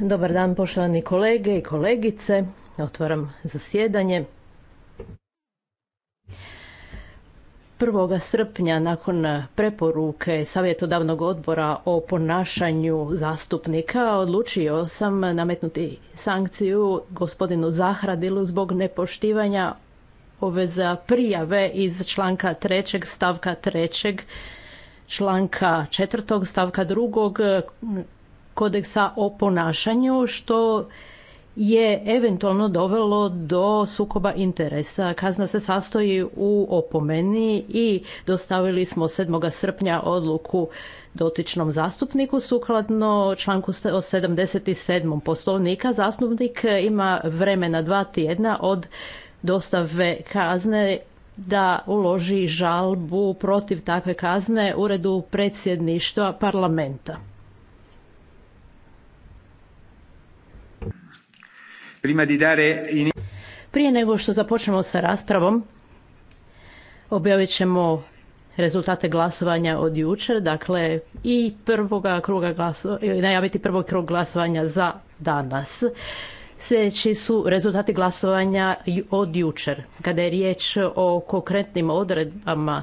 E Dobar dan poštovani kolege i kolegice. Otvaram zasjedanje. 1. srpnja nakon preporuke savjetodavnog odbora o ponašanju zastupnika odlučio sam nametnuti sankciju gospodinu Zahradilu zbog nepoštivanja obveza prijave iz članka 3. stavka 3 članka četvrtog stavka drugog e, kodeksa o ponašanju što je eventualno dovelo do sukoba interesa. Kazna se sastoji u opomeni i dostavili smo 7. srpnja odluku dotičnom zastupniku sukladno članku 77. poslovnika. Zastupnik ima vremena dva tjedna od dostave kazne da uloži žalbu protiv takve kazne uredu predsjedništva parlamenta. Prije nego što započnemo sa raspravom, objavit ćemo rezultate glasovanja od jučer, dakle i prvoga kruga najaviti prvog krug glasovanja za danas. Sljedeći su rezultati glasovanja od jučer. Kada je riječ o konkretnim odredbama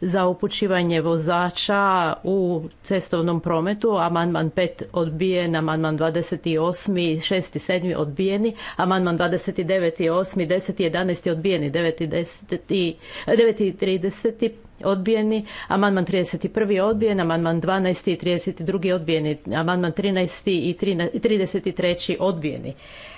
za upućivanje vozača u cestovnom prometu, amandman 5 odbijen, amandman 28, 6 i 7 odbijeni, amandman 29, 8, 10, i 11 odbijeni, i 10, 9 i 30 odbijeni, amandman 31. odbijen, amandman 12. i 32. odbijeni, amandman 13. i 33. odbijeni.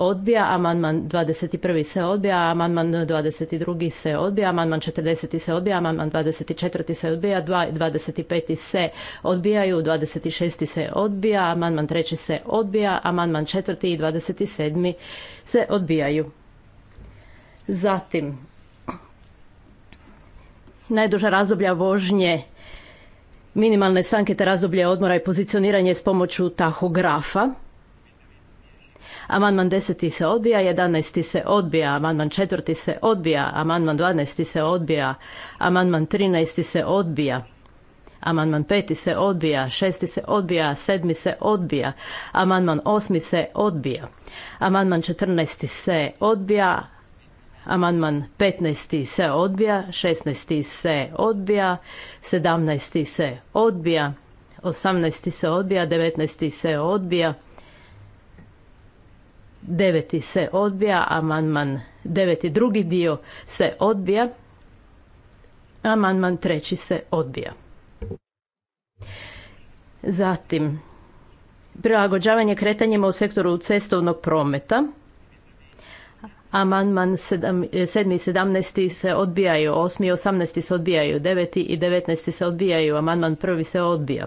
odbija, amandman 21. se odbija, amandman 22. se odbija, amandman 40. se odbija, amandman 24. se odbija, 25. se odbijaju, 26. se odbija, amandman 3. se odbija, amandman 4. i 27. se odbijaju. Zatim, najduža razdoblja vožnje minimalne sanke te razdoblje odmora i pozicioniranje s pomoću tahografa. Amandman 10. se odbija, 11. se odbija, amandman 4. se odbija, amandman 12. se odbija, amandman 13. se odbija. Amandman 5. se odbija, 6. se odbija, 7. se odbija, amandman 8. se odbija. Amandman 14. se odbija, Amandman 15. se odbija, 16. se odbija, 17. se odbija, 18. se odbija, 19. se odbija, deveti se odbija, amandman deveti drugi dio se odbija, amandman treći se odbija. Zatim, prilagođavanje kretanjima u sektoru cestovnog prometa. Amandman 7. i 17. se odbijaju, osmi i 18. se odbijaju, 9. i 19. se odbijaju, amandman prvi se odbija.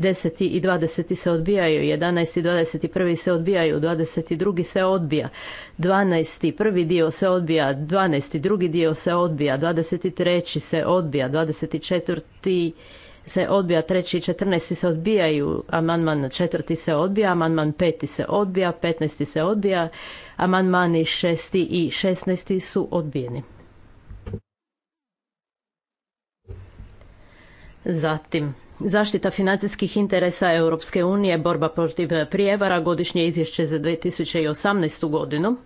10. i 20. se odbijaju, 11. i 21. se odbijaju, 22. se odbija, 12. prvi dio se odbija, 12. drugi dio se odbija, 23. se odbija, 24 se odbija, treći i 14. se odbijaju, amandman četvrti se odbija, amandman 5. se odbija, 15. se odbija, amandmani 6. i 16. su odbijeni. Zatim, Zaštita financijskih interesa Europske unije, borba protiv prijevara, godišnje izvješće za 2018. godinu.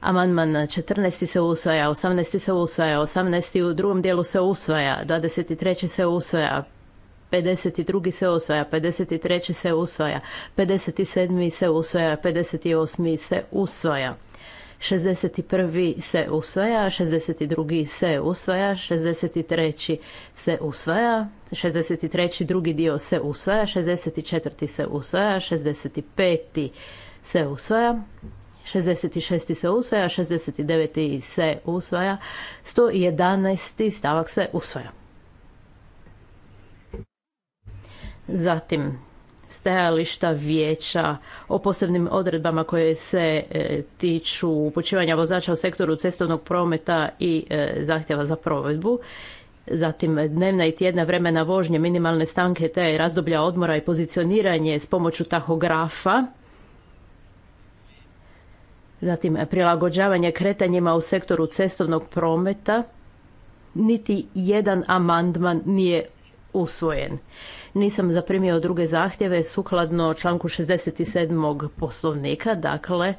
Amandman 14. se usvaja, 18. se usvaja, 18. u drugom dijelu se usvaja, 23. se usvaja, 52. se usvaja, 53. se usvaja, 57. se usvaja, 58. se usvaja. 61. se usvaja, 62. se usvaja, 63. se usvaja, 63. drugi dio se usvaja, 64. se usvaja, 65. se usvaja, 66. se usvaja, 69. se usvaja, 111. stavak se usvaja. Zatim stajališta vijeća o posebnim odredbama koje se e, tiču upućivanja vozača u sektoru cestovnog prometa i e, zahtjeva za provedbu. Zatim dnevna i tjedna vremena vožnje, minimalne stanke te razdoblja odmora i pozicioniranje s pomoću tahografa. Zatim prilagođavanje kretanjima u sektoru cestovnog prometa. Niti jedan amandman nije usvojen. Nisam zaprimio druge zahtjeve sukladno članku 67. poslovnika, dakle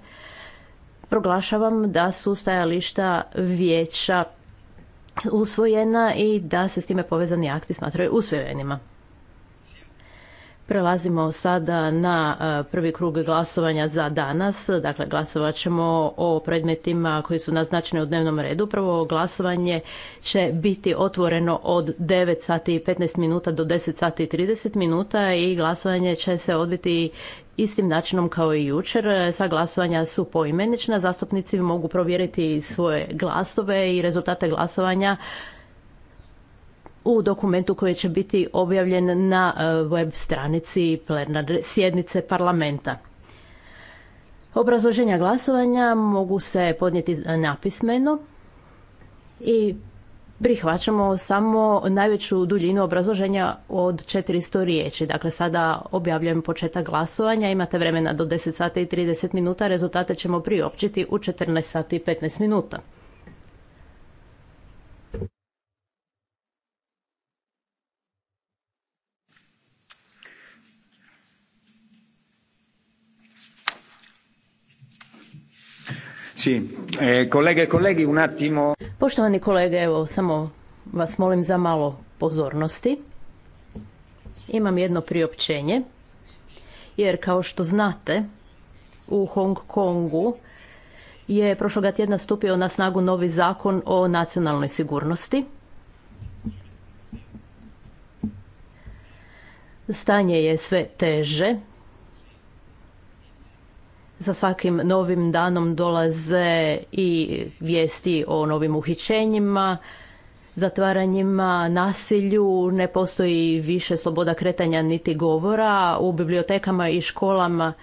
proglašavam da su stajališta vijeća usvojena i da se s time povezani akti smatraju usvojenima. Prelazimo sada na e, prvi krug glasovanja za danas. Dakle, glasovat ćemo o predmetima koji su naznačeni u dnevnom redu. Prvo glasovanje će biti otvoreno od 9 sati i 15 minuta do 10 sati i 30 minuta i glasovanje će se odbiti istim načinom kao i jučer. Sa glasovanja su poimenična. Zastupnici mogu provjeriti svoje glasove i rezultate glasovanja u dokumentu koji će biti objavljen na e, web stranici plenarne sjednice parlamenta. Obrazloženja glasovanja mogu se podnijeti napismeno i prihvaćamo samo najveću duljinu obrazloženja od 400 riječi. Dakle, sada objavljujem početak glasovanja. Imate vremena do 10 sati i 30 minuta. Rezultate ćemo priopćiti u 14 sati i 15 minuta. Eh, e Poštovani kolege, evo samo vas molim za malo pozornosti. Imam jedno priopćenje, jer kao što znate, u Hong Kongu je prošloga tjedna stupio na snagu novi zakon o nacionalnoj sigurnosti. Stanje je sve teže, sa svakim novim danom dolaze i vijesti o novim uhićenjima, zatvaranjima, nasilju, ne postoji više sloboda kretanja niti govora, u bibliotekama i školama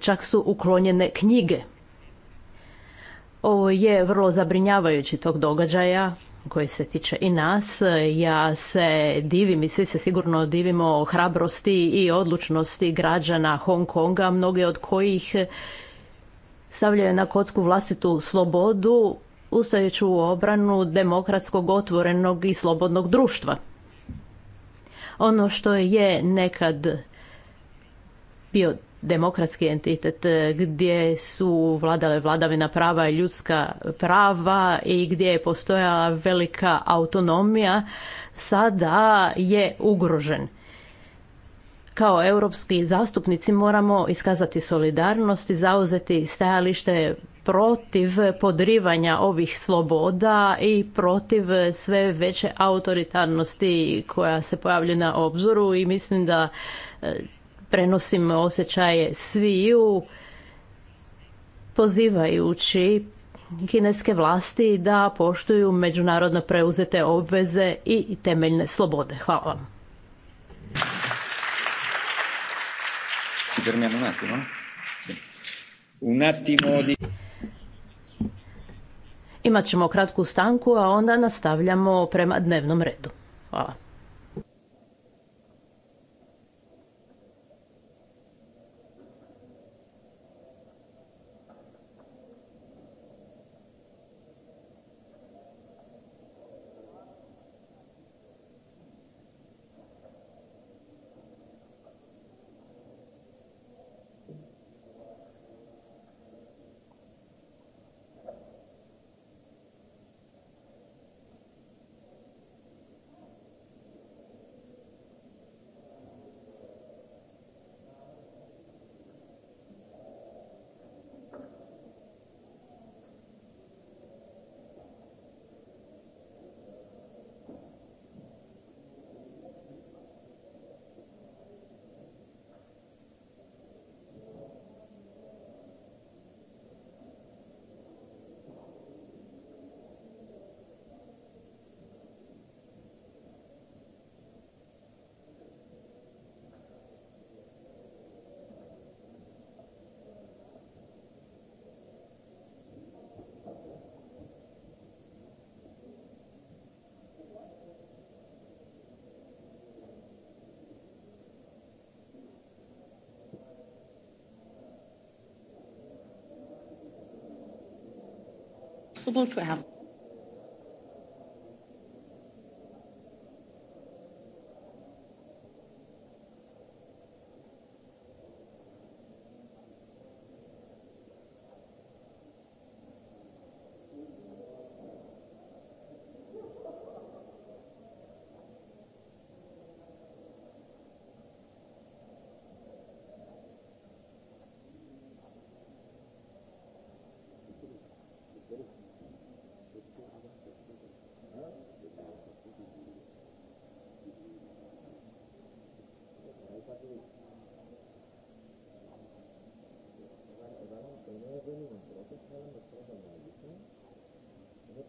čak su uklonjene knjige. Ovo je vrlo zabrinjavajući tog događaja koji se tiče i nas. Ja se divim i svi se sigurno divimo hrabrosti i odlučnosti građana Hong Konga, mnoge od kojih stavljaju na kocku vlastitu slobodu ustajući u obranu demokratskog, otvorenog i slobodnog društva. Ono što je nekad bio demokratski entitet e, gdje su vladale vladavina prava i ljudska prava i gdje je postojala velika autonomija sada je ugrožen. Kao europski zastupnici moramo iskazati solidarnost i zauzeti stajalište protiv podrivanja ovih sloboda i protiv sve veće autoritarnosti koja se pojavlja na obzoru i mislim da e, prenosim osjećaje sviju pozivajući kineske vlasti da poštuju međunarodno preuzete obveze i temeljne slobode. Hvala vam. Imat ćemo kratku stanku, a onda nastavljamo prema dnevnom redu. Hvala. possible to have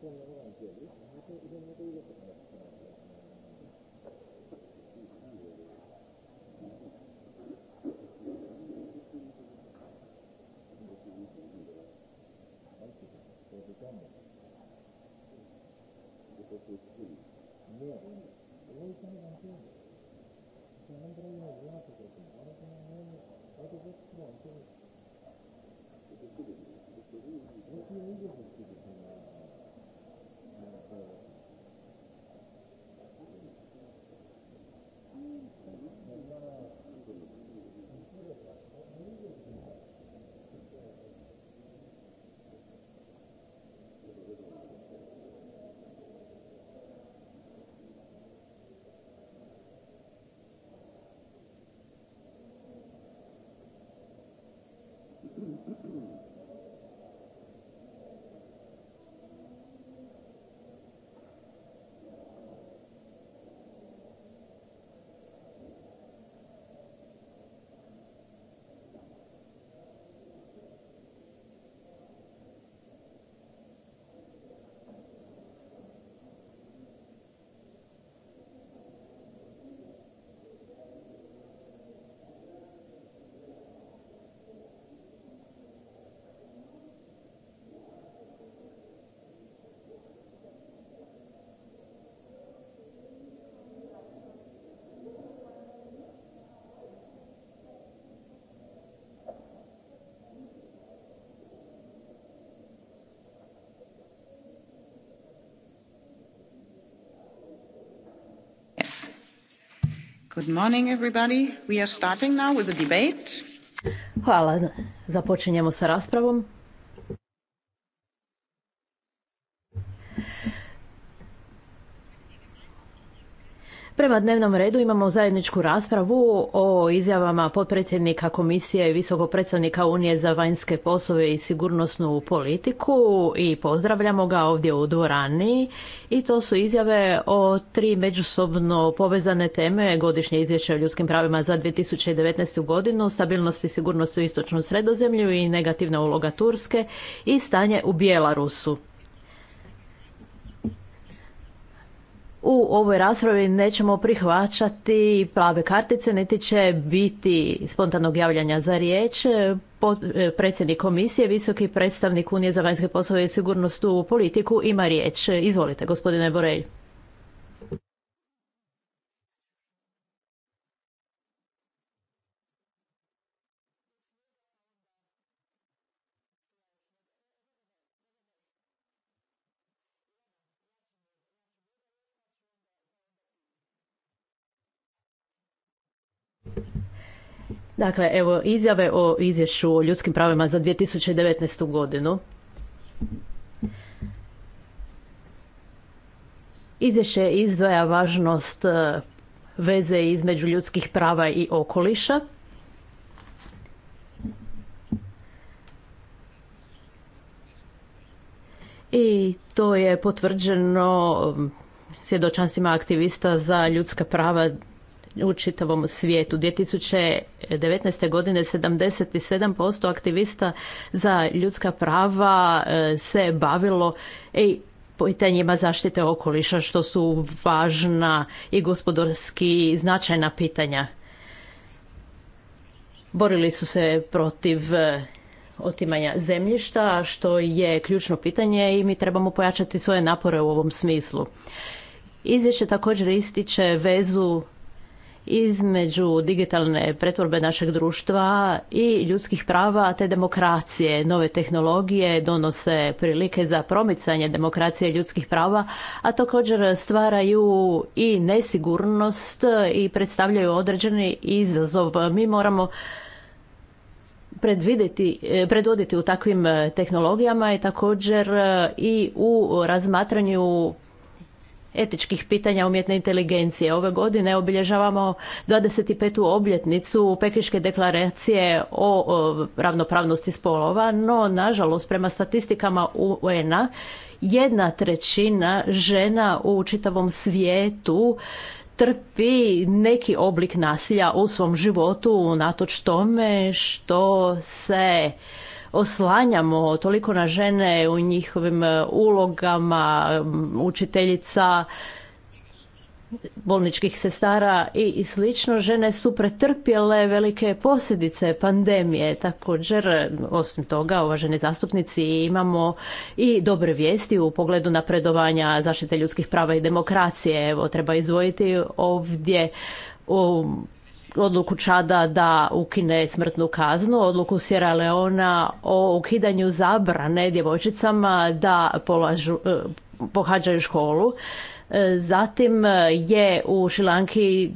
ಅಷ್ಟೊಂದು ಏನಿಲ್ಲ mm Good morning everybody. We are starting now with the debate. Hvala. Započinjemo sa raspravom. Prema dnevnom redu imamo zajedničku raspravu o izjavama potpredsjednika Komisije i visokog predstavnika Unije za vanjske poslove i sigurnosnu politiku i pozdravljamo ga ovdje u dvorani. I to su izjave o tri međusobno povezane teme godišnje izvješće o ljudskim pravima za 2019. godinu, stabilnost i sigurnost u istočnom sredozemlju i negativna uloga Turske i stanje u Bjelarusu. u ovoj raspravi nećemo prihvaćati plave kartice, niti će biti spontanog javljanja za riječ. E, predsjednik komisije, visoki predstavnik Unije za vanjske poslove i sigurnost u politiku ima riječ. Izvolite, gospodine Borelj. Dakle, evo izjave o izvješću o ljudskim pravima za 2019. godinu. Izvješće izdvaja važnost e, veze između ljudskih prava i okoliša. I to je potvrđeno svjedočanstvima aktivista za ljudska prava u čitavom svijetu. 2019. godine 77% aktivista za ljudska prava e, se bavilo i pitanjima zaštite okoliša, što su važna i gospodarski značajna pitanja. Borili su se protiv e, otimanja zemljišta, što je ključno pitanje i mi trebamo pojačati svoje napore u ovom smislu. Izvješće također ističe vezu između digitalne pretvorbe našeg društva i ljudskih prava te demokracije. Nove tehnologije donose prilike za promicanje demokracije i ljudskih prava, a također stvaraju i nesigurnost i predstavljaju određeni izazov. Mi moramo predvoditi u takvim tehnologijama i također i u razmatranju etičkih pitanja umjetne inteligencije. Ove godine obilježavamo 25. obljetnicu Pekiške deklaracije o, ravnopravnosti spolova, no nažalost prema statistikama UN-a jedna trećina žena u čitavom svijetu trpi neki oblik nasilja u svom životu natoč tome što se oslanjamo toliko na žene u njihovim e, ulogama, učiteljica, bolničkih sestara i slično, žene su pretrpjele velike posljedice pandemije. Također, osim toga, uvaženi zastupnici, imamo i dobre vijesti u pogledu napredovanja zaštite ljudskih prava i demokracije. Evo, treba izvojiti ovdje u odluku Čada da ukine smrtnu kaznu, odluku Sierra Leona o ukidanju zabrane djevojčicama da polažu, e, pohađaju školu. E, zatim je u Šilanki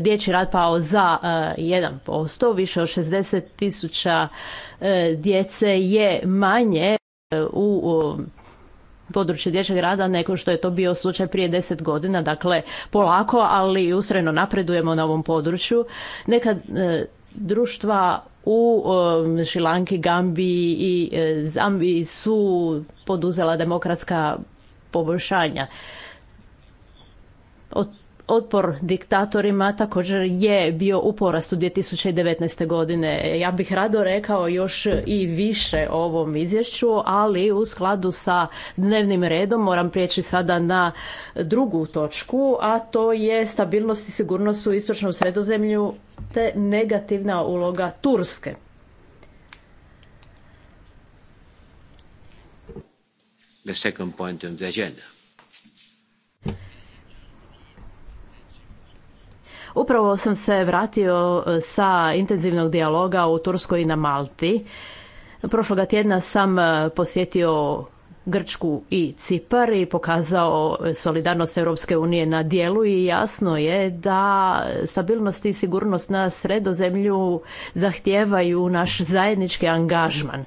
dječji rad pao za 1%, e, više od 60 tisuća djece je manje u području dječjeg rada nego što je to bio slučaj prije deset godina. Dakle, polako, ali usreno napredujemo na ovom području. Neka e, društva u e, Šilanki, Gambiji i e, Zambiji su poduzela demokratska poboljšanja. Od Otpor diktatorima također je bio u porastu 2019. godine. Ja bih rado rekao još i više o ovom izvješću, ali u skladu sa dnevnim redom moram prijeći sada na drugu točku, a to je stabilnost i sigurnost u istočnom sredozemlju te negativna uloga Turske. Upravo sam se vratio e, sa intenzivnog dijaloga u Turskoj i na Malti. Prošloga tjedna sam e, posjetio Grčku i Cipar i pokazao e, solidarnost Europske unije na dijelu i jasno je da stabilnost i sigurnost na sredozemlju zahtijevaju naš zajednički angažman.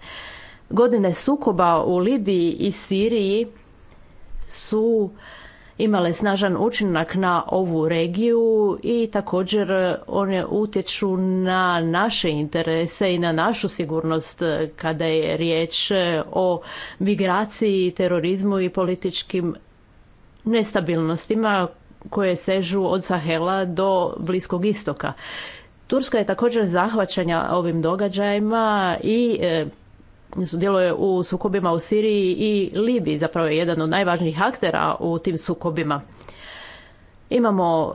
Godine sukoba u Libiji i Siriji su imale snažan učinak na ovu regiju i također one utječu na naše interese i na našu sigurnost kada je riječ o migraciji, terorizmu i političkim nestabilnostima koje sežu od Sahela do Bliskog istoka. Turska je također zahvaćena ovim događajima i e, sudjeluje u sukobima u Siriji i Libiji, zapravo je jedan od najvažnijih aktera u tim sukobima. Imamo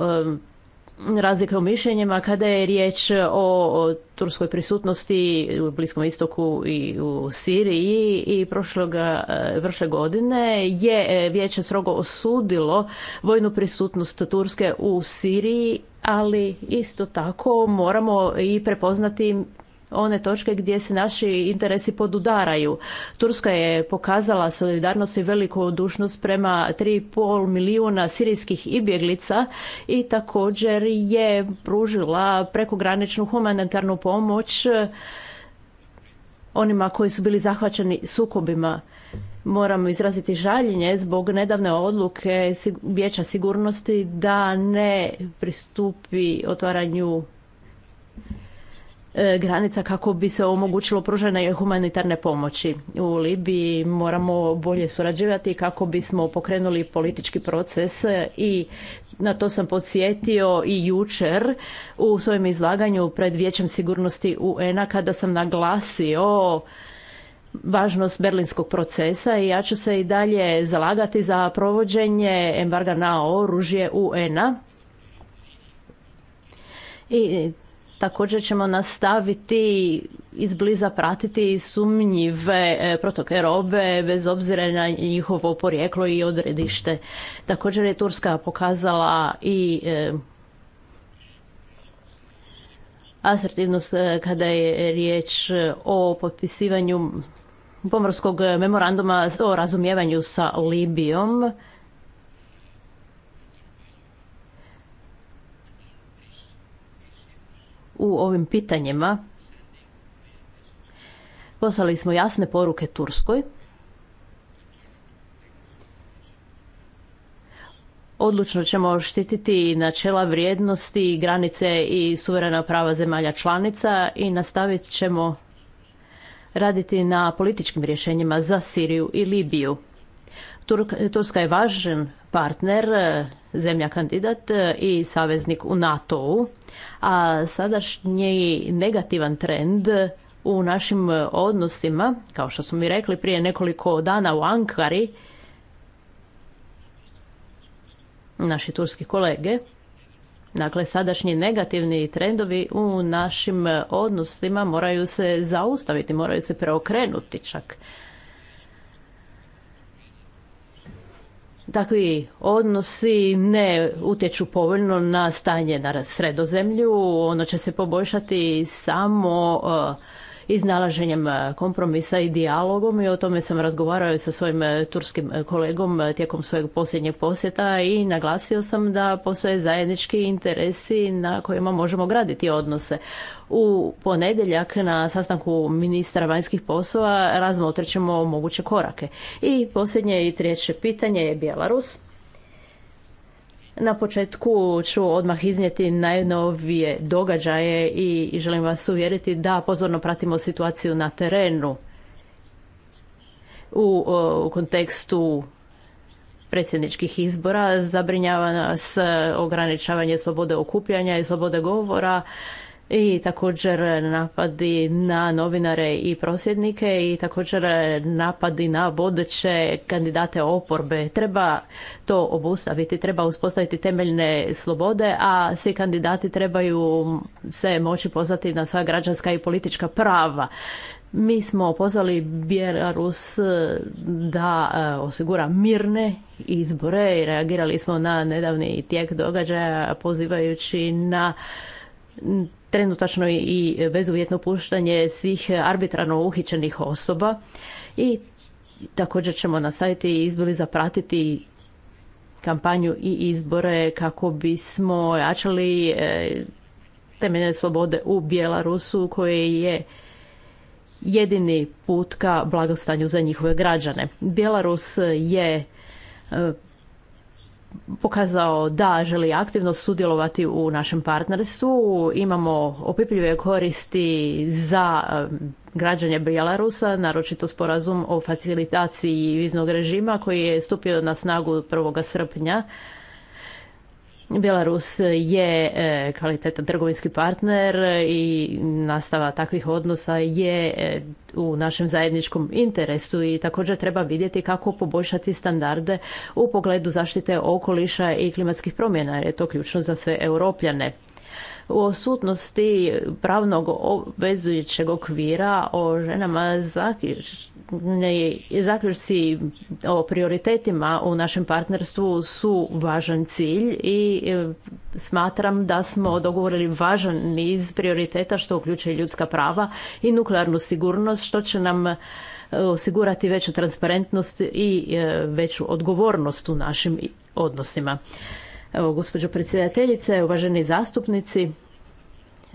razlike u mišljenjima kada je riječ o turskoj prisutnosti u Bliskom istoku i u Siriji i prošloga, e, prošle godine je e, vijeće strogo osudilo vojnu prisutnost Turske u Siriji, ali isto tako moramo i prepoznati one točke gdje se naši interesi podudaraju. Turska je pokazala solidarnost i veliku dušnost prema 3,5 milijuna sirijskih ibjeglica i također je pružila prekograničnu humanitarnu pomoć onima koji su bili zahvaćeni sukobima. Moramo izraziti žaljenje zbog nedavne odluke Vijeća sigurnosti da ne pristupi otvaranju E, granica kako bi se omogućilo pružanje humanitarne pomoći. U Libiji moramo bolje surađivati kako bismo pokrenuli politički proces i na to sam podsjetio i jučer u svojem izlaganju pred Vijećem sigurnosti UN-a kada sam naglasio važnost berlinskog procesa i ja ću se i dalje zalagati za provođenje embarga na oružje UN-a. I Također ćemo nastaviti izbliza pratiti sumnjive e, protoke robe bez obzira na njihovo porijeklo i odredište. Također je Turska pokazala i e, asertivnost e, kada je riječ o potpisivanju pomorskog memoranduma o razumijevanju sa Libijom u ovim pitanjima. Poslali smo jasne poruke Turskoj. Odlučno ćemo štititi načela vrijednosti, granice i suverena prava zemalja članica i nastavit ćemo raditi na političkim rješenjima za Siriju i Libiju. Turska je važan partner, e, zemlja kandidat e, i saveznik u NATO-u, a sadašnji negativan trend u našim odnosima, kao što smo mi rekli prije nekoliko dana u Ankari, naši turski kolege, Dakle, sadašnji negativni trendovi u našim odnosima moraju se zaustaviti, moraju se preokrenuti čak. Takvi odnosi ne utječu povoljno na stanje na sredozemlju, ono će se poboljšati samo e, iznalaženjem e, kompromisa i dijalogom i o tome sam razgovarao sa svojim e, turskim e, kolegom tijekom svojeg posljednjeg posjeta i naglasio sam da postoje zajednički interesi na kojima možemo graditi odnose. U ponedjeljak na sastanku ministra vanjskih poslova razmotrit ćemo moguće korake. I posljednje i treće pitanje je Bjelarus. Na početku ću odmah iznijeti najnovije događaje i želim vas uvjeriti da pozorno pratimo situaciju na terenu u, kontekstu predsjedničkih izbora zabrinjava nas e, ograničavanje slobode okupljanja i slobode govora i također napadi na novinare i prosvjednike i također napadi na vodeće kandidate oporbe. Treba to obustaviti, treba uspostaviti temeljne slobode, a svi kandidati trebaju se moći pozvati na sva građanska i politička prava. Mi smo pozvali Bjelarus da e, osigura mirne izbore i reagirali smo na nedavni tijek događaja pozivajući na trenutačno i bezuvjetno puštanje svih arbitrarno uhićenih osoba i također ćemo na sajti izbili zapratiti kampanju i izbore kako bismo jačali e, temeljne slobode u Bjelarusu koji je jedini put ka blagostanju za njihove građane. Bjelarus je e, pokazao da želi aktivno sudjelovati u našem partnerstvu. Imamo opipljive koristi za um, građanje Bjelarusa, naročito sporazum o facilitaciji viznog režima koji je stupio na snagu 1. srpnja Belarus je e, kvalitetan trgovinski partner i nastava takvih odnosa je e, u našem zajedničkom interesu i također treba vidjeti kako poboljšati standarde u pogledu zaštite okoliša i klimatskih promjena jer je to ključno za sve europljane u osutnosti pravnog obvezujućeg okvira o ženama zaključci o prioritetima u našem partnerstvu su važan cilj i e, smatram da smo dogovorili važan niz prioriteta što uključuje ljudska prava i nuklearnu sigurnost što će nam e, osigurati veću transparentnost i e, veću odgovornost u našim odnosima. Evo, gospođo predsjedateljice, uvaženi zastupnici,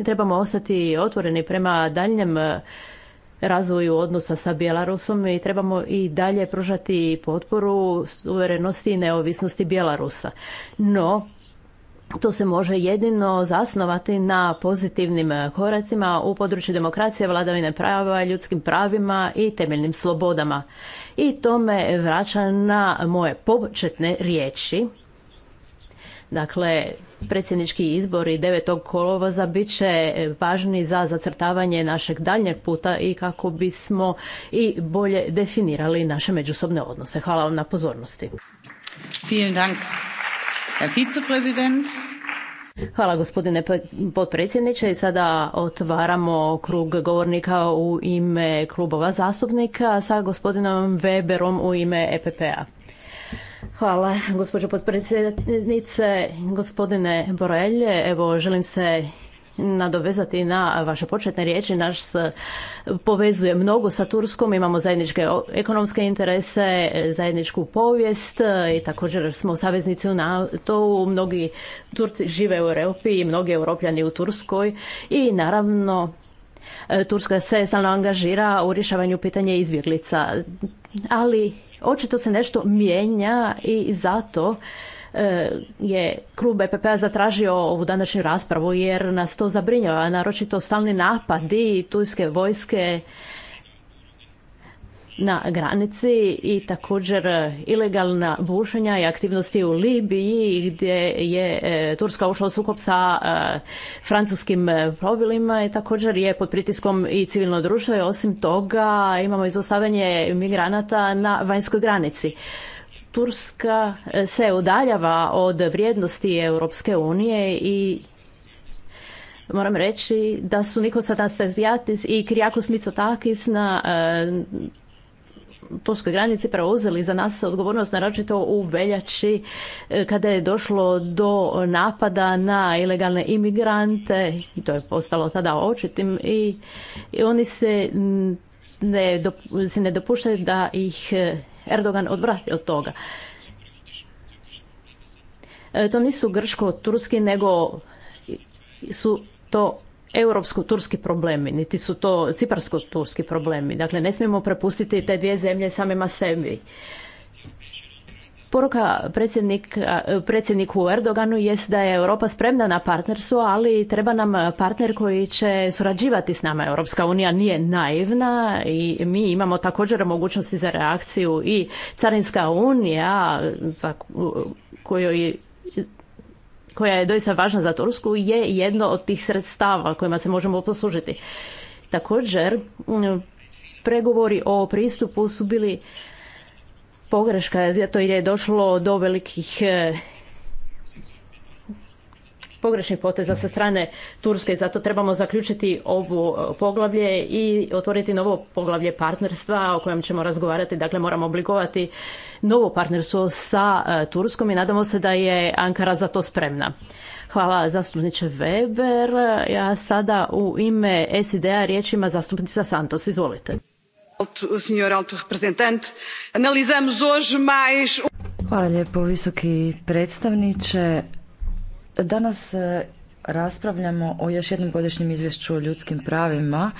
trebamo ostati otvoreni prema daljnjem e, razvoju odnosa sa Bjelarusom i trebamo i dalje pružati potporu suverenosti i neovisnosti Bjelarusa. No, to se može jedino zasnovati na pozitivnim koracima u području demokracije, vladavine prava, ljudskim pravima i temeljnim slobodama. I to me vraća na moje početne riječi Dakle, predsjednički izbori 9. kolovoza bit će važni za zacrtavanje našeg daljnjeg puta i kako bismo i bolje definirali naše međusobne odnose. Hvala vam na pozornosti. Hvala gospodine potpredsjedniče i sada otvaramo krug govornika u ime klubova zastupnika sa gospodinom Weberom u ime EPP-a. Hvala, gospođo potpredsjednice. Gospodine Borelje, evo želim se nadovezati na vaše početne riječi. Naš povezuje mnogo sa Turskom, imamo zajedničke ekonomske interese, zajedničku povijest i također smo saveznici u NATO-u. Mnogi Turci žive u Europi i mnogi europljani u Turskoj i naravno E, Turska se stalno angažira u rješavanju pitanja izbjeglica. Ali očito se nešto mijenja i zato e, je klub epp p-a zatražio ovu današnju raspravu jer nas to zabrinjava, naročito stalni napadi turske vojske na granici i također e, ilegalna bušenja i aktivnosti u Libiji gdje je e, Turska ušla u sukob sa e, francuskim plovilima i također je pod pritiskom i civilno društvo i osim toga imamo izostavljanje migranata na vanjskoj granici. Turska se udaljava od vrijednosti Europske unije i moram reći da su Nikos Anastasijatis i Krijakos Mitsotakis na turskoj granici preuzeli za nas odgovornost naročito u veljači e, kada je došlo do napada na ilegalne imigrante i to je postalo tada očitim i, i oni se ne, se ne dopuštaju da ih e, Erdogan odvrati od toga. E, to nisu grško-turski, nego su to europsko-turski problemi, niti su to ciparsko-turski problemi. Dakle, ne smijemo prepustiti te dvije zemlje samima sebi. Poruka predsjednik, predsjedniku Erdoganu jest da je Europa spremna na partnerstvo, ali treba nam partner koji će surađivati s nama. Europska unija nije naivna i mi imamo također mogućnosti za reakciju i Carinska unija kojoj koja je doista važna za Tursku je jedno od tih sredstava kojima se možemo poslužiti. Također, pregovori o pristupu su bili pogreška zato jer je došlo do velikih e, pogrešnih poteza sa strane Turske. Zato trebamo zaključiti ovo poglavlje i otvoriti novo poglavlje partnerstva o kojem ćemo razgovarati. Dakle, moramo oblikovati novo partnerstvo sa e, Turskom i nadamo se da je Ankara za to spremna. Hvala zastupniče Weber. Ja sada u ime SID-a zastupnica Santos. Izvolite. Um- Hvala lijepo visoki predstavniče. Danas e, raspravljamo o još jednom godišnjem izvješću o ljudskim pravima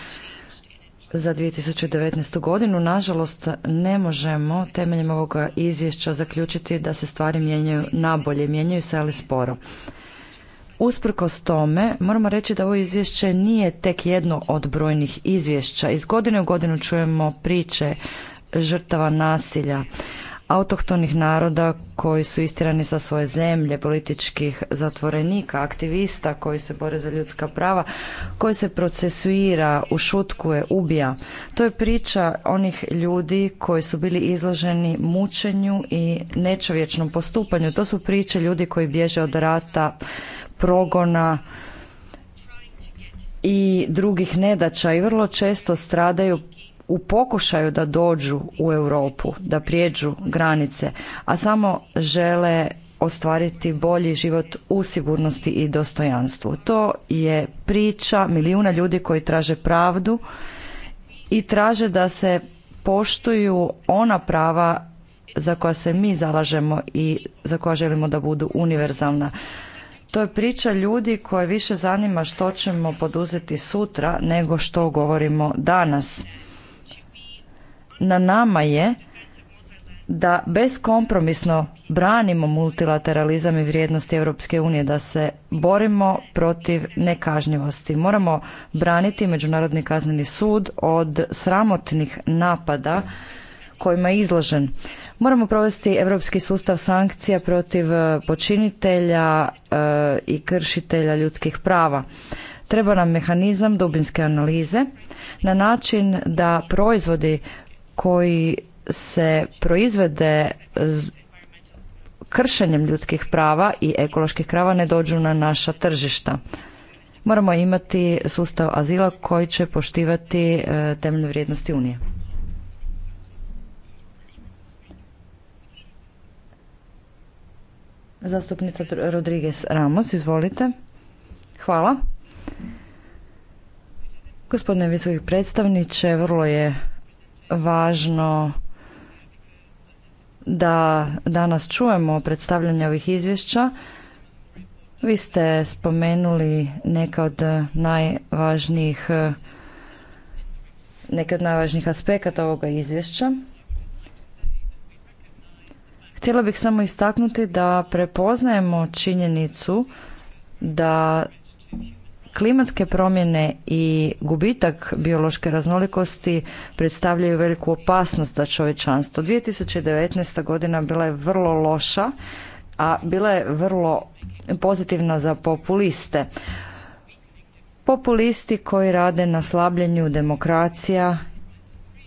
za 2019. godinu. Nažalost, ne možemo temeljem ovog izvješća zaključiti da se stvari mijenjaju nabolje, mijenjaju se ali sporo. Usprkos tome, moramo reći da ovo izvješće nije tek jedno od brojnih izvješća. Iz godine u godinu čujemo priče žrtava nasilja, autohtonih naroda koji su istirani sa svoje zemlje, političkih zatvorenika, aktivista koji se bore za ljudska prava, koji se procesuira, ušutkuje, ubija. To je priča onih ljudi koji su bili izloženi mučenju i nečovječnom postupanju. To su priče ljudi koji bježe od rata, progona, i drugih nedaća i vrlo često stradaju u pokušaju da dođu u Europu, da prijeđu granice, a samo žele ostvariti bolji život u sigurnosti i dostojanstvu. To je priča milijuna ljudi koji traže pravdu i traže da se poštuju ona prava za koja se mi zalažemo i za koja želimo da budu univerzalna. To je priča ljudi koje više zanima što ćemo poduzeti sutra nego što govorimo danas na nama je da beskompromisno branimo multilateralizam i vrijednosti Europske unije, da se borimo protiv nekažnjivosti. Moramo braniti Međunarodni kazneni sud od sramotnih napada kojima je izložen. Moramo provesti europski sustav sankcija protiv e, počinitelja e, i kršitelja ljudskih prava. Treba nam mehanizam dubinske analize na način da proizvodi koji se proizvede kršenjem ljudskih prava i ekoloških prava ne dođu na naša tržišta. Moramo imati sustav azila koji će poštivati e, temeljne vrijednosti Unije. Zastupnica Rodriguez Ramos, izvolite. Hvala. Gospodine visoki predstavniče, vrlo je važno da danas čujemo predstavljanje ovih izvješća. Vi ste spomenuli neka od najvažnijih neke od najvažnijih aspekata ovoga izvješća. Htjela bih samo istaknuti da prepoznajemo činjenicu da Klimatske promjene i gubitak biološke raznolikosti predstavljaju veliku opasnost za čovječanstvo. 2019. godina bila je vrlo loša, a bila je vrlo pozitivna za populiste. Populisti koji rade na slabljenju demokracija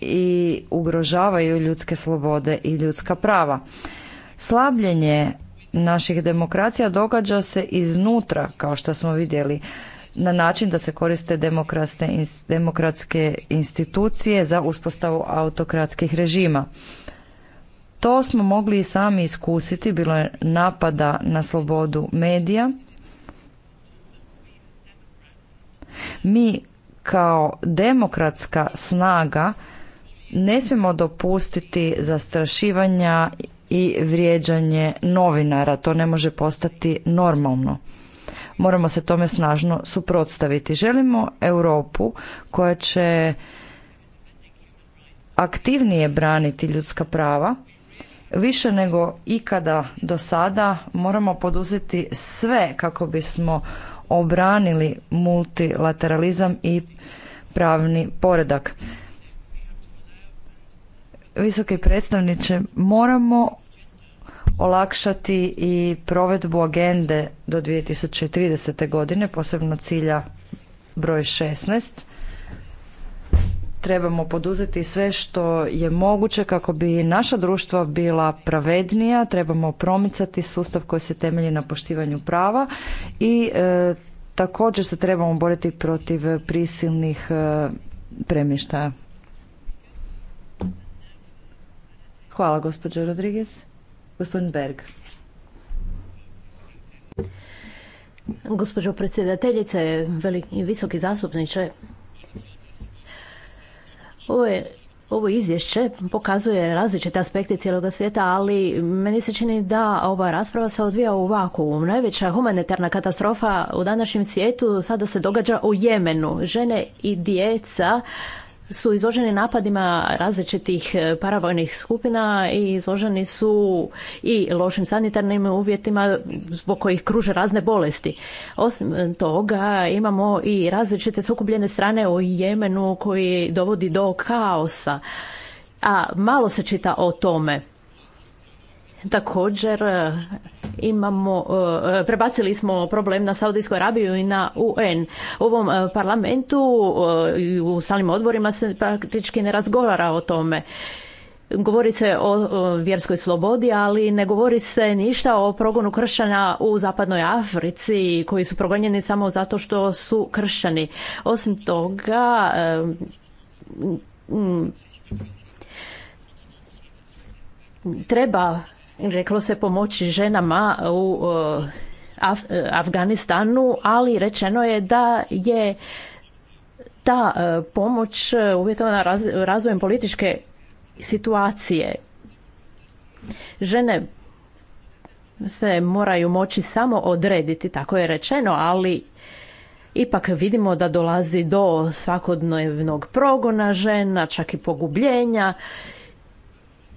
i ugrožavaju ljudske slobode i ljudska prava. Slabljenje naših demokracija događa se iznutra, kao što smo vidjeli na način da se koriste demokratske institucije za uspostavu autokratskih režima. To smo mogli i sami iskusiti, bilo je napada na slobodu medija. Mi kao demokratska snaga ne smijemo dopustiti zastrašivanja i vrijeđanje novinara. To ne može postati normalno moramo se tome snažno suprotstaviti. Želimo Europu koja će aktivnije braniti ljudska prava. Više nego ikada do sada moramo poduzeti sve kako bismo obranili multilateralizam i pravni poredak. Visoki predstavniče, moramo olakšati i provedbu agende do 2030. godine, posebno cilja broj 16. Trebamo poduzeti sve što je moguće kako bi naša društva bila pravednija, trebamo promicati sustav koji se temelji na poštivanju prava i e, također se trebamo boriti protiv prisilnih e, premještaja. Hvala gospođo Rodriguez. Gospodin Berg. Gospođo predsjedateljice, veliki, visoki zastupniče, ovo, je, ovo izvješće pokazuje različite aspekte cijeloga svijeta, ali meni se čini da ova rasprava se odvija u vakuumu Najveća humanitarna katastrofa u današnjem svijetu sada se događa u Jemenu. Žene i djeca su izloženi napadima različitih e, paravojnih skupina i izloženi su i lošim sanitarnim uvjetima zbog kojih kruže razne bolesti. Osim e, toga imamo i različite sukubljene strane u Jemenu koji dovodi do kaosa. A malo se čita o tome. Također e, imamo, e, prebacili smo problem na Saudijsku Arabiju i na UN. U ovom e, parlamentu i u samim odborima se praktički ne razgovara o tome. Govori se o vjerskoj slobodi, ali ne govori se ništa o progonu kršćana u zapadnoj Africi koji su progonjeni samo zato što su kršćani. Osim toga, treba reklo se pomoći ženama u e, e, Afganistanu, ali rečeno je da je ta e, pomoć uvjetovana razvojem političke situacije. Žene se moraju moći samo odrediti, tako je rečeno, ali ipak vidimo da dolazi do svakodnevnog progona žena, čak i pogubljenja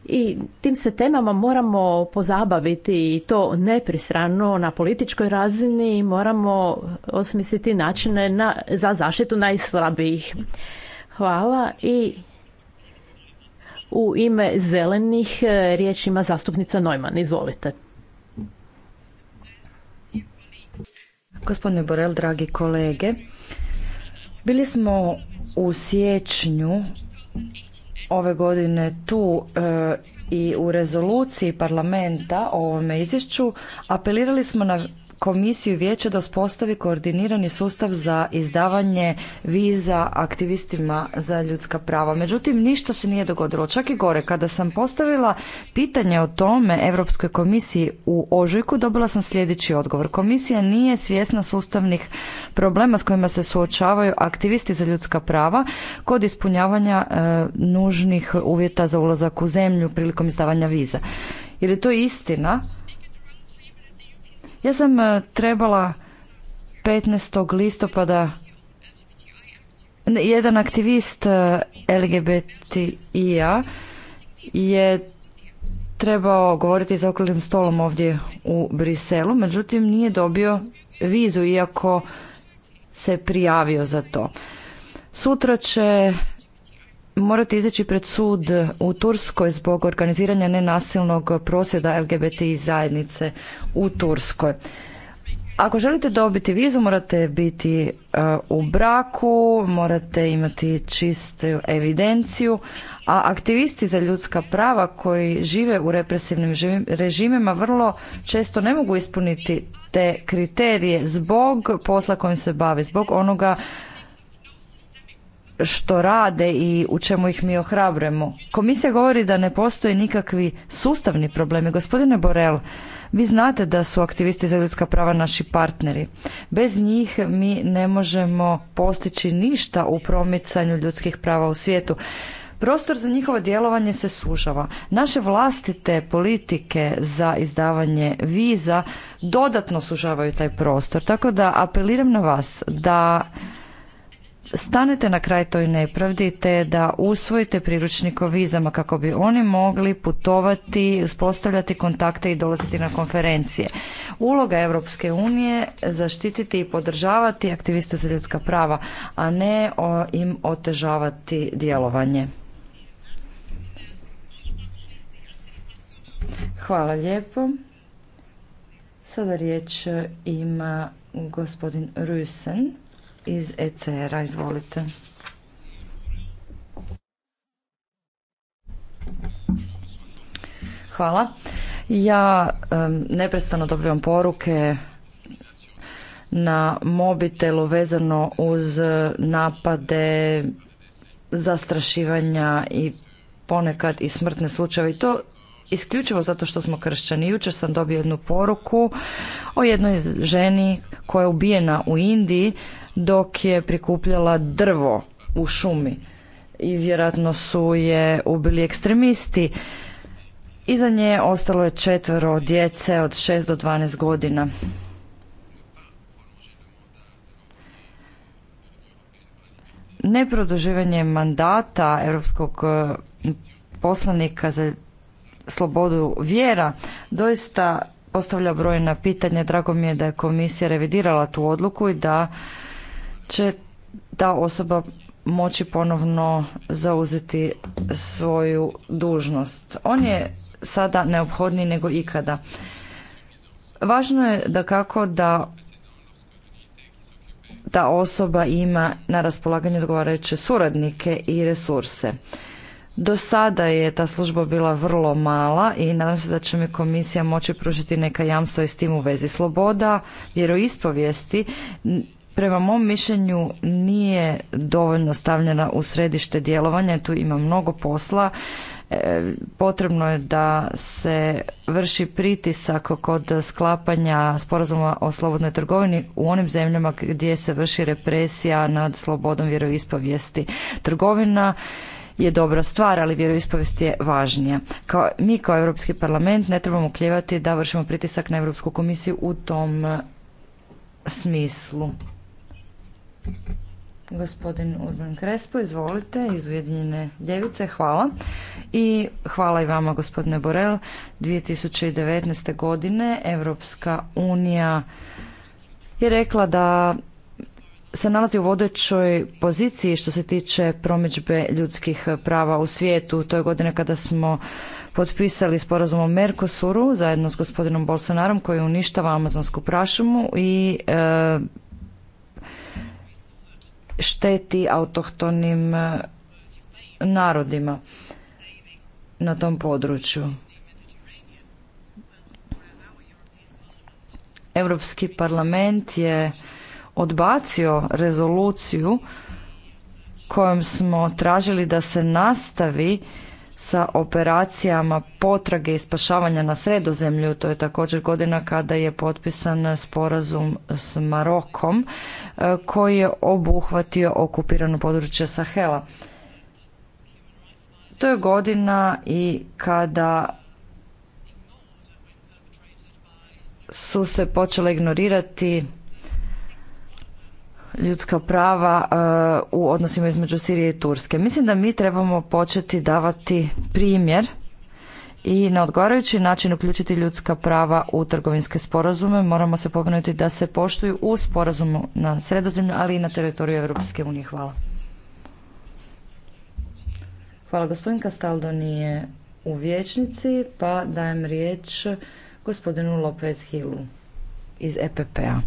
i tim se temama moramo pozabaviti i to neprisrano na političkoj razini i moramo osmisliti načine za zaštitu najslabijih. Hvala i u ime zelenih e, riječ ima zastupnica Neumann. Izvolite. Gospodine Borel, dragi kolege, bili smo u siječnju ove godine tu e, i u rezoluciji parlamenta o ovome izvješću apelirali smo na komisiju vijeće da uspostavi koordinirani sustav za izdavanje viza aktivistima za ljudska prava. Međutim, ništa se nije dogodilo. Čak i gore, kada sam postavila pitanje o tome Europskoj komisiji u Ožujku, dobila sam sljedeći odgovor. Komisija nije svjesna sustavnih problema s kojima se suočavaju aktivisti za ljudska prava kod ispunjavanja e, nužnih uvjeta za ulazak u zemlju prilikom izdavanja viza. Je to istina? Ja sam e, trebala 15. listopada jedan aktivist e, LGBTI-a je trebao govoriti za okolim stolom ovdje u Briselu, međutim nije dobio vizu iako se prijavio za to. Sutra će morati izaći pred sud u Turskoj zbog organiziranja nenasilnog prosvjeda LGBT zajednice u Turskoj. Ako želite dobiti vizu, morate biti e, u braku, morate imati čistu evidenciju, a aktivisti za ljudska prava koji žive u represivnim režimima vrlo često ne mogu ispuniti te kriterije zbog posla kojim se bave, zbog onoga što rade i u čemu ih mi ohrabrujemo. Komisija govori da ne postoje nikakvi sustavni problemi. Gospodine Borel, vi znate da su aktivisti za ljudska prava naši partneri. Bez njih mi ne možemo postići ništa u promicanju ljudskih prava u svijetu. Prostor za njihovo djelovanje se sužava. Naše vlastite politike za izdavanje viza dodatno sužavaju taj prostor. Tako da apeliram na vas da stanete na kraj toj nepravdi te da usvojite priručnik o vizama kako bi oni mogli putovati, uspostavljati kontakte i dolaziti na konferencije. Uloga Europske unije zaštititi i podržavati aktiviste za ljudska prava, a ne im otežavati djelovanje. Hvala lijepo. Sada riječ ima gospodin Rusen iz ECR-a, izvolite. Hvala. Ja neprestano dobivam poruke na mobitelu vezano uz napade, zastrašivanja i ponekad i smrtne slučajeve i to isključivo zato što smo kršćani. Jučer sam dobio jednu poruku o jednoj ženi koja je ubijena u Indiji dok je prikupljala drvo u šumi i vjerojatno su je ubili ekstremisti. Iza nje ostalo je četvero djece od 6 do 12 godina. Neproduživanje mandata europskog e, poslanika za slobodu vjera doista postavlja brojna pitanja. Drago mi je da je komisija revidirala tu odluku i da će ta osoba moći ponovno zauzeti svoju dužnost. On je sada neophodniji nego ikada. Važno je da kako da ta osoba ima na raspolaganju odgovarajuće suradnike i resurse. Do sada je ta služba bila vrlo mala i nadam se da će mi komisija moći pružiti neka jamstva i s tim u vezi. Sloboda vjeroispovijesti prema mom mišljenju nije dovoljno stavljena u središte djelovanja, tu ima mnogo posla. E, potrebno je da se vrši pritisak kod sklapanja sporazuma o slobodnoj trgovini u onim zemljama gdje se vrši represija nad slobodom vjeroispovijesti. Trgovina je dobra stvar, ali vjeroispovijest je važnija. Kao, mi kao Europski parlament ne trebamo kljevati da vršimo pritisak na Europsku komisiju u tom e, smislu. Gospodin Urban Krespo, izvolite, iz Ujedinjene ljevice, hvala. I hvala i vama, gospodine Borel. 2019. godine Evropska unija je rekla da se nalazi u vodećoj poziciji što se tiče promičbe ljudskih prava u svijetu. To je godine kada smo potpisali sporazum o Mercosuru zajedno s gospodinom Bolsonarom koji uništava amazonsku prašumu i e, šteti autohtonim e, narodima na tom području. Europski parlament je odbacio rezoluciju kojom smo tražili da se nastavi sa operacijama potrage i spašavanja na sredozemlju. To je također godina kada je potpisan sporazum s Marokom e, koji je obuhvatio okupirano područje Sahela. To je godina i kada su se počele ignorirati ljudska prava eh, u odnosima između Sirije i Turske. Mislim da mi trebamo početi davati primjer i na odgovarajući način uključiti ljudska prava u trgovinske sporazume. Moramo se pobrinuti da se poštuju u sporazumu na sredozemlju, ali i na teritoriju Europske unije. Hvala. Hvala. Gospodin Kastaldo nije u vječnici, pa dajem riječ gospodinu Lopez Hilu iz EPP-a.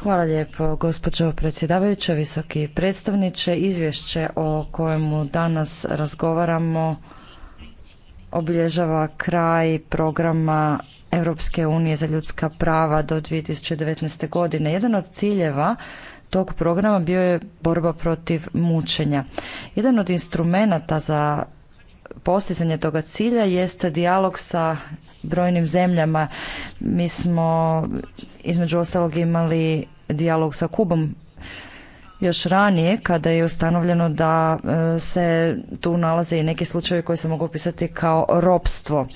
Hvala lijepo, gospođo predsjedavajuća, visoki predstavniče. Izvješće o kojemu danas razgovaramo obilježava kraj programa Europske unije za ljudska prava do 2019. godine. Jedan od ciljeva tog programa bio je borba protiv mučenja. Jedan od instrumenata za postizanje toga cilja jest dijalog sa brojnim zemljama. Mi smo između ostalog imali dijalog sa Kubom još ranije kada je ustanovljeno da e, se tu nalaze i neki slučajevi koji se mogu opisati kao ropstvo.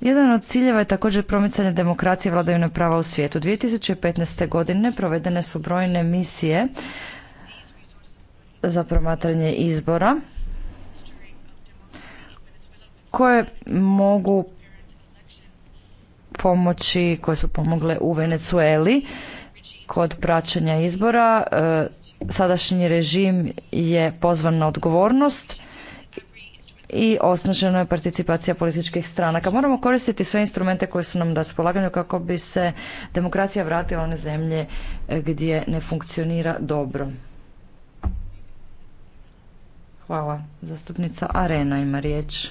Jedan od ciljeva je također promicanje demokracije i vladavine prava u svijetu. 2015. godine provedene su brojne misije za promatranje izbora koje mogu pomoći, koje su pomogle u Venecueli kod praćenja izbora. E, sadašnji režim je pozvan na odgovornost i osnažena je participacija političkih stranaka. Moramo koristiti sve instrumente koje su nam raspolaganju kako bi se demokracija vratila u zemlje e, gdje ne funkcionira dobro. Hvala. Zastupnica Arena ima riječ.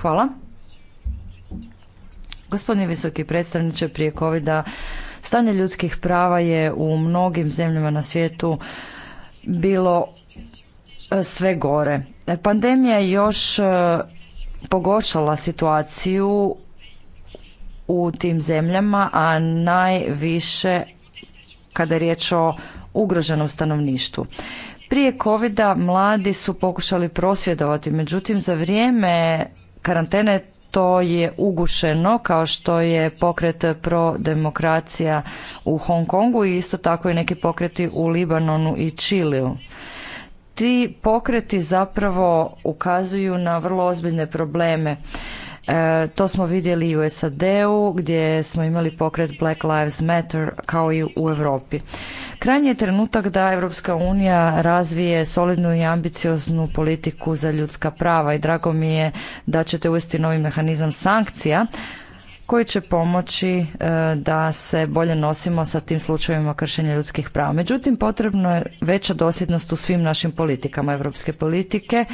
Hvala. Gospodine visoki predstavniče, prije covid stanje ljudskih prava je u mnogim zemljama na svijetu bilo e, sve gore. Pandemija je još e, pogoršala situaciju u tim zemljama, a najviše kada je riječ o ugroženom stanovništvu. Prije covida mladi su pokušali prosvjedovati, međutim za vrijeme karantene to je ugušeno kao što je pokret pro demokracija u Hong Kongu i isto tako i neki pokreti u Libanonu i Čiliju. Ti pokreti zapravo ukazuju na vrlo ozbiljne probleme E, to smo vidjeli i u SAD-u gdje smo imali pokret Black Lives Matter kao i u Europi. Krajnji je trenutak da Europska unija razvije solidnu i ambicioznu politiku za ljudska prava i drago mi je da ćete uvesti novi mehanizam sankcija koji će pomoći e, da se bolje nosimo sa tim slučajevima kršenja ljudskih prava. Međutim, potrebno je veća dosljednost u svim našim politikama. Europske politike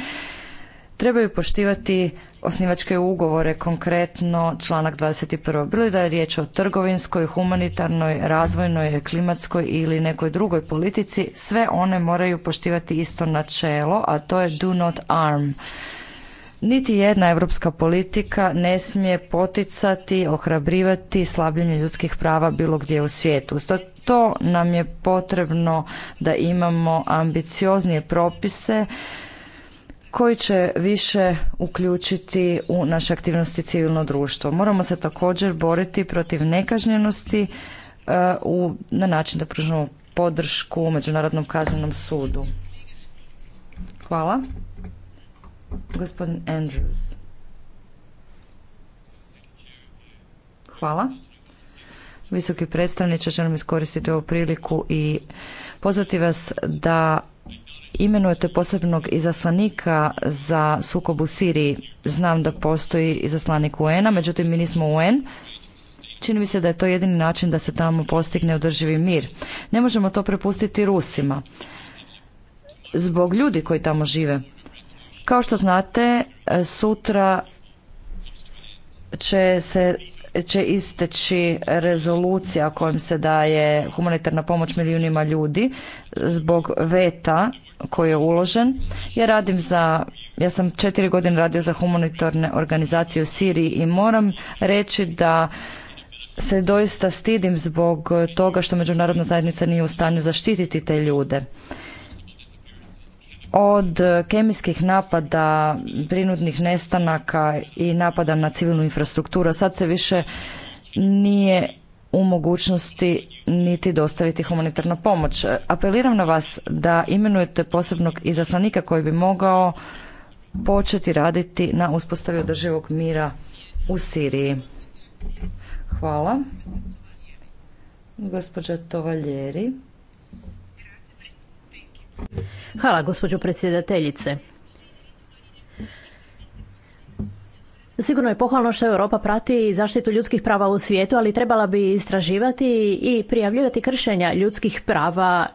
trebaju poštivati osnivačke ugovore, konkretno članak 21. Bilo da je riječ o trgovinskoj, humanitarnoj, razvojnoj, klimatskoj ili nekoj drugoj politici, sve one moraju poštivati isto načelo, a to je do not arm. Niti jedna europska politika ne smije poticati, ohrabrivati slabljenje ljudskih prava bilo gdje u svijetu. To nam je potrebno da imamo ambicioznije propise koji će više uključiti u naše aktivnosti civilno društvo. Moramo se također boriti protiv nekažnjenosti e, u, na način da pružimo podršku Međunarodnom kaznenom sudu. Hvala. Gospodin Andrews. Hvala. Visoki predstavniče, želim iskoristiti ovu priliku i pozvati vas da imenujete posebnog izaslanika za sukob u Siriji. Znam da postoji izaslanik UN-a, međutim mi nismo UN. Čini mi se da je to jedini način da se tamo postigne održivi mir. Ne možemo to prepustiti Rusima. Zbog ljudi koji tamo žive. Kao što znate, sutra će se će isteći rezolucija kojom se daje humanitarna pomoć milijunima ljudi zbog veta koji je uložen. Ja radim za, ja sam četiri godine radio za humanitarne organizacije u Siriji i moram reći da se doista stidim zbog toga što međunarodna zajednica nije u stanju zaštititi te ljude od kemijskih napada, prinudnih nestanaka i napada na civilnu infrastrukturu. Sad se više nije u mogućnosti niti dostaviti humanitarna pomoć. Apeliram na vas da imenujete posebnog izaslanika koji bi mogao početi raditi na uspostavi održivog mira u Siriji. Hvala. Gospođa Tovaljeri. Hvala, gospođo predsjedateljice. Sigurno je pohvalno što Europa prati zaštitu ljudskih prava u svijetu, ali trebala bi istraživati i prijavljivati kršenja ljudskih prava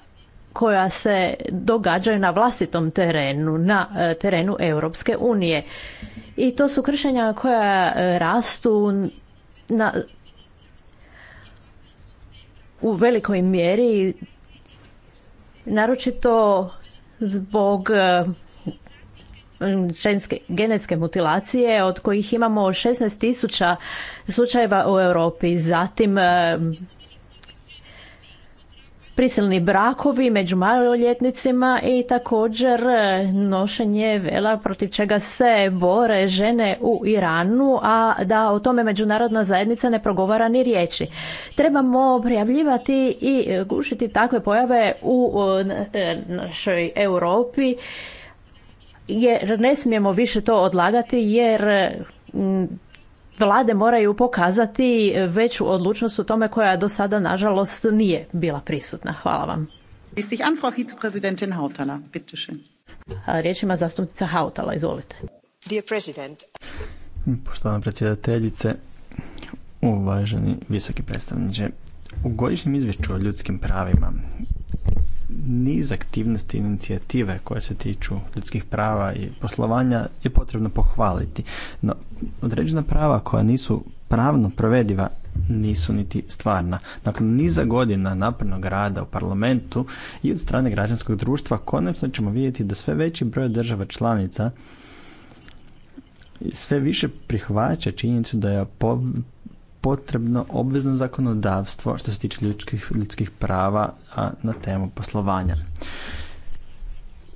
koja se događaju na vlastitom terenu, na e, terenu Europske unije. I to su kršenja koja e, rastu na, u velikoj mjeri naročito zbog e, ženske genetske mutilacije od kojih imamo tisuća slučajeva u Europi. Zatim e, prisilni brakovi među maloljetnicima i također e, nošenje vela protiv čega se bore žene u Iranu, a da o tome međunarodna zajednica ne progovara ni riječi. Trebamo prijavljivati i e, gušiti takve pojave u e, našoj Europi jer ne smijemo više to odlagati jer vlade moraju pokazati veću odlučnost u tome koja do sada nažalost nije bila prisutna. Hvala vam. Riječ ima zastupnica Hautala, izvolite. Dear Poštovana predsjedateljice, uvaženi visoki predstavniče, u godišnjem izvješću o ljudskim pravima niz aktivnosti i inicijative koje se tiču ljudskih prava i poslovanja je potrebno pohvaliti. No, određena prava koja nisu pravno provediva nisu niti stvarna. Dakle, niza godina naprednog rada u parlamentu i od strane građanskog društva konačno ćemo vidjeti da sve veći broj država članica sve više prihvaća činjenicu da je potrebno obvezno zakonodavstvo što se tiče ljudskih, ljudskih prava a, na temu poslovanja.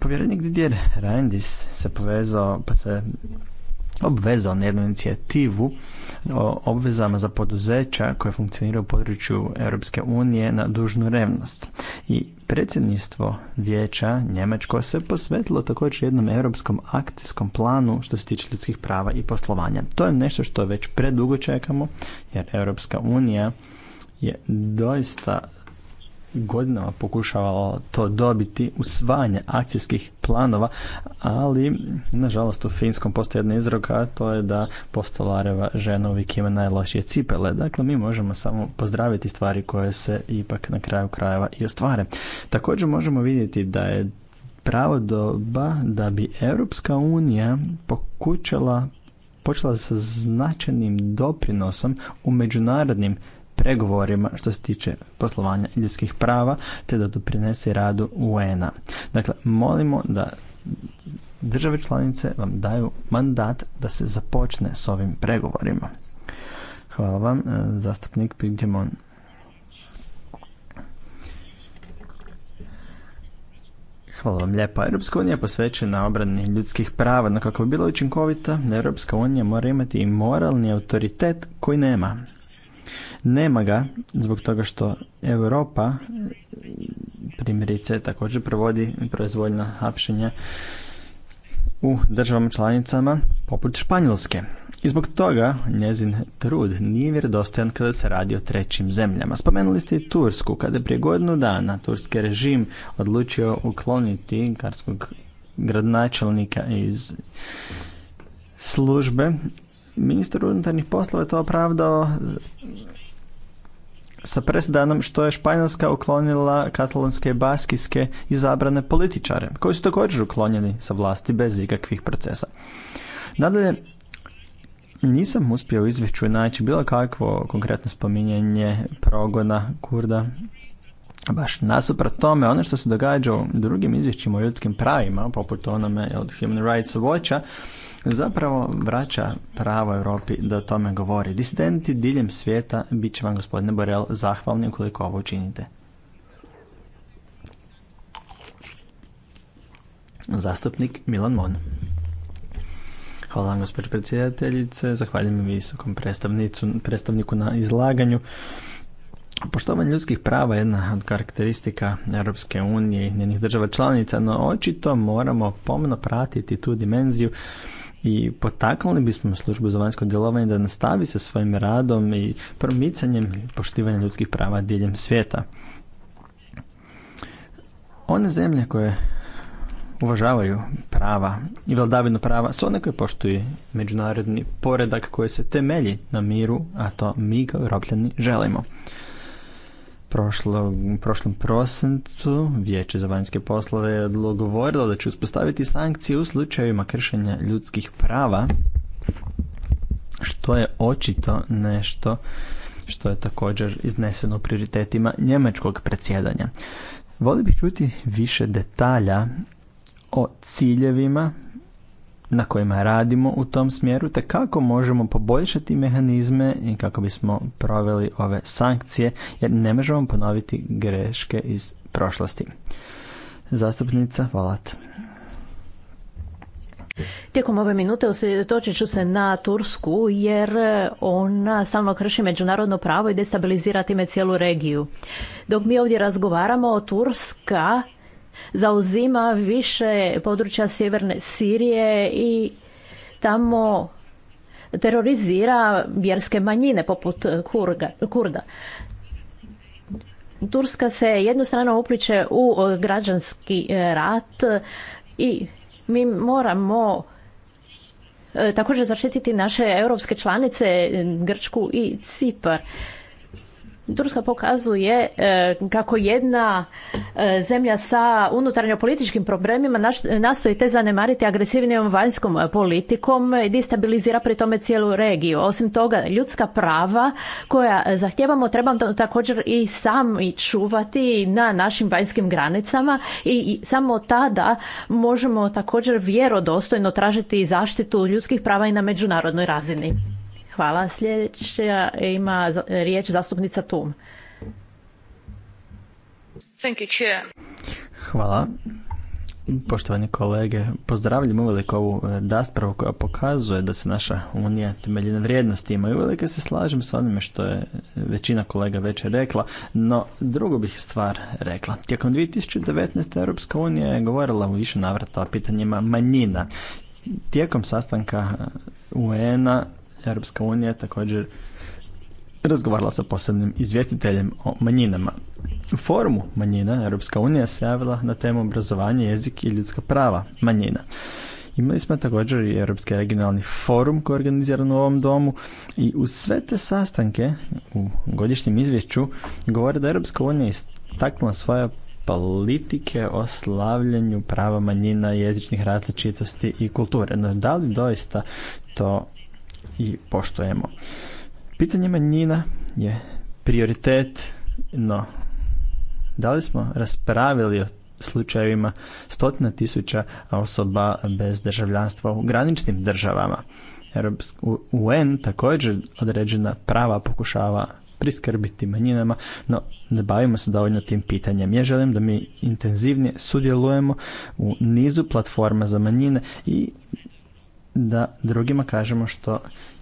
Povjerenik Didier Reindis se povezao, pa se obvezao na jednu inicijativu o obvezama za poduzeća koje funkcionira u području Europske unije na dužnu revnost. I predsjedništvo vijeća Njemačko se posvetilo također jednom europskom akcijskom planu što se tiče ljudskih prava i poslovanja. To je nešto što već predugo čekamo jer Europska unija je doista godinama pokušavalo to dobiti usvajanje akcijskih planova, ali nažalost u Finskom postoji jedna izroka, a to je da postolareva žena uvijek ima najlošije cipele. Dakle, mi možemo samo pozdraviti stvari koje se ipak na kraju krajeva i ostvare. Također možemo vidjeti da je pravo doba da bi Europska unija pokušala počela sa značajnim doprinosom u međunarodnim pregovorima što se tiče poslovanja ljudskih prava te da doprinese radu UN-a. Dakle, molimo da države članice vam daju mandat da se započne s ovim pregovorima. Hvala vam, e, zastupnik Pigdemon. Hvala vam lijepa. Europska unija je posvećena obrani ljudskih prava, no kako bi bila učinkovita, Europska unija mora imati i moralni autoritet koji nema. Nema ga zbog toga što Europa primjerice također provodi proizvoljna hapšenja u državama članicama poput Španjolske. I zbog toga njezin trud nije vjerodostojan kada se radi o trećim zemljama. Spomenuli ste i Tursku, kada je prije godinu dana turski režim odlučio ukloniti karskog gradonačelnika iz službe. Ministar unutarnjih poslova je to opravdao sa presedanom što je Španjolska uklonila katalonske i baskijske izabrane političare, koji su također uklonjeni sa vlasti bez ikakvih procesa. Nadalje, nisam uspio u izvješću naći bilo kakvo konkretno spominjanje progona Kurda. Baš nasuprot tome, ono što se događa u drugim izvješćima o ljudskim pravima, poput onome od Human Rights Watcha, zapravo vraća pravo Europi da o tome govori. Disidenti diljem svijeta bit će vam gospodine Borel zahvalni ukoliko ovo učinite. Zastupnik Milan Mon. Hvala vam gospođo predsjedateljice, zahvaljujem visokom predstavniku na izlaganju. Poštovanje ljudskih prava je jedna od karakteristika Europske unije i njenih država članica, no očito moramo pomno pratiti tu dimenziju i potaknuli bismo službu za vanjsko djelovanje da nastavi sa svojim radom i promicanjem poštivanja ljudskih prava diljem svijeta. One zemlje koje uvažavaju prava i vladavinu prava su one koje poštuju međunarodni poredak koji se temelji na miru, a to mi kao europljani želimo. Prošlo, prošlom prosincu Vijeće za vanjske poslove je dogovorilo da će uspostaviti sankcije u slučajevima kršenja ljudskih prava, što je očito nešto što je također izneseno u prioritetima njemačkog predsjedanja. Volio bih čuti više detalja o ciljevima na kojima radimo u tom smjeru te kako možemo poboljšati mehanizme i kako bismo proveli ove sankcije jer ne možemo ponoviti greške iz prošlosti. Zastupnica Valat. Tijekom ove minute usredotočit ću se na Tursku jer ona stalno krši međunarodno pravo i destabilizira time cijelu regiju. Dok mi ovdje razgovaramo, o Turska zauzima više područja sjeverne Sirije i tamo terorizira vjerske manjine poput Kurda. Turska se jednostrano upliče u građanski rat i mi moramo e, također zaštititi naše europske članice Grčku i Cipar. Turska pokazuje e, kako jedna e, zemlja sa unutarnjopolitičkim problemima nastoji te zanemariti agresivnijom vanjskom politikom i destabilizira pri tome cijelu regiju. Osim toga, ljudska prava koja zahtijevamo trebamo također i sami čuvati na našim vanjskim granicama i samo tada možemo također vjerodostojno tražiti zaštitu ljudskih prava i na međunarodnoj razini. Hvala. Sljedeća ima riječ zastupnica Tum. Hvala. Poštovani kolege, pozdravljam uveliko ovu e, raspravu koja pokazuje da se naša unija temelji na vrijednostima i uvelike se slažem s onime što je većina kolega već rekla, no drugo bih stvar rekla. Tijekom 2019. Europska unija je govorila u više navrata o pitanjima manjina. Tijekom sastanka e, UN-a Europska unija također razgovarala sa posebnim izvjestiteljem o manjinama. U forumu manjina Europska unija se javila na temu obrazovanja, jezik i ljudska prava manjina. Imali smo također i Europski regionalni forum koji je organiziran u ovom domu i uz sve te sastanke u godišnjem izvješću govore da Europska unija istaknula svoje politike o slavljenju prava manjina, jezičnih različitosti i kulture. No da li doista to i poštojemo. Pitanje manjina je prioritet, no da li smo raspravili o slučajevima stotina tisuća osoba bez državljanstva u graničnim državama? UN također određena prava pokušava priskrbiti manjinama, no ne bavimo se dovoljno tim pitanjem. Ja želim da mi intenzivnije sudjelujemo u nizu platforma za manjine i da drugima kažemo što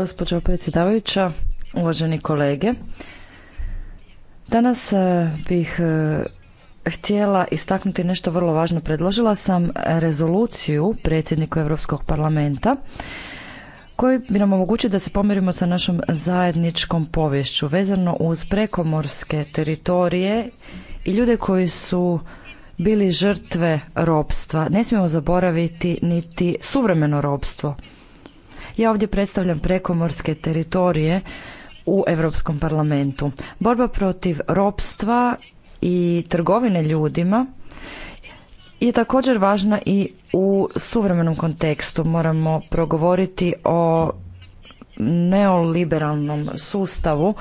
Gospođo predsjedavajuća, uvaženi kolege, danas e, bih e, htjela istaknuti nešto vrlo važno. Predložila sam rezoluciju predsjedniku Europskog parlamenta koji bi nam omogućio da se pomirimo sa našom zajedničkom povješću vezano uz prekomorske teritorije i ljude koji su bili žrtve robstva. Ne smijemo zaboraviti niti suvremeno ropstvo ja ovdje predstavljam prekomorske teritorije u Europskom parlamentu. Borba protiv ropstva i trgovine ljudima je također važna i u suvremenom kontekstu. Moramo progovoriti o neoliberalnom sustavu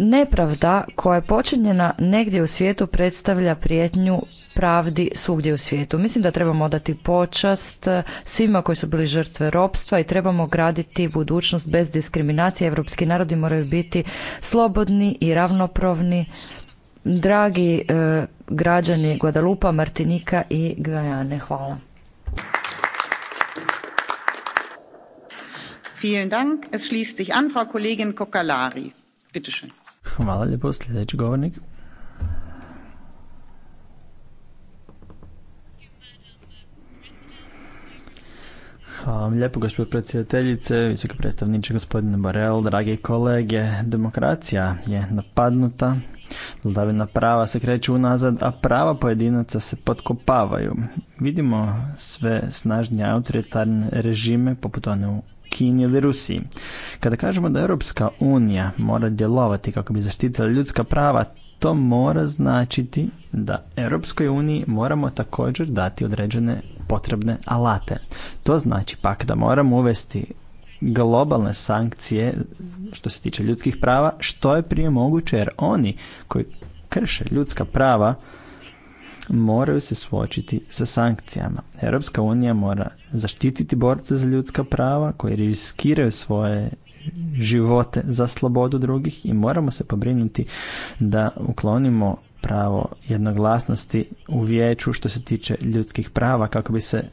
Nepravda koja je počinjena negdje u svijetu predstavlja prijetnju pravdi svugdje u svijetu. Mislim da trebamo odati počast svima koji su bili žrtve ropstva i trebamo graditi budućnost bez diskriminacije. Evropski narodi moraju biti slobodni i ravnopravni. Dragi e, građani Guadalupa, Martinika i Gajane, hvala. Hvala lijepo, sljedeći govornik. Hvala vam lijepo, gospođo predsjedateljice, visoki predstavniče gospodine Borel, dragi kolege. Demokracija je napadnuta, vladavina prava se kreću unazad, a prava pojedinaca se potkopavaju. Vidimo sve snažnije autoritarne režime, poput one u Kini ili Rusiji. Kada kažemo da Europska unija mora djelovati kako bi zaštitila ljudska prava, to mora značiti da Europskoj uniji moramo također dati određene potrebne alate. To znači pak da moramo uvesti globalne sankcije što se tiče ljudskih prava što je prije moguće jer oni koji krše ljudska prava moraju se suočiti sa sankcijama. Europska unija mora zaštititi borce za ljudska prava koji riskiraju svoje živote za slobodu drugih i moramo se pobrinuti da uklonimo pravo jednoglasnosti u vijeću što se tiče ljudskih prava kako bi se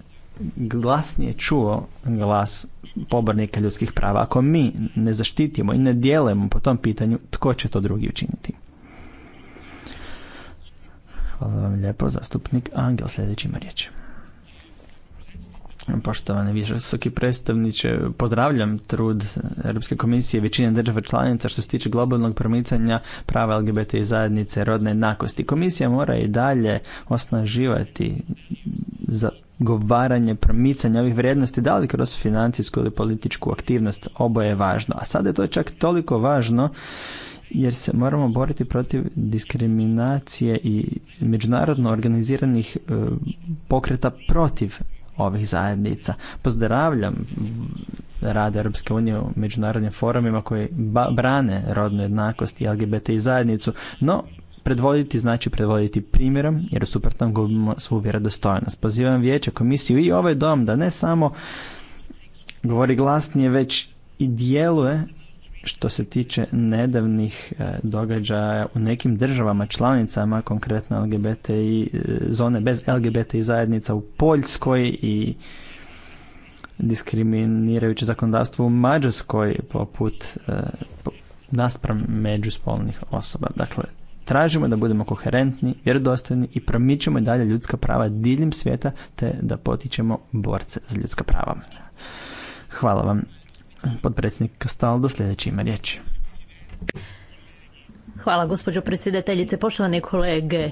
glasnije čuo glas pobornika ljudskih prava. Ako mi ne zaštitimo i ne djelujemo po tom pitanju, tko će to drugi učiniti? Hvala vam lijepo, zastupnik Angel, sljedeći ima riječ. Poštovani visoki predstavniče, pozdravljam trud Europske komisije i većine država članica što se tiče globalnog promicanja prava LGBT zajednice rodne jednakosti. Komisija mora i dalje osnaživati zagovaranje, govaranje, promicanje ovih vrijednosti, da li kroz financijsku ili političku aktivnost, oboje je važno. A sada je to čak toliko važno jer se moramo boriti protiv diskriminacije i međunarodno organiziranih e, pokreta protiv ovih zajednica. Pozdravljam rad Europske unije u međunarodnim forumima koji brane rodnu jednakost i LGBT i zajednicu, no predvoditi znači predvoditi primjerom, jer u suprotnom gubimo svu vjerodostojnost. Pozivam vijeće, komisiju i ovaj dom da ne samo govori glasnije, već i djeluje što se tiče nedavnih e, događaja u nekim državama članicama, konkretno i e, zone bez LGBT i zajednica u Poljskoj i diskriminirajuće zakonodavstvo u Mađarskoj poput e, naspram međuspolnih osoba. Dakle, tražimo da budemo koherentni, vjerodostojni i promičemo dalje ljudska prava diljem svijeta te da potičemo borce za ljudska prava. Hvala vam. Podpredsjednik Kastaldo sljedeći ima riječ. Hvala gospođo predsjedateljice, poštovani kolege.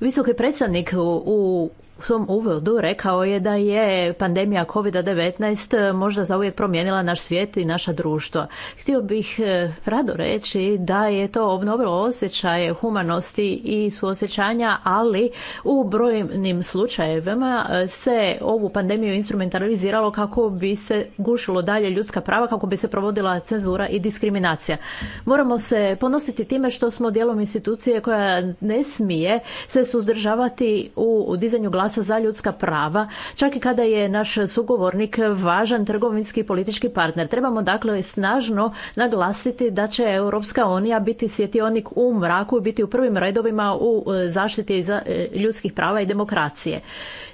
Visoki predstavnik u u svom uvodu rekao je da je pandemija COVID-19 eh, možda zauvijek promijenila naš svijet i naša društva. Htio bih eh, rado reći da je to obnovilo osjećaje humanosti i suosjećanja, ali u brojnim slučajevima eh, se ovu pandemiju instrumentaliziralo kako bi se gušilo dalje ljudska prava, kako bi se provodila cenzura i diskriminacija. Moramo se ponositi time što smo dijelom institucije koja ne smije se suzdržavati u dizanju glasa glasa za ljudska prava, čak i kada je naš sugovornik važan trgovinski i politički partner. Trebamo dakle snažno naglasiti da će Europska unija biti svjetionik u mraku i biti u prvim redovima u e, zaštiti e, ljudskih prava i demokracije.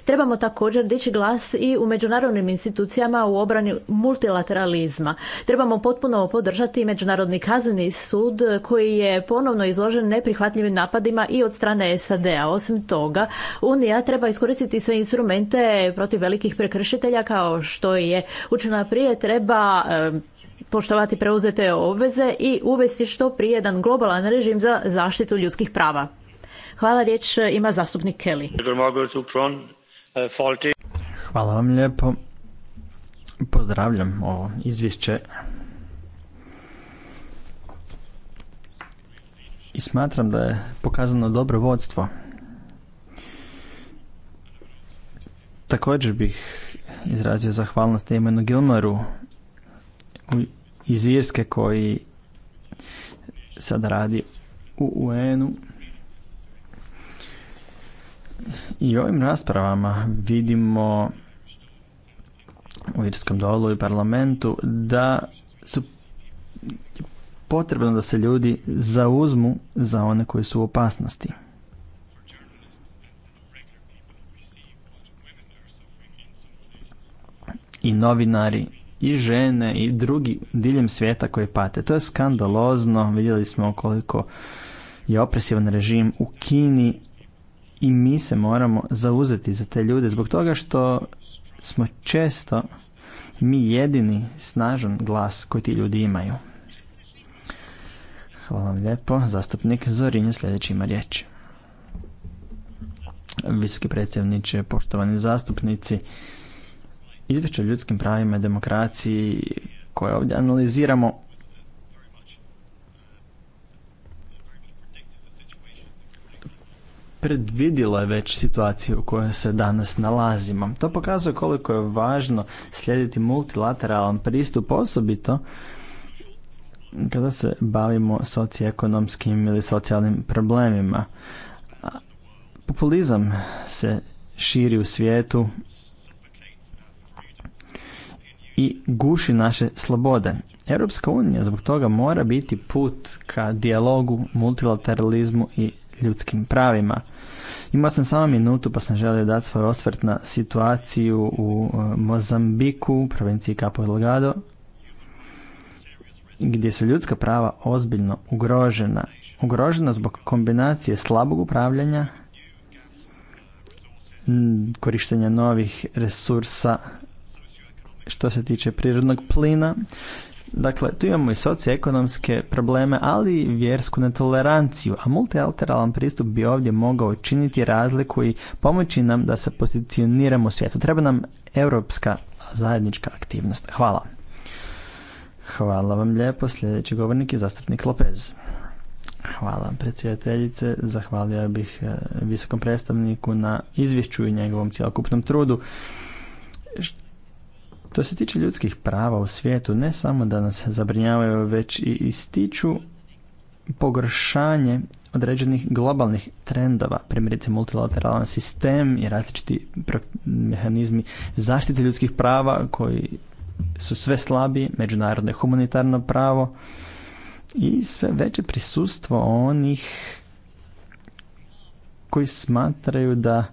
Trebamo također dići glas i u međunarodnim institucijama u obrani multilateralizma. Trebamo potpuno podržati Međunarodni kazneni sud koji je ponovno izložen neprihvatljivim napadima i od strane SAD-a. Osim toga, Unija treba iskoristiti iskoristiti sve instrumente protiv velikih prekršitelja kao što je učena prije treba poštovati preuzete obveze i uvesti što prije jedan globalan režim za zaštitu ljudskih prava. Hvala, riječ ima zastupnik Kelly. Hvala vam lijepo. Pozdravljam ovo izvješće. I smatram da je pokazano dobro vodstvo. Također bih izrazio zahvalnost imenu Gilmaru iz Irske koji sada radi u UN-u. I ovim raspravama vidimo u Irskom dolu i parlamentu da su potrebno da se ljudi zauzmu za one koji su u opasnosti. i novinari i žene i drugi diljem svijeta koji pate. To je skandalozno, vidjeli smo koliko je opresivan režim u Kini i mi se moramo zauzeti za te ljude zbog toga što smo često mi jedini snažan glas koji ti ljudi imaju. Hvala vam lijepo. Zastupnik zorin sljedeći ima riječ. Visoki predstavniče, poštovani zastupnici, izvješće o ljudskim pravima i demokraciji koje ovdje analiziramo predvidjelo je već situaciju u kojoj se danas nalazimo. To pokazuje koliko je važno slijediti multilateralan pristup osobito kada se bavimo socioekonomskim ili socijalnim problemima. Populizam se širi u svijetu i guši naše slobode. Europska unija zbog toga mora biti put ka dijalogu, multilateralizmu i ljudskim pravima. Imao sam samo minutu pa sam želio dati svoj osvrt na situaciju u e, Mozambiku, u provinciji Capo Delgado, gdje su ljudska prava ozbiljno ugrožena. Ugrožena zbog kombinacije slabog upravljanja, korištenja novih resursa, što se tiče prirodnog plina. Dakle, tu imamo i socioekonomske probleme, ali i vjersku netoleranciju, a multilateralan pristup bi ovdje mogao činiti razliku i pomoći nam da se pozicioniramo u svijetu. Treba nam europska zajednička aktivnost. Hvala. Hvala vam lijepo. Sljedeći govornik je zastupnik Lopez. Hvala predsjedateljice. Zahvalio bih e, visokom predstavniku na izvješću i njegovom cjelokupnom trudu. To se tiče ljudskih prava u svijetu, ne samo da nas zabrinjavaju, već i ističu pogoršanje određenih globalnih trendova, primjerice multilateralan sistem i različiti mehanizmi zaštite ljudskih prava koji su sve slabiji, međunarodno i humanitarno pravo i sve veće prisustvo onih koji smatraju da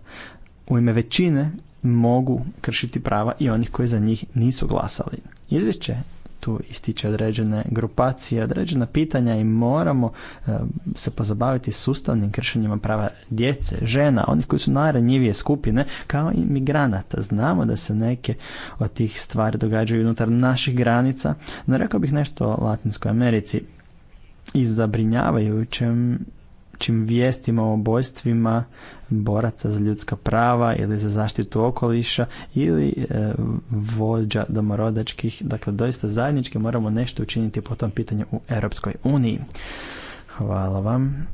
u ime većine mogu kršiti prava i onih koji za njih nisu glasali. Izvješće tu ističe određene grupacije, određena pitanja i moramo eh, se pozabaviti sustavnim kršenjima prava djece, žena, onih koji su najranjivije skupine, kao i migranata. Znamo da se neke od tih stvari događaju unutar naših granica, no rekao bih nešto o Latinskoj Americi i zabrinjavajućem čim vijestima o obojstvima boraca za ljudska prava ili za zaštitu okoliša ili e, vođa domorodačkih, dakle doista zajednički moramo nešto učiniti po tom pitanju u Europskoj uniji. Hvala vam.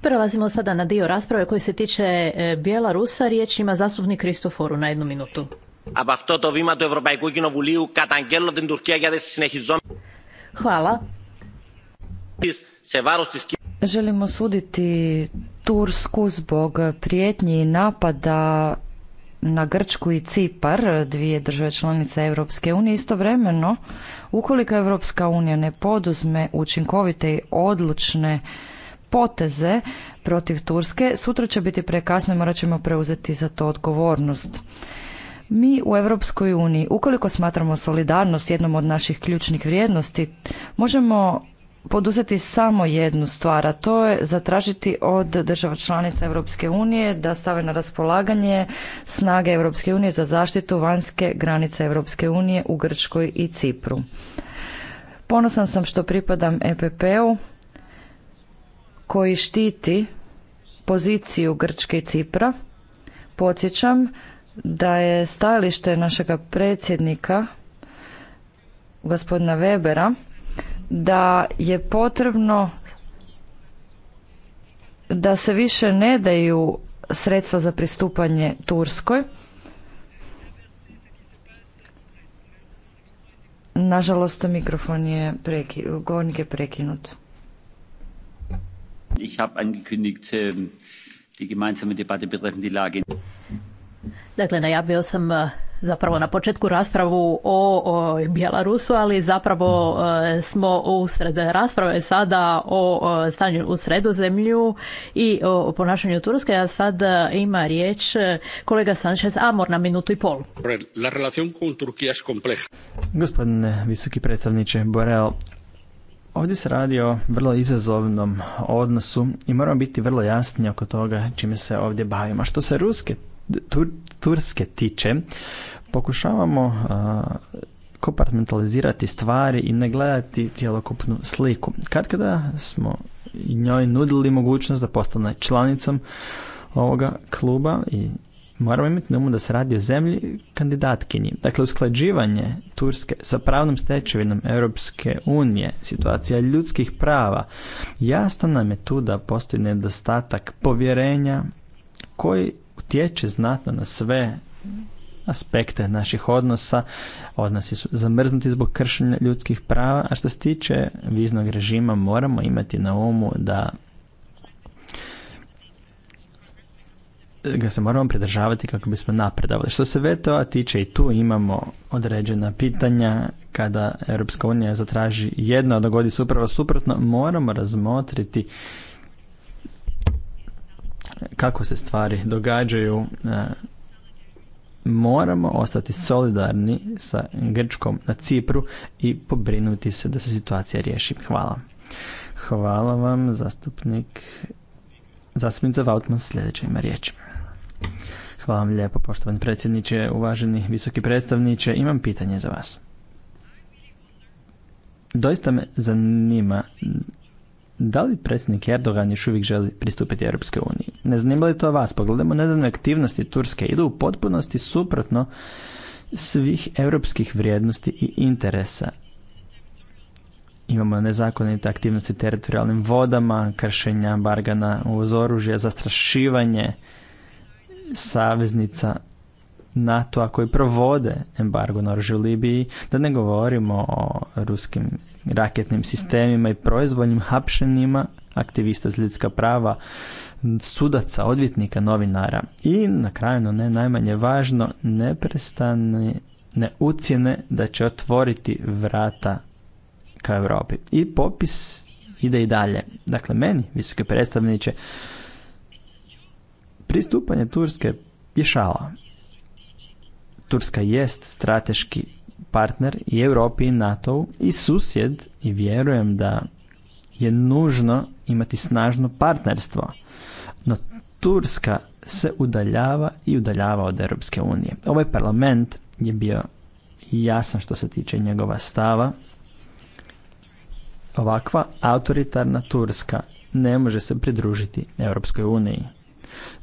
Prelazimo sada na dio rasprave koji se tiče e, Bjelarusa. Riječ ima zastupnik Kristoforu na jednu minutu. Hvala. Želimo suditi Tursku zbog prijetnji i napada na Grčku i Cipar, dvije države članice Europske unije, istovremeno ukoliko Europska unija ne poduzme učinkovite i odlučne poteze protiv Turske, sutra će biti prekasno i morat ćemo preuzeti za to odgovornost. Mi u Europskoj uniji, ukoliko smatramo solidarnost jednom od naših ključnih vrijednosti, možemo poduzeti samo jednu stvar, a to je zatražiti od država članica Europske unije da stave na raspolaganje snage Europske unije za zaštitu vanjske granice Europske unije u Grčkoj i Cipru. Ponosan sam što pripadam EPP-u koji štiti poziciju Grčke i Cipra. Podsjećam da je stajalište našega predsjednika gospodina Webera da je potrebno da se više ne daju sredstva za pristupanje Turskoj. Nažalost, mikrofon je prekinut, govornik je prekinut. Ich habe angekündigt, ähm, die gemeinsame Debatte betreffend die Lage. Dakle, najavio sam eh, zapravo na početku raspravu o, o Bjelarusu, ali zapravo eh, smo u usred rasprave sada o, eh, stanju u sredozemlju i o, ponašanju Turske, a sad ima riječ kolega Sanchez Amor na minutu i pol. La Gospodine visoki predstavniče Borel, Ovdje se radi o vrlo izazovnom odnosu i moramo biti vrlo jasni oko toga čime se ovdje bavimo. Što se ruske Tur, Turske tiče, pokušavamo uh, kompartmentalizirati stvari i ne gledati cjelokupnu sliku. Kad kada smo njoj nudili mogućnost da postane članicom ovoga kluba i moramo imati na umu da se radi o zemlji kandidatkinji. Dakle, usklađivanje Turske sa pravnom stečevinom Europske unije, situacija ljudskih prava, jasno nam je tu da postoji nedostatak povjerenja koji utječe znatno na sve aspekte naših odnosa. Odnosi su zamrznuti zbog kršenja ljudskih prava, a što se tiče viznog režima moramo imati na umu da ga se moramo pridržavati kako bismo napredovali. Što se VTO-a tiče i tu imamo određena pitanja kada Europska unija zatraži jedno, a dogodi se upravo suprotno, moramo razmotriti kako se stvari događaju, e, moramo ostati solidarni sa Grčkom na Cipru i pobrinuti se da se situacija riješi. Hvala. Hvala vam, zastupnik. Zastupnica Vautman sljedeća ima riječ. Hvala vam lijepo, poštovani predsjedniče, uvaženi visoki predstavniče. Imam pitanje za vas. Doista me zanima da li predsjednik Erdogan još uvijek želi pristupiti Europske uniji? Ne zanima li to vas? Pogledamo nedavne aktivnosti Turske. Idu u potpunosti suprotno svih europskih vrijednosti i interesa. Imamo nezakonite aktivnosti teritorijalnim vodama, kršenja bargana uz oružje, zastrašivanje saveznica NATO-a koji provode embargo na oružje Libiji, da ne govorimo o ruskim raketnim sistemima i proizvoljnim hapšenima aktivista za ljudska prava, sudaca, odvjetnika, novinara i na kraju, ne najmanje važno, neprestane ne ucijene da će otvoriti vrata ka Europi. I popis ide i dalje. Dakle, meni, visoke predstavniče, pristupanje Turske je Turska jest strateški partner i Europi i nato i susjed i vjerujem da je nužno imati snažno partnerstvo. No Turska se udaljava i udaljava od Europske unije. Ovaj parlament je bio jasan što se tiče njegova stava. Ovakva autoritarna Turska ne može se pridružiti Europskoj uniji.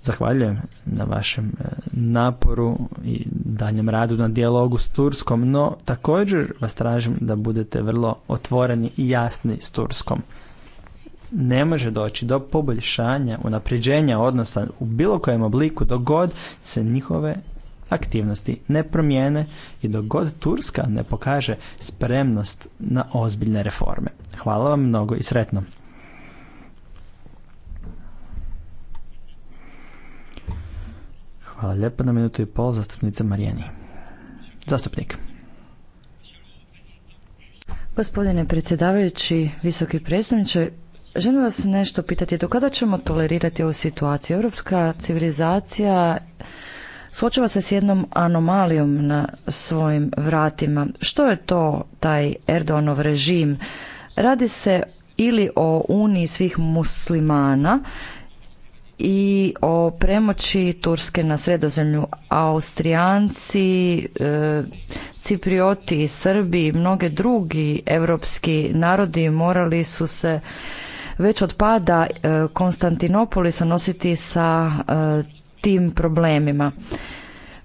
Zahvaljujem na vašem e, naporu i daljem radu na dijalogu s Turskom, no također vas tražim da budete vrlo otvoreni i jasni s Turskom. Ne može doći do poboljšanja, unapređenja odnosa u bilo kojem obliku dok god se njihove aktivnosti ne promijene i dok god Turska ne pokaže spremnost na ozbiljne reforme. Hvala vam mnogo i sretno. Hvala lijepo na minutu i pol zastupnica Marijani. Zastupnik. Gospodine predsjedavajući, visoki predstavniče, želim vas nešto pitati. Do kada ćemo tolerirati ovu situaciju? Europska civilizacija suočava se s jednom anomalijom na svojim vratima. Što je to taj Erdoganov režim? Radi se ili o uniji svih muslimana i o premoći Turske na sredozemlju. Austrijanci, e, Ciprioti, Srbi i mnoge drugi evropski narodi morali su se već od pada e, Konstantinopolisa nositi sa e, tim problemima.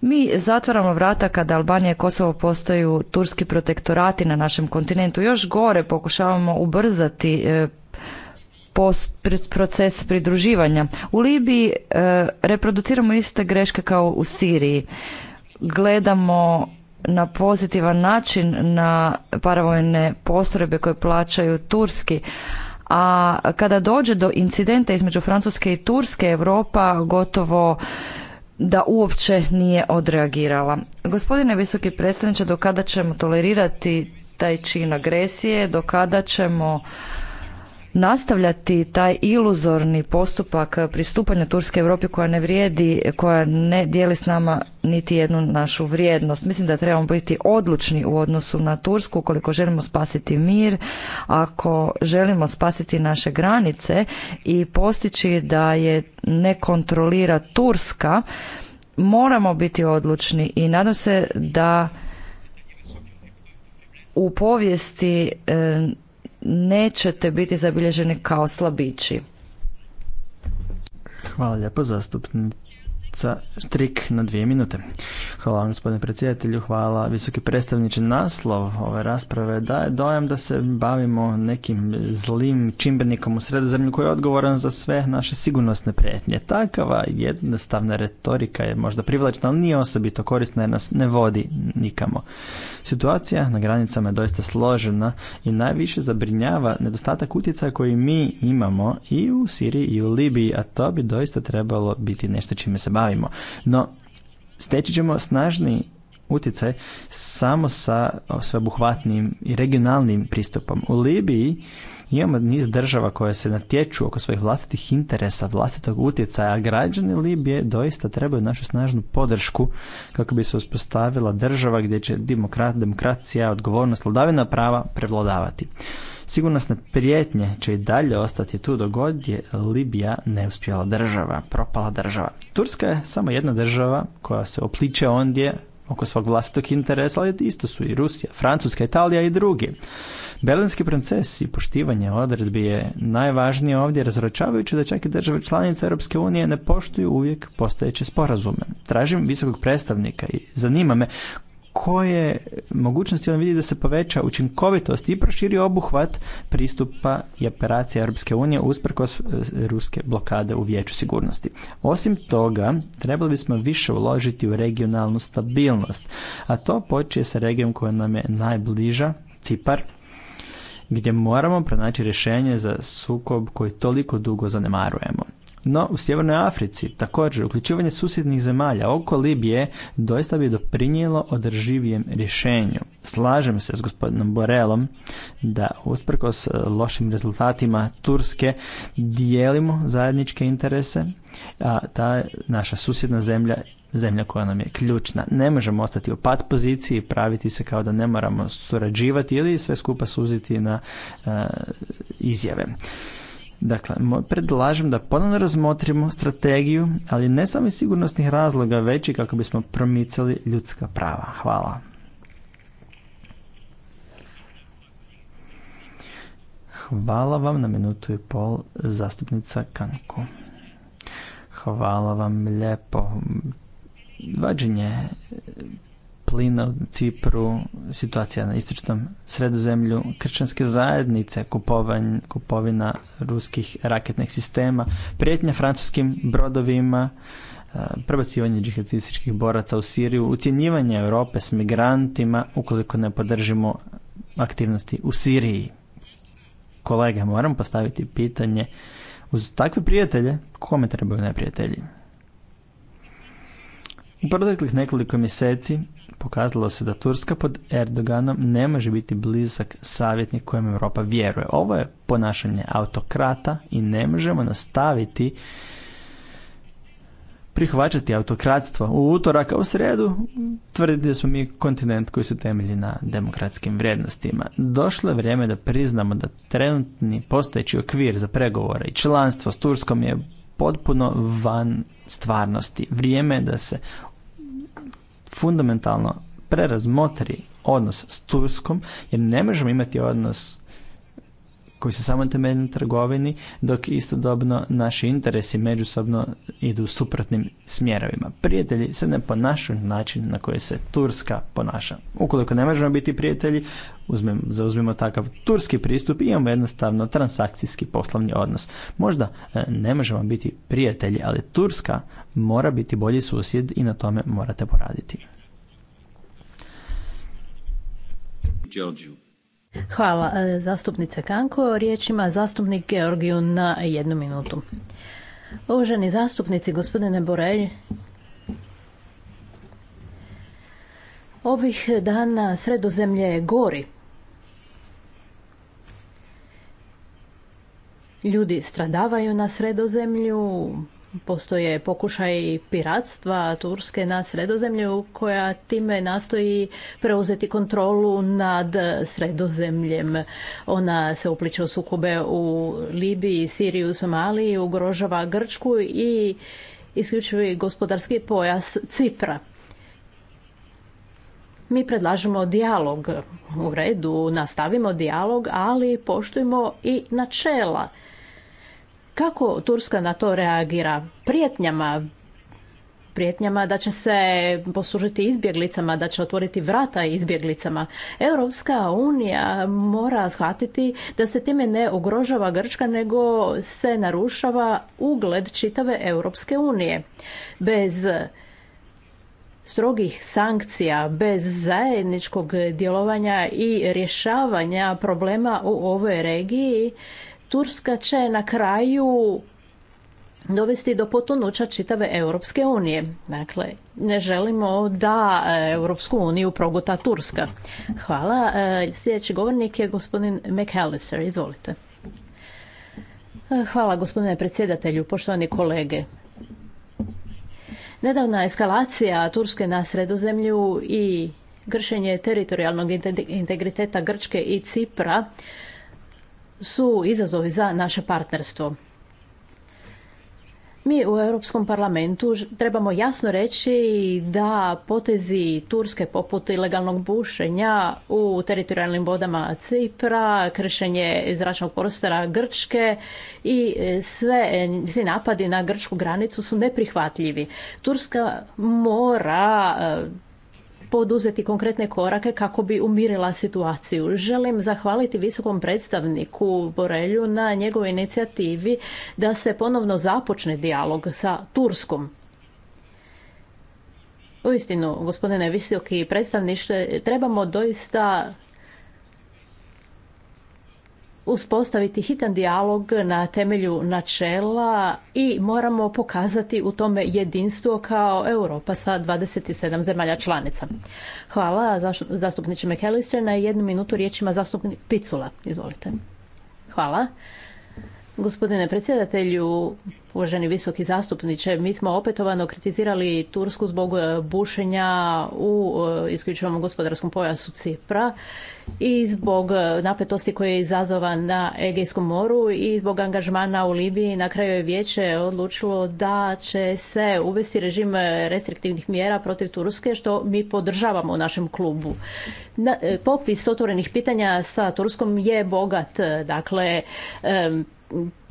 Mi zatvaramo vrata kada Albanija i Kosovo postaju turski protektorati na našem kontinentu. Još gore pokušavamo ubrzati proces pridruživanja. U Libiji e, reproduciramo iste greške kao u Siriji. Gledamo na pozitivan način na paravojne postrojbe koje plaćaju Turski, a kada dođe do incidenta između Francuske i Turske, Europa gotovo da uopće nije odreagirala. Gospodine visoki predstavniče, do kada ćemo tolerirati taj čin agresije, do kada ćemo nastavljati taj iluzorni postupak pristupanja Turske Europi koja ne vrijedi, koja ne dijeli s nama niti jednu našu vrijednost. Mislim da trebamo biti odlučni u odnosu na Tursku ukoliko želimo spasiti mir, ako želimo spasiti naše granice i postići da je ne kontrolira Turska, moramo biti odlučni i nadam se da u povijesti e, nećete biti zabilježeni kao slabići. Hvala lijepo zastupnik Štrik na dvije minute. Hvala vam gospodine predsjedatelju, hvala visoki predstavniče. Naslov ove rasprave daje dojam da se bavimo nekim zlim čimbenikom u sredozemlju koji je odgovoran za sve naše sigurnosne prijetnje. Takava jednostavna retorika je možda privlačna, ali nije osobito korisna jer nas ne vodi nikamo. Situacija na granicama je doista složena i najviše zabrinjava nedostatak utjecaja koji mi imamo i u Siriji i u Libiji, a to bi doista trebalo biti nešto čime se bavimo bavimo. No, steći ćemo snažni utjecaj samo sa sveobuhvatnim i regionalnim pristupom. U Libiji imamo niz država koje se natječu oko svojih vlastitih interesa, vlastitog utjecaja, a građani Libije doista trebaju našu snažnu podršku kako bi se uspostavila država gdje će demokracija, odgovornost, vladavina prava prevladavati. Sigurnosne prijetnje će i dalje ostati tu dogod je Libija neuspjela država, propala država. Turska je samo jedna država koja se opliče ondje oko svog vlastitog interesa, ali isto su i Rusija, Francuska, Italija i drugi. Berlinski proces i poštivanje odredbi je najvažnije ovdje razročavajući da čak i države članice Europske unije ne poštuju uvijek postojeće sporazume. Tražim visokog predstavnika i zanima me koje mogućnosti on vidi da se poveća učinkovitost i proširi obuhvat pristupa i operacija Europske unije usprkos e, ruske blokade u vijeću sigurnosti. Osim toga, trebali bismo više uložiti u regionalnu stabilnost, a to počinje sa regijom koja nam je najbliža, Cipar, gdje moramo pronaći rješenje za sukob koji toliko dugo zanemarujemo. No, u Sjevernoj Africi također uključivanje susjednih zemalja oko Libije doista bi doprinijelo održivijem rješenju. Slažem se s gospodinom Borelom da usprkos e, lošim rezultatima Turske dijelimo zajedničke interese, a ta naša susjedna zemlja zemlja koja nam je ključna. Ne možemo ostati u pat poziciji i praviti se kao da ne moramo surađivati ili sve skupa suziti na e, izjave. Dakle, predlažem da ponovno razmotrimo strategiju, ali ne samo iz sigurnosnih razloga, već i kako bismo promicali ljudska prava. Hvala. Hvala vam na minutu i pol zastupnica Kanku. Hvala vam lijepo. Vađenje plina Cipru, situacija na istočnom sredozemlju, kršćanske zajednice, kupovan, kupovina ruskih raketnih sistema, prijetnja francuskim brodovima, e, prebacivanje džihadističkih boraca u Siriju, ucjenjivanje Europe s migrantima ukoliko ne podržimo aktivnosti u Siriji. Kolega, moram postaviti pitanje, uz takve prijatelje, kome trebaju neprijatelji? U proteklih nekoliko mjeseci pokazalo se da Turska pod Erdoganom ne može biti blizak savjetnik kojem Europa vjeruje. Ovo je ponašanje autokrata i ne možemo nastaviti prihvaćati autokratstvo u utorak, u sredu tvrditi da smo mi kontinent koji se temelji na demokratskim vrijednostima. Došlo je vrijeme da priznamo da trenutni postojeći okvir za pregovore i članstvo s Turskom je potpuno van stvarnosti. Vrijeme je da se fundamentalno prerazmotri odnos s Turskom, jer ne možemo imati odnos koji se samo temelji na trgovini, dok istodobno naši interesi međusobno idu u suprotnim smjerovima. Prijatelji se ne ponašaju na način na koji se Turska ponaša. Ukoliko ne možemo biti prijatelji, uzmem, zauzmimo takav turski pristup i imamo jednostavno transakcijski poslovni odnos. Možda e, ne možemo biti prijatelji, ali Turska mora biti bolji susjed i na tome morate poraditi. Hvala e, zastupnice Kanko. Riječ ima zastupnik Georgiju na jednu minutu. Uvaženi zastupnici, gospodine Borelj, ovih dana sredozemlje gori. Ljudi stradavaju na sredozemlju, Postoje pokušaj piratstva Turske na sredozemlju koja time nastoji preuzeti kontrolu nad sredozemljem. Ona se upliče u sukobe u Libiji, Siriju, Somaliji, ugrožava Grčku i isključivi gospodarski pojas Cipra. Mi predlažemo dijalog u redu, nastavimo dijalog, ali poštujemo i načela. Kako Turska na to reagira? Prijetnjama, prijetnjama da će se poslužiti izbjeglicama, da će otvoriti vrata izbjeglicama. Europska unija mora shvatiti da se time ne ugrožava Grčka, nego se narušava ugled čitave Europske unije. Bez strogih sankcija, bez zajedničkog djelovanja i rješavanja problema u ovoj regiji, Turska će na kraju dovesti do potonuća čitave Europske unije. Dakle, ne želimo da e, Europsku uniju proguta Turska. Hvala. E, sljedeći govornik je gospodin McAllister. Izvolite. E, hvala gospodine predsjedatelju, poštovani kolege. Nedavna eskalacija Turske na sredozemlju i gršenje teritorijalnog integriteta Grčke i Cipra su izazovi za naše partnerstvo. Mi u Europskom parlamentu trebamo jasno reći da potezi Turske poput ilegalnog bušenja u teritorijalnim vodama Cipra, kršenje zračnog prostora Grčke i e, sve, svi napadi na grčku granicu su neprihvatljivi. Turska mora e, poduzeti konkretne korake kako bi umirila situaciju. Želim zahvaliti visokom predstavniku Borelju na njegovoj inicijativi da se ponovno započne dijalog sa Turskom. Uistinu, gospodine visoki predstavniče, trebamo doista uspostaviti hitan dijalog na temelju načela i moramo pokazati u tome jedinstvo kao Europa sa 27 zemalja članica. Hvala zastupniče McAllister. Na jednu minutu riječima zastupnik Picula. Izvolite. Hvala. Gospodine predsjedatelju, uvaženi visoki zastupniče, mi smo opetovano kritizirali Tursku zbog e, bušenja u e, isključivom gospodarskom pojasu Cipra i zbog e, napetosti koje je izazovan na Egejskom moru i zbog angažmana u Libiji. Na kraju je vijeće odlučilo da će se uvesti režim restriktivnih mjera protiv Turske, što mi podržavamo u našem klubu. E, popis otvorenih pitanja sa Turskom je bogat, dakle,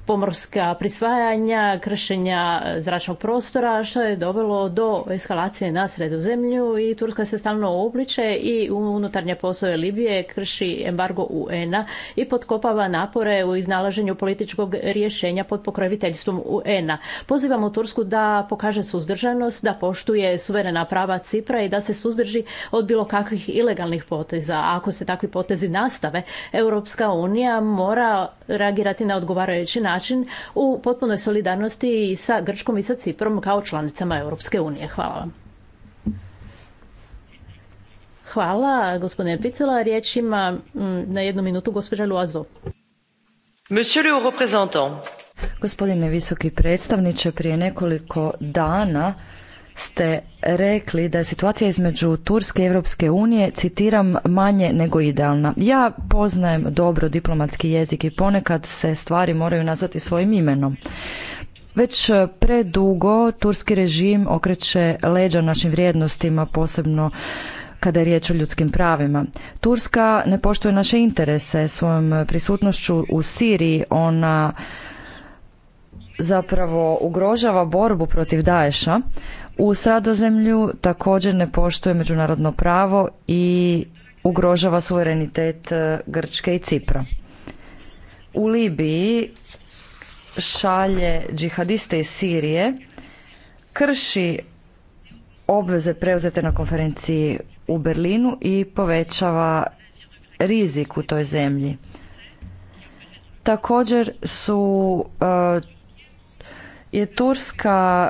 pomorska prisvajanja, kršenja e, zračnog prostora, što je dovelo do eskalacije na sredozemlju i Turska se stalno obliče i unutarnje poslove Libije krši embargo UN-a i potkopava napore u iznalaženju političkog rješenja pod pokroviteljstvom UN-a. Pozivamo Tursku da pokaže suzdržanost, da poštuje suverena prava Cipra i da se suzdrži od bilo kakvih ilegalnih poteza. ako se takvi potezi nastave, Europska unija mora reagirati na odgovarajući način način u potpunoj solidarnosti i sa Grčkom i sa Ciprom kao članicama Europske unije. Hvala vam. Hvala, gospodine Picula. Riječ ima mm, na jednu minutu gospođa Luazo. Monsieur le représentant. Gospodine visoki predstavniče, prije nekoliko dana ste rekli da je situacija između Turske i Europske unije, citiram, manje nego idealna. Ja poznajem dobro diplomatski jezik i ponekad se stvari moraju nazvati svojim imenom. Već predugo turski režim okreće leđa našim vrijednostima, posebno kada je riječ o ljudskim pravima. Turska ne poštuje naše interese svojom prisutnošću u Siriji, ona zapravo ugrožava borbu protiv Daesha, u Sradozemlju također ne poštuje međunarodno pravo i ugrožava suverenitet e, Grčke i Cipra. U Libiji šalje džihadiste iz Sirije, krši obveze preuzete na konferenciji u Berlinu i povećava rizik u toj zemlji. Također su e, je Turska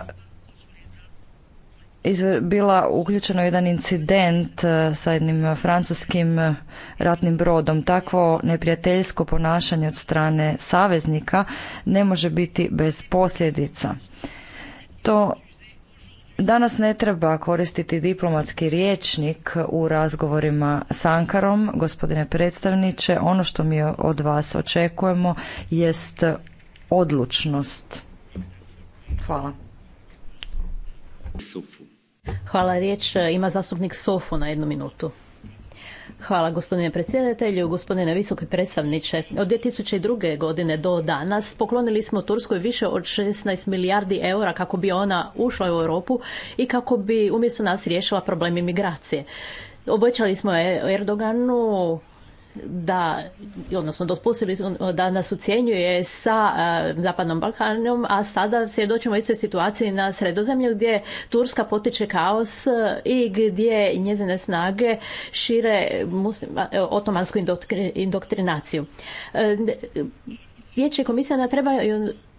bila uključeno jedan incident e, sa jednim francuskim e, ratnim brodom. Takvo neprijateljsko ponašanje od strane saveznika ne može biti bez posljedica. To Danas ne treba koristiti diplomatski riječnik u razgovorima s Ankarom, gospodine predstavniče. Ono što mi od vas očekujemo jest odlučnost. Hvala. Hvala. Riječ e, ima zastupnik Sofu na jednu minutu. Hvala gospodine predsjedatelju, gospodine visoki predstavniče. Od 2002. godine do danas poklonili smo Turskoj više od 16 milijardi eura kako bi ona ušla u Europu i kako bi umjesto nas riješila problem imigracije. Obećali smo e- Erdoganu da, odnosno dopustili da nas ucijenjuje sa e, Zapadnom Balkanom, a sada svjedočimo istoj situaciji na sredozemlju gdje Turska potiče kaos e, i gdje njezine snage šire e, otomansku indoktrinaciju. Vijeće komisija na treba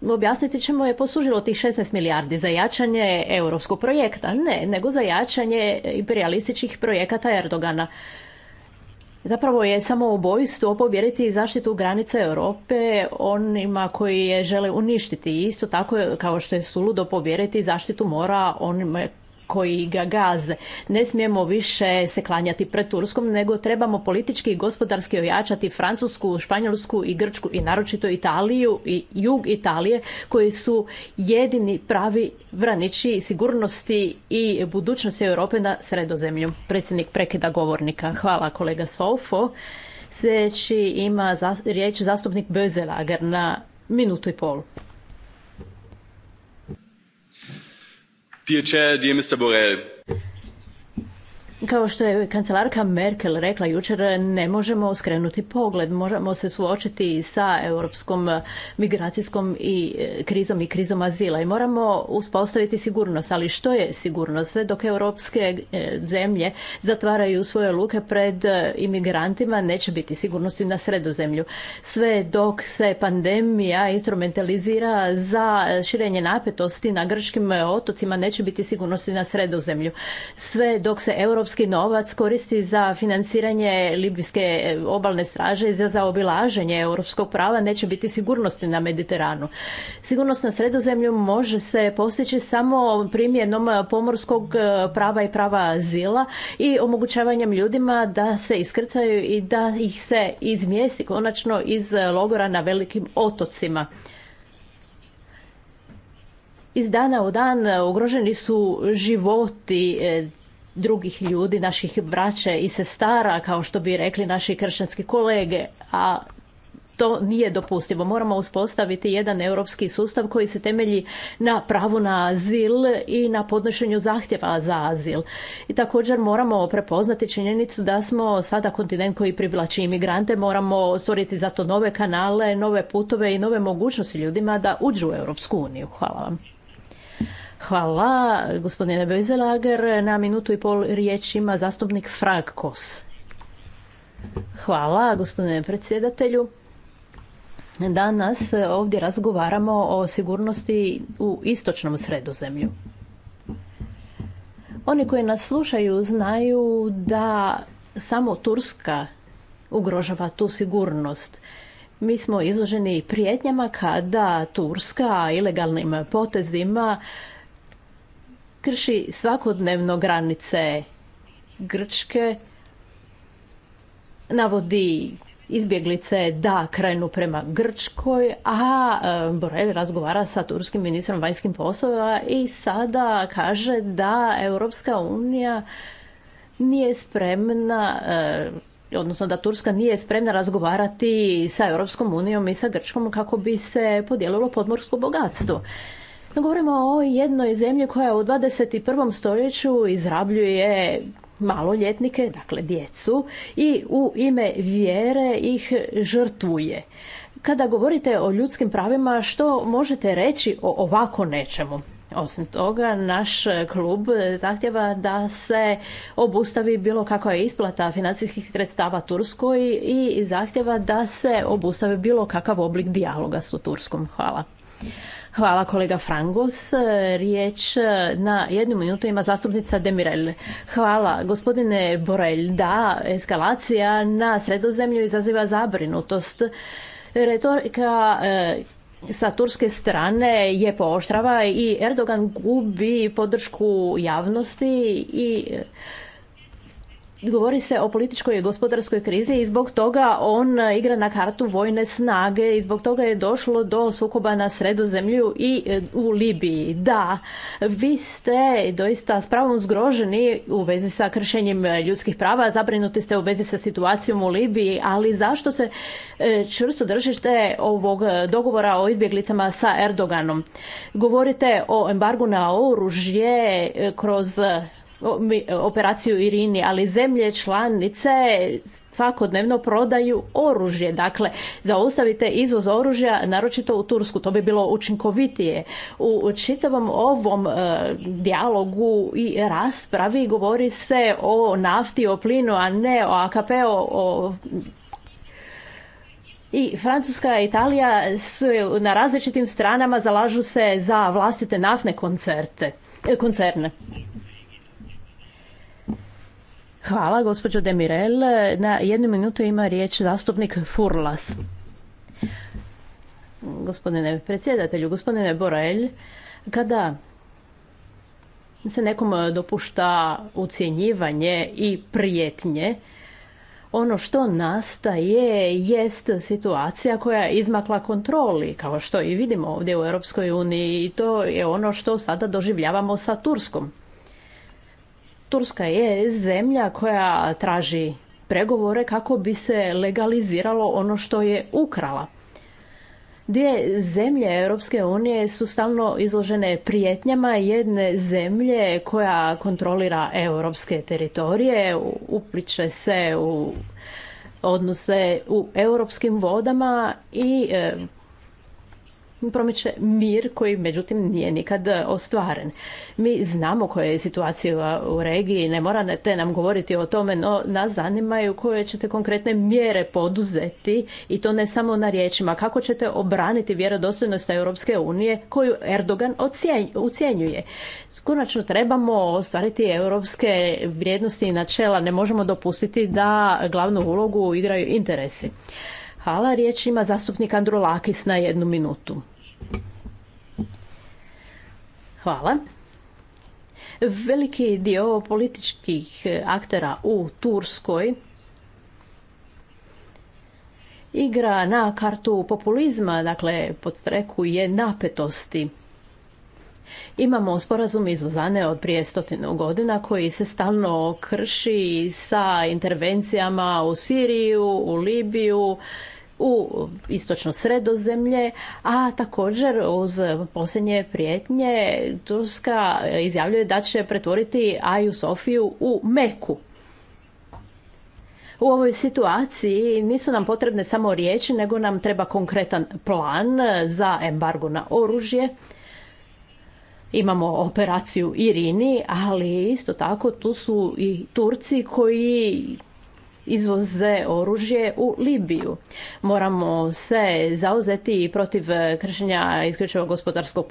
objasniti čemu je poslužilo tih 16 milijardi za jačanje europskog projekta. Ne, nego za jačanje imperialističkih projekata Erdogana. Zapravo je samo ubojstvo povjeriti zaštitu granice Europe onima koji je žele uništiti. Isto tako kao što je suludo povjeriti zaštitu mora onima koji ga gaze. Ne smijemo više se klanjati pred Turskom, nego trebamo politički i gospodarski ojačati Francusku, Španjolsku i Grčku i naročito Italiju i jug Italije koji su jedini pravi vraniči sigurnosti i budućnosti Europe na sredozemlju. Predsjednik prekida govornika. Hvala kolega Sofo. Sljedeći ima riječ zastupnik Bözelager na minutu i pol. dear chair dear mr kao što je kancelarka Merkel rekla jučer, ne možemo skrenuti pogled, možemo se suočiti sa europskom migracijskom i e, krizom i krizom azila i moramo uspostaviti sigurnost. Ali što je sigurnost? Sve dok europske e, zemlje zatvaraju svoje luke pred e, imigrantima, neće biti sigurnosti na sredozemlju. Sve dok se pandemija instrumentalizira za širenje napetosti na grčkim otocima, neće biti sigurnosti na sredozemlju. Sve dok se europske europski novac koristi za financiranje libijske e, obalne straže i za zaobilaženje europskog prava neće biti sigurnosti na Mediteranu. Sigurnost na sredozemlju može se postići samo primjenom pomorskog e, prava i prava azila i omogućavanjem ljudima da se iskrcaju i da ih se izmijesi konačno iz logora na velikim otocima. Iz dana u dan ugroženi su životi e, drugih ljudi, naših braće i sestara, kao što bi rekli naši kršćanski kolege, a to nije dopustivo. Moramo uspostaviti jedan europski sustav koji se temelji na pravu na azil i na podnošenju zahtjeva za azil. I također moramo prepoznati činjenicu da smo sada kontinent koji privlači imigrante, moramo stvoriti za to nove kanale, nove putove i nove mogućnosti ljudima da uđu u Europsku uniju. Hvala vam. Hvala, gospodine Bezelager. Na minutu i pol riječ ima zastupnik Frag Kos. Hvala, gospodine predsjedatelju. Danas ovdje razgovaramo o sigurnosti u istočnom sredozemlju. Oni koji nas slušaju znaju da samo Turska ugrožava tu sigurnost. Mi smo izloženi prijetnjama kada Turska ilegalnim potezima krši svakodnevno granice Grčke, navodi izbjeglice da krenu prema Grčkoj, a e, Borel razgovara sa turskim ministrom vanjskim poslova i sada kaže da Europska unija nije spremna e, odnosno da Turska nije spremna razgovarati sa Europskom unijom i sa Grčkom kako bi se podijelilo podmorsko bogatstvo. Govorimo o jednoj zemlji koja u 21. stoljeću izrabljuje maloljetnike, dakle djecu, i u ime vjere ih žrtvuje. Kada govorite o ljudskim pravima, što možete reći o ovako nečemu? Osim toga, naš klub zahtjeva da se obustavi bilo kakva isplata financijskih sredstava Turskoj i zahtjeva da se obustavi bilo kakav oblik dijaloga s Turskom. Hvala. Hvala kolega Frangos. Riječ e, na jednu minutu ima zastupnica Demirel. Hvala gospodine Borel. Da, eskalacija na sredozemlju izaziva zabrinutost. Retorika e, sa turske strane je pooštrava i Erdogan gubi podršku javnosti i govori se o političkoj i gospodarskoj krizi i zbog toga on e, igra na kartu vojne snage i zbog toga je došlo do sukoba na sredozemlju i e, u Libiji. Da, vi ste doista s pravom zgroženi u vezi sa kršenjem e, ljudskih prava, zabrinuti ste u vezi sa situacijom u Libiji, ali zašto se čvrsto držite ovog dogovora o izbjeglicama sa Erdoganom? Govorite o embargu na oružje kroz operaciju Irini, ali zemlje članice svakodnevno prodaju oružje. Dakle, zaustavite izvoz oružja, naročito u Tursku. To bi bilo učinkovitije. U čitavom ovom e, dijalogu i raspravi govori se o nafti, o plinu, a ne o AKP, o, i Francuska i Italija su na različitim stranama zalažu se za vlastite naftne koncerte, e, koncerne. Hvala, gospođo Demirel. Na jednu minutu ima riječ zastupnik Furlas. Gospodine predsjedatelju, gospodine Borelj, kada se nekom dopušta ucjenjivanje i prijetnje, ono što nastaje jest situacija koja je izmakla kontroli, kao što i vidimo ovdje u Europskoj uniji i to je ono što sada doživljavamo sa Turskom. Turska je zemlja koja traži pregovore kako bi se legaliziralo ono što je ukrala. Dvije zemlje Europske unije su stalno izložene prijetnjama jedne zemlje koja kontrolira europske teritorije, upliče se u odnose u europskim vodama i e, promiče mir koji međutim nije nikad e, ostvaren. Mi znamo koja je situacija u regiji, ne morate nam govoriti o tome, no nas zanimaju koje ćete konkretne mjere poduzeti i to ne samo na riječima. Kako ćete obraniti vjerodostojnost Europske unije koju Erdogan ucijenjuje? Konačno trebamo ostvariti europske vrijednosti i načela. Ne možemo dopustiti da glavnu ulogu igraju interesi. Hvala, riječ ima zastupnik Lakis na jednu minutu. Hvala. Veliki dio političkih aktera u Turskoj igra na kartu populizma, dakle je napetosti. Imamo sporazum iz od prije stotinu godina koji se stalno krši sa intervencijama u Siriju, u Libiju, u istočno sredozemlje, a također uz posljednje prijetnje Turska izjavljuje da će pretvoriti Aju Sofiju u Meku. U ovoj situaciji nisu nam potrebne samo riječi, nego nam treba konkretan plan za embargo na oružje. Imamo operaciju Irini, ali isto tako tu su i Turci koji izvoze oružje u Libiju. Moramo se zauzeti protiv kršenja isključivog gospodarskog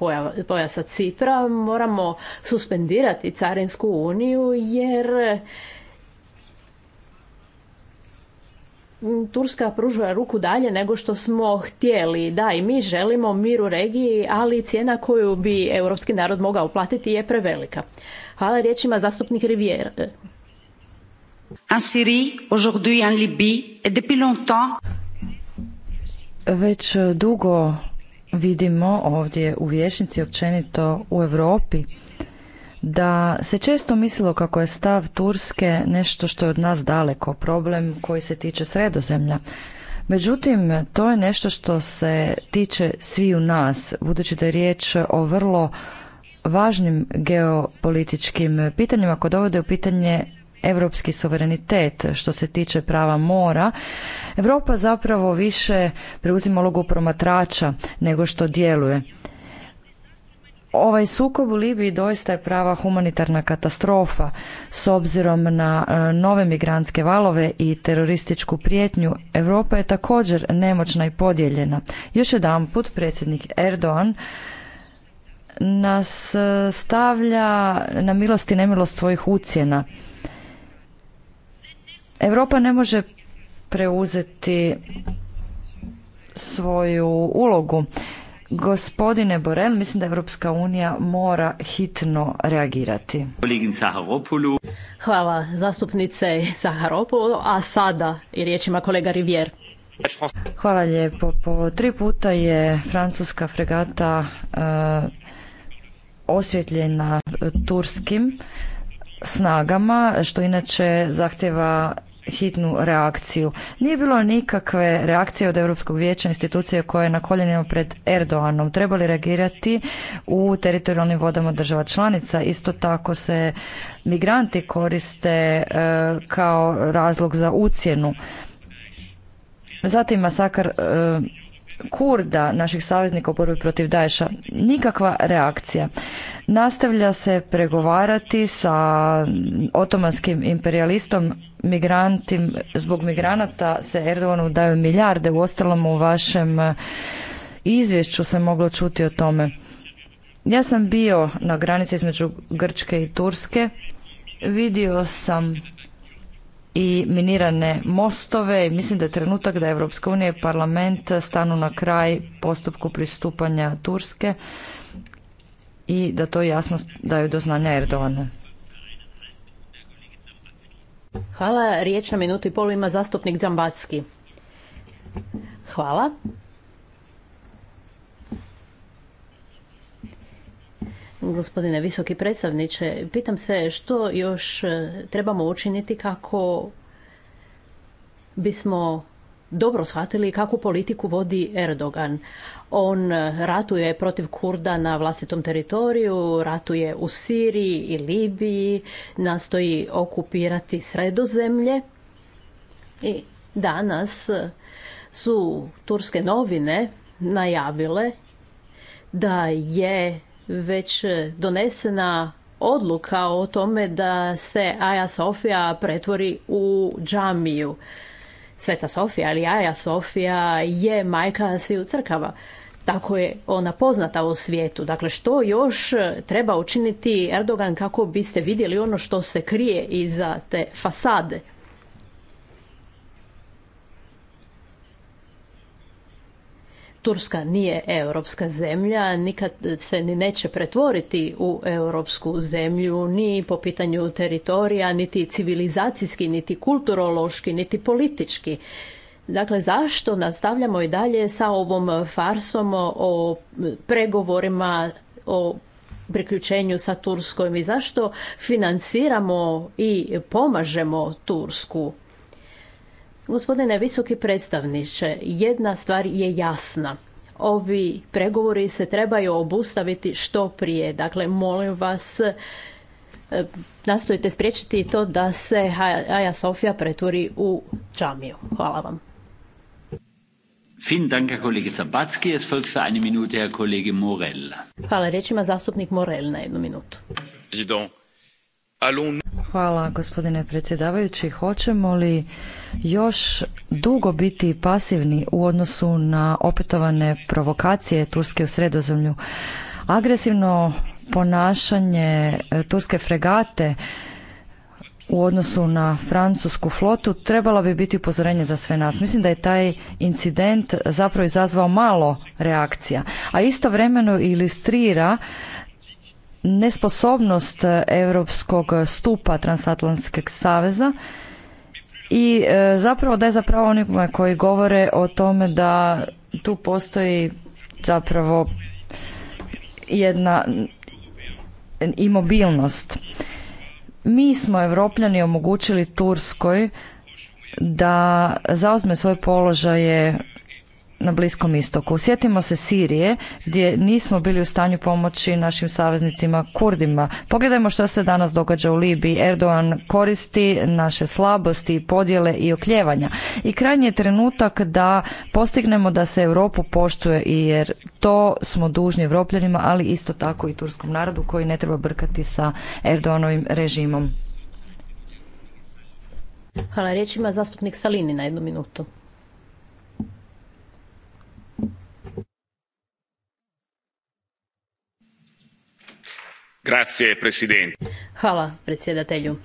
pojasa Cipra. Moramo suspendirati Carinsku uniju jer Turska pružuje ruku dalje nego što smo htjeli. Da, i mi želimo mir u regiji, ali cijena koju bi europski narod mogao platiti je prevelika. Hvala riječima zastupnik Rivijer. En Syrie, aujourd'hui en Već dugo vidimo ovdje u vijećnici, općenito u Europi da se često mislilo kako je stav Turske nešto što je od nas daleko, problem koji se tiče sredozemlja. Međutim, to je nešto što se tiče sviju nas, budući da je riječ o vrlo važnim geopolitičkim pitanjima koje dovode u pitanje europski suverenitet što se tiče prava mora, Europa zapravo više preuzima ulogu promatrača nego što djeluje. Ovaj sukob u Libiji doista je prava humanitarna katastrofa s obzirom na e, nove migrantske valove i terorističku prijetnju. Europa je također nemoćna i podijeljena. Još jedanput predsjednik Erdogan nas e, stavlja na milost i nemilost svojih ucjena. Europa ne može preuzeti svoju ulogu. Gospodine Borel, mislim da Evropska unija mora hitno reagirati. Hvala zastupnice Saharopulu, a sada i riječima kolega Rivier. Hvala lijepo. Po tri puta je francuska fregata e, osvjetljena turskim snagama, što inače zahtjeva hitnu reakciju. Nije bilo nikakve reakcije od Europskog vijeća institucije koje je na koljenima pred Erdoganom. Trebali reagirati u teritorijalnim vodama država članica. Isto tako se migranti koriste e, kao razlog za ucjenu. Zatim masakar e, Kurda, naših saveznika u borbi protiv Daesha, nikakva reakcija. Nastavlja se pregovarati sa otomanskim imperialistom migrantim, zbog migranata se Erdoganu daju milijarde, u ostalom u vašem eh, izvješću se moglo čuti o tome. Ja sam bio na granici između Grčke i Turske, vidio sam i minirane mostove i mislim da je trenutak da Evropska unija i parlament stanu na kraj postupku pristupanja Turske i da to jasno daju do znanja Erdovanu. Hvala. Riječ na minutu i pol ima zastupnik Zambacki. Hvala. Gospodine visoki predstavniče, pitam se što još e, trebamo učiniti kako bismo dobro shvatili kakvu politiku vodi Erdogan. On e, ratuje protiv Kurda na vlastitom teritoriju, ratuje u Siriji i Libiji, nastoji okupirati sredozemlje. I danas su turske novine najavile da je već donesena odluka o tome da se Aja Sofija pretvori u džamiju. Sveta Sofija ili Aja Sofija je majka sviju crkava. Tako je ona poznata u svijetu. Dakle, što još treba učiniti Erdogan kako biste vidjeli ono što se krije iza te fasade? Turska nije europska zemlja, nikad se ni neće pretvoriti u europsku zemlju, ni po pitanju teritorija, niti civilizacijski, niti kulturološki, niti politički. Dakle, zašto nastavljamo i dalje sa ovom farsom o pregovorima o priključenju sa Turskom i zašto financiramo i pomažemo Tursku? Gospodine visoki predstavniče, jedna stvar je jasna. Ovi pregovori se trebaju obustaviti što prije. Dakle, molim vas, e, nastojite spriječiti to da se Aja Sofija pretvori u džamiju. Hvala vam. Hvala, riječ ima zastupnik Morel na jednu minutu. Hvala gospodine predsjedavajući. Hoćemo li još dugo biti pasivni u odnosu na opetovane provokacije Turske u sredozemlju? Agresivno ponašanje e, turske fregate u odnosu na francusku flotu trebala bi biti upozorenje za sve nas. Mislim da je taj incident zapravo izazvao malo reakcija, a istovremeno ilustrira nesposobnost e, europskog stupa transatlantskog saveza i e, zapravo da je zapravo onima koji govore o tome da tu postoji zapravo jedna imobilnost. Mi smo Evropljani omogućili Turskoj da zauzme svoje položaje na Bliskom istoku. Sjetimo se Sirije gdje nismo bili u stanju pomoći našim saveznicima Kurdima. Pogledajmo što se danas događa u Libiji. Erdogan koristi naše slabosti, podjele i okljevanja. I krajnji je trenutak da postignemo da se Europu poštuje jer to smo dužni Evropljanima, ali isto tako i turskom narodu koji ne treba brkati sa Erdoganovim režimom. Hvala, riječ ima zastupnik Salini na jednu minutu. Grazie, Hvala predsjedatelju.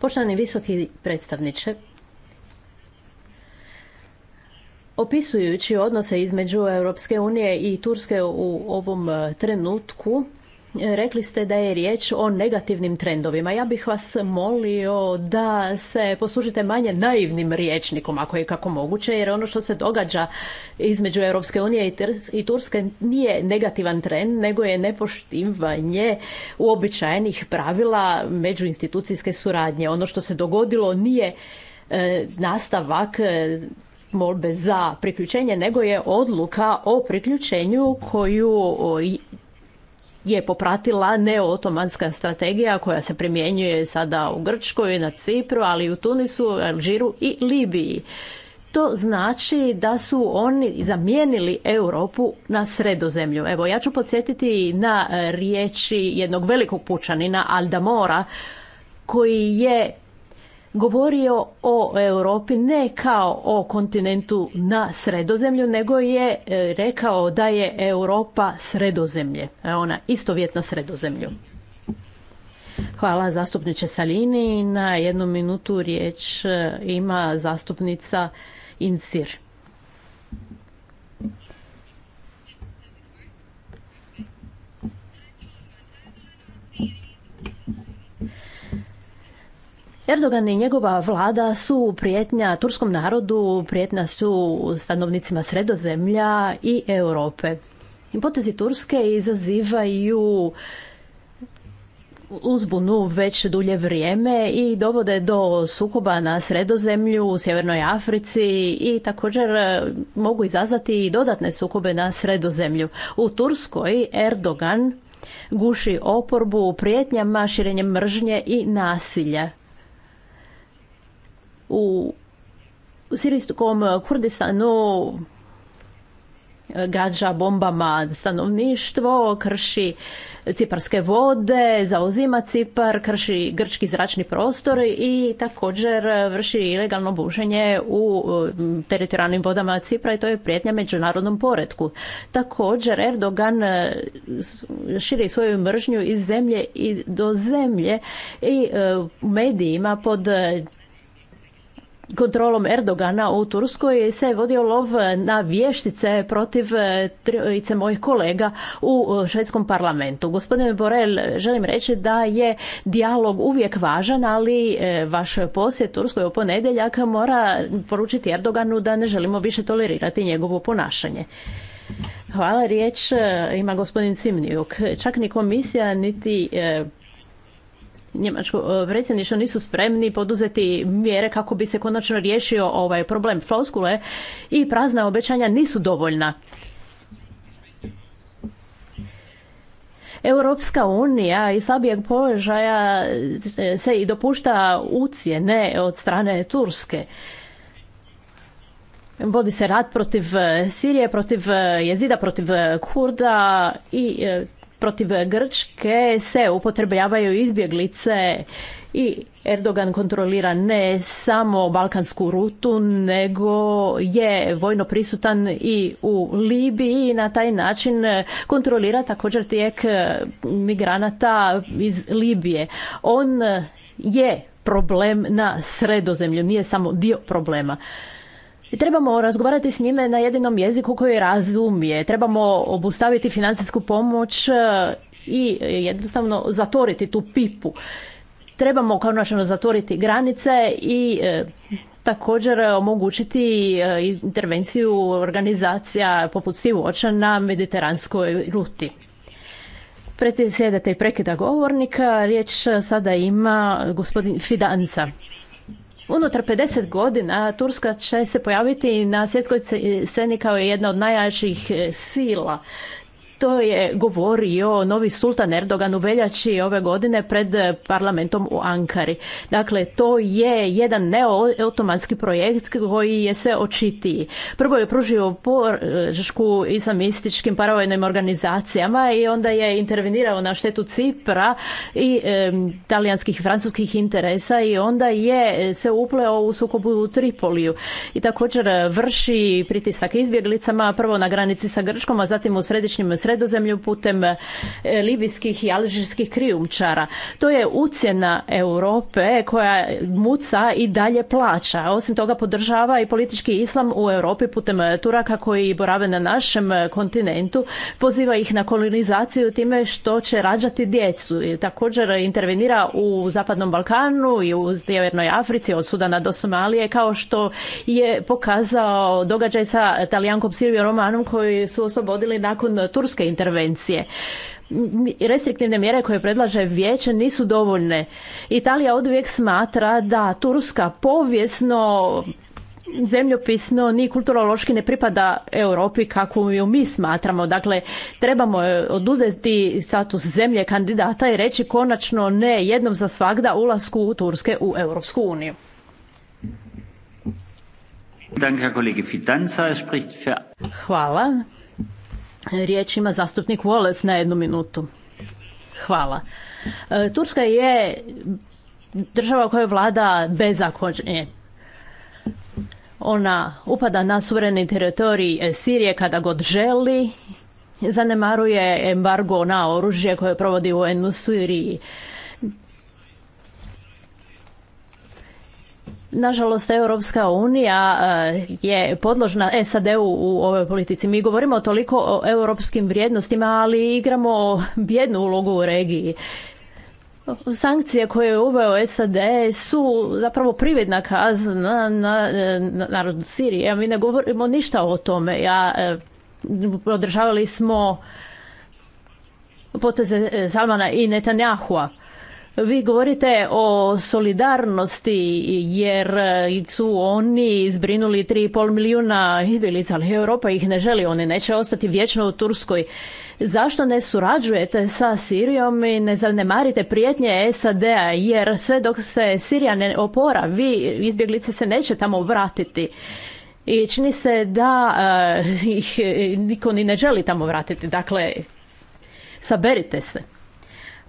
Poštovani visoki predstavniče, opisujući odnose između Europske unije i Turske u ovom trenutku, rekli ste da je riječ o negativnim trendovima. Ja bih vas molio da se poslužite manje naivnim riječnikom, ako je kako moguće, jer ono što se događa između Europske unije i Turske nije negativan trend, nego je nepoštivanje uobičajenih pravila međuinstitucijske suradnje. Ono što se dogodilo nije e, nastavak e, molbe za priključenje, nego je odluka o priključenju koju je popratila neotomanska strategija koja se primjenjuje sada u Grčkoj, na Cipru, ali i u Tunisu, Alžiru i Libiji. To znači da su oni zamijenili Europu na sredozemlju. Evo, ja ću podsjetiti na riječi jednog velikog pučanina Aldamora, koji je govorio o Europi ne kao o kontinentu na sredozemlju, nego je e, rekao da je Europa sredozemlje, e, ona istovjetna sredozemlju. Hvala zastupniče Salini. Na jednu minutu riječ e, ima zastupnica Insir. Erdogan i njegova vlada su prijetnja turskom narodu, prijetnja su stanovnicima Sredozemlja i Europe. Impotezi Turske izazivaju uzbunu već dulje vrijeme i dovode do sukoba na sredozemlju, u Sjevernoj Africi i također e, mogu izazvati i dodatne sukobe na sredozemlju. U Turskoj Erdogan guši oporbu prijetnjama, širenjem mržnje i nasilja u sirijskom eh, Kurdistanu eh, gađa bombama stanovništvo, krši ciparske vode, zauzima Cipar, krši grčki zračni prostor i također eh, vrši ilegalno buženje u teritorijalnim vodama Cipra i to je prijetnja međunarodnom poretku. Također Erdogan širi svoju mržnju iz zemlje i do zemlje i u medijima pod kontrolom Erdogana u Turskoj se je vodio lov na vještice protiv e, trojice mojih kolega u e, švedskom parlamentu. Gospodine Borel, želim reći da je dijalog uvijek važan, ali e, vaš posjet Turskoj u ponedjeljak mora poručiti Erdoganu da ne želimo više tolerirati njegovo ponašanje. Hvala, riječ ima gospodin Simnijuk. Čak ni komisija, niti njemačko e, predsjedništvo nisu spremni poduzeti mjere kako bi se konačno riješio ovaj problem floskule i prazna obećanja nisu dovoljna. Europska unija i slabijeg položaja e, se i dopušta ucijene od strane Turske. Vodi se rat protiv e, Sirije, protiv jezida, protiv Kurda i protiv Grčke se upotrebljavaju izbjeglice i Erdogan kontrolira ne samo balkansku rutu, nego je vojno prisutan i u Libiji i na taj način kontrolira također tijek migranata iz Libije. On je problem na sredozemlju, nije samo dio problema. Trebamo razgovarati s njime na jedinom jeziku koji razumije. Trebamo obustaviti financijsku pomoć e, i jednostavno zatvoriti tu pipu. Trebamo konačno zatvoriti granice i e, također omogućiti e, intervenciju organizacija poput Oča na mediteranskoj ruti. sjedete i prekida govornika. Riječ sada ima gospodin Fidanca. Unutar 50 godina Turska će se pojaviti na svjetskoj sceni kao jedna od najjačih e, sila. To je govorio novi sultan Erdogan u veljači ove godine pred eh, parlamentom u Ankari. Dakle, to je jedan neotomanski projekt koji je sve očitiji. Prvo je pružio podršku islamističkim paravojnim organizacijama i onda je intervenirao na štetu Cipra i e, talijanskih i francuskih interesa i onda je eh, se upleo u sukobu u Tripoliju. I također eh, vrši pritisak izbjeglicama prvo na granici sa Grčkom, a zatim u središnjim sredozemlju putem e, libijskih i alžirskih krijumčara. To je ucjena Europe koja muca i dalje plaća. Osim toga podržava i politički islam u Europi putem Turaka koji borave na našem kontinentu. Poziva ih na kolonizaciju time što će rađati djecu. također intervenira u Zapadnom Balkanu i u Sjevernoj Africi od Sudana do Somalije kao što je pokazao događaj sa talijankom Silvio Romanom koji su oslobodili nakon turske intervencije restriktivne mjere koje predlaže vijeće nisu dovoljne. Italija oduvijek smatra da Turska povijesno zemljopisno ni kulturološki ne pripada Europi kako ju mi smatramo. Dakle, trebamo oduzeti status zemlje kandidata i reći konačno ne jednom za svakda ulasku u Turske u Europsku uniju. Er Hvala. Riječ ima zastupnik Wallace na jednu minutu. Hvala. E, Turska je država koja kojoj vlada bezakonje. Ona upada na suvereni teritorij e, Sirije kada god želi, zanemaruje embargo na oružje koje provodi UN u Siriji. Nažalost, Europska unija eh, je podložna SAD-u u ovoj politici. Mi govorimo toliko o europskim vrijednostima, ali igramo bjednu ulogu u regiji. Sankcije koje je uveo SAD su zapravo privjedna kazna na, narod Sirije. Mi ne govorimo ništa o tome. Ja, podržavali eh, smo poteze eh, Salmana i Netanjahua. Vi govorite o solidarnosti jer su oni zbrinuli 3,5 milijuna izbjeglica, ali Europa ih ne želi, oni neće ostati vječno u Turskoj. Zašto ne surađujete sa Sirijom i ne zanemarite prijetnje SAD-a jer sve dok se Sirija ne opora, vi izbjeglice se neće tamo vratiti. I čini se da eh, ih niko ni ne želi tamo vratiti. Dakle, saberite se.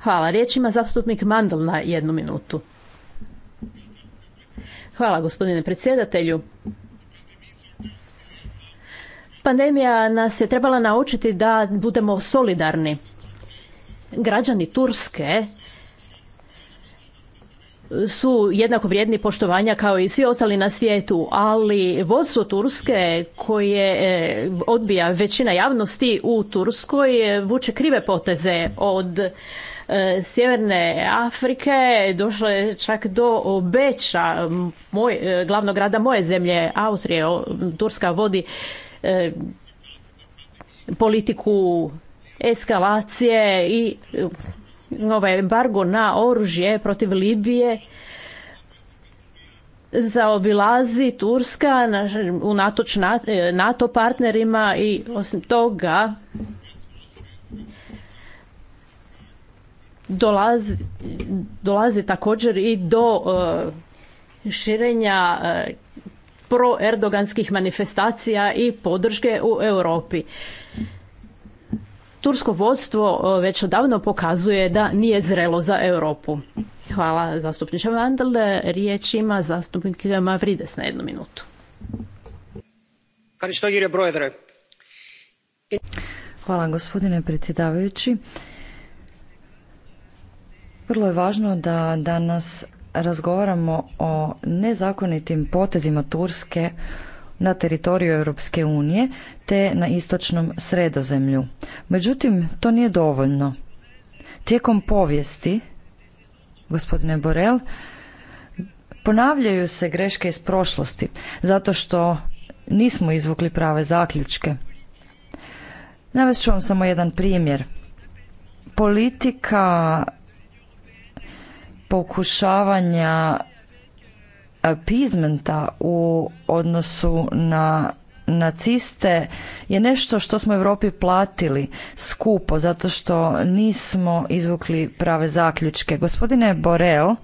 Hvala. Riječ ima zastupnik Mandel na jednu minutu. Hvala gospodine predsjedatelju. Pandemija nas je trebala naučiti da budemo solidarni. Građani Turske su jednako vrijedni poštovanja kao i svi ostali na svijetu, ali vodstvo Turske koje e, odbija većina javnosti u Turskoj vuče krive poteze od E, Sjeverne Afrike došlo je čak do Beča, moj, e, glavnog grada moje zemlje, Austrije. Turska vodi e, politiku eskalacije i ovaj embargo na oružje protiv Libije zaobilazi Turska unatoč NATO partnerima i osim toga dolazi, dolazi također i do e, širenja e, pro-erdoganskih manifestacija i podrške u Europi. Tursko vodstvo e, već odavno pokazuje da nije zrelo za Europu. Hvala zastupniče Vandal. Riječ ima zastupnik Mavrides na jednu minutu. Hvala gospodine predsjedavajući. Vrlo je važno da danas razgovaramo o nezakonitim potezima Turske na teritoriju Europske unije te na istočnom sredozemlju. Međutim, to nije dovoljno. Tijekom povijesti, gospodine Borel, ponavljaju se greške iz prošlosti zato što nismo izvukli prave zaključke. Navest ću vam samo jedan primjer. Politika pokušavanja e, pizmenta u odnosu na naciste je nešto što smo Europi platili skupo zato što nismo izvukli prave zaključke. Gospodine Borel,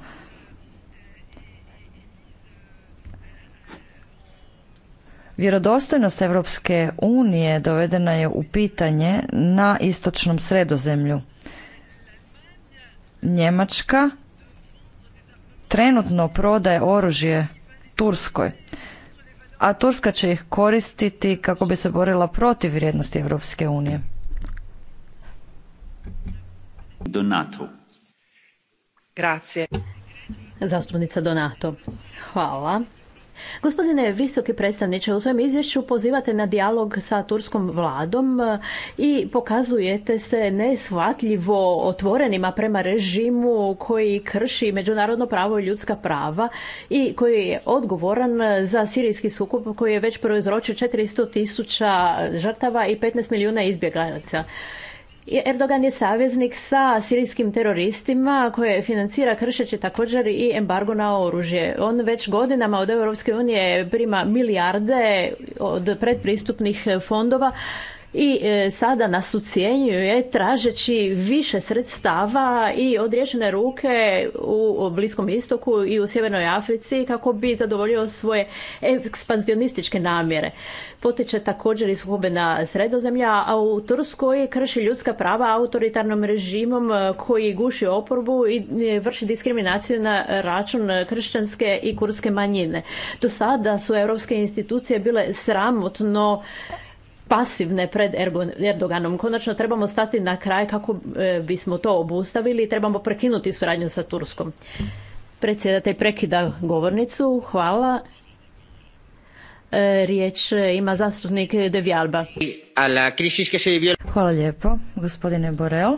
Vjerodostojnost Europske unije dovedena je u pitanje na istočnom sredozemlju. Njemačka trenutno prodaje oružje Turskoj, a Turska će ih koristiti kako bi se borila protiv vrijednosti Europske unije. Zastupnica Donato. Hvala. Gospodine visoki predstavniče, u svojem izvješću pozivate na dijalog sa turskom vladom e, i pokazujete se neshvatljivo otvorenima prema režimu koji krši međunarodno pravo i ljudska prava i koji je odgovoran za sirijski sukob koji je već proizročio 400 tisuća žrtava i 15 milijuna izbjeglica. Erdogan je saveznik sa sirijskim teroristima koje financira kršeći također i embargo na oružje. On već godinama od Europske unije prima milijarde od predpristupnih fondova i e, sada nas ucijenjuje tražeći više sredstava i odriješene ruke u Bliskom istoku i u Sjevernoj Africi kako bi zadovoljio svoje ekspanzionističke namjere. Potiče također iz na sredozemlja, a u Turskoj krši ljudska prava autoritarnom režimom e, koji guši oporbu i e, vrši diskriminaciju na račun kršćanske i kurske manjine. Do sada su europske institucije bile sramotno pasivne pred Erdoganom. Konačno trebamo stati na kraj kako e, bismo to obustavili i trebamo prekinuti suradnju sa Turskom. Predsjedatelj prekida govornicu. Hvala. E, riječ ima zastupnik De Vjalba. Hvala lijepo, gospodine Borel.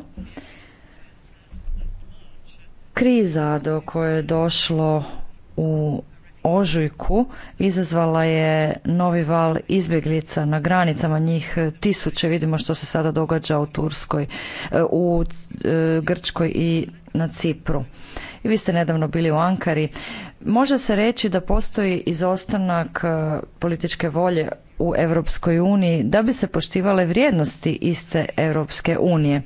Kriza do koje je došlo u ožujku izazvala je novi val izbjeglica na granicama njih tisuće. Vidimo što se sada događa u Turskoj, e, u e, Grčkoj i na Cipru. I vi ste nedavno bili u Ankari. Može se reći da postoji izostanak e, političke volje u Europskoj uniji da bi se poštivale vrijednosti iste Europske unije.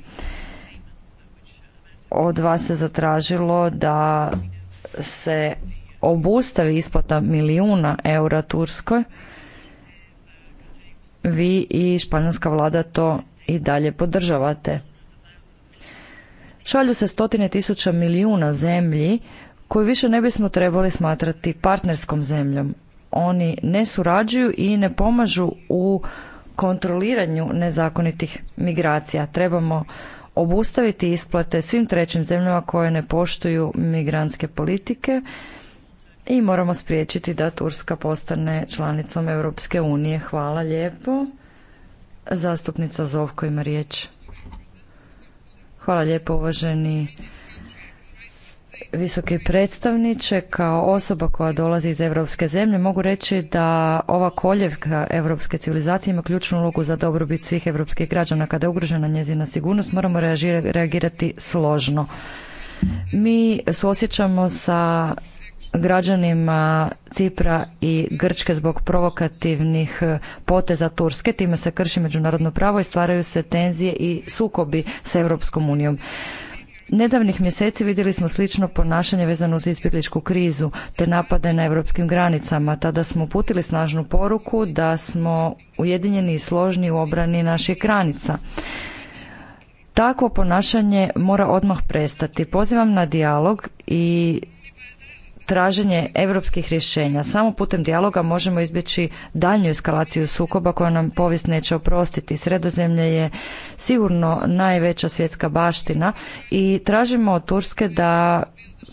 Od vas se zatražilo da se obustavi isplata milijuna eura Turskoj, vi i španjolska vlada to i dalje podržavate. Šalju se stotine tisuća milijuna zemlji koju više ne bismo trebali smatrati partnerskom zemljom. Oni ne surađuju i ne pomažu u kontroliranju nezakonitih migracija. Trebamo obustaviti isplate svim trećim zemljama koje ne poštuju migrantske politike i moramo spriječiti da Turska postane članicom Europske unije. Hvala lijepo. Zastupnica Zovko ima riječ. Hvala lijepo uvaženi visoki predstavniče. Kao osoba koja dolazi iz europske zemlje mogu reći da ova koljevka europske civilizacije ima ključnu ulogu za dobrobit svih europskih građana. Kada je ugrožena njezina sigurnost moramo reagirati složno. Mi suosjećamo sa građanima Cipra i Grčke zbog provokativnih eh, poteza Turske. Time se krši međunarodno pravo i stvaraju se tenzije i sukobi s Europskom unijom. Nedavnih mjeseci vidjeli smo slično ponašanje vezano uz izbjegličku krizu te napade na europskim granicama. Tada smo uputili snažnu poruku da smo ujedinjeni i složni u obrani naših granica. Takvo ponašanje mora odmah prestati. Pozivam na dijalog i traženje europskih rješenja. Samo putem dijaloga možemo izbjeći daljnju eskalaciju sukoba koja nam povijest neće oprostiti. Sredozemlje je sigurno najveća svjetska baština i tražimo od Turske da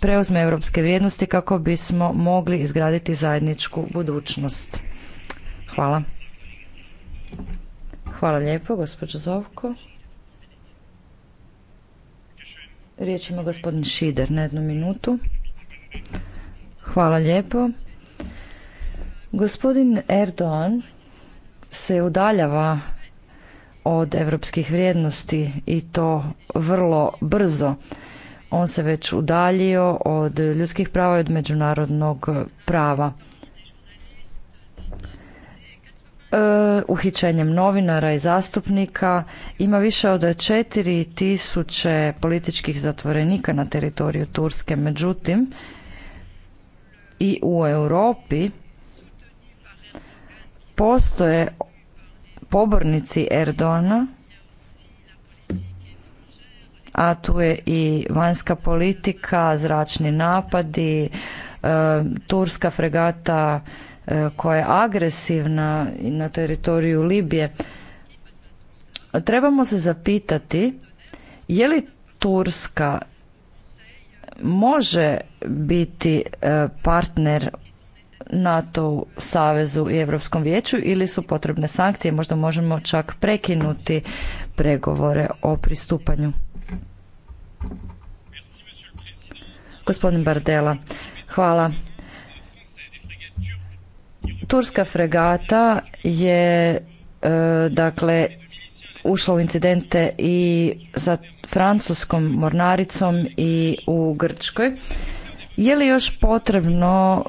preuzme europske vrijednosti kako bismo mogli izgraditi zajedničku budućnost. Hvala. Hvala lijepo, gospođo Zovko. Riječ ima gospodin Šider na jednu minutu. Hvala lijepo. Gospodin Erdogan se udaljava od europskih vrijednosti i to vrlo brzo. On se već udaljio od ljudskih prava i od međunarodnog prava. E, uhićenjem novinara i zastupnika ima više od 4000 političkih zatvorenika na teritoriju Turske. Međutim, i u Europi postoje pobornici Erdona, a tu je i vanjska politika, zračni napadi, e, turska fregata e, koja je agresivna na teritoriju Libije. Trebamo se zapitati je li Turska može biti e, partner NATO savezu i Europskom vijeću ili su potrebne sankcije, možda možemo čak prekinuti pregovore o pristupanju. Gospodin Bardela, hvala. Turska fregata je e, dakle ušla u incidente i za francuskom mornaricom i u Grčkoj. Je li još potrebno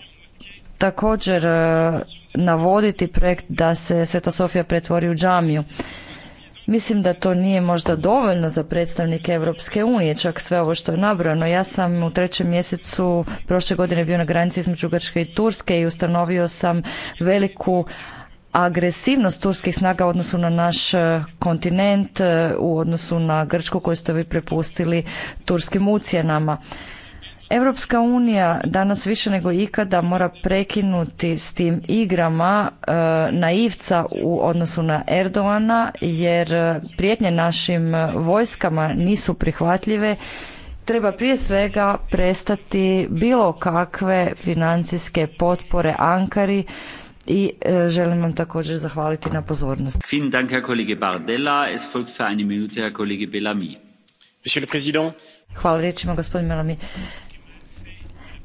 također e, navoditi projekt da se Sveta Sofija pretvori u džamiju? Mislim da to nije možda dovoljno za predstavnike Europske unije, čak sve ovo što je nabrano. Ja sam u trećem mjesecu prošle godine bio na granici između Grčke i Turske i ustanovio sam veliku agresivnost turskih snaga u odnosu na naš e, kontinent, e, u odnosu na Grčku koju ste vi prepustili turskim ucjenama. Europska unija danas više nego ikada mora prekinuti s tim igrama e, naivca u odnosu na Erdovana jer prijetnje našim vojskama nisu prihvatljive. Treba prije svega prestati bilo kakve financijske potpore Ankari i e, želim vam također zahvaliti na pozornosti. Hvala riječima gospodin Bellamy.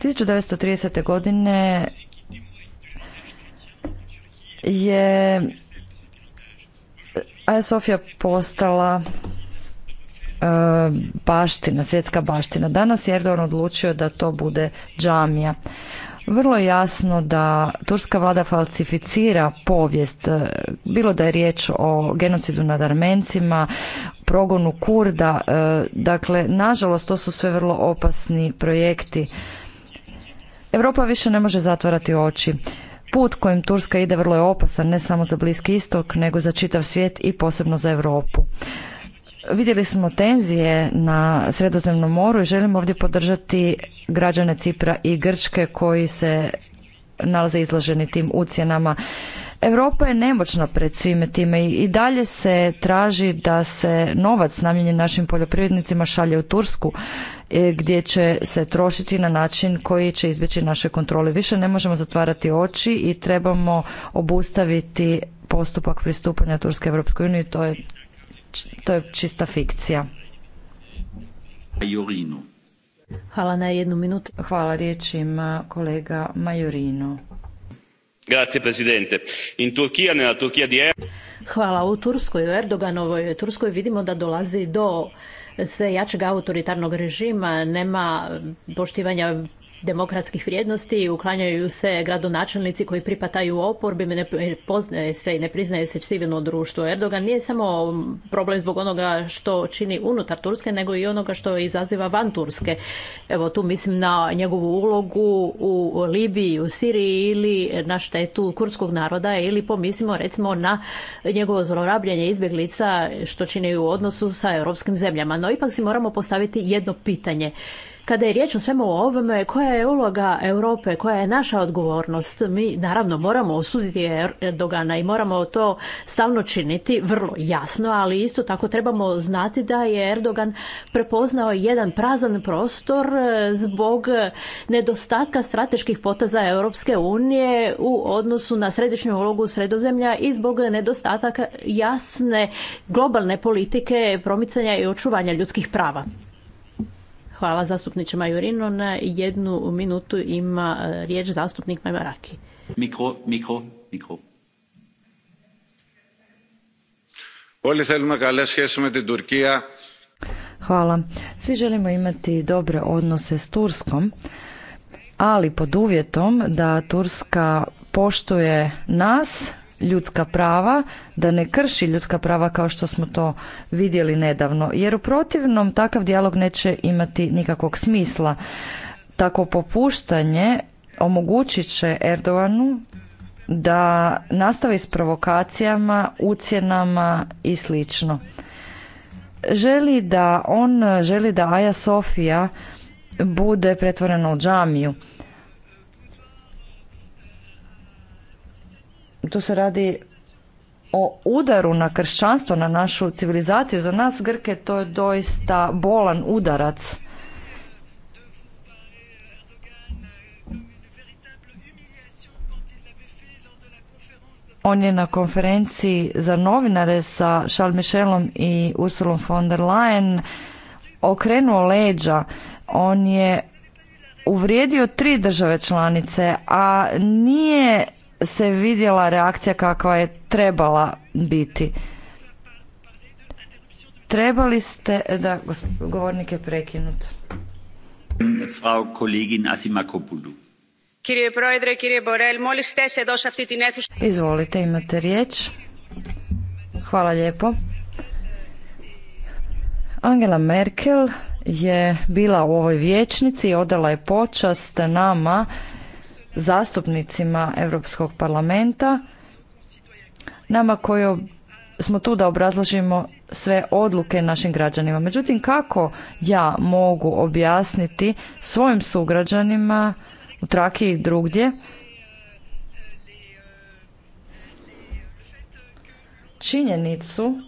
1930. godine je Aja Sofija postala e, baština, svjetska baština. Danas je Erdogan odlučio da to bude džamija vrlo jasno da turska vlada falsificira povijest, e, bilo da je riječ o genocidu nad Armencima, progonu Kurda, e, dakle, nažalost, to su sve vrlo opasni projekti. Europa više ne može zatvarati oči. Put kojim Turska ide vrlo je opasan, ne samo za Bliski istok, nego za čitav svijet i posebno za Europu. Vidjeli smo tenzije na Sredozemnom moru i želimo ovdje podržati građane Cipra i Grčke koji se nalaze izloženi tim ucjenama. Europa je nemoćna pred svime time i dalje se traži da se novac namijenjen našim poljoprivrednicima šalje u Tursku e, gdje će se trošiti na način koji će izbjeći naše kontrole. Više ne možemo zatvarati oči i trebamo obustaviti postupak pristupanja Turske Europskoj uniji. To je Znači, to je čista fikcija. Majorinu. Hvala na jednu minutu. Hvala riječima kolega Majorinu. Grazie presidente. In Turchia, nella Turchia di er- Hvala. U Turskoj, u Erdoganovoj Turskoj vidimo da dolazi do sve jačeg autoritarnog režima, nema poštivanja demokratskih vrijednosti i uklanjaju se gradonačelnici koji pripataju oporbi, ne poznaje se i ne priznaje se civilno društvo. Erdogan nije samo problem zbog onoga što čini unutar Turske, nego i onoga što izaziva van Turske. Evo tu mislim na njegovu ulogu u Libiji, u Siriji ili na štetu kurskog naroda ili pomislimo recimo na njegovo zlorabljanje izbjeglica što čini u odnosu sa europskim zemljama. No ipak si moramo postaviti jedno pitanje. Kada je riječ o svemu ovome, koja je uloga Europe, koja je naša odgovornost? Mi naravno moramo osuditi er-, Erdogana i moramo to stalno činiti, vrlo jasno, ali isto tako trebamo znati da je Erdogan prepoznao jedan prazan prostor e, zbog nedostatka strateških poteza Europske unije u odnosu na središnju ulogu sredozemlja i zbog nedostataka jasne globalne politike promicanja i očuvanja ljudskih prava. Hvala zastupniče Majorino. Na jednu minutu ima e, riječ zastupnik Majmaraki. Mikro, mikro, mikro. Hvala. Svi želimo imati dobre odnose s Turskom, ali pod uvjetom da Turska poštuje nas ljudska prava, da ne krši ljudska prava kao što smo to vidjeli nedavno. Jer u protivnom takav dijalog neće imati nikakvog smisla. Tako popuštanje omogućit će Erdoganu da nastavi s provokacijama, ucjenama i slično. Želi da on želi da Aja Sofija bude pretvorena u džamiju tu se radi o udaru na kršćanstvo, na našu civilizaciju. Za nas Grke to je doista bolan udarac. On je na konferenciji za novinare sa Charles Michelom i Ursulom von der Leyen okrenuo leđa. On je uvrijedio tri države članice, a nije se vidjela reakcija kakva je trebala biti. Trebali ste, da, govornik je prekinut. Frau kolegin Asimakopoulou. Kirje Proedre, kirje Borel, moli ste se ti Izvolite, imate riječ. Hvala lijepo. Angela Merkel je bila u ovoj vječnici i odala je počast nama zastupnicima Europskog parlamenta, nama koji smo tu da obrazložimo sve odluke našim građanima. Međutim, kako ja mogu objasniti svojim sugrađanima u Traki i drugdje činjenicu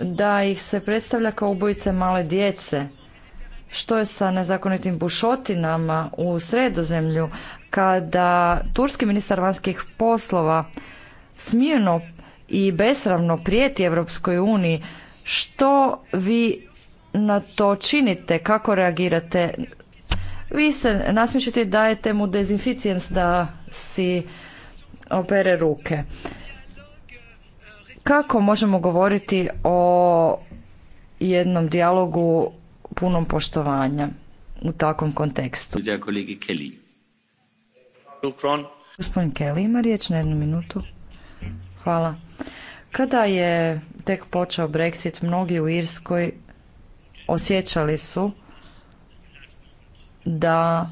da ih se predstavlja kao ubojice male djece što je sa nezakonitim bušotinama u sredozemlju kada turski ministar vanjskih poslova smijeno i besravno prijeti Europskoj uniji što vi na to činite kako reagirate vi se nasmišite i dajete mu dezinficijens da si opere ruke kako možemo govoriti o jednom dijalogu punom poštovanja u takvom kontekstu. Kelly. Gospodin Kelly ima riječ na jednu minutu. Hvala. Kada je tek počeo Brexit, mnogi u Irskoj osjećali su da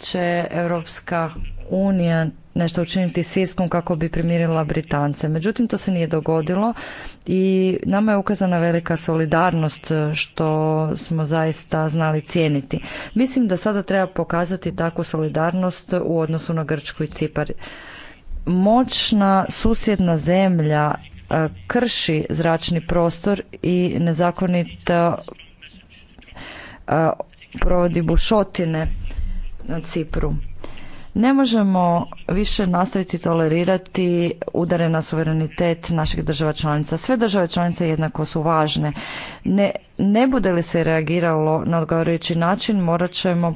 će Europska unija nešto učiniti s Irskom kako bi primirila Britance. Međutim, to se nije dogodilo i nama je ukazana velika solidarnost e, što smo zaista znali cijeniti. Mislim da sada treba pokazati takvu solidarnost u odnosu na Grčku i Cipar. Moćna susjedna zemlja e, krši zračni prostor i nezakonito e, provodi bušotine na Cipru. Ne možemo više nastaviti tolerirati udare na suverenitet naših država članica. Sve države članice jednako su važne. Ne, ne bude li se reagiralo na odgovarajući način, morat ćemo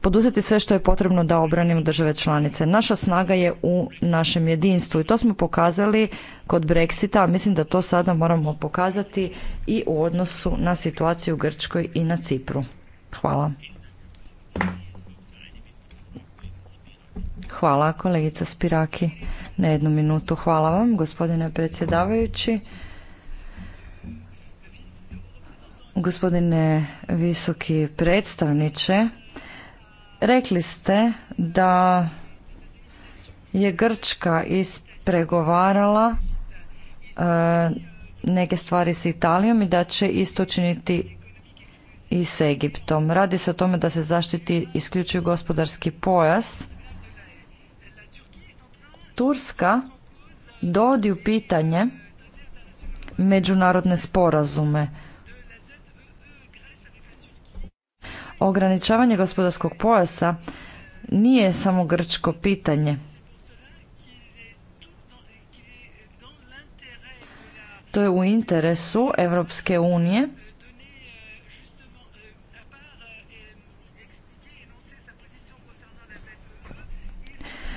poduzeti sve što je potrebno da obranimo države članice. Naša snaga je u našem jedinstvu i to smo pokazali kod Brexita, a mislim da to sada moramo pokazati i u odnosu na situaciju u Grčkoj i na Cipru. Hvala. Hvala kolegica Spiraki na jednu minutu. Hvala vam gospodine predsjedavajući. Gospodine visoki predstavniče, rekli ste da je Grčka ispregovarala e, neke stvari s Italijom i da će isto činiti i s Egiptom. Radi se o tome da se zaštiti isključivo gospodarski pojas Turska dovodi u pitanje međunarodne sporazume. Ograničavanje gospodarskog pojasa nije samo grčko pitanje. To je u interesu Europske unije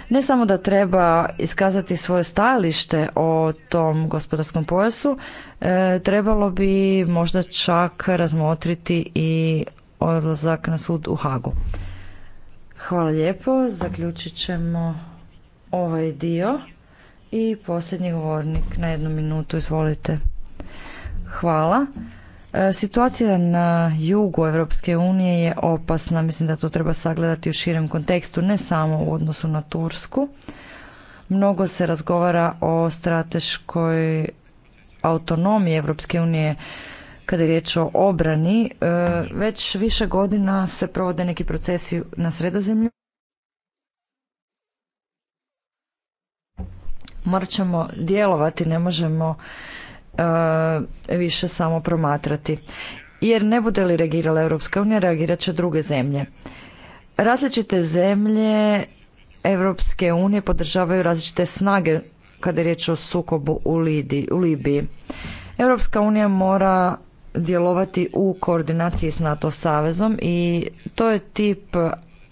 Ne samo da treba iskazati svoje stajalište o tom gospodarskom pojasu, e, trebalo bi možda čak razmotriti i odlazak na sud u Hagu. Hvala lijepo. Zaključit ćemo ovaj dio. I posljednji govornik na jednu minutu, izvolite. Hvala. E, situacija na jugu Europske unije je opasna, mislim da to treba sagledati u širem kontekstu, ne samo u odnosu na Tursku. Mnogo se razgovara o strateškoj autonomiji Europske unije kada je riječ o obrani. E, već više godina se provode neki procesi na sredozemlju. Morat ćemo djelovati, ne možemo E, više samo promatrati. Jer ne bude li reagirala Europska unija, reagirat će druge zemlje. Različite zemlje Europske unije podržavaju različite snage kada je riječ o sukobu u, Lidi, u Libiji. Europska unija mora djelovati u koordinaciji s NATO savezom i to je tip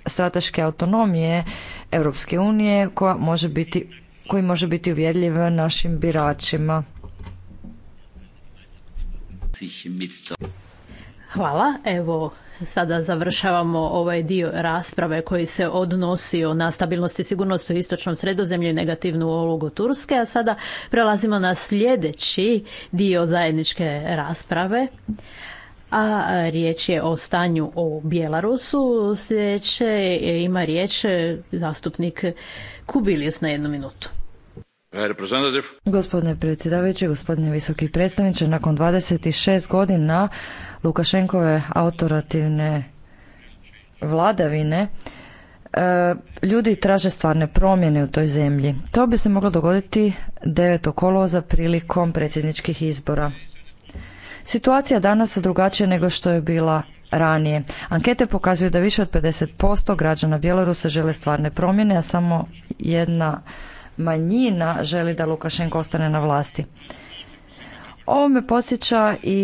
strateške autonomije Europske unije koja može biti, koji može biti uvjerljiv našim biračima. Hvala. Evo, sada završavamo ovaj dio rasprave koji se odnosio na stabilnost i sigurnost u istočnom sredozemlju i negativnu ulogu Turske, a sada prelazimo na sljedeći dio zajedničke rasprave. A riječ je o stanju o Bjelarusu. Sljedeće ima riječ zastupnik Kubilius na jednu minutu. Gospodine predsjedavajući, gospodine visoki predstavniče, nakon 26 godina Lukašenkove autorativne vladavine, e, ljudi traže stvarne promjene u toj zemlji. To bi se moglo dogoditi 9. za prilikom predsjedničkih izbora. Situacija danas je drugačija nego što je bila ranije. Ankete pokazuju da više od 50% građana Bjelorusa žele stvarne promjene, a samo jedna manjina želi da Lukašenko ostane na vlasti. Ovo me podsjeća i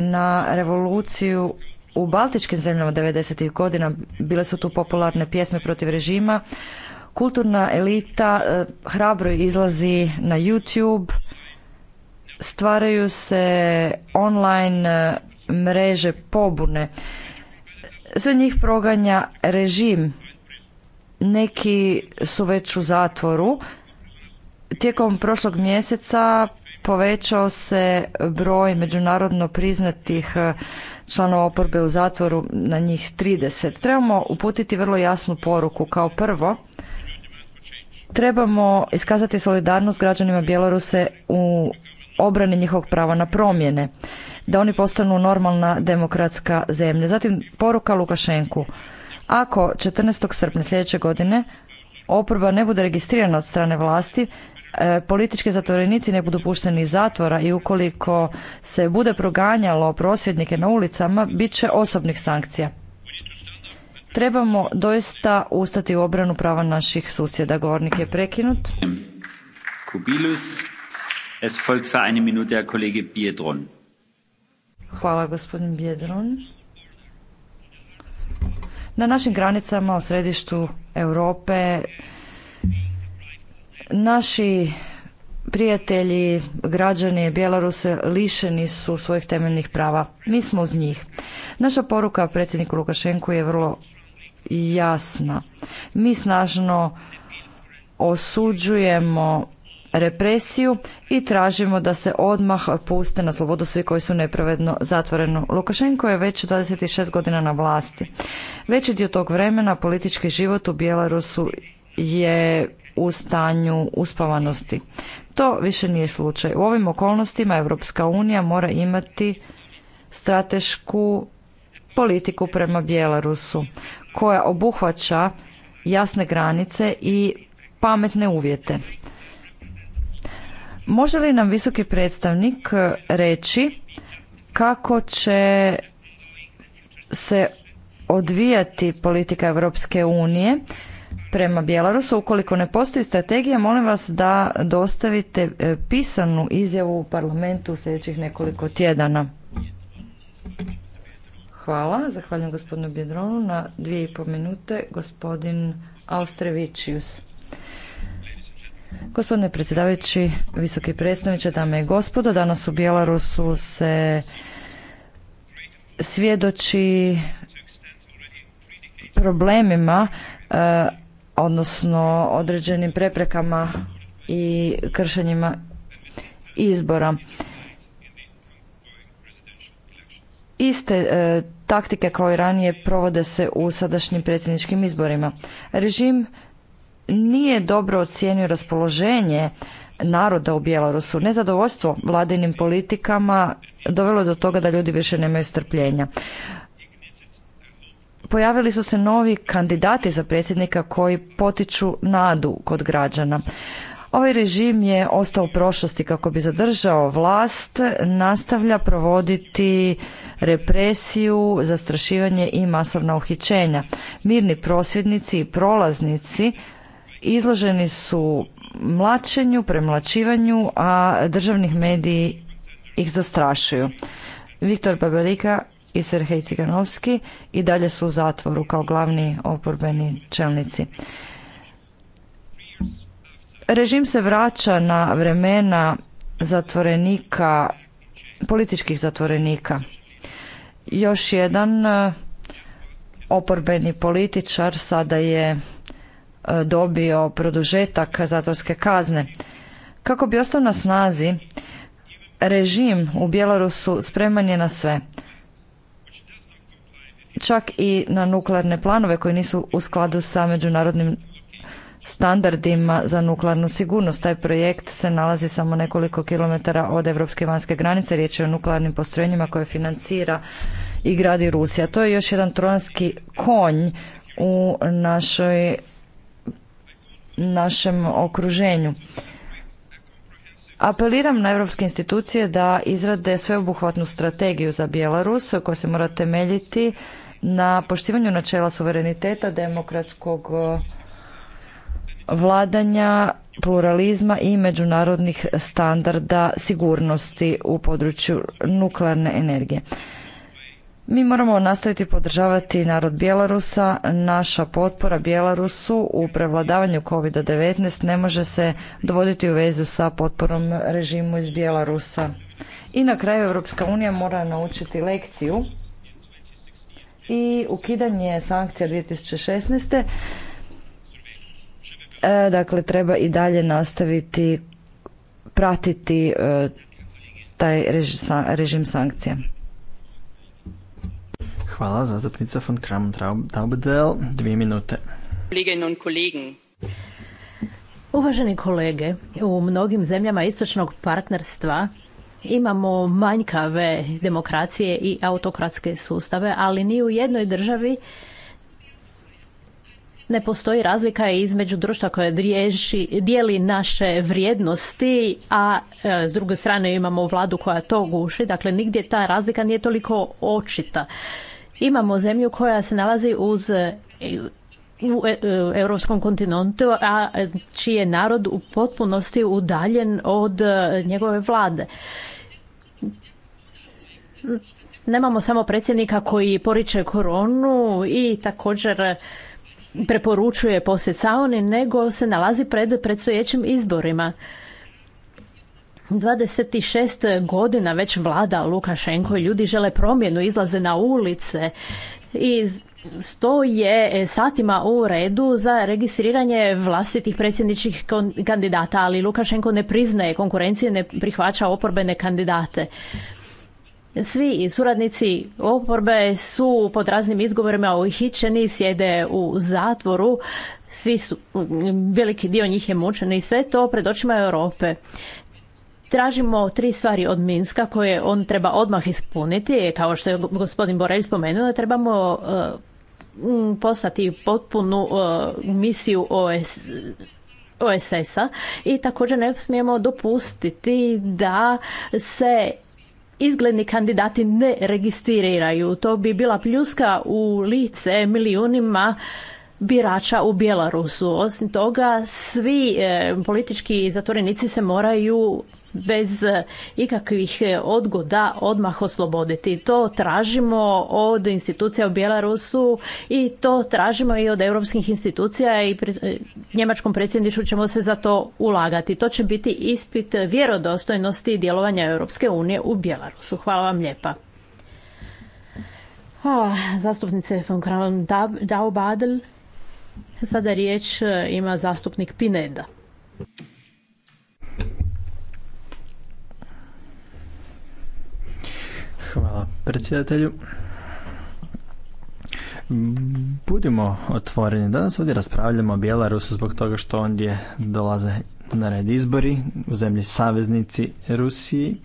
na revoluciju u baltičkim zemljama 90. godina. Bile su tu popularne pjesme protiv režima. Kulturna elita e, hrabro izlazi na YouTube. Stvaraju se online e, mreže pobune. Sve njih proganja režim neki su već u zatvoru. Tijekom prošlog mjeseca povećao se broj međunarodno priznatih e, članova oporbe u zatvoru na njih 30. Trebamo uputiti vrlo jasnu poruku. Kao prvo, trebamo iskazati solidarnost građanima Bjeloruse u obrani njihovog prava na promjene, da oni postanu normalna demokratska zemlja. Zatim poruka Lukašenku. Ako 14. srpnja sljedeće godine oporba ne bude registrirana od strane vlasti, e, politički zatvorenici ne budu pušteni iz zatvora i ukoliko se bude proganjalo prosvjednike na ulicama, bit će osobnih sankcija. Trebamo doista ustati u obranu prava naših susjeda. Govornik je prekinut. Kubilus, es folgt für eine minute Hvala gospodin Biedron. Na našim granicama u središtu Europe naši prijatelji, građani Bjeloruse lišeni su svojih temeljnih prava. Mi smo uz njih. Naša poruka predsjedniku Lukašenku je vrlo jasna. Mi snažno osuđujemo represiju i tražimo da se odmah puste na slobodu svi koji su nepravedno zatvoreni. Lukašenko je već 26 godina na vlasti. Veći dio tog vremena politički život u Bjelarusu je u stanju uspavanosti. To više nije slučaj. U ovim okolnostima Europska unija mora imati stratešku politiku prema Bjelarusu koja obuhvaća jasne granice i pametne uvjete. Može li nam visoki predstavnik e, reći kako će se odvijati politika Europske unije prema Bjelarusu. Ukoliko ne postoji strategija, molim vas da dostavite e, pisanu izjavu u parlamentu u sljedećih nekoliko tjedana. Hvala. Zahvaljujem gospodinu Bjedronu. Na dvije i pol minute gospodin Austrevičius. Gospodine predsjedavajući, visoki predstavniče, dame i gospodo, danas u Bjelarusu se svjedoči problemima, e, odnosno određenim preprekama i kršenjima izbora. Iste e, taktike kao i ranije provode se u sadašnjim predsjedničkim izborima. Režim nije dobro ocijenio raspoloženje naroda u Bjelorusu. Nezadovoljstvo vladinim politikama dovelo je do toga da ljudi više nemaju strpljenja. Pojavili su se novi kandidati za predsjednika koji potiču nadu kod građana. Ovaj režim je ostao u prošlosti kako bi zadržao vlast, nastavlja provoditi represiju, zastrašivanje i masovna uhićenja. Mirni prosvjednici i prolaznici izloženi su mlačenju, premlačivanju, a državnih mediji ih zastrašuju. Viktor Babarika i Serhej Ciganovski i dalje su u zatvoru kao glavni oporbeni čelnici. Režim se vraća na vremena zatvorenika, političkih zatvorenika. Još jedan eh, oporbeni političar sada je dobio produžetak zatvorske kazne. Kako bi ostao na snazi, režim u Bjelorusu spreman je na sve. Čak i na nuklearne planove koji nisu u skladu sa međunarodnim standardima za nuklearnu sigurnost. Taj projekt se nalazi samo nekoliko kilometara od europske vanjske granice. Riječ je o nuklearnim postrojenjima koje financira i gradi Rusija. To je još jedan trojanski konj u našoj našem okruženju. Apeliram na europske institucije da izrade sveobuhvatnu strategiju za Bjelarus koja se mora temeljiti na poštivanju načela suvereniteta, demokratskog e, vladanja, pluralizma i međunarodnih standarda sigurnosti u području nuklearne energije. Mi moramo nastaviti podržavati narod Bjelarusa. Naša potpora Bjelarusu u prevladavanju COVID-19 ne može se dovoditi u vezu sa potporom režimu iz Bjelarusa. I na kraju Europska unija mora naučiti lekciju i ukidanje sankcija 2016. E, dakle, treba i dalje nastaviti pratiti e, taj režim sankcija. Hvala, zastupnica von Kram dvije minute. Uvaženi kolege, u mnogim zemljama istočnog partnerstva imamo manjkave demokracije i autokratske sustave, ali ni u jednoj državi ne postoji razlika između društva koje dijeli naše vrijednosti, a e, s druge strane imamo vladu koja to guši. Dakle, nigdje ta razlika nije toliko očita imamo zemlju koja se nalazi uz u e, europskom kontinentu, a čiji je narod u potpunosti udaljen od e, njegove vlade. Nemamo samo predsjednika koji poriče koronu i također preporučuje posjet sauni, nego se nalazi pred predstojećim izborima. 26 godina već vlada Lukašenko i ljudi žele promjenu, izlaze na ulice i stoje satima u redu za registriranje vlastitih predsjedničkih kandidata, ali Lukašenko ne priznaje konkurencije, ne prihvaća oporbene kandidate. Svi suradnici oporbe su pod raznim izgovorima uhićeni, sjede u zatvoru, svi su, veliki dio njih je mučen i sve to pred očima Europe. Tražimo tri stvari od Minska koje on treba odmah ispuniti, kao što je gospodin Borelj spomenuo, da trebamo eh, poslati potpunu eh, misiju OS, OSS-a i također ne smijemo dopustiti da se izgledni kandidati ne registriraju. To bi bila pljuska u lice milijunima birača u Bjelarusu. Osim toga, svi eh, politički zatvorenici se moraju bez eh, ikakvih eh, odgoda odmah osloboditi. To tražimo od institucija u Bjelarusu i to tražimo i od europskih institucija i eh, njemačkom predsjedništvu ćemo se za to ulagati. To će biti ispit vjerodostojnosti djelovanja Europske unije u Bjelarusu. Hvala vam lijepa. zastupnice von da Sada riječ ima zastupnik Pineda. Hvala predsjedatelju. Budimo otvoreni. Danas ovdje raspravljamo o Bjelarusu zbog toga što ondje dolaze na red izbori u zemlji saveznici Rusiji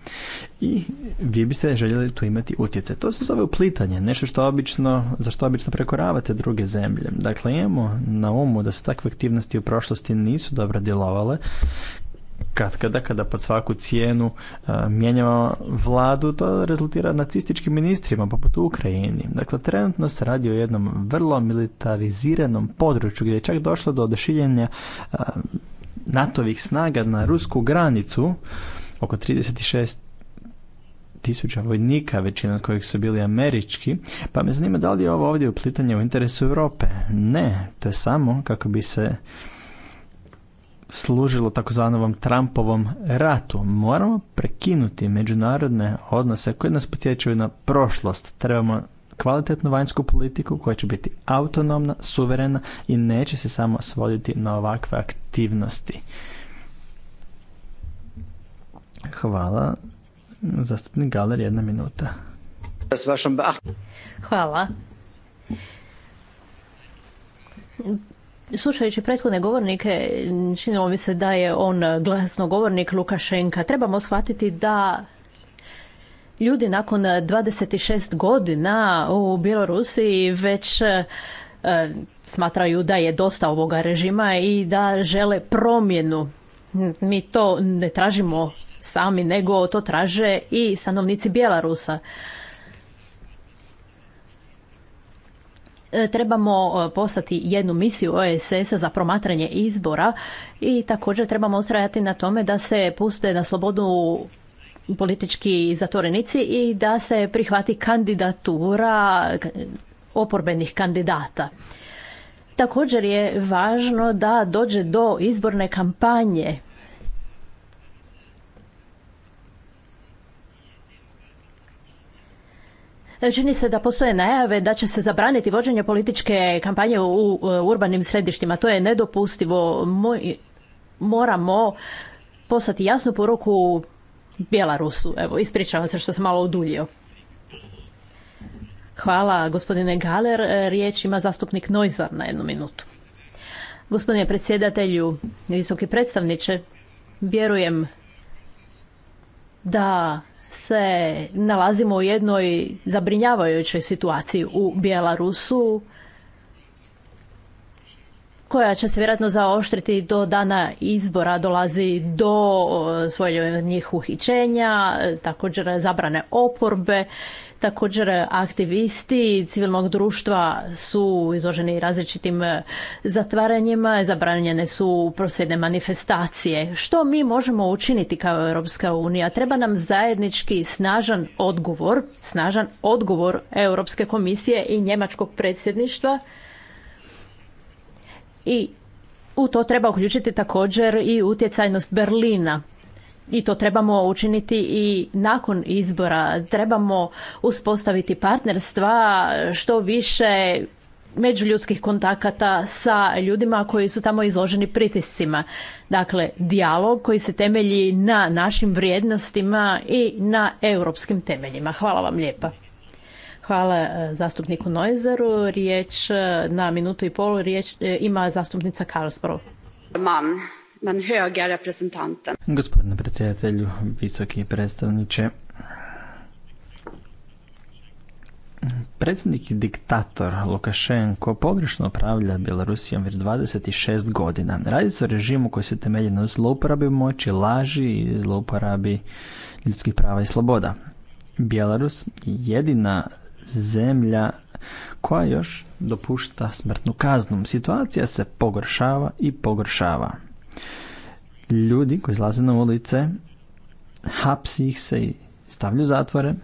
i vi biste željeli tu imati utjecaj. To se zove uplitanje, nešto što obično, za što obično prekoravate druge zemlje. Dakle, imamo na umu da se takve aktivnosti u prošlosti nisu dobro djelovale kad, kada kada pod svaku cijenu e, mijenjamo vladu, to rezultira nacističkim ministrima poput u Ukrajini. Dakle, trenutno se radi o jednom vrlo militariziranom području gdje je čak došlo do nato e, NATOvih snaga na rusku granicu, oko 36 tisuća vojnika, većina od kojih su bili američki, pa me zanima da li je ovo ovdje uplitanje u interesu Europe. Ne, to je samo kako bi se služilo takozvanom Trumpovom ratu. Moramo prekinuti međunarodne odnose koje nas podsjećaju na prošlost. Trebamo kvalitetnu vanjsku politiku koja će biti autonomna, suverena i neće se samo svoditi na ovakve aktivnosti. Hvala. Zastupnik Galer, jedna minuta. Hvala. Slušajući prethodne govornike, činilo mi se da je on glasnogovornik Lukašenka. Trebamo shvatiti da ljudi nakon 26 godina u Bjelorusiji već e, smatraju da je dosta ovoga režima i da žele promjenu. Mi to ne tražimo sami, nego to traže i stanovnici Bjelarusa. E, trebamo e, poslati jednu misiju OSS-a za promatranje izbora i također trebamo ustrajati na tome da se puste na slobodu politički zatvorenici i da se prihvati kandidatura oporbenih kandidata. Također je važno da dođe do izborne kampanje Čini se da postoje najave da će se zabraniti vođenje političke kampanje u urbanim središtima. To je nedopustivo. Moramo poslati jasnu poruku Bjelarusu. Evo, ispričavam se što sam malo oduljio. Hvala, gospodine Galer. Riječ ima zastupnik Nojzar na jednu minutu. Gospodine predsjedatelju, visoki predstavniče, vjerujem da se nalazimo u jednoj zabrinjavajućoj situaciji u Bjelarusu koja će se vjerojatno zaoštriti do dana izbora, dolazi do e, svojih uhićenja, također zabrane oporbe Također aktivisti civilnog društva su izloženi različitim e, zatvaranjima, zabranjene su prosvjedne manifestacije. Što mi možemo učiniti kao Europska unija? Treba nam zajednički snažan odgovor, snažan odgovor Europske komisije i njemačkog predsjedništva i u to treba uključiti također i utjecajnost Berlina i to trebamo učiniti i nakon izbora. Trebamo uspostaviti partnerstva što više međuljudskih kontakata sa ljudima koji su tamo izloženi pritiscima. Dakle, dijalog koji se temelji na našim vrijednostima i na europskim temeljima. Hvala vam lijepa. Hvala e, zastupniku Noizeru. Riječ e, na minutu i pol riječ e, ima zastupnica Karlsbro den höga Gospodine predsjedatelju, visoki predstavniče, Predsjednik i diktator Lukašenko pogrešno upravlja Bjelorusijom već 26 godina. Radi se o režimu koji se temelji na zlouporabi moći, laži i zlouporabi ljudskih prava i sloboda. Bjelorus je jedina zemlja koja još dopušta smrtnu kaznu. Situacija se pogoršava i pogoršava ljudi koji izlaze na ulice, hapsi ih se i stavlju zatvore,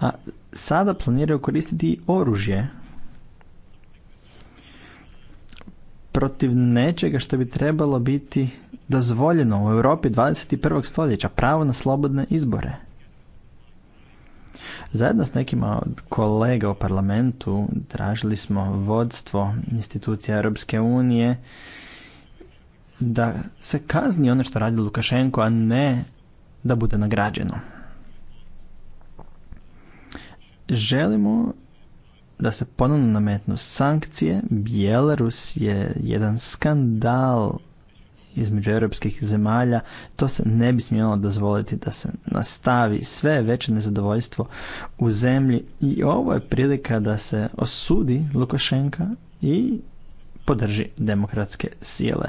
a sada planiraju koristiti oružje protiv nečega što bi trebalo biti dozvoljeno u Europi 21. stoljeća, pravo na slobodne izbore. Zajedno s nekima od kolega u parlamentu tražili smo vodstvo institucija Europske unije da se kazni ono što radi Lukašenko, a ne da bude nagrađeno. Želimo da se ponovno nametnu sankcije. Bjelarus je jedan skandal između europskih zemalja. To se ne bi smjelo dozvoliti da se nastavi sve veće nezadovoljstvo u zemlji. I ovo je prilika da se osudi Lukašenka i podrži demokratske sile.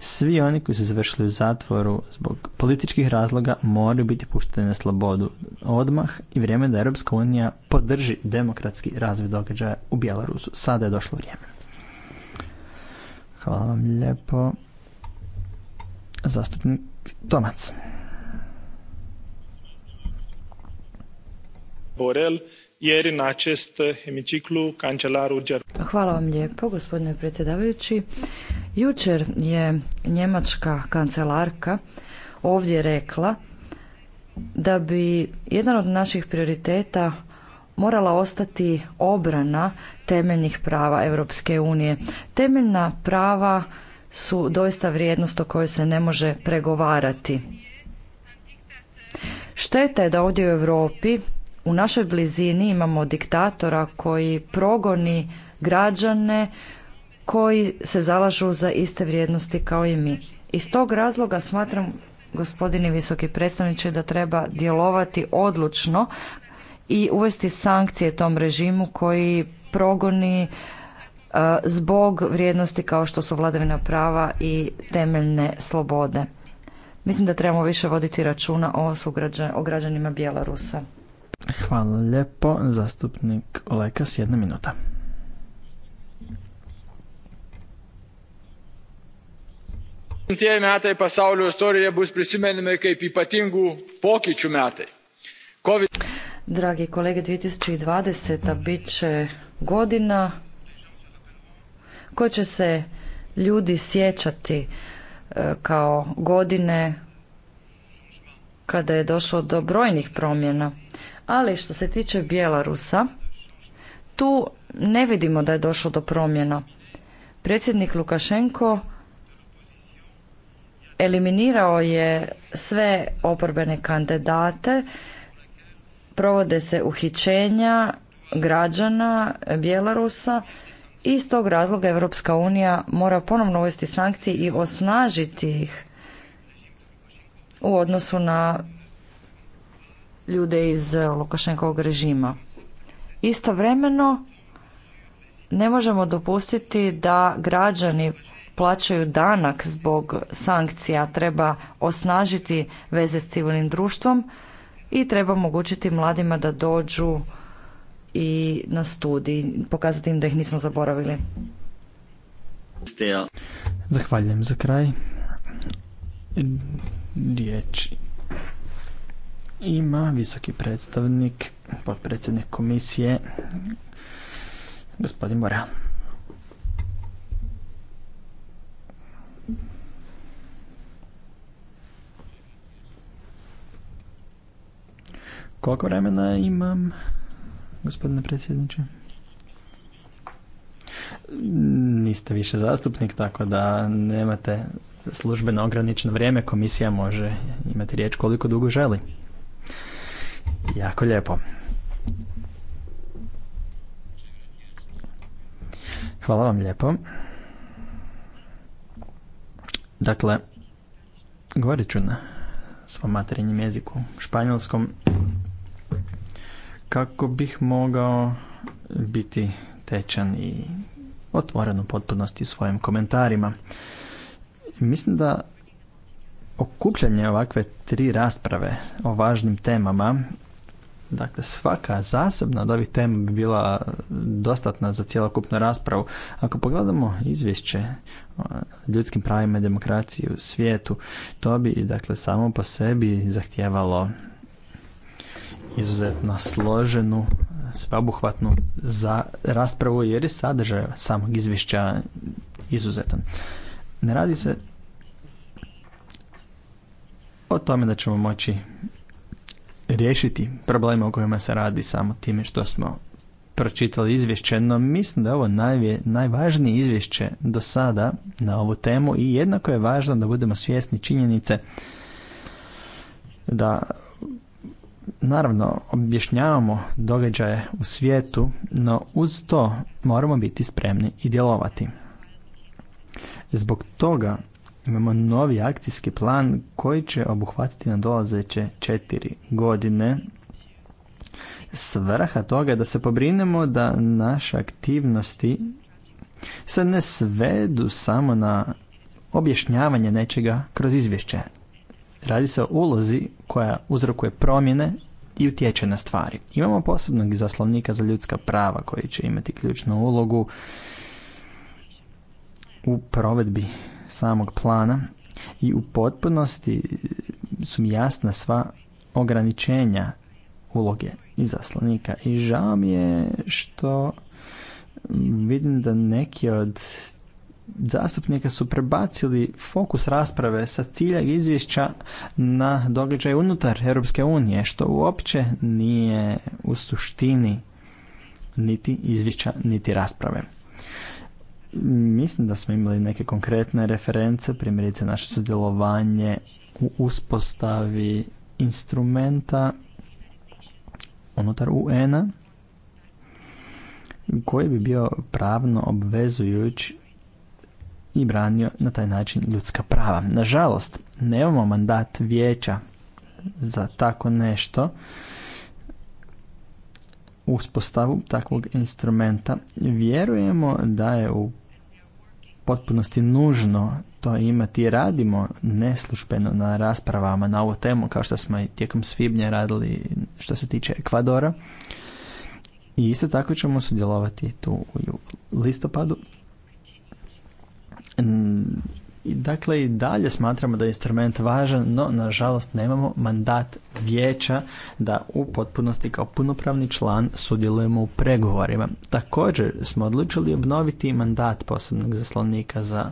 Svi oni koji su završili u zatvoru zbog političkih razloga moraju biti pušteni na slobodu odmah i vrijeme da Europska unija podrži demokratski razvoj događaja u Bjelarusu. Sada je došlo vrijeme. Hvala vam lijepo. Zastupnik Tomac. Borel pa hvala vam lijepo, gospodine predsjedavajući. Jučer je njemačka kancelarka ovdje rekla da bi jedan od naših prioriteta morala ostati obrana temeljnih prava Europske unije. Temeljna prava su doista vrijednost o kojoj se ne može pregovarati. Šteta je da ovdje u Europi u našoj blizini imamo diktatora koji progoni građane koji se zalažu za iste vrijednosti kao i mi. Iz tog razloga smatram, gospodine visoki predstavniče, da treba djelovati odlučno i uvesti sankcije tom režimu koji progoni e, zbog vrijednosti kao što su vladavina prava i temeljne slobode. Mislim da trebamo više voditi računa o, o građanima Bjelarusa. Hvala lijepo. Zastupnik Olekas, jedna minuta. Šimtieji metai pasaulio istorijoje bus prisimenami kaip ypatingų pokyčių metai. COVID... Dragi kolege, 2020. bit će godina koje će se ljudi sjećati e, kao godine kada je došlo do brojnih promjena, ali što se tiče Bjelarusa, tu ne vidimo da je došlo do promjena. Predsjednik Lukašenko eliminirao je sve oporbene kandidate, provode se uhićenja građana Bjelarusa i iz tog razloga Europska unija mora ponovno uvesti sankcije i osnažiti ih u odnosu na ljude iz e, Lukašenkovog režima. Istovremeno ne možemo dopustiti da građani plaćaju danak zbog sankcija, treba osnažiti veze s civilnim društvom i treba omogućiti mladima da dođu i na studij, pokazati im da ih nismo zaboravili. Zahvaljujem za kraj ima visoki predstavnik, potpredsjednik komisije, gospodin Borel. Koliko vremena imam, gospodine predsjedniče? Niste više zastupnik, tako da nemate službeno ograničeno vrijeme. Komisija može imati riječ koliko dugo želi. Jako lijepo. Hvala vam lijepo. Dakle, govorit ću na svom materinjem jeziku, španjolskom, kako bih mogao biti tečan i otvoren u potpunosti svojim komentarima. Mislim da okupljanje ovakve tri rasprave o važnim temama Dakle, svaka zasebna od ovih tema bi bila dostatna za cjelokupnu raspravu. Ako pogledamo izvješće o ljudskim pravima i demokraciji u svijetu, to bi dakle samo po sebi zahtijevalo izuzetno složenu, sveobuhvatnu za raspravu jer je sadržaj samog izvješća izuzetan. Ne radi se o tome da ćemo moći riješiti probleme o kojima se radi samo time što smo pročitali izvješće, no mislim da je ovo najvažnije izvješće do sada na ovu temu i jednako je važno da budemo svjesni činjenice da naravno objašnjavamo događaje u svijetu, no uz to moramo biti spremni i djelovati. Zbog toga Imamo novi akcijski plan koji će obuhvatiti na dolazeće četiri godine. Svrha toga je da se pobrinemo da naše aktivnosti se ne svedu samo na objašnjavanje nečega kroz izvješće. Radi se o ulozi koja uzrokuje promjene i utječe na stvari. Imamo posebnog zaslovnika za ljudska prava koji će imati ključnu ulogu u provedbi samog plana i u potpunosti su mi jasna sva ograničenja uloge izaslanika i žao mi je što vidim da neki od zastupnika su prebacili fokus rasprave sa cilja izvješća na događaj unutar Europske unije, što uopće nije u suštini niti izvješća, niti rasprave. Mislim da smo imali neke konkretne reference, primjerice naše sudjelovanje u uspostavi instrumenta unutar UN-a koji bi bio pravno obvezujuć i branio na taj način ljudska prava. Nažalost, nemamo mandat vijeća za tako nešto uspostavu takvog instrumenta vjerujemo da je u potpunosti nužno to imati i radimo neslušpeno na raspravama na ovu temu kao što smo i tijekom svibnja radili što se tiče Ekvadora. I isto tako ćemo sudjelovati tu u listopadu dakle i dalje smatramo da je instrument važan, no nažalost nemamo mandat vijeća da u potpunosti kao punopravni član sudjelujemo u pregovorima. Također smo odlučili obnoviti mandat posebnog zaslovnika za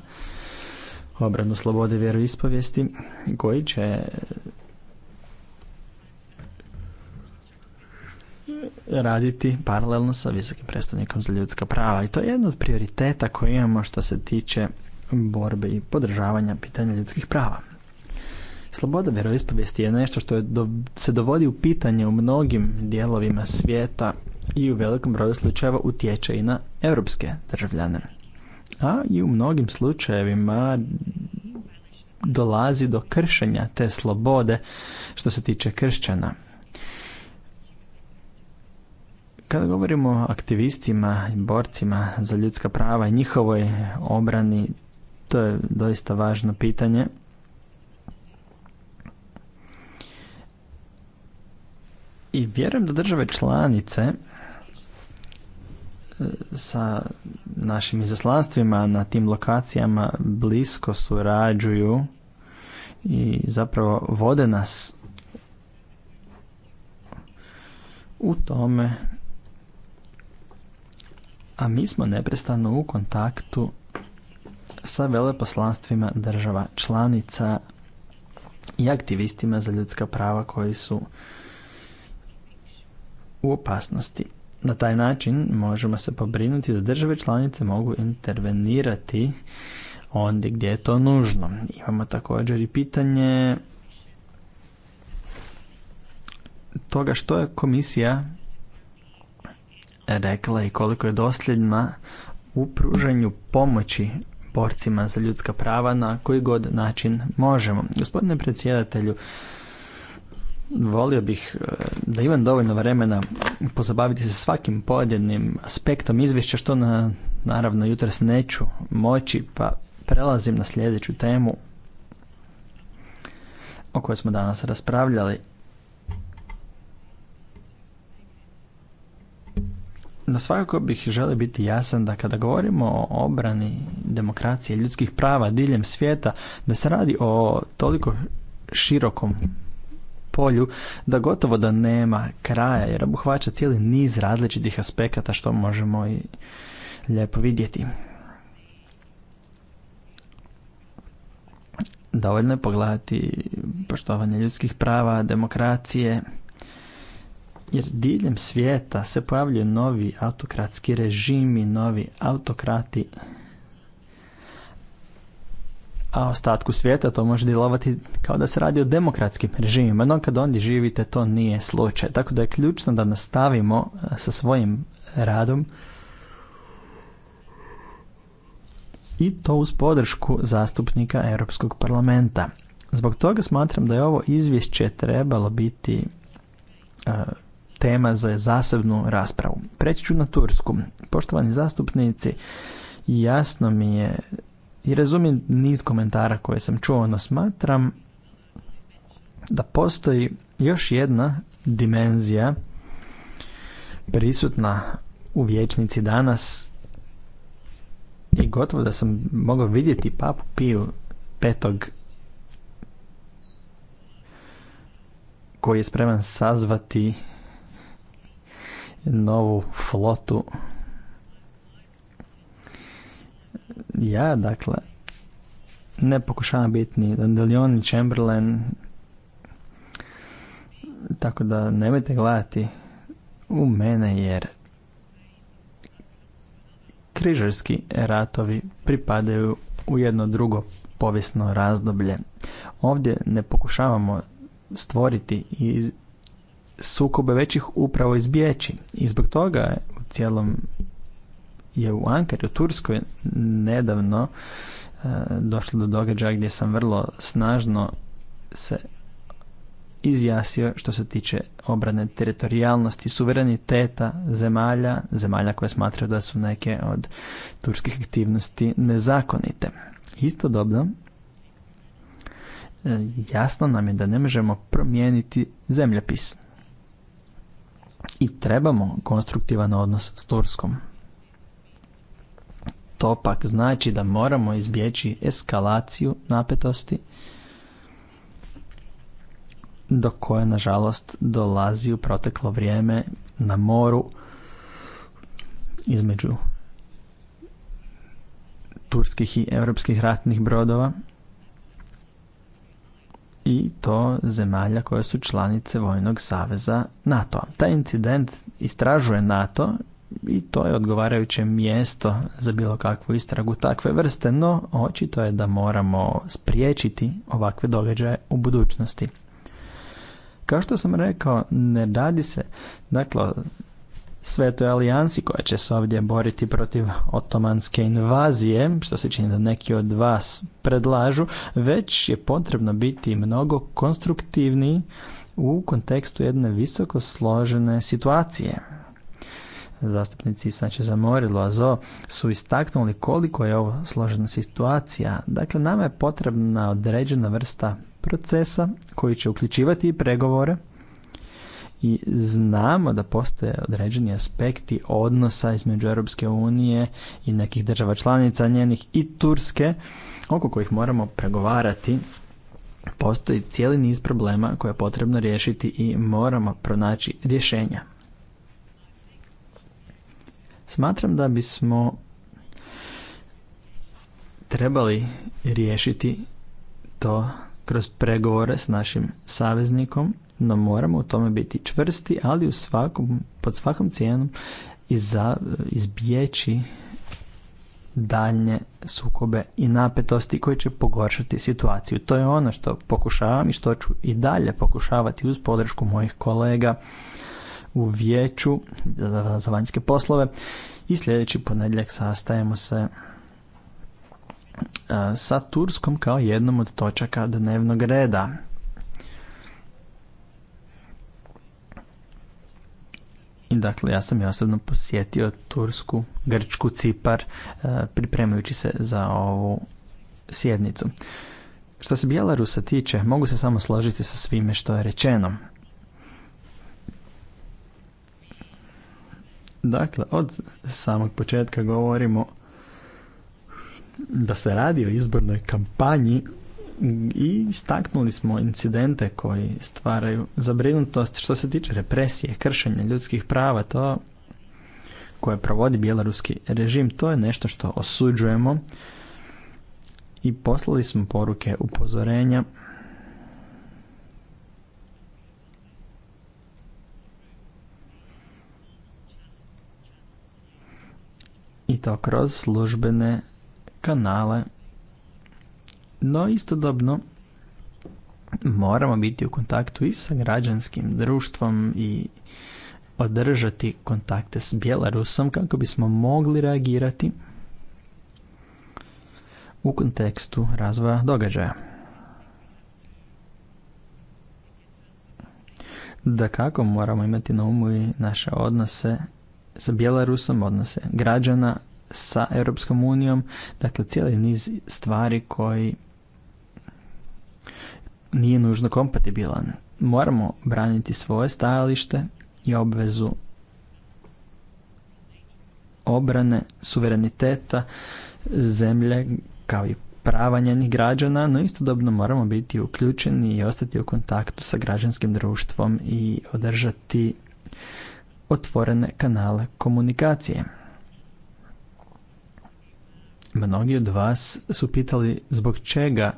obranu slobode vjeroispovijesti koji će raditi paralelno sa visokim predstavnikom za ljudska prava i to je jedan od prioriteta koji imamo što se tiče borbe i podržavanja pitanja ljudskih prava. Sloboda vjeroispovijesti je nešto što je se dovodi u pitanje u mnogim dijelovima svijeta i u velikom broju slučajeva utječe i na europske državljane. A i u mnogim slučajevima dolazi do kršenja te slobode što se tiče kršćana. Kada govorimo o aktivistima i borcima za ljudska prava i njihovoj obrani, to je doista važno pitanje. I vjerujem da države članice e, sa našim izaslanstvima na tim lokacijama blisko surađuju i zapravo vode nas u tome a mi smo neprestano u kontaktu sa veleposlanstvima država članica i aktivistima za ljudska prava koji su u opasnosti. Na taj način možemo se pobrinuti da države članice mogu intervenirati ondje gdje je to nužno. Imamo također i pitanje toga što je komisija rekla i koliko je dosljedna u pružanju pomoći borcima za ljudska prava na koji god način možemo. Gospodine predsjedatelju, volio bih e, da imam dovoljno vremena pozabaviti se svakim pojedinim aspektom izvješća što na, naravno jutros neću moći pa prelazim na sljedeću temu o kojoj smo danas raspravljali. No svakako bih želio biti jasan da kada govorimo o obrani demokracije i ljudskih prava diljem svijeta, da se radi o toliko širokom polju da gotovo da nema kraja jer obuhvaća cijeli niz različitih aspekata što možemo i lijepo vidjeti. Dovoljno je pogledati poštovanje ljudskih prava, demokracije, jer diljem svijeta se pojavljuju novi autokratski režimi, novi autokrati, a ostatku svijeta to može djelovati kao da se radi o demokratskim režimima, no kad ondje živite to nije slučaj. Tako da je ključno da nastavimo eh, sa svojim radom i to uz podršku zastupnika Europskog parlamenta. Zbog toga smatram da je ovo izvješće trebalo biti eh, tema za zasebnu raspravu. Preći ću na Tursku. Poštovani zastupnici, jasno mi je i razumijem niz komentara koje sam čuo, no smatram da postoji još jedna dimenzija prisutna u vječnici danas i gotovo da sam mogao vidjeti papu Piju petog koji je spreman sazvati novu flotu. Ja, dakle, ne pokušavam biti ni Dandelion ni Chamberlain, tako da nemojte gledati u mene jer križarski ratovi pripadaju u jedno drugo povijesno razdoblje. Ovdje ne pokušavamo stvoriti i sukobe većih upravo izbjeći. I zbog toga u cijelom je u Ankari, u Turskoj nedavno e, došlo do događaja gdje sam vrlo snažno se izjasio što se tiče obrane teritorijalnosti, suvereniteta zemalja, zemalja koje smatraju da su neke od turskih aktivnosti nezakonite. Istodobno, e, jasno nam je da ne možemo promijeniti zemljopis i trebamo konstruktivan odnos s Turskom. To pak znači da moramo izbjeći eskalaciju napetosti do koje nažalost dolazi u proteklo vrijeme na moru između turskih i europskih ratnih brodova i to zemalja koje su članice Vojnog saveza NATO. Taj incident istražuje NATO i to je odgovarajuće mjesto za bilo kakvu istragu takve vrste, no očito je da moramo spriječiti ovakve događaje u budućnosti. Kao što sam rekao, ne radi se dakle, Svetoj alijansi koja će se ovdje boriti protiv otomanske invazije, što se čini da neki od vas predlažu, već je potrebno biti mnogo konstruktivniji u kontekstu jedne visoko složene situacije. Zastupnici za Zamorilo Azo su istaknuli koliko je ovo složena situacija. Dakle, nama je potrebna određena vrsta procesa koji će uključivati i pregovore, i znamo da postoje određeni aspekti odnosa između Europske unije i nekih država članica njenih i Turske oko kojih moramo pregovarati. Postoji cijeli niz problema koje je potrebno riješiti i moramo pronaći rješenja. Smatram da bismo trebali riješiti to kroz pregovore s našim saveznikom no moramo u tome biti čvrsti, ali u svakom, pod svakom cijenom iza, izbjeći daljnje sukobe i napetosti koji će pogoršati situaciju. To je ono što pokušavam i što ću i dalje pokušavati uz podršku mojih kolega u vijeću za, za vanjske poslove i sljedeći ponedjeljak sastajemo se e, sa Turskom kao jednom od točaka dnevnog reda. dakle, ja sam i osobno posjetio Tursku, Grčku, Cipar, e, pripremajući se za ovu sjednicu. Što se Bjelarusa tiče, mogu se samo složiti sa svime što je rečeno. Dakle, od samog početka govorimo da se radi o izbornoj kampanji i istaknuli smo incidente koji stvaraju zabrinutost što se tiče represije, kršenja ljudskih prava, to koje provodi bjeloruski režim, to je nešto što osuđujemo i poslali smo poruke upozorenja i to kroz službene kanale no istodobno moramo biti u kontaktu i sa građanskim društvom i održati kontakte s Bjelarusom kako bismo mogli reagirati u kontekstu razvoja događaja. Da kako moramo imati na umu i naše odnose sa Bjelarusom, odnose građana sa Europskom unijom, dakle cijeli niz stvari koji nije nužno kompatibilan. Moramo braniti svoje stajalište i obvezu obrane suvereniteta zemlje kao i prava njenih građana, no istodobno moramo biti uključeni i ostati u kontaktu sa građanskim društvom i održati otvorene kanale komunikacije. Mnogi od vas su pitali zbog čega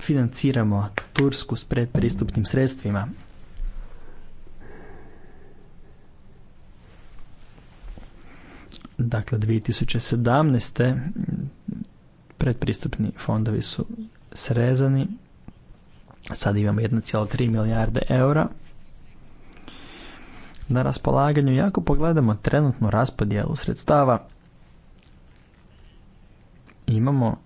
financiramo Tursku s predpristupnim sredstvima. Dakle, 2017. predpristupni fondovi su srezani. Sad imamo 1,3 milijarde eura. Na raspolaganju, I ako pogledamo trenutnu raspodjelu sredstava, imamo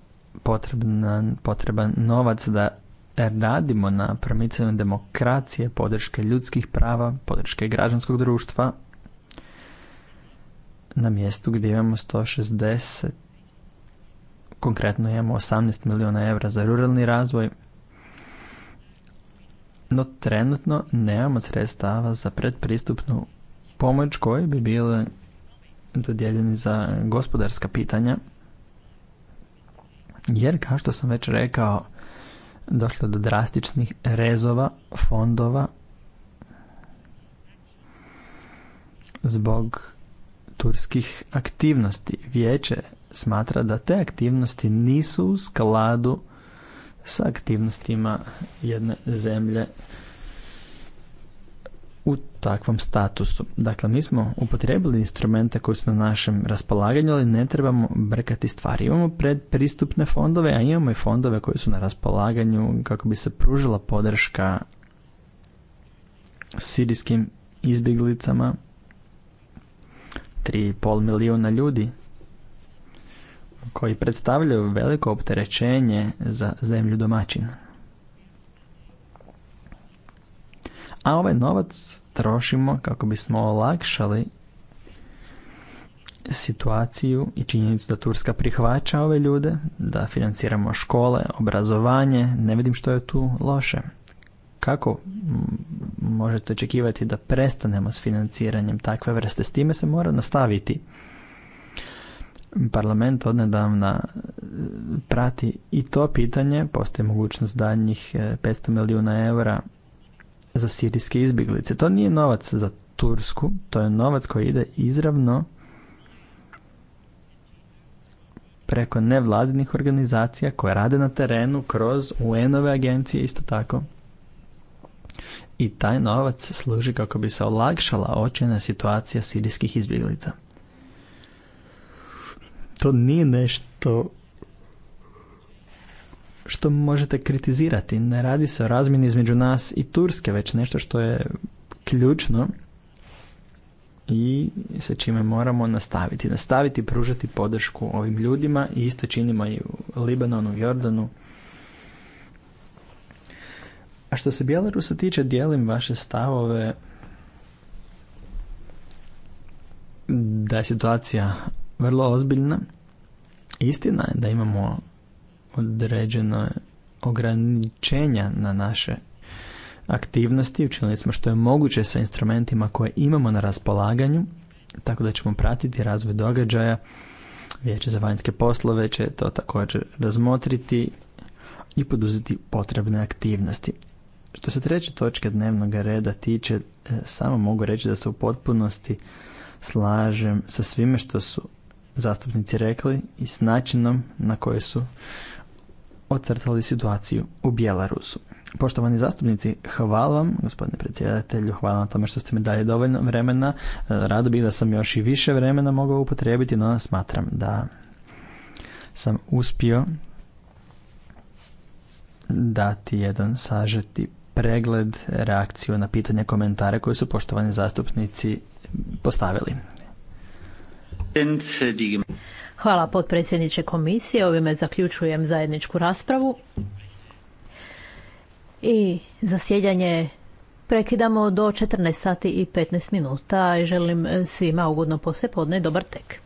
potreban, novac da radimo na promicanju demokracije, podrške ljudskih prava, podrške građanskog društva na mjestu gdje imamo 160 konkretno imamo 18 milijuna eura za ruralni razvoj no trenutno nemamo sredstava za predpristupnu pomoć koji bi bile dodijeljeni za gospodarska pitanja jer kao što sam već rekao došlo do drastičnih rezova fondova zbog turskih aktivnosti. Vijeće smatra da te aktivnosti nisu u skladu sa aktivnostima jedne zemlje u takvom statusu. Dakle, mi smo upotrijebili instrumente koji su na našem raspolaganju, ali ne trebamo brkati stvari. Imamo predpristupne fondove, a imamo i fondove koji su na raspolaganju kako bi se pružila podrška sirijskim izbjeglicama. 3,5 milijuna ljudi koji predstavljaju veliko opterećenje za zemlju domaćina. a ovaj novac trošimo kako bismo olakšali situaciju i činjenicu da Turska prihvaća ove ljude, da financiramo škole, obrazovanje, ne vidim što je tu loše. Kako možete očekivati da prestanemo s financiranjem takve vrste? S time se mora nastaviti. Parlament odnedavna e, prati i to pitanje, postoji mogućnost daljnjih 500 e, milijuna eura za sirijske izbjeglice. To nije novac za Tursku, to je novac koji ide izravno preko nevladinih organizacija koje rade na terenu kroz UN-ove agencije isto tako. I taj novac služi kako bi se olakšala očajna situacija sirijskih izbjeglica. To nije nešto što možete kritizirati. Ne radi se o razmjeni između nas i Turske, već nešto što je ključno i sa čime moramo nastaviti. Nastaviti pružati podršku ovim ljudima i isto činimo i u Libanonu, Jordanu. A što se bjelarusa tiče, dijelim vaše stavove da je situacija vrlo ozbiljna. Istina je da imamo određeno ograničenja na naše aktivnosti, učinili smo što je moguće sa instrumentima koje imamo na raspolaganju, tako da ćemo pratiti razvoj događaja. Vijeće za vanjske poslove će to također razmotriti i poduzeti potrebne aktivnosti. Što se treće točke dnevnog reda tiče, e, samo mogu reći da se u potpunosti slažem sa svime što su zastupnici rekli i s načinom na koji su ocrtali situaciju u Bjelarusu. Poštovani zastupnici, hvala vam, gospodine predsjedatelju, hvala na tome što ste mi dali dovoljno vremena. E, rado bih da sam još i više vremena mogao upotrijebiti, no smatram da sam uspio dati jedan sažeti pregled, reakciju na pitanje, komentare koje su poštovani zastupnici postavili. Hvala potpredsjedniče komisije. Ovime zaključujem zajedničku raspravu. I zasjedanje prekidamo do 14 sati i 15 minuta. Želim svima ugodno poslijepodne i dobar tek.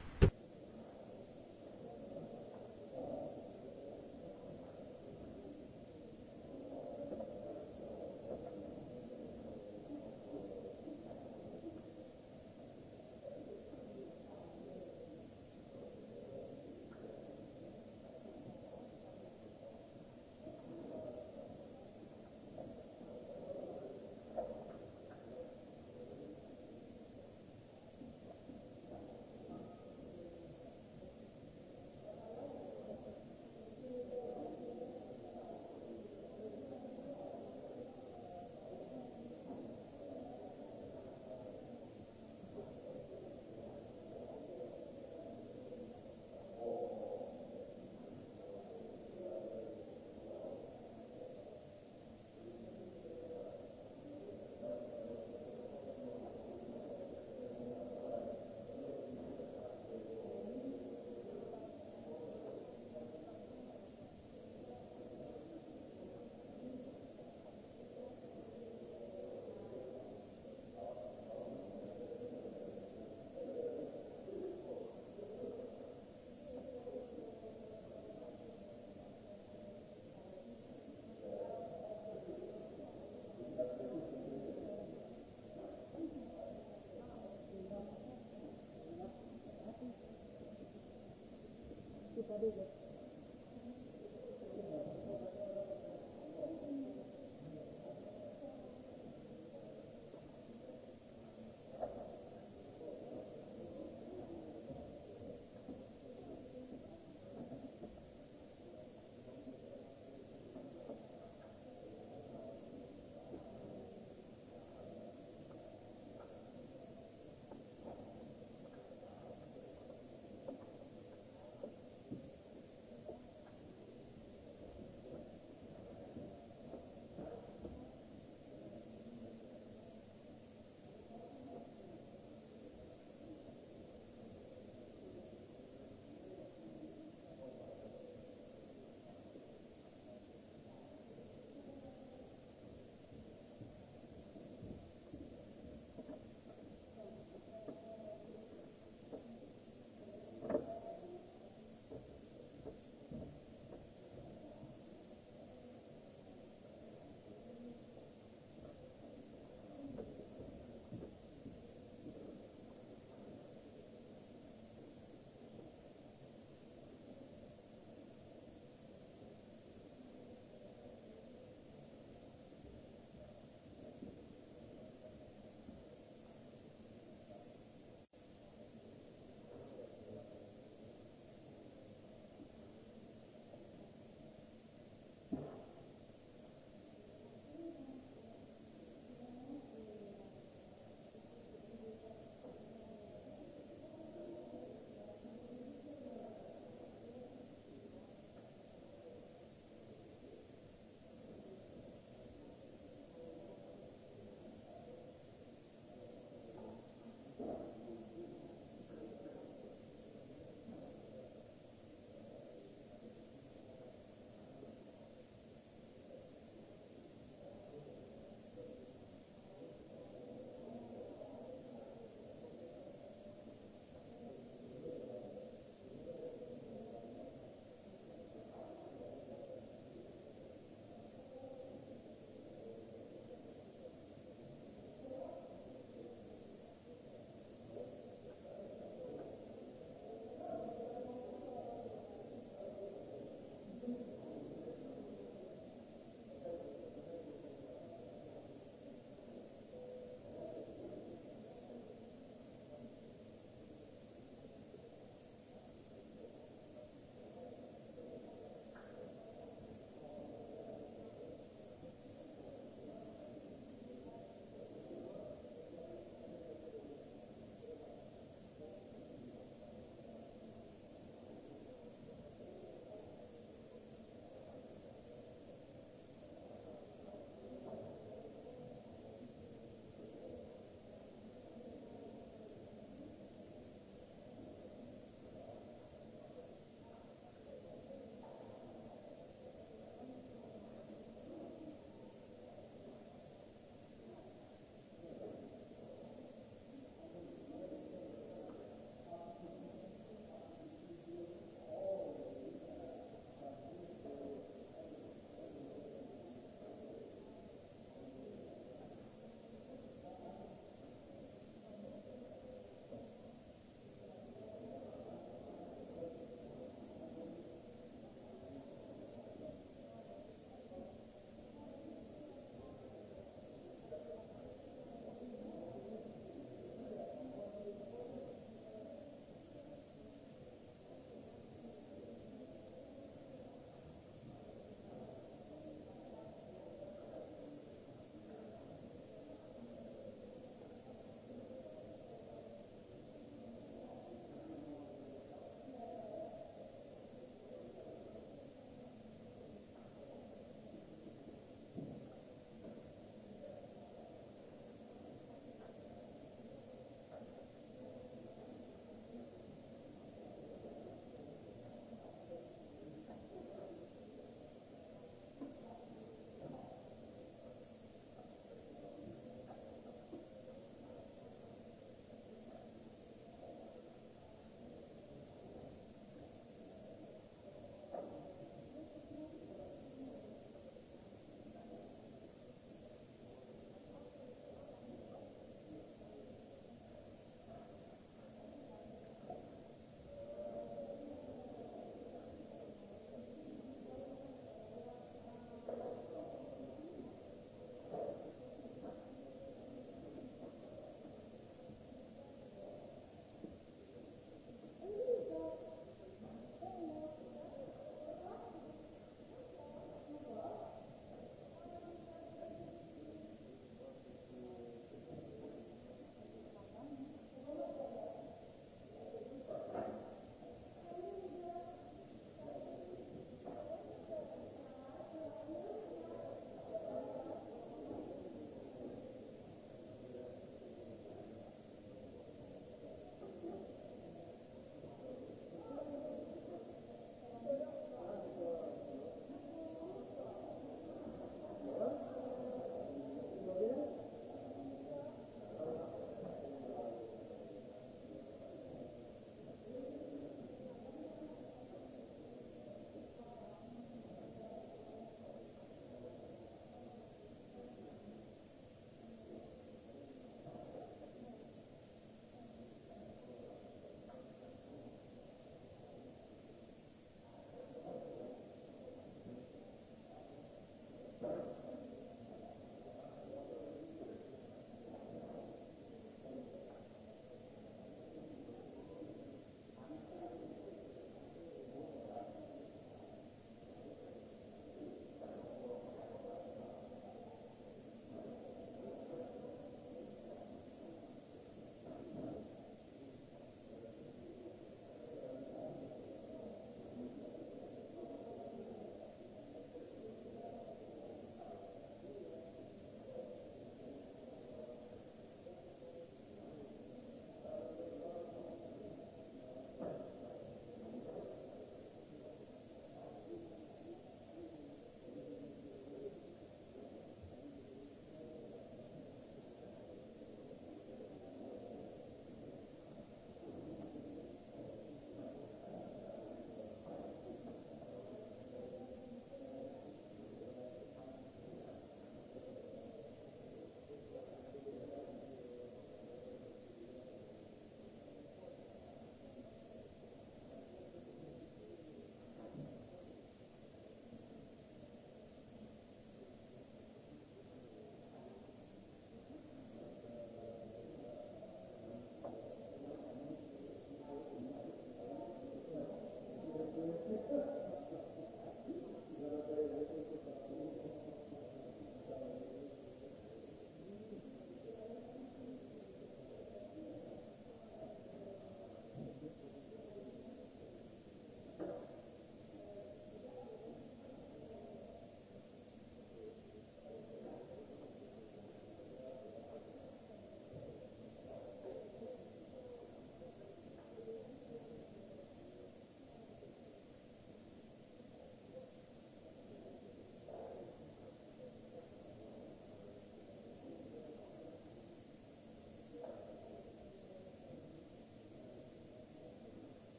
druge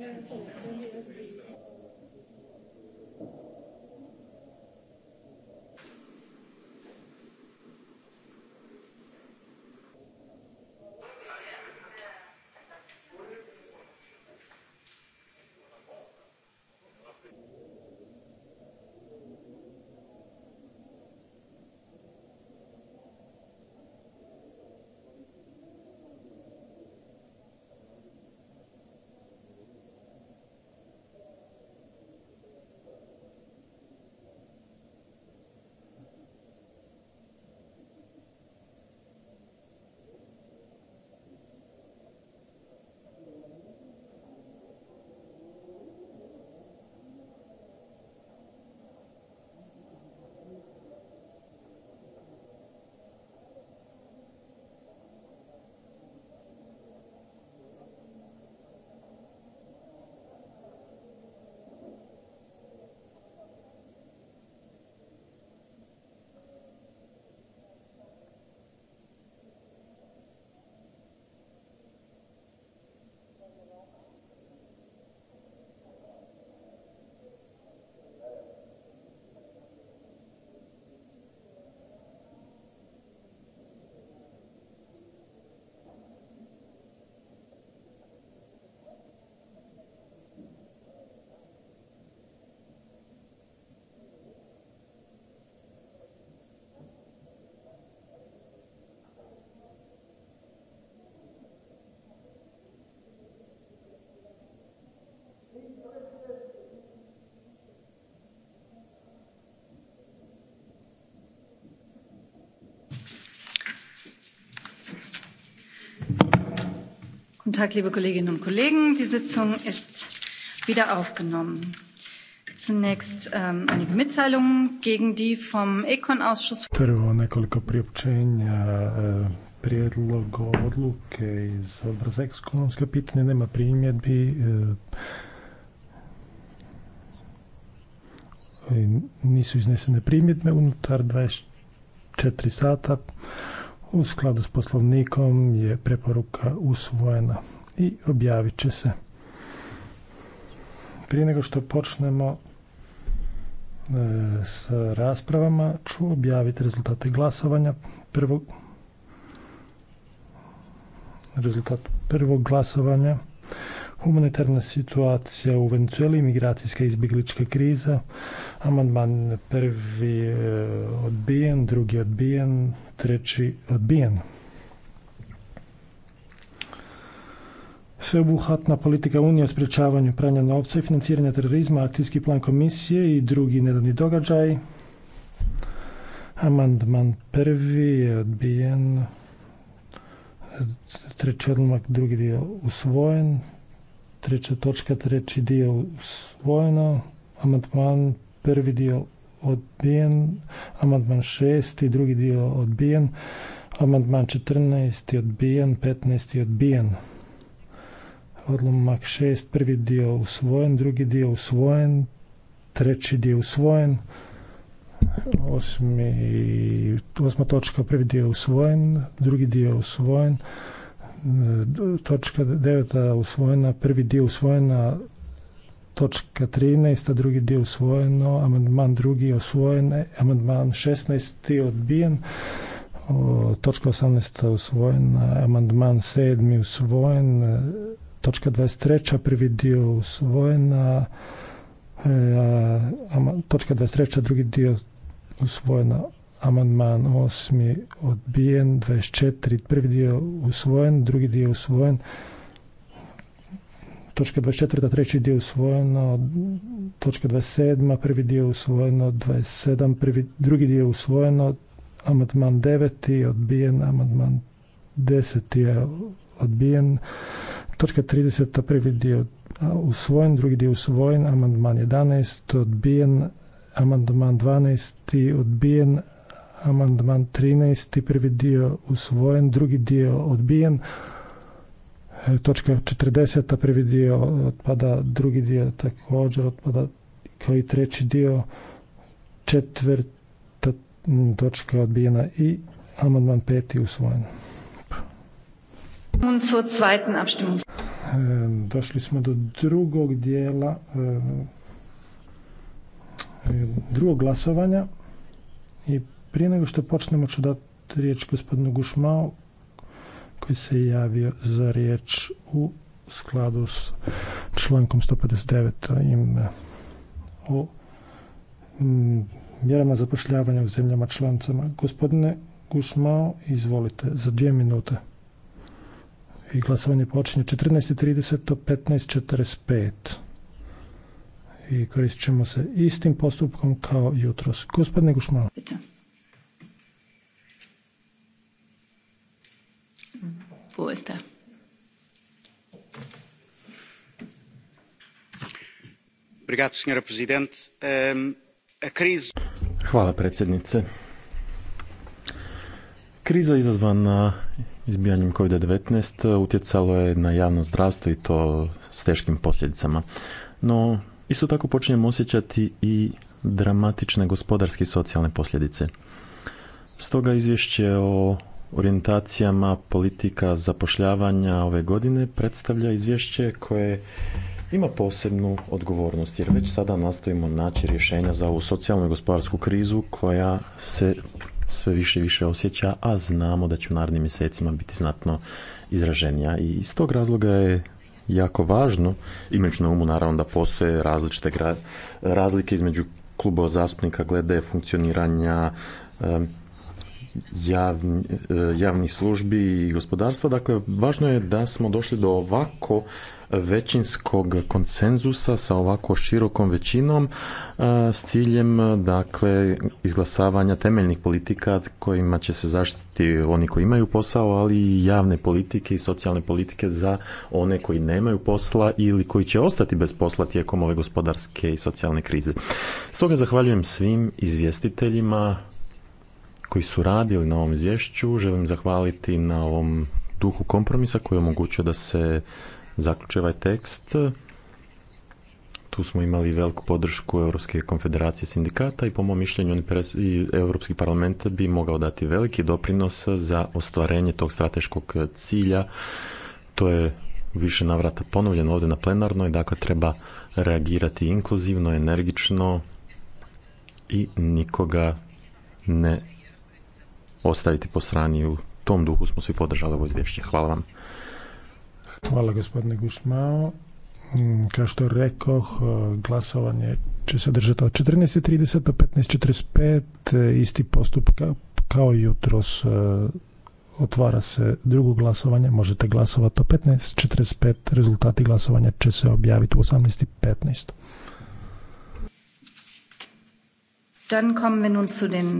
na Guten Tag, liebe Kolleginnen und Kollegen. Die Sitzung ist wieder aufgenommen. Zunächst ähm, einige Mitteilungen gegen die vom Econ-Ausschuss. Prvo nekoliko priopćenja e, prijedlog odluke iz odbora za ekonomska pitanja nema primjedbi. E, nisu iznesene primjedbe unutar 24 sata. U skladu s poslovnikom je preporuka usvojena i objavit će se. Prije nego što počnemo e, s raspravama ću objaviti rezultate glasovanja. Prvo, rezultat prvog glasovanja humanitarna situacija u Venezueli, migracijska izbjeglička kriza, amandman prvi odbijen, drugi odbijen, treći odbijen. Sveobuhatna politika Unije o sprječavanju pranja novca i financiranja terorizma, akcijski plan komisije i drugi nedavni događaj. Amandman prvi je odbijen, treći odlomak, drugi dio usvojen, Treća točka, treći dio usvojeno. Amandman prvi dio odbijen. Amandman šesti, drugi dio odbijen. Amandman četrnaesti odbijen, petnaesti odbijen. Odlomak šest prvi dio usvojen, drugi dio usvojen, treći dio usvojen, osmi, osma točka, prvi dio usvojen, drugi dio usvojen, E, točka 9. usvojena, prvi dio usvojena, točka 13, drugi dio usvojeno, amandman drugi usvojen, e, amandman 16 odbijen, točka 18 usvojena, amandman 7 usvojen, e, točka 23, prvi dio usvojena, točka 23, drugi dio usvojena, Amandman 8. odbijen, 24. prvi dio usvojen, drugi dio usvojen. Točka 24. treći dio usvojeno, točka 27. prvi dio usvojeno, 27. Prvi, drugi dio usvojeno, amandman 9. odbijen, amandman 10. je odbijen, točka 30. prvi dio usvojen, drugi dio usvojen, amandman 11. odbijen, amandman 12. odbijen, Amandman 13. prvi dio usvojen, drugi dio odbijen. E, točka 40. prvi dio otpada, drugi dio također otpada kao i treći dio. Četvrta točka je odbijena i amandman peti usvojen. E, došli smo do drugog dijela e, drugog glasovanja i prije nego što počnemo ću dati riječ gospodinu Gušmao koji se javio za riječ u skladu s člankom 159 ime o mm, mjerama zapošljavanja u zemljama člancama. Gospodine Gušmao, izvolite, za dvije minute. I glasovanje počinje 14.30 do 15.45. I koristit ćemo se istim postupkom kao jutros. Gospodine Gušmao. Wo ist er? Hvala predsjednice. Kriza izazvana izbijanjem COVID-19 utjecalo je na javno zdravstvo i to s teškim posljedicama. No, isto tako počinjemo osjećati i dramatične gospodarske i socijalne posljedice. Stoga izvješće o orijentacijama politika zapošljavanja ove godine predstavlja izvješće koje ima posebnu odgovornost jer već sada nastojimo naći rješenja za ovu socijalnu i gospodarsku krizu koja se sve više i više osjeća, a znamo da će u narednim mjesecima biti znatno izraženija. I iz tog razloga je jako važno, imajući na umu naravno da postoje različite razlike između klubova zastupnika glede funkcioniranja E, javnih službi i gospodarstva. Dakle, važno je da smo došli do ovako većinskog konsenzusa sa ovako širokom većinom e, s ciljem dakle izglasavanja temeljnih politika kojima će se zaštiti oni koji imaju posao, ali i javne politike i socijalne politike za one koji nemaju posla ili koji će ostati bez posla tijekom ove gospodarske i socijalne krize. Stoga zahvaljujem svim izvjestiteljima koji su radili na ovom izvješću. Želim zahvaliti na ovom duhu kompromisa koji je omogućio da se zaključuje ovaj tekst. Tu smo imali veliku podršku Europske konfederacije sindikata i po mom mišljenju Europski parlament bi mogao dati veliki doprinos za ostvarenje tog strateškog cilja. To je više navrata ponovljeno ovdje na plenarnoj, dakle treba reagirati inkluzivno, energično i nikoga ne ostaviti po strani. U tom duhu smo svi podržali ovo izvješće. Hvala vam. Hvala gospodine Gušmao. Mm, kao što rekoh, glasovanje će se držati od 14.30 do 15.45, isti postupak kao jutros e, otvara se drugo glasovanje, možete glasovati o 15.45, rezultati glasovanja će se objaviti u 18.15. Dann kommen wir nun zu den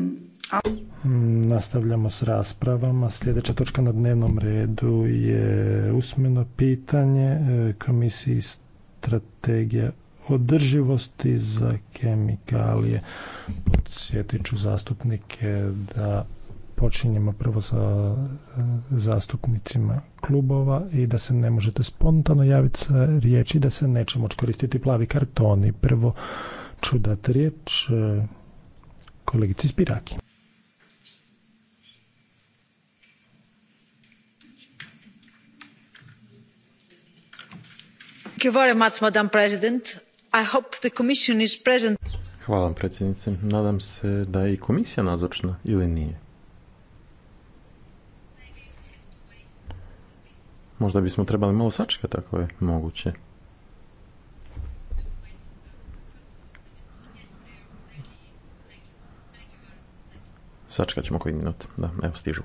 Nastavljamo s raspravama. Sljedeća točka na dnevnom redu je usmeno pitanje e, Komisiji strategije održivosti za kemikalije. Podsjetit ću zastupnike da počinjemo prvo sa e, zastupnicima klubova i da se ne možete spontano javiti sa riječi, da se neće moći koristiti plavi kartoni. Prvo ću dati riječ e, kolegici Spiraki. Madam President. Hvala vam predsjednice. Nadam se da je i komisija nazočna ili nije. Možda bismo trebali malo sačekati ako je moguće. Sačekat ćemo koji minut. Da, evo stižu.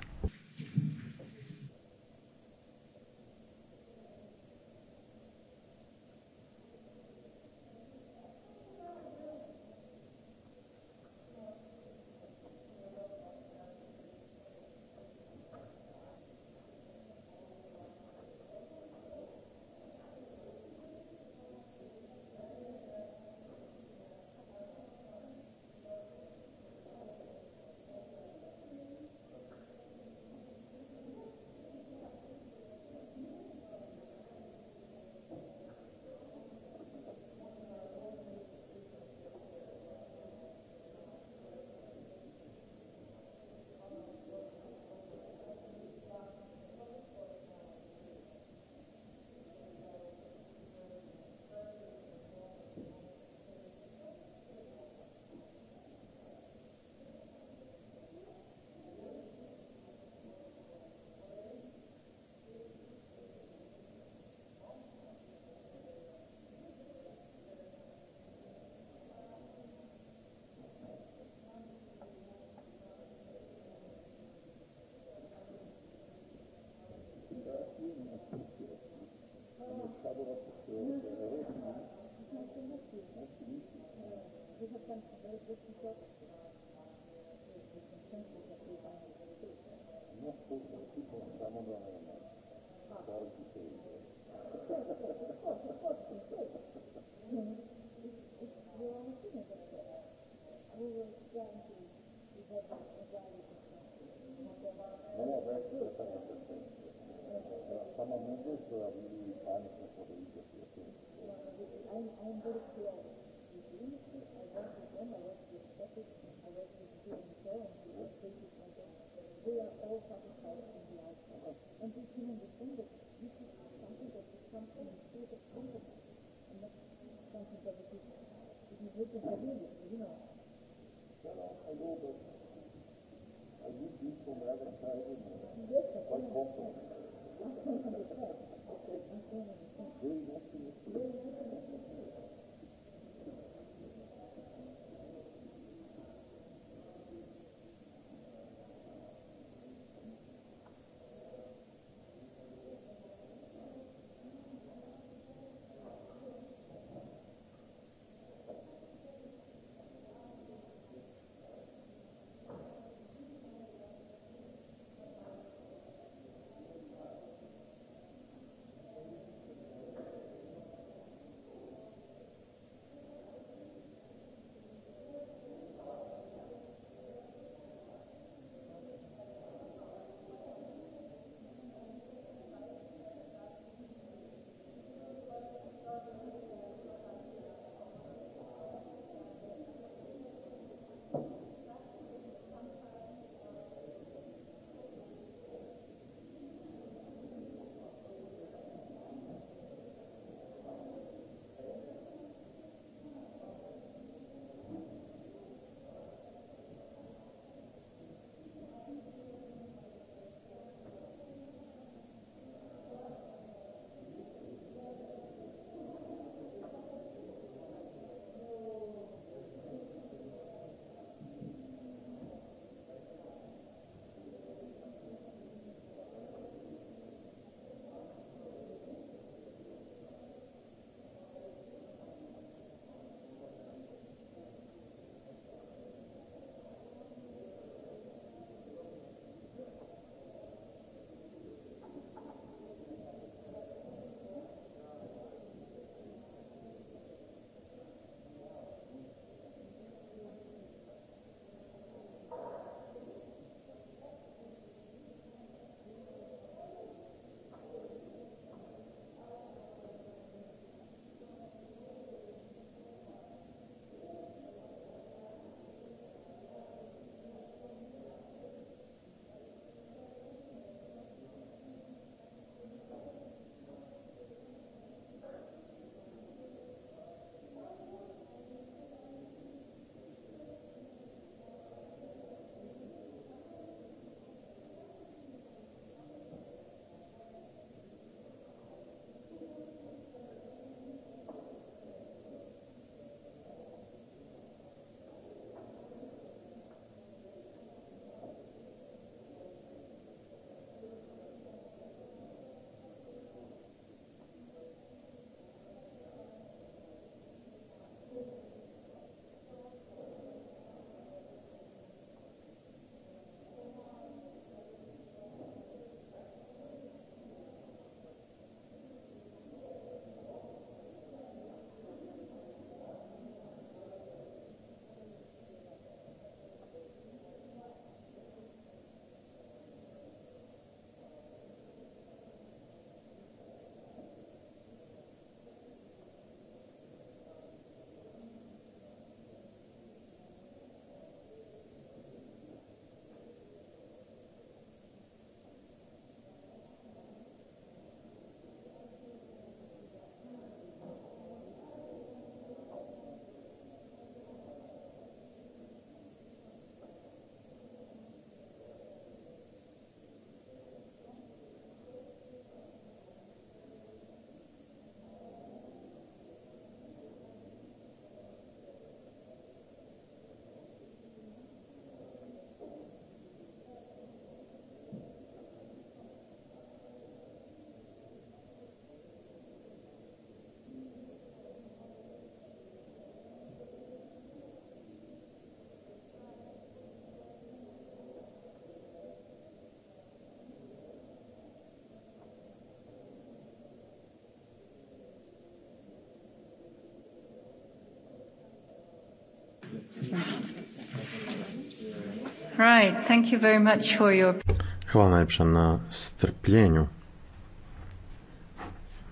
Hvala najpša na strpljenju.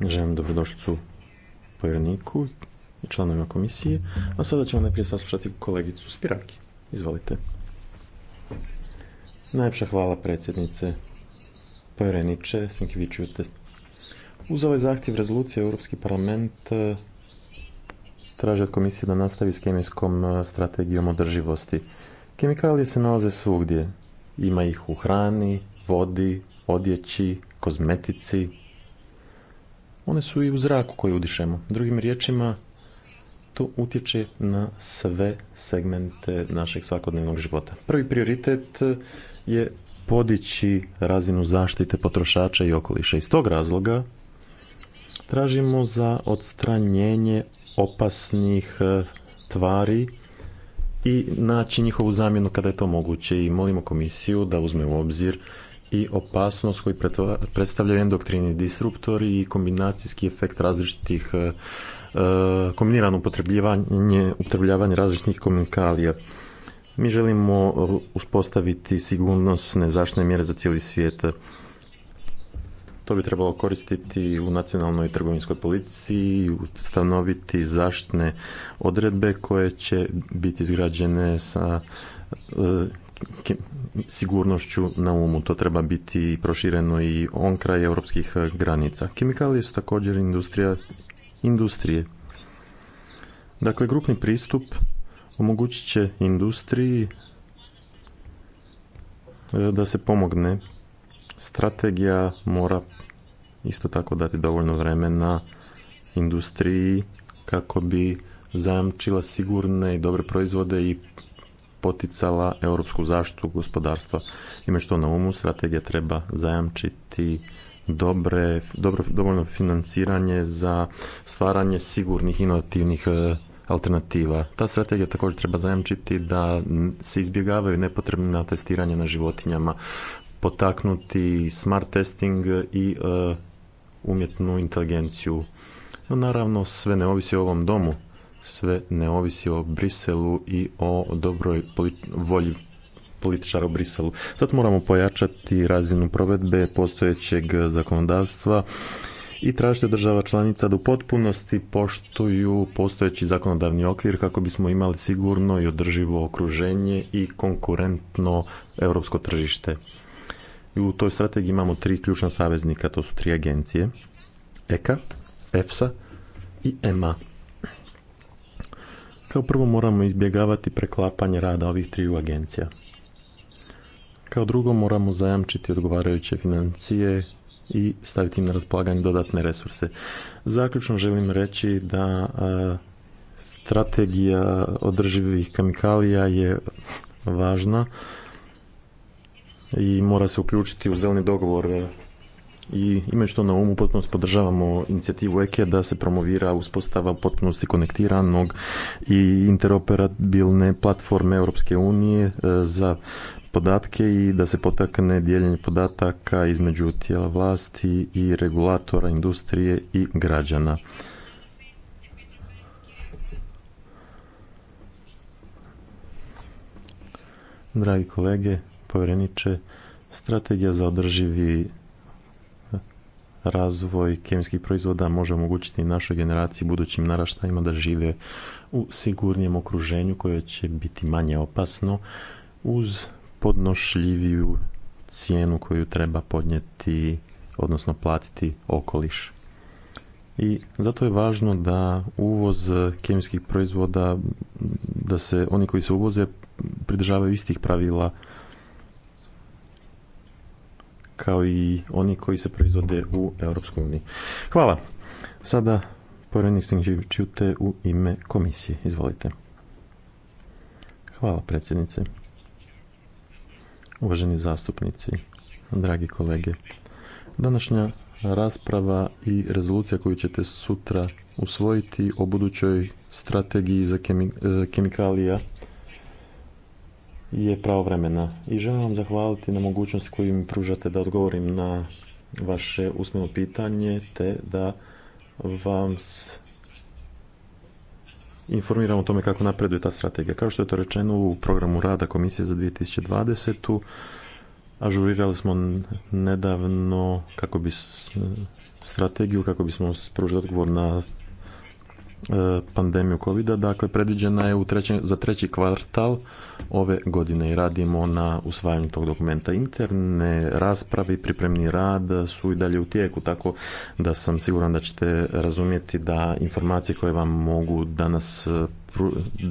Želim dobrodošću povjereniku i članovima komisije. A sada ćemo najprije saslušati kolegicu Spiraki. Izvolite. Najpša hvala predsjednice povjereniče Sinkivićute. Uz ovaj zahtjev rezolucije Europski parlament e, traži od komisije da nastavi s kemijskom e, strategijom održivosti. Kemikalije se nalaze svugdje. Ima ih u hrani, vodi, odjeći, kozmetici. One su i u zraku koji udišemo. Drugim riječima, to utječe na sve segmente našeg svakodnevnog života. Prvi prioritet je podići razinu zaštite potrošača i okoliša. Iz tog razloga tražimo za odstranjenje opasnih eh, tvari i naći njihovu zamjenu kada je to moguće i molimo komisiju da uzme u obzir i opasnost koju predstavljaju endoktrini disruptori i kombinacijski efekt različitih e, e, kombinirano upotrebljavanje, upotrebljavanje različitih komunikalija. Mi želimo uspostaviti sigurnosne zaštitne mjere za cijeli svijet. To bi trebalo koristiti u nacionalnoj trgovinskoj policiji, ustanoviti zaštne odredbe koje će biti izgrađene sa e, sigurnošću na umu. To treba biti prošireno i on kraj europskih granica. Kemikalije su također industrija, industrije. Dakle, grupni pristup omogućit će industriji e, da se pomogne strategija mora isto tako dati dovoljno vremena industriji kako bi zajamčila sigurne i dobre proizvode i poticala europsku zaštitu gospodarstva. Ime što na umu, strategija treba zajamčiti dobre, dobro, dovoljno financiranje za stvaranje sigurnih inovativnih e, alternativa. Ta strategija također treba zajamčiti da se izbjegavaju nepotrebna testiranja na životinjama potaknuti smart testing i e, umjetnu inteligenciju. No naravno sve ne ovisi o ovom domu, sve ne ovisi o Briselu i o dobroj volji političara u Briselu. Sad moramo pojačati razinu provedbe postojećeg zakonodavstva i tražiti država članica da u potpunosti poštuju postojeći zakonodavni okvir kako bismo imali sigurno i održivo okruženje i konkurentno europsko tržište. I u toj strategiji imamo tri ključna saveznika, to su tri agencije, EKA, EFSA i EMA. Kao prvo moramo izbjegavati preklapanje rada ovih triju agencija. Kao drugo moramo zajamčiti odgovarajuće financije i staviti im na raspolaganje dodatne resurse. Zaključno želim reći da e, strategija održivih kemikalija je važna i mora se uključiti u zeleni dogovor i imajući to na umu potpuno podržavamo inicijativu EKE e da se promovira uspostava potpunosti konektiranog i interoperabilne platforme Europske unije e, za podatke i da se potakne dijeljenje podataka između tijela vlasti i regulatora industrije i građana. Dragi kolege, povjereniče, strategija za održivi razvoj kemijskih proizvoda može omogućiti našoj generaciji budućim naraštajima da žive u sigurnijem okruženju koje će biti manje opasno uz podnošljiviju cijenu koju treba podnijeti odnosno platiti okoliš. I zato je važno da uvoz kemijskih proizvoda da se oni koji se uvoze pridržavaju istih pravila kao i oni koji se proizvode u Europskoj uniji. Hvala. Sada povjerenik čute u ime komisije. Izvolite. Hvala predsjednice. Uvaženi zastupnici, dragi kolege. Današnja rasprava i rezolucija koju ćete sutra usvojiti o budućoj strategiji za e, kemikalija je pravovremena i želim vam zahvaliti na mogućnost koju mi pružate da odgovorim na vaše usmeno pitanje te da vam informiram o tome kako napreduje ta strategija. Kao što je to rečeno u programu rada Komisije za 2020. Ažurirali smo nedavno kako bi strategiju, kako bismo pružili odgovor na E, pandemiju covid dakle predviđena je u za treći kvartal ove godine i radimo na usvajanju tog dokumenta. Interne raspravi, pripremni rad su i dalje u tijeku, tako da sam siguran da ćete razumjeti da informacije koje vam mogu danas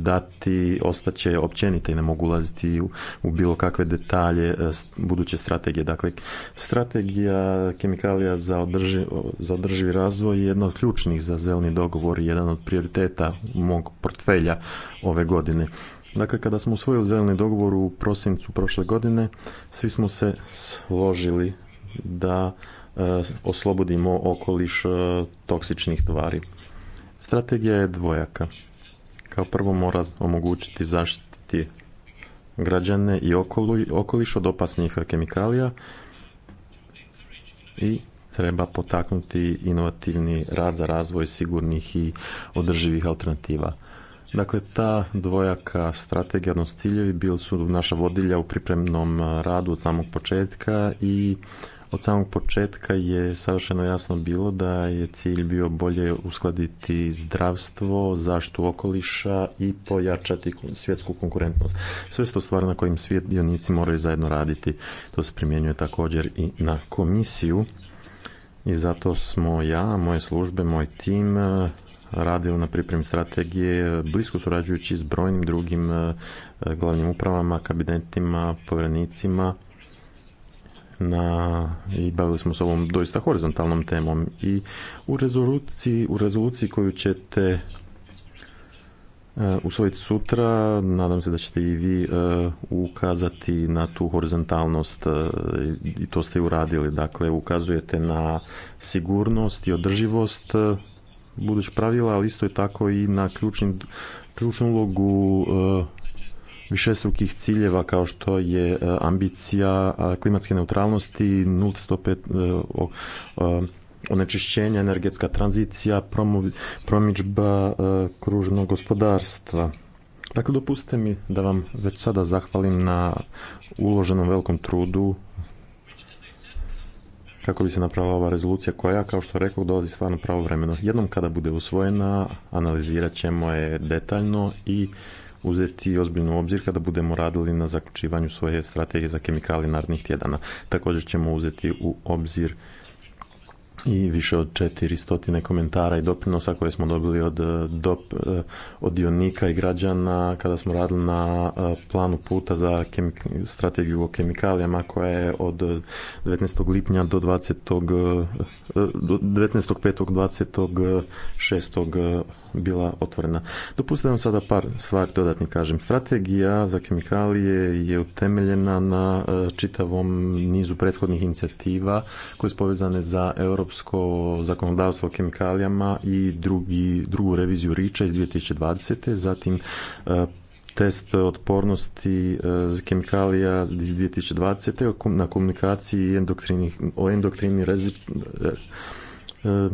dati ostaće općenite i ne mogu ulaziti u, u bilo kakve detalje e, buduće strategije. Dakle, strategija kemikalija za, održivi razvoj je jedna od ključnih za zeleni dogovor i jedan od prioriteta mog portfelja ove godine. Dakle, kada smo usvojili zeleni dogovor u prosincu prošle godine, svi smo se složili da e, oslobodimo okoliš e, toksičnih tvari. Strategija je dvojaka. Kao prvo mora omogućiti zaštiti građane i okoliš od opasnih kemikalija i treba potaknuti inovativni rad za razvoj sigurnih i održivih alternativa. Dakle, ta dvojaka strategija, odnosno ciljevi, bili su naša vodilja u pripremnom radu od samog početka i od samog početka je savršeno jasno bilo da je cilj bio bolje uskladiti zdravstvo, zaštitu okoliša i pojačati svjetsku konkurentnost. Sve su to stvari na kojim svijet dionici moraju zajedno raditi. To se primjenjuje također i na komisiju i zato smo ja, moje službe, moj tim eh, radili na pripremi strategije, blisko surađujući s brojnim drugim eh, glavnim upravama, kabinetima, povjerenicima, na i bavili smo s ovom doista horizontalnom temom i u rezoluciji, u rezoluciji koju ćete e, usvojiti sutra, nadam se da ćete i vi e, ukazati na tu horizontalnost e, i to ste uradili. Dakle, ukazujete na sigurnost i održivost budućih pravila, ali isto je tako i na ključni, ključnu ulogu višestrukih ciljeva kao što je e, ambicija klimatske neutralnosti, stope e, onečišćenja, energetska tranzicija, promičba e, kružnog gospodarstva. Dakle, dopustite mi da vam već sada zahvalim na uloženom velikom trudu kako bi se napravila ova rezolucija koja, kao što rekao, dolazi stvarno pravovremeno. Jednom kada bude usvojena, analizirat ćemo je detaljno i uzeti ozbiljno u obzir kada budemo radili na zaključivanju svoje strategije za kemikalije narednih tjedana. Također ćemo uzeti u obzir i više od 400 komentara i doprinosa koje smo dobili od, eh, dop, eh, od dionika i građana kada smo radili na eh, planu puta za kemik, strategiju o kemikalijama koja je od 19. lipnja do 20. 19.5.26. Eh, bila otvorena. Dopustite nam sada par stvari dodatnih kažem. Strategija za kemikalije je utemeljena na eh, čitavom nizu prethodnih inicijativa koje su povezane za europsko zakonodavstvo o kemikalijama i drugi, drugu reviziju Riča iz 2020. Zatim eh, test otpornosti e, kemikalija iz 2020. na komunikaciji o o uh, e, e,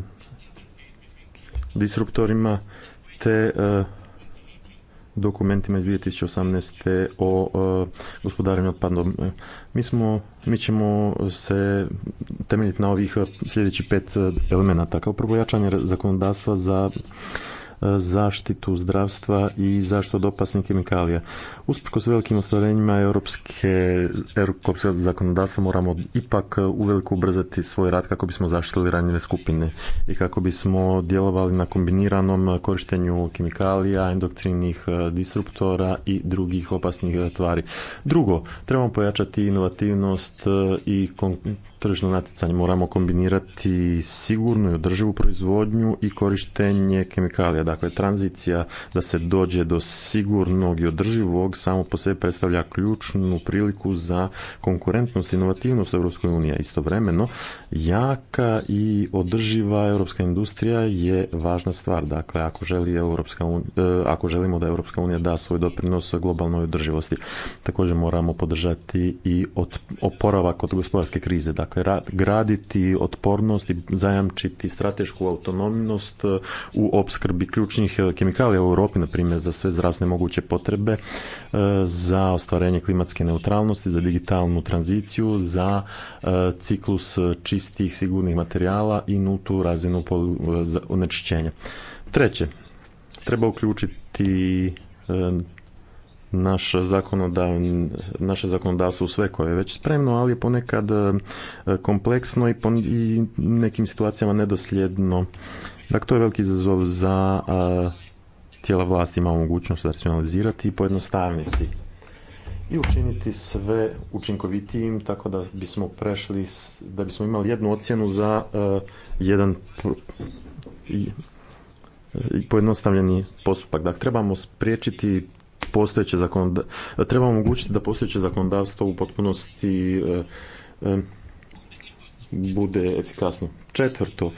disruptorima te dokumentima iz 2018. o gospodarenju otpadom. Mi, smo, mi ćemo se temeljiti na ovih sljedećih pet elemenata. Kao prvo zakonodavstva za zaštitu zdravstva i zaštitu od opasnih kemikalija. Usprkos velikim ostvarenjima europske, europskog zakonodavstva moramo ipak e, uveliko ubrzati svoj rad kako bismo zaštitili ranjive skupine i kako bismo djelovali na kombiniranom korištenju kemikalija, endoktrinih e, disruptora i drugih opasnih tvari. Drugo, trebamo pojačati inovativnost e, i tržno natjecanje. Moramo kombinirati sigurnu i održivu proizvodnju i korištenje kemikalija. Dakle, tranzicija da se dođe do sigurnog i održivog samo po sebi predstavlja ključnu priliku za konkurentnost i inovativnost EU. Istovremeno, jaka i održiva europska industrija je važna stvar. Dakle, ako, želi europska e, ako želimo da Europska unija da svoj doprinos globalnoj održivosti, također moramo podržati i oporavak od gospodarske krize. Dakle, graditi otpornost i zajamčiti stratešku autonomnost e, u opskrbi ključnih e, kemikalija u Europi, na primjer, za sve zdravstvene moguće potrebe E, za ostvarenje klimatske neutralnosti, za digitalnu tranziciju, za e, ciklus čistih sigurnih materijala i nutu razinu onečišćenja. Treće, treba uključiti e, naš zakonodav, naše zakonodavstvo u sve koje je već spremno, ali je ponekad kompleksno i, i nekim situacijama nedosljedno. Dakle, to je veliki izazov za tijela vlasti imamo mogućnost racionalizirati i pojednostavniti i učiniti sve učinkovitijim tako da bismo prešli, da bismo imali jednu ocjenu za e, jedan i, pojednostavljeni postupak. Dakle, trebamo spriječiti postojeće zakonodavstvo, trebamo omogućiti da postojeće zakonodavstvo u potpunosti e, e, bude efikasno. Četvrto,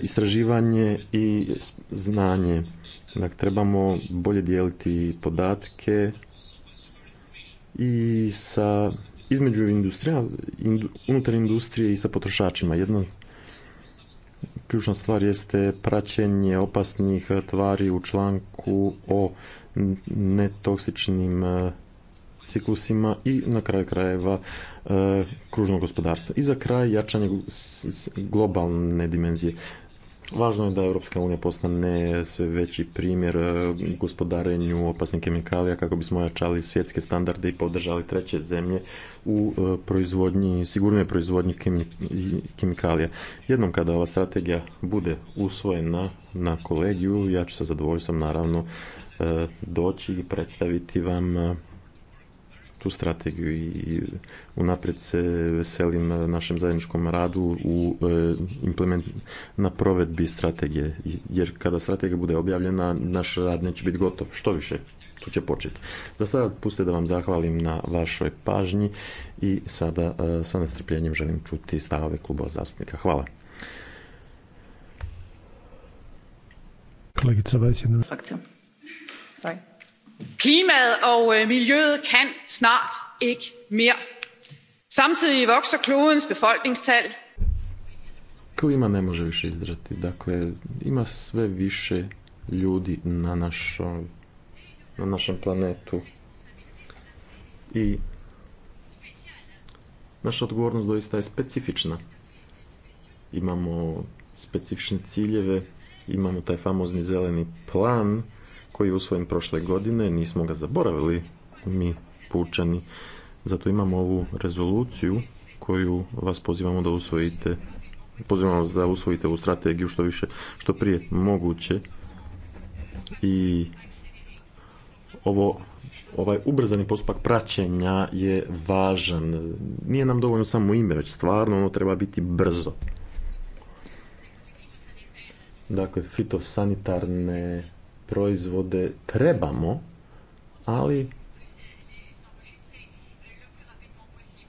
istraživanje i znanje. Dakle, trebamo bolje dijeliti podatke i sa između industrija, unutar industrije i sa potrošačima. Jedna ključna stvar jeste praćenje opasnih tvari u članku o netoksičnim e, ciklusima i na kraju krajeva e, kružnog gospodarstva. I za kraj jačanje globalne dimenzije. Važno je da Europska unija postane sve veći primjer e, gospodarenju opasnih kemikalija kako bismo ojačali svjetske standarde i podržali treće zemlje u e, proizvodnji, sigurnoj proizvodnji kemikalija. Jednom kada ova strategija bude usvojena na kolegiju, ja ću sa zadovoljstvom naravno e, doći i predstaviti vam tu strategiju i unaprijed se veselim e, našem zajedničkom radu u e, implement, na provedbi strategije. Jer kada strategija bude objavljena, naš rad neće biti gotov. Što više, tu će početi. Za sada da vam zahvalim na vašoj pažnji i sada e, sa nestrpljenjem želim čuti stavove kluba zastupnika. Hvala. Kolegica Vajs, jedna... Sorry klimaet og øh, miljøet kan snart ikke mere samtidig klodens befolkningstal klima ne može više izdržati dakle ima sve više ljudi na na našem planetu i naša odgovornost doista je specifična imamo specifične ciljeve imamo taj famozni zeleni plan koji je usvojen prošle godine, nismo ga zaboravili mi pučani. Zato imamo ovu rezoluciju koju vas pozivamo da usvojite pozivamo vas da usvojite ovu strategiju što više, što prije moguće i ovo ovaj ubrzani postupak praćenja je važan. Nije nam dovoljno samo ime, već stvarno ono treba biti brzo. Dakle, fitosanitarne proizvode trebamo, ali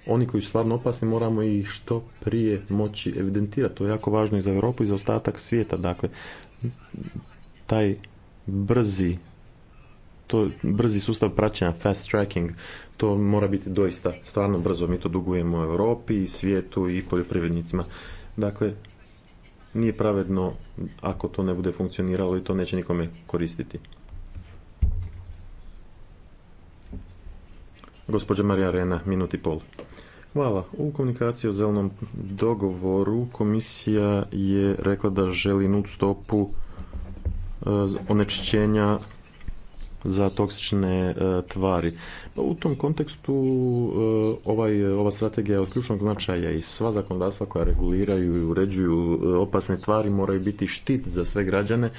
oni koji su stvarno opasni moramo ih što prije moći evidentirati. To je jako važno i za Europu i za ostatak svijeta. Dakle, taj brzi to brzi sustav praćenja, fast tracking, to mora biti doista stvarno brzo. Mi to dugujemo Europi i svijetu i poljoprivrednicima. Dakle, nije pravedno ako to ne bude funkcioniralo i to neće nikome koristiti. Gospođa Marija Rena, minut pol. Hvala. U komunikaciji o zelenom dogovoru komisija je rekla da želi nut stopu e, onečišćenja za toksične e, tvari. Pa u tom kontekstu e, ovaj, ova strategija je od ključnog značaja i sva zakonodavstva koja reguliraju i uređuju e, opasne tvari moraju biti štit za sve građane e,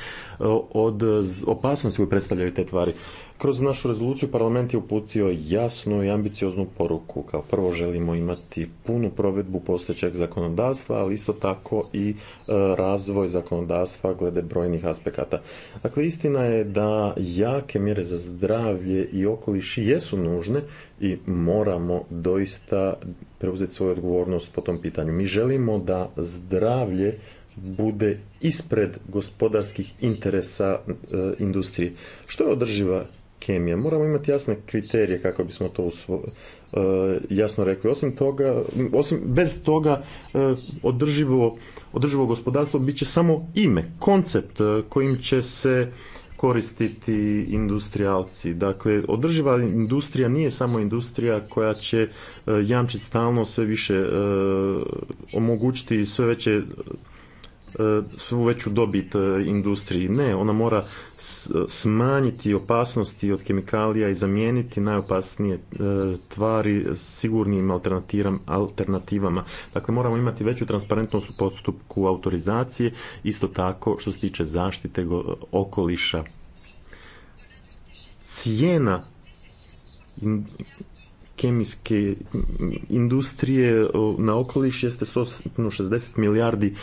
od opasnosti koju predstavljaju te tvari. Kroz našu rezoluciju parlament je uputio jasnu i ambicioznu poruku. Kao prvo želimo imati punu provedbu postojećeg zakonodavstva, ali isto tako i e, razvoj zakonodavstva glede brojnih aspekata. Dakle, istina je da jake mjere za zdravlje i okoliš jesu nužne i moramo doista preuzeti svoju odgovornost po tom pitanju. Mi želimo da zdravlje bude ispred gospodarskih interesa e, industrije. Što je održiva kemija. Moramo imati jasne kriterije kako bismo to e, jasno rekli. Osim toga, osim, bez toga e, održivo, održivo gospodarstvo bit će samo ime, koncept e, kojim će se koristiti industrijalci. Dakle, održiva industrija nije samo industrija koja će jamčiti stalno sve više, omogućiti sve veće svu veću dobit e, industriji. Ne, ona mora smanjiti opasnosti od kemikalija i zamijeniti najopasnije e, tvari sigurnim alternativama. Dakle, moramo imati veću transparentnost u postupku autorizacije, isto tako što se tiče zaštite okoliša. Cijena kemijske industrije na okoliš jeste 160 milijardi e,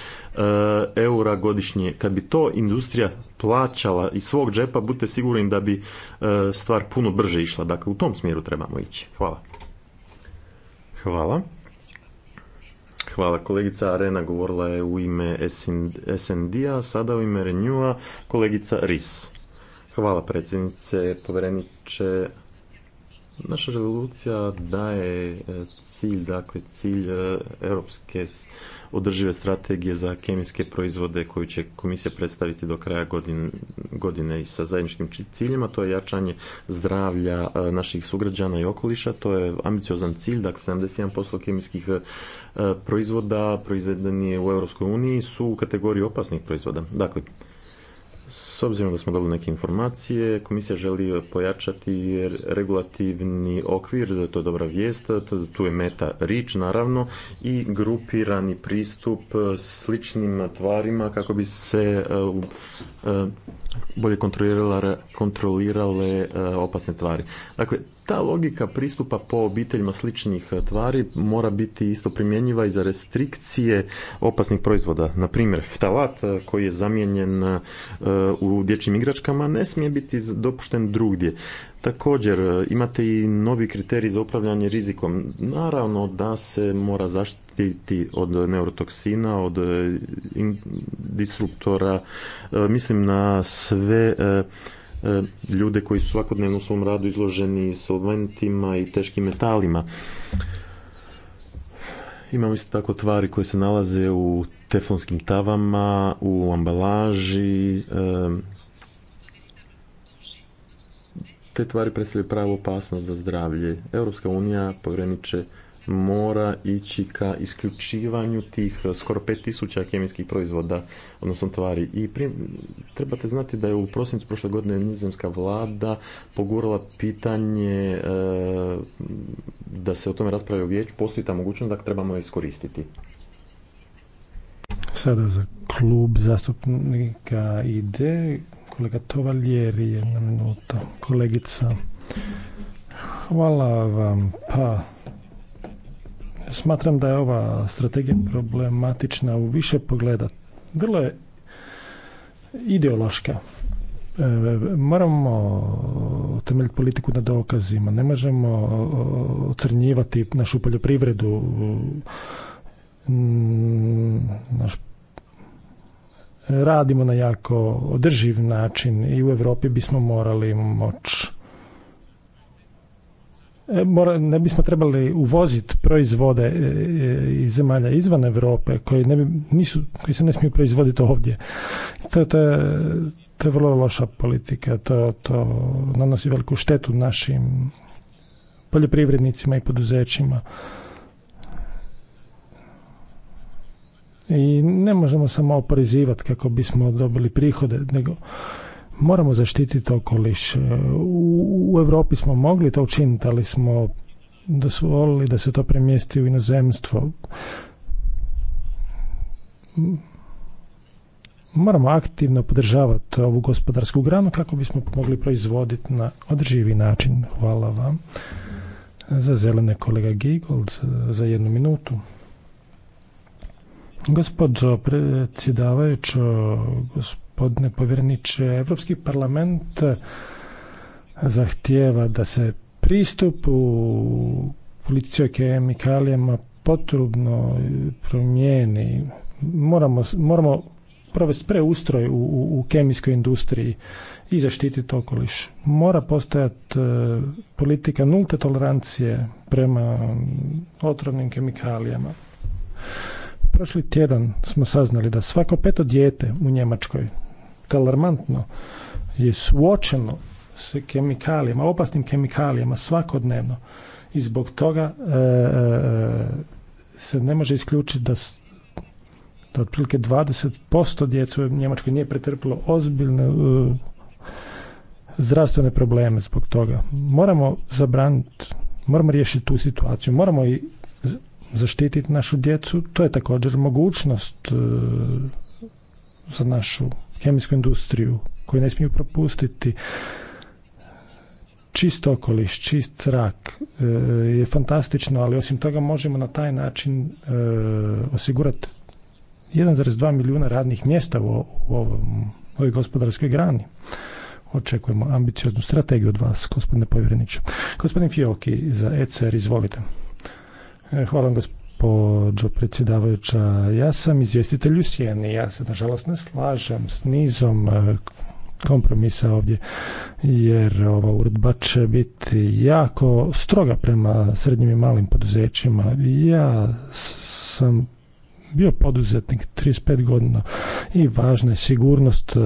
eura godišnje. Kad bi to industrija plaćala iz svog džepa, budite sigurni da bi e, stvar puno brže išla. Dakle, u tom smjeru trebamo ići. Hvala. Hvala. Hvala. Kolegica Arena govorila je u ime SND-a, sada u ime Renjua, kolegica Ris. Hvala predsjednice, povereniče Naša revolucija daje e, cilj, dakle cilj e, europske održive strategije za kemijske proizvode koju će komisija predstaviti do kraja godine, i sa zajedničkim ciljima. To je jačanje zdravlja e, naših sugrađana i okoliša. To je ambiciozan cilj, dakle 71% kemijskih proizvoda proizvedeni u Europskoj uniji su u kategoriji opasnih proizvoda. Dakle, s obzirom da smo dobili neke informacije, komisija želi pojačati regulativni okvir, da je to dobra vijest, tu je meta rič naravno i grupirani pristup sličnim tvarima kako bi se e, E, bolje kontrolirale, kontrolirale e, opasne tvari. Dakle, ta logika pristupa po obiteljima sličnih e, tvari mora biti isto primjenjiva i za restrikcije opasnih proizvoda. Na primjer, ftalat koji je zamijenjen u dječjim igračkama ne smije biti dopušten drugdje. Također, e, imate i novi kriterij za upravljanje rizikom. Naravno da se mora zaštititi od neurotoksina, od e, disruptora. E, mislim na sve ljude koji su svakodnevno u svom radu izloženi solventima i teškim metalima. Imamo isto tako tvari koje se nalaze u teflonskim tavama, u ambalaži, te tvari predstavljaju pravu opasnost za zdravlje. Europska unija povjereniče mora ići ka isključivanju tih skoro 5000 kemijskih proizvoda, odnosno tvari. I trebate znati da je u prosincu prošle godine nizemska vlada pogurala pitanje e, da se o tome raspravi u vijeću. Postoji ta mogućnost da dakle, trebamo je iskoristiti. Sada za klub zastupnika ide Kolega Tovaljeri, jedna minuta. Kolegica, hvala vam. Pa, smatram da je ova strategija problematična u više pogleda. Vrlo je ideološka. E, moramo temeljiti politiku na dokazima. Ne možemo ocrnjivati našu poljoprivredu, naš radimo na jako održiv način i u Europi bismo morali moć e, ne bismo trebali uvoziti proizvode e, e, iz zemalja izvan Europe koji, ne, nisu, koji se ne smiju proizvoditi ovdje. To, je, to vrlo loša politika, to, to nanosi veliku štetu našim poljoprivrednicima i poduzećima. i ne možemo samo oporezivati kako bismo dobili prihode, nego moramo zaštititi okoliš. E, u, u Europi smo mogli to učiniti, ali smo dozvolili da se to premjesti u inozemstvo. Moramo aktivno podržavati ovu gospodarsku granu kako bismo mogli proizvoditi na održivi način. Hvala vam. Za zelene kolega Gigold za jednu minutu. Gospođo predsjedavajući gospodine povjereniče, Europski parlament zahtijeva da se pristup u o kemikalijama potrubno promijeni. Moramo, provesti preustroj u, kemijskoj industriji i zaštititi okoliš. Mora postojati e, politika nulte tolerancije prema otrovnim kemikalijama. Prošli tjedan smo saznali da svako peto dijete u Njemačkoj, alarmantno, je suočeno s kemikalijama, opasnim kemikalijama svakodnevno. I zbog toga e, e, e, se ne može isključiti da, da otprilike 20% djece u Njemačkoj nije pretrpilo ozbiljne zdravstvene probleme zbog toga. Moramo zabraniti, moramo riješiti tu situaciju, moramo i zaštititi našu djecu. To je također mogućnost e, za našu kemijsku industriju koju ne smiju propustiti. Čist okoliš, čist zrak e, je fantastično, ali osim toga možemo na taj način e, osigurati 1,2 milijuna radnih mjesta u ovoj gospodarskoj grani. Očekujemo ambicioznu strategiju od vas, gospodine povjereniče. Gospodin Fioki za ECR, izvolite. E, hvala vam gospođo predsjedavajuća. Ja sam izvjestitelj u Sjeni. Ja se nažalost ne slažem s nizom e, kompromisa ovdje, jer ova uredba će biti jako stroga prema srednjim i malim poduzećima. Ja sam bio poduzetnik 35 godina i važna je sigurnost e,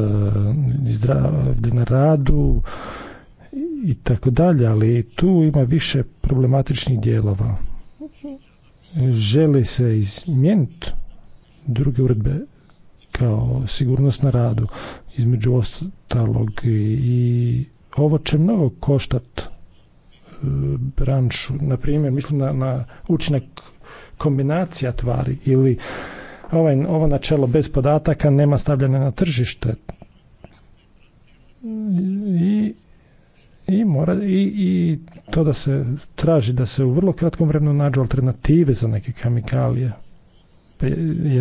zdravlje na radu i tako dalje, ali tu ima više problematičnih dijelova želi se izmijeniti druge uredbe kao sigurnost na radu, između ostalog i ovo će mnogo koštati e, branšu. Na primjer, mislim na, na učinak kombinacija tvari ili ovaj, ovo načelo bez podataka nema stavljanja na tržište. I i, mora, i, i to da se traži da se u vrlo kratkom vremenu nađu alternative za neke kemikalije. ja pa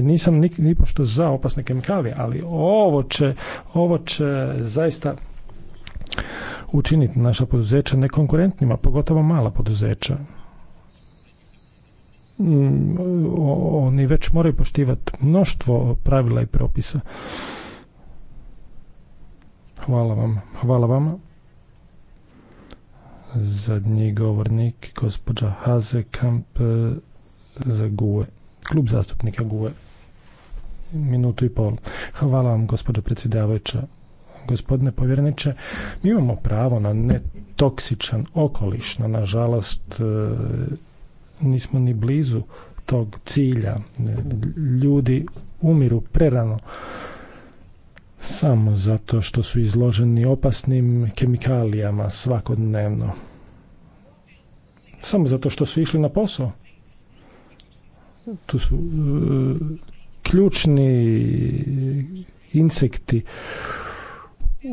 nisam ni, ni pošto za opasne kemikalije, ali ovo će, ovo će zaista učiniti naša poduzeća nekonkurentnima, pogotovo mala poduzeća. Mm, oni već moraju poštivati mnoštvo pravila i propisa. Hvala vam. Hvala vama zadnji govornik, gospođa Kamp eh, za GUE, klub zastupnika GUE. Minutu i pol. Hvala vam, gospođo predsjedavajuća. Gospodine povjereniče, mi imamo pravo na netoksičan okoliš, na nažalost eh, nismo ni blizu tog cilja. Ljudi umiru prerano samo zato što su izloženi opasnim kemikalijama svakodnevno. Samo zato što su išli na posao. Tu su e, ključni insekti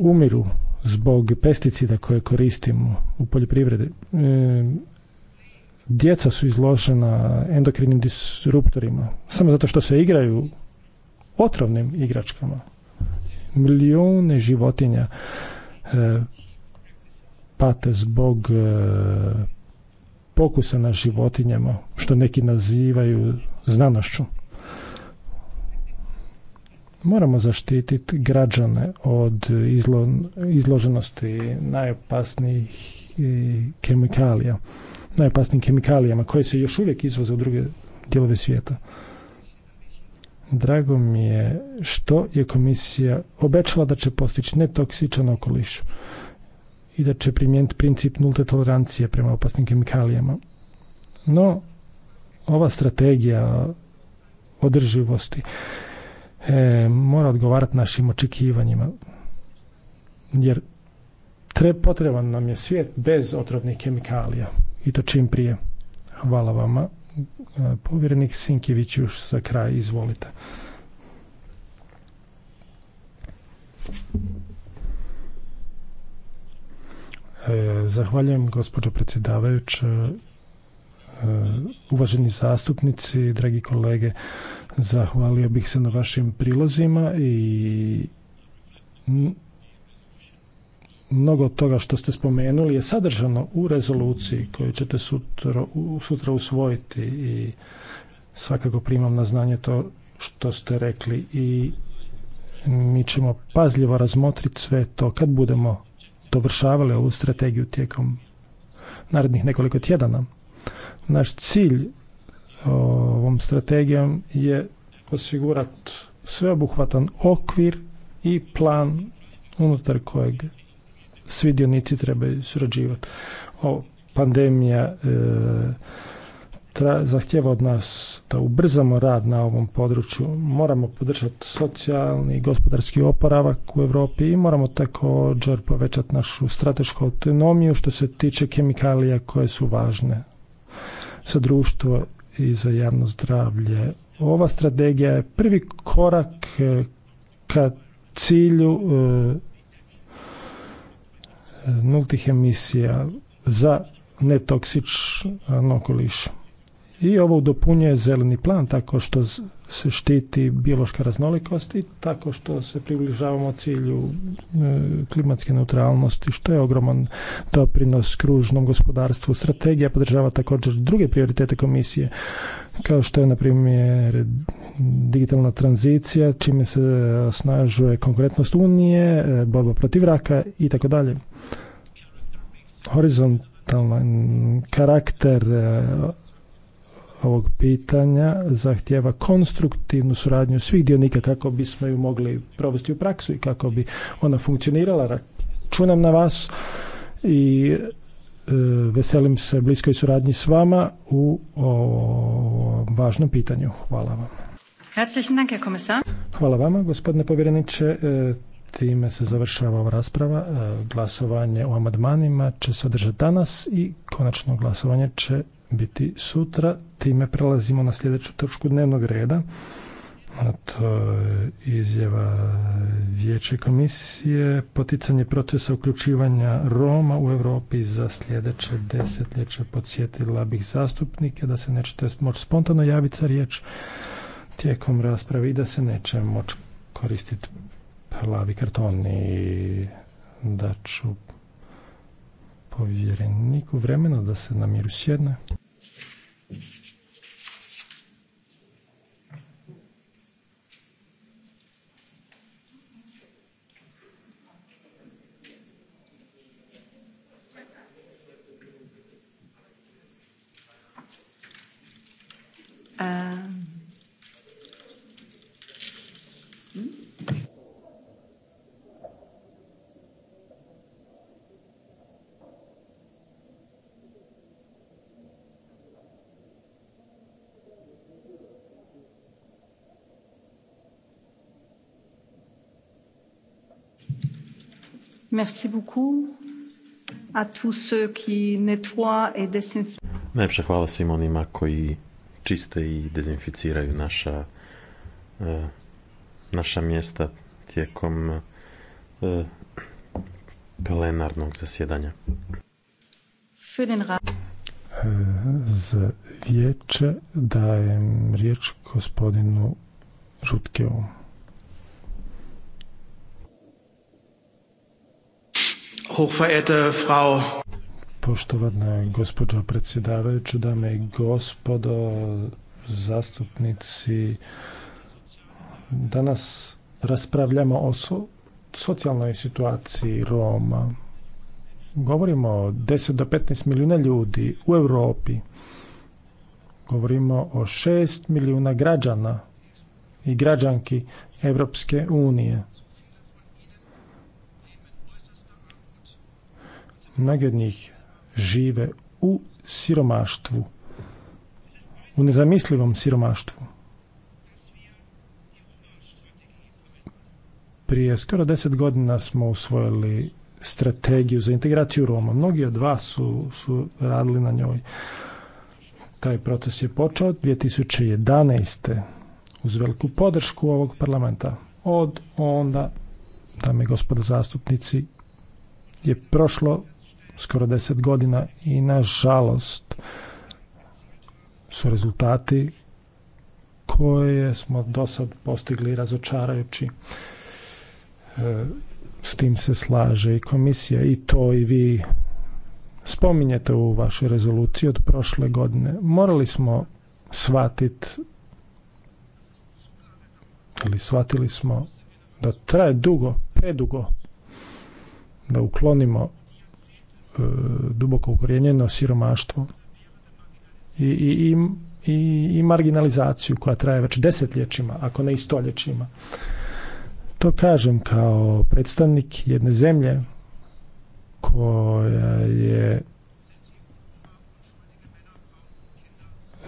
umiru zbog pesticida koje koristimo u poljoprivredi. E, djeca su izložena endokrinim disruptorima samo zato što se igraju otrovnim igračkama milijune životinja e, pate zbog e, pokusa na životinjama, što neki nazivaju znanošću. Moramo zaštititi građane od izloženosti najopasnijih e, kemikalija, najopasnijim kemikalijama koje se još uvijek izvoze u druge dijelove svijeta. Drago mi je što je komisija obećala da će postići netoksičan okoliš i da će primijeniti princip nulte tolerancije prema opasnim kemikalijama. No, ova strategija održivosti e, mora odgovarati našim očekivanjima. Jer tre, potreban nam je svijet bez otrovnih kemikalija i to čim prije. Hvala vama povjerenik Sinkević još za kraj, izvolite. E, zahvaljujem gospođo predsjedavajuća, e, uvaženi zastupnici, dragi kolege, zahvalio bih se na vašim prilozima i mnogo toga što ste spomenuli je sadržano u rezoluciji koju ćete sutra, sutra usvojiti i svakako primam na znanje to što ste rekli i mi ćemo pazljivo razmotriti sve to kad budemo dovršavali ovu strategiju tijekom narednih nekoliko tjedana. Naš cilj ovom strategijom je osigurati sveobuhvatan okvir i plan unutar kojeg svi dionici trebaju surađivati. O, pandemija e, zahtjeva od nas da ubrzamo rad na ovom području. Moramo podržati socijalni i gospodarski oporavak u Europi i moramo također povećati našu stratešku autonomiju što se tiče kemikalija koje su važne za društvo i za javno zdravlje. Ova strategija je prvi korak e, ka cilju e, nultih emisija za netoksičan okoliš. I ovo dopunjuje zeleni plan tako što se štiti biološka raznolikost i tako što se približavamo cilju e, klimatske neutralnosti, što je ogroman doprinos kružnom gospodarstvu. Strategija podržava također druge prioritete komisije, kao što je, na primjer, digitalna tranzicija, čime se e, osnažuje konkurentnost Unije, e, borba protiv raka i tako dalje. Horizontalan karakter e, ovog pitanja zahtjeva konstruktivnu suradnju svih dionika kako bismo ju mogli provesti u praksu i kako bi ona funkcionirala. Računam na vas i veselim se bliskoj suradnji s vama u važnom pitanju. Hvala vam. Hvala vama, gospodine povjereniče. E, time se završava ova rasprava. E, glasovanje o amandmanima će se održati danas i konačno glasovanje će biti sutra. Time prelazimo na sljedeću točku dnevnog reda. od to je izjava Vijeće komisije, poticanje procesa uključivanja Roma u Europi za sljedeće desetljeće. Podsjetila bih zastupnike da se nećete moći spontano javiti za riječ tijekom rasprave i da se neće moći koristiti plavi karton i da ću povjereniku vremena da se na miru sjedne. Um. Merci beaucoup a tous ceux qui nettoient et désinfectent. hvala svim onima koji čiste i dezinficiraju naša, e, naša mjesta tijekom e, plenarnog zasjedanja. Za vijeće dajem riječ gospodinu Žutkevu. Hochverehrte Frau Poštovana gospođo predsjedavajuća, dame i gospodo, zastupnici, danas raspravljamo o socijalnoj situaciji Roma. Govorimo o 10 do 15 milijuna ljudi u Europi. Govorimo o 6 milijuna građana i građanki Europske unije. Mnogi od njih žive u siromaštvu, u nezamislivom siromaštvu. Prije skoro deset godina smo usvojili strategiju za integraciju Roma. Mnogi od vas su, su radili na njoj. Taj proces je počeo 2011. uz veliku podršku ovog parlamenta. Od onda, dame i gospodo zastupnici, je prošlo skoro deset godina i nažalost su rezultati koje smo do sad postigli razočarajući. E, s tim se slaže i komisija i to i vi spominjete u vašoj rezoluciji od prošle godine. Morali smo shvatiti ili shvatili smo da traje dugo, predugo da uklonimo E, duboko ukorijenjeno siromaštvo i, i, i, i marginalizaciju koja traje već desetljećima, ako ne i stoljećima. To kažem kao predstavnik jedne zemlje koja je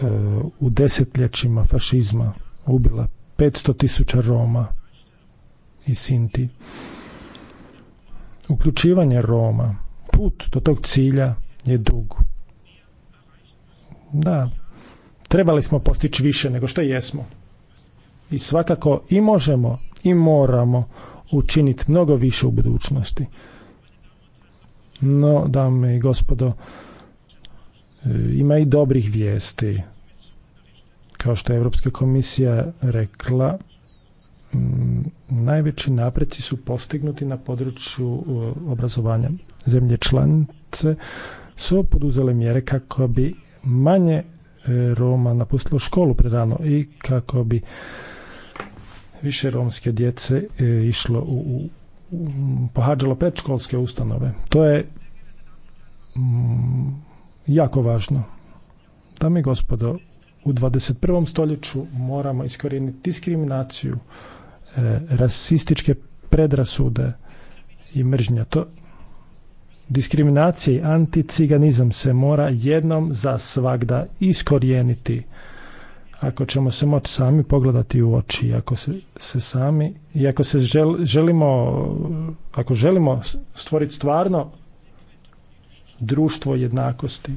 e, u desetljećima fašizma ubila 500 tisuća Roma i Sinti. Uključivanje Roma put do tog cilja je dug. Da, trebali smo postići više nego što jesmo. I svakako i možemo i moramo učiniti mnogo više u budućnosti. No, dame i gospodo, e, ima i dobrih vijesti. Kao što je Europska komisija rekla, Najveći napreci su postignuti na području uh, obrazovanja. Zemlje članice su poduzele mjere kako bi manje e, Roma napustilo školu prerano i kako bi više romske djece e, išlo u, pohađalo predškolske ustanove. To je mm, jako važno. Dame i gospodo, u 21. stoljeću moramo iskorijeniti diskriminaciju E, rasističke predrasude i mržnja. To diskriminacija i anticiganizam se mora jednom za svagda iskorijeniti. Ako ćemo se moći sami pogledati u oči, ako se, se sami i ako se želimo ako želimo stvoriti stvarno društvo jednakosti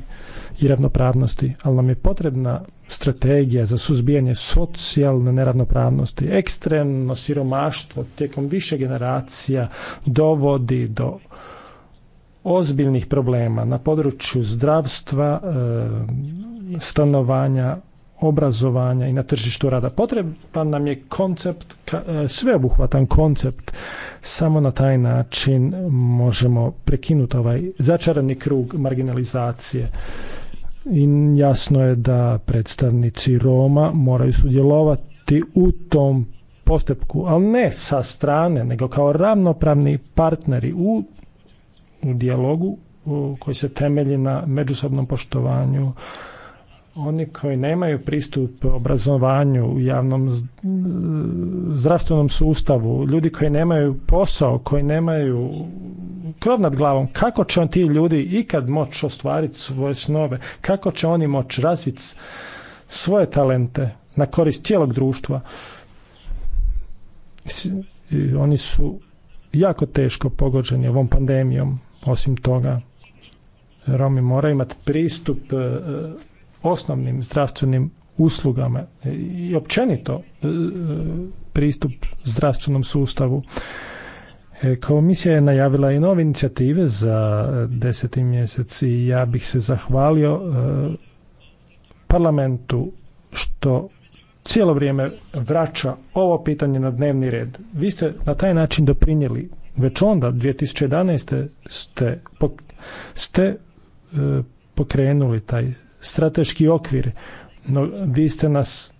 i ravnopravnosti, ali nam je potrebna strategija za suzbijanje socijalne neravnopravnosti, ekstremno siromaštvo tijekom više generacija dovodi do ozbiljnih problema na području zdravstva, eh, stanovanja, obrazovanja i na tržištu rada. Potreban nam je koncept, eh, sveobuhvatan koncept. Samo na taj način možemo prekinuti ovaj začarani krug marginalizacije i jasno je da predstavnici Roma moraju sudjelovati u tom postupku, ali ne sa strane, nego kao ravnopravni partneri u, u dijalogu u, koji se temelji na međusobnom poštovanju oni koji nemaju pristup obrazovanju u javnom zdravstvenom sustavu, ljudi koji nemaju posao, koji nemaju krov nad glavom, kako će on ti ljudi ikad moći ostvariti svoje snove, kako će oni moći razviti svoje talente na korist cijelog društva. Oni su jako teško pogođeni ovom pandemijom, osim toga. Romi moraju imati pristup e, e, osnovnim zdravstvenim uslugama i općenito e, pristup zdravstvenom sustavu. E, komisija je najavila i nove inicijative za e, deseti mjesec i ja bih se zahvalio parlamentu što cijelo vrijeme vraća ovo pitanje na dnevni red. Vi ste na taj način doprinijeli već onda 2011. ste, ste pokrenuli taj strateški okvir. No, vi ste nas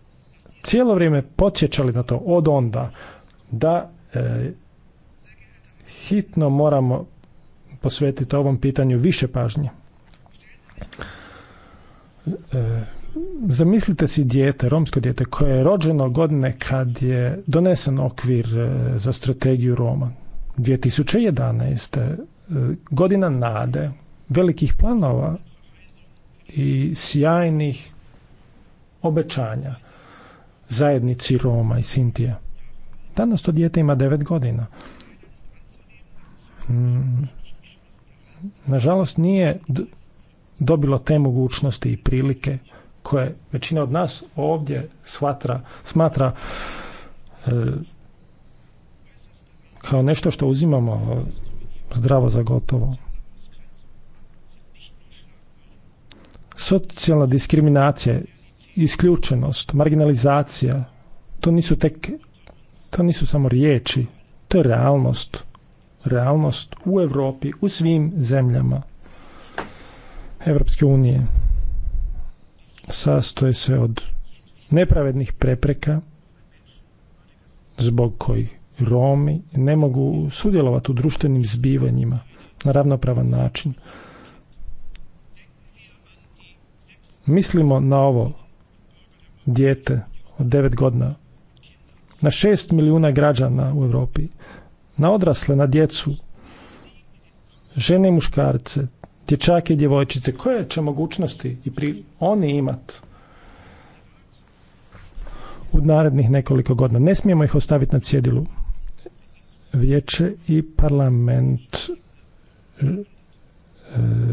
cijelo vrijeme podsjećali na to od onda da e, hitno moramo posvetiti ovom pitanju više pažnje. E, zamislite si dijete, romsko dijete, koje je rođeno godine kad je donesen okvir e, za strategiju Roma. 2011. godina nade, velikih planova, i sjajnih obećanja zajednici Roma i Sintije. Danas to dijete ima devet godina. Mm. Nažalost nije dobilo te mogućnosti i prilike koje većina od nas ovdje shvatra, smatra e, kao nešto što uzimamo zdravo za gotovo. Socijalna diskriminacija, isključenost, marginalizacija, to nisu tek, to nisu samo riječi, to je realnost. Realnost u Europi, u svim zemljama Europske unije. Sastoje se od nepravednih prepreka zbog kojih Romi ne mogu sudjelovati u društvenim zbivanjima na ravnopravan način. Mislimo na ovo dijete od devet godina, na 6 milijuna građana u Europi, na odrasle, na djecu, žene i muškarce, dječake i djevojčice, koje će mogućnosti i pri oni imat u narednih nekoliko godina. Ne smijemo ih ostaviti na cjedilu. Vijeće i parlament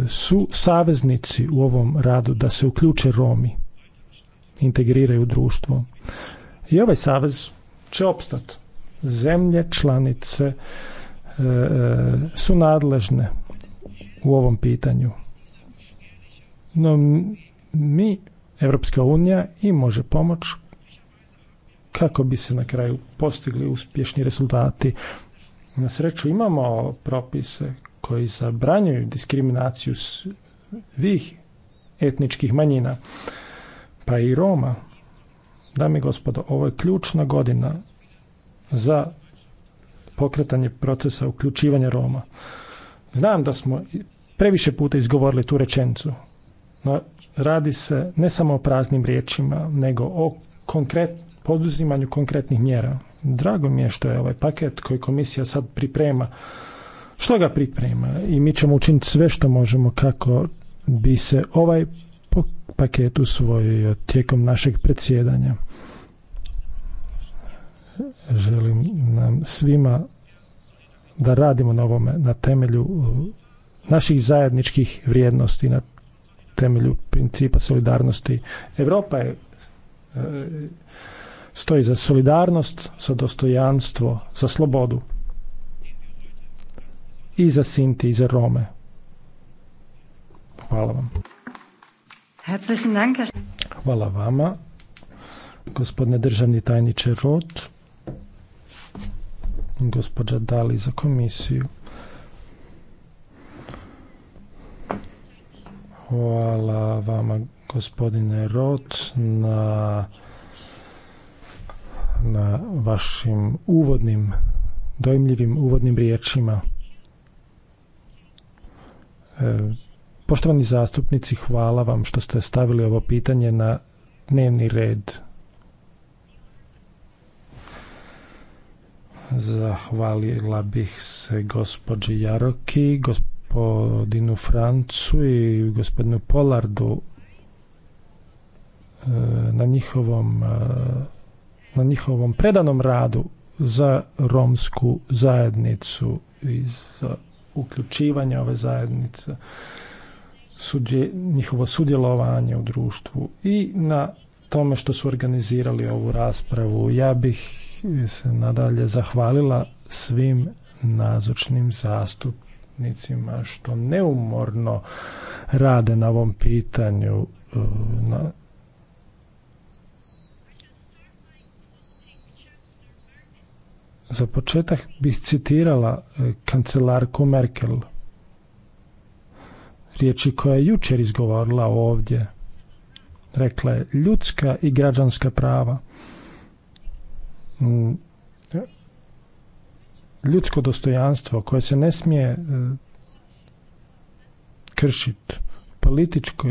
su saveznici u ovom radu da se uključe Romi, integriraju društvo. I ovaj savez će opstat Zemlje članice e, e, su nadležne u ovom pitanju. No mi, Evropska unija, i može pomoć kako bi se na kraju postigli uspješni rezultati. Na sreću imamo propise koji zabranjuju diskriminaciju svih etničkih manjina, pa i Roma. Dame i gospodo, ovo je ključna godina za pokretanje procesa uključivanja Roma. Znam da smo previše puta izgovorili tu rečencu, no radi se ne samo o praznim riječima, nego o konkret, poduzimanju konkretnih mjera. Drago mi je što je ovaj paket koji komisija sad priprema što ga priprema i mi ćemo učiniti sve što možemo kako bi se ovaj paket usvojio tijekom našeg predsjedanja. Želim nam svima da radimo na ovome na temelju uh, naših zajedničkih vrijednosti, na temelju principa solidarnosti. Europa je uh, stoji za solidarnost, za dostojanstvo, za slobodu i za Sinti i za Rome. Hvala vam. Hvala vama, gospodine državni tajniče Rot, gospođa Dali za komisiju. Hvala vama, gospodine Rot, na, na vašim uvodnim, dojmljivim uvodnim riječima. E, poštovani zastupnici, hvala vam što ste stavili ovo pitanje na dnevni red. Zahvalila bih se gospođi Jaroki, gospodinu Francu i gospodinu Polardu e, na njihovom, e, na njihovom predanom radu za romsku zajednicu iz uključivanja ove zajednice, njihovo sudjelovanje u društvu i na tome što su organizirali ovu raspravu. Ja bih se nadalje zahvalila svim nazočnim zastupnicima što neumorno rade na ovom pitanju e, na Za početak bih citirala e, kancelarku Merkel, riječi koja je jučer izgovorila ovdje. Rekla je ljudska i građanska prava. Mm. Ljudsko dostojanstvo koje se ne smije e, kršiti. Političko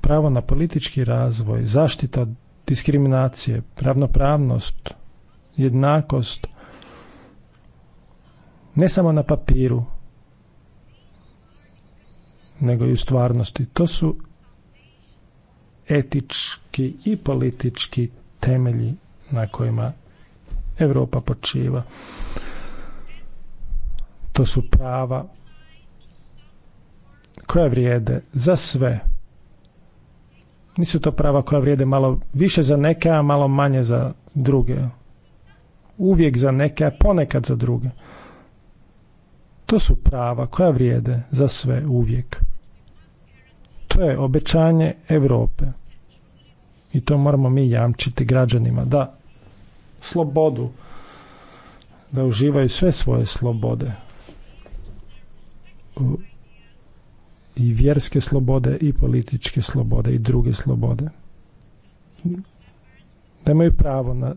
pravo na politički razvoj, zaštita diskriminacije, ravnopravnost, jednakost ne samo na papiru nego i u stvarnosti. To su etički i politički temelji na kojima Europa počiva. To su prava koja vrijede za sve. Nisu to prava koja vrijede malo više za neke, a malo manje za druge uvijek za neke, a ponekad za druge. To su prava koja vrijede za sve uvijek. To je obećanje Europe. I to moramo mi jamčiti građanima da slobodu da uživaju sve svoje slobode i vjerske slobode i političke slobode i druge slobode da imaju pravo na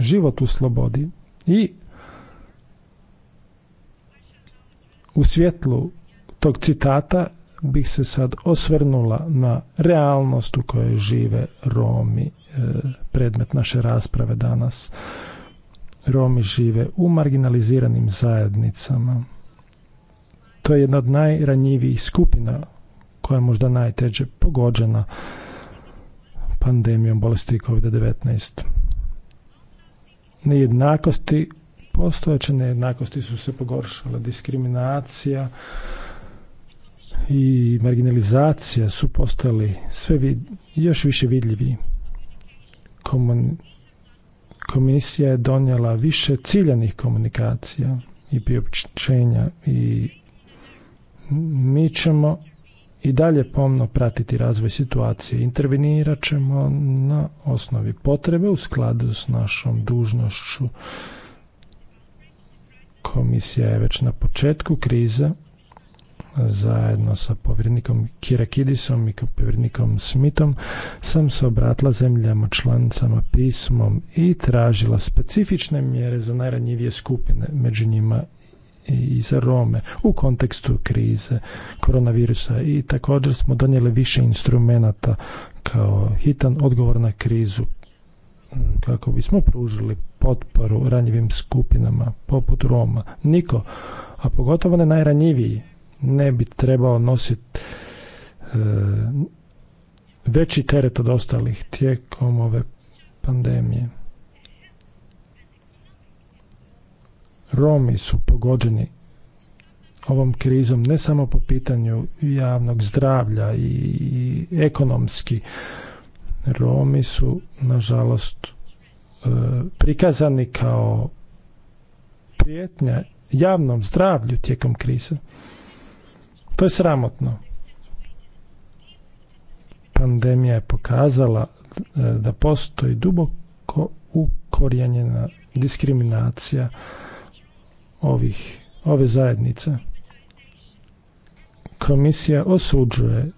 život u slobodi i u svjetlu tog citata bih se sad osvrnula na realnost u kojoj žive Romi, e, predmet naše rasprave danas. Romi žive u marginaliziranim zajednicama. To je jedna od najranjivijih skupina koja je možda najteže pogođena pandemijom bolesti COVID-19 nejednakosti, postojeće nejednakosti su se pogoršale, diskriminacija i marginalizacija su postali sve još više vidljivi. komisija je donijela više ciljanih komunikacija i priopćenja i mi ćemo i dalje pomno pratiti razvoj situacije. Intervenirat ćemo na osnovi potrebe u skladu s našom dužnošću. Komisija je već na početku krize zajedno sa povjerenikom Kirakidisom i povjerenikom Smitom sam se obratila zemljama članicama pismom i tražila specifične mjere za najranjivije skupine, među njima i za Rome u kontekstu krize koronavirusa i također smo donijeli više instrumenata kao hitan odgovor na krizu kako bismo pružili potporu ranjivim skupinama poput Roma. Niko, a pogotovo ne najranjiviji, ne bi trebao nositi e, veći teret od ostalih tijekom ove pandemije. Romi su pogođeni ovom krizom ne samo po pitanju javnog zdravlja i ekonomski. Romi su nažalost e, prikazani kao prijetnja javnom zdravlju tijekom krize. To je sramotno. Pandemija je pokazala e, da postoji duboko ukorijenjena diskriminacija ovih, ove zajednice. Komisija osuđuje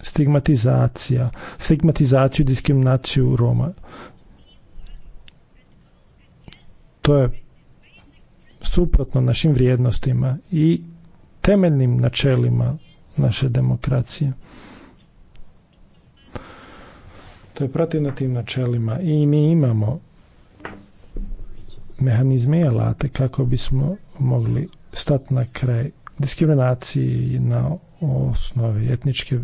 stigmatizacija, stigmatizaciju, diskriminaciju Roma. To je suprotno našim vrijednostima i temeljnim načelima naše demokracije. To je protivno tim načelima i mi imamo mehanizme i alate kako bismo mogli stati na kraj diskriminaciji na osnovi etničke e,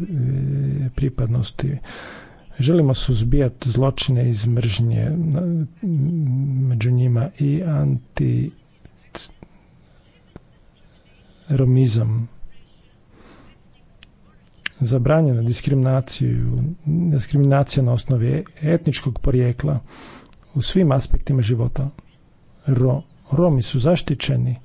pripadnosti. Želimo suzbijati zločine i mržnje među njima i anti romizam. Zabranjena diskriminaciju, diskriminacija na osnovi etničkog porijekla u svim aspektima života. Romi su zaštićeni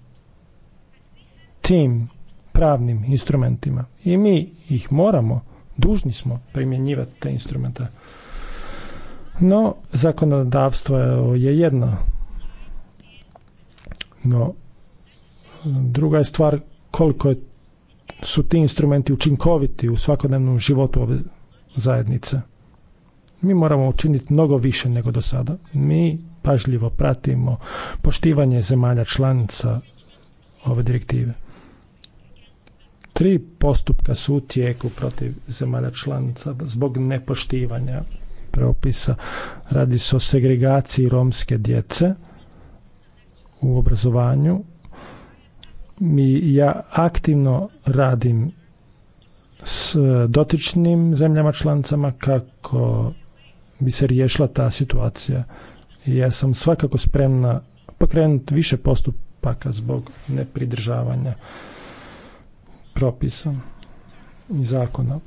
tim pravnim instrumentima i mi ih moramo, dužni smo primjenjivati te instrumente. No, zakonodavstvo je jedno. No, druga je stvar koliko su ti instrumenti učinkoviti u svakodnevnom životu ove zajednice. Mi moramo učiniti mnogo više nego do sada. Mi pažljivo pratimo poštivanje zemalja članica ove direktive. Tri postupka su u tijeku protiv zemalja članica zbog nepoštivanja propisa. Radi se o segregaciji romske djece u obrazovanju. Mi, ja aktivno radim s dotičnim zemljama članicama kako bi se riješila ta situacija ja sam svakako spremna pokrenuti više postupaka zbog nepridržavanja propisa i zakona.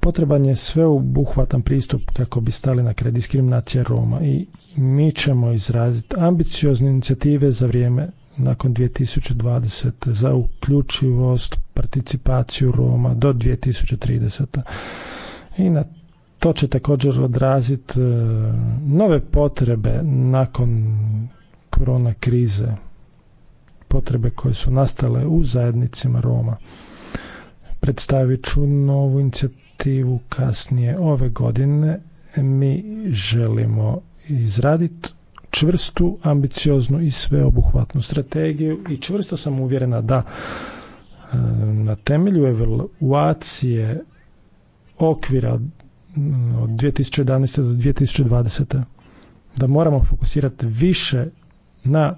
Potreban je sveobuhvatan pristup kako bi stali na kraj diskriminacije Roma i mi ćemo izraziti ambiciozne inicijative za vrijeme nakon 2020. za uključivost, participaciju Roma do 2030. I na to će također odraziti e, nove potrebe nakon korona krize, potrebe koje su nastale u zajednicima Roma. Predstavit ću novu inicijativu kasnije ove godine. Mi želimo izraditi čvrstu, ambicioznu i sveobuhvatnu strategiju i čvrsto sam uvjerena da e, na temelju evaluacije okvira Mm, od 2011. do 2020. Da moramo fokusirati više na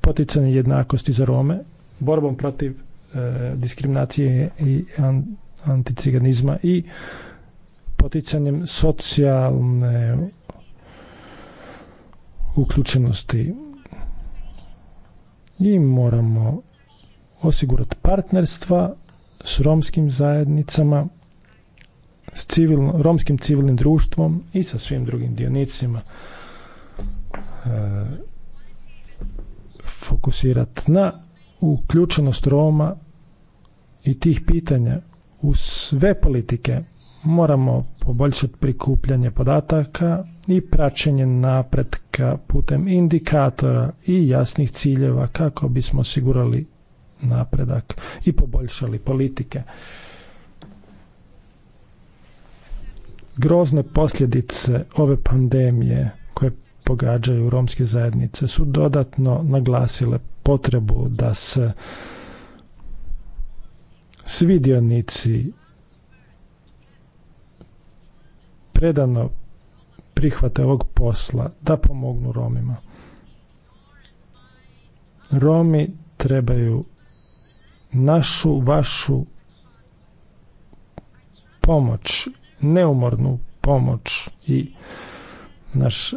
poticanje jednakosti za Rome, borbom protiv e, diskriminacije i an, anticiganizma i poticanjem socijalne uključenosti. I moramo osigurati partnerstva s romskim zajednicama s romskim civilnim društvom i sa svim drugim dionicima e, fokusirati na uključenost Roma i tih pitanja u sve politike moramo poboljšati prikupljanje podataka i praćenje napretka putem indikatora i jasnih ciljeva kako bismo osigurali napredak i poboljšali politike. grozne posljedice ove pandemije koje pogađaju romske zajednice su dodatno naglasile potrebu da se svi dionici predano prihvate ovog posla da pomognu Romima. Romi trebaju našu, vašu pomoć neumornu pomoć i naš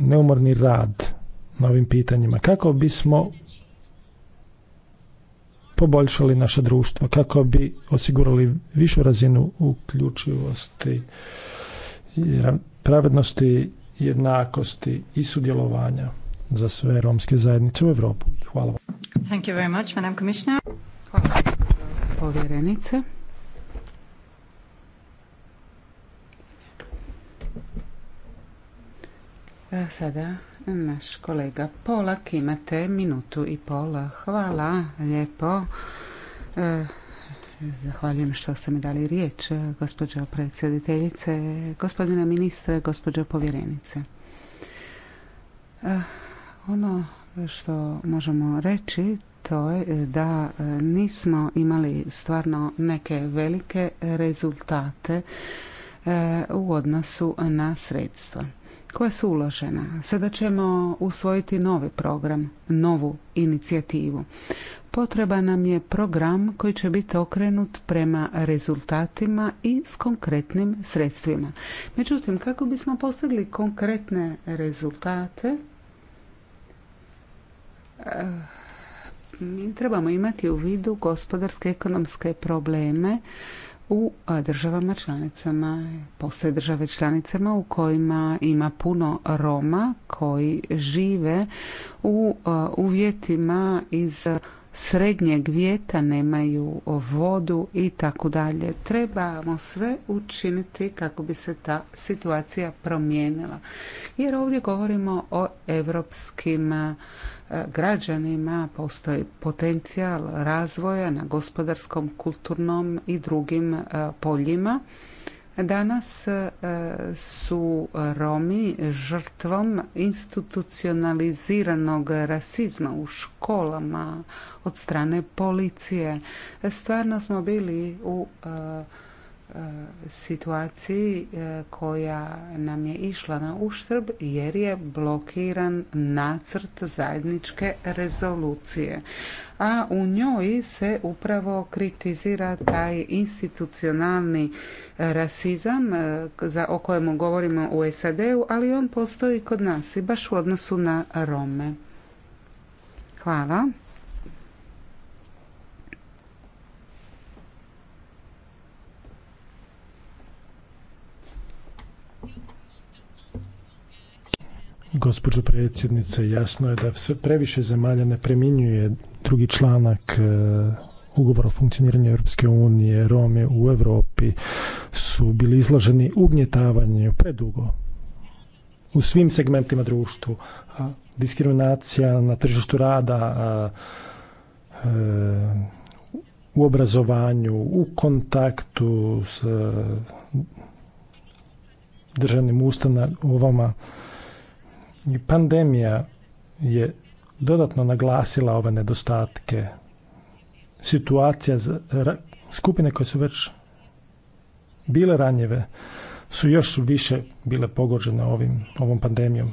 neumorni rad na ovim pitanjima kako bismo poboljšali naše društvo, kako bi osigurali višu razinu uključivosti, i pravednosti, jednakosti i sudjelovanja za sve romske zajednice u Europi. Hvala vam. Thank you very much, Madam Commissioner. povjerenice. Sada naš kolega Polak, imate minutu i pola. Hvala lijepo. E, zahvaljujem što ste mi dali riječ, gospođo predsjediteljice, gospodine ministre, gospođo povjerenice. E, ono što možemo reći to je da nismo imali stvarno neke velike rezultate e, u odnosu na sredstva koja su uložena. Sada ćemo usvojiti novi program, novu inicijativu. Potreba nam je program koji će biti okrenut prema rezultatima i s konkretnim sredstvima. Međutim, kako bismo postigli konkretne rezultate, eh, mi trebamo imati u vidu gospodarske ekonomske probleme u državama članicama, postoje države članicama u kojima ima puno Roma koji žive u uvjetima iz srednjeg vijeta, nemaju vodu i tako dalje. Trebamo sve učiniti kako bi se ta situacija promijenila. Jer ovdje govorimo o europskim građanima postoji potencijal razvoja na gospodarskom, kulturnom i drugim e, poljima. Danas e, su Romi žrtvom institucionaliziranog rasizma u školama od strane policije. Stvarno smo bili u e, situaciji e, koja nam je išla na uštrb jer je blokiran nacrt zajedničke rezolucije. A u njoj se upravo kritizira taj institucionalni rasizam e, za, o kojemu govorimo u SAD-u, ali on postoji kod nas i baš u odnosu na Rome. Hvala. Gospođo predsjednice, jasno je da sve previše zemalja ne primjenjuje drugi članak e, ugovora o funkcioniranju Europske unije, Rome u Europi su bili izloženi ugnjetavanju predugo u svim segmentima društvu. A diskriminacija na tržištu rada, a, e, u obrazovanju, u kontaktu s e, državnim ustanovama, i pandemija je dodatno naglasila ove nedostatke. Situacija za skupine koje su već bile ranjive su još više bile pogođene ovim, ovom pandemijom.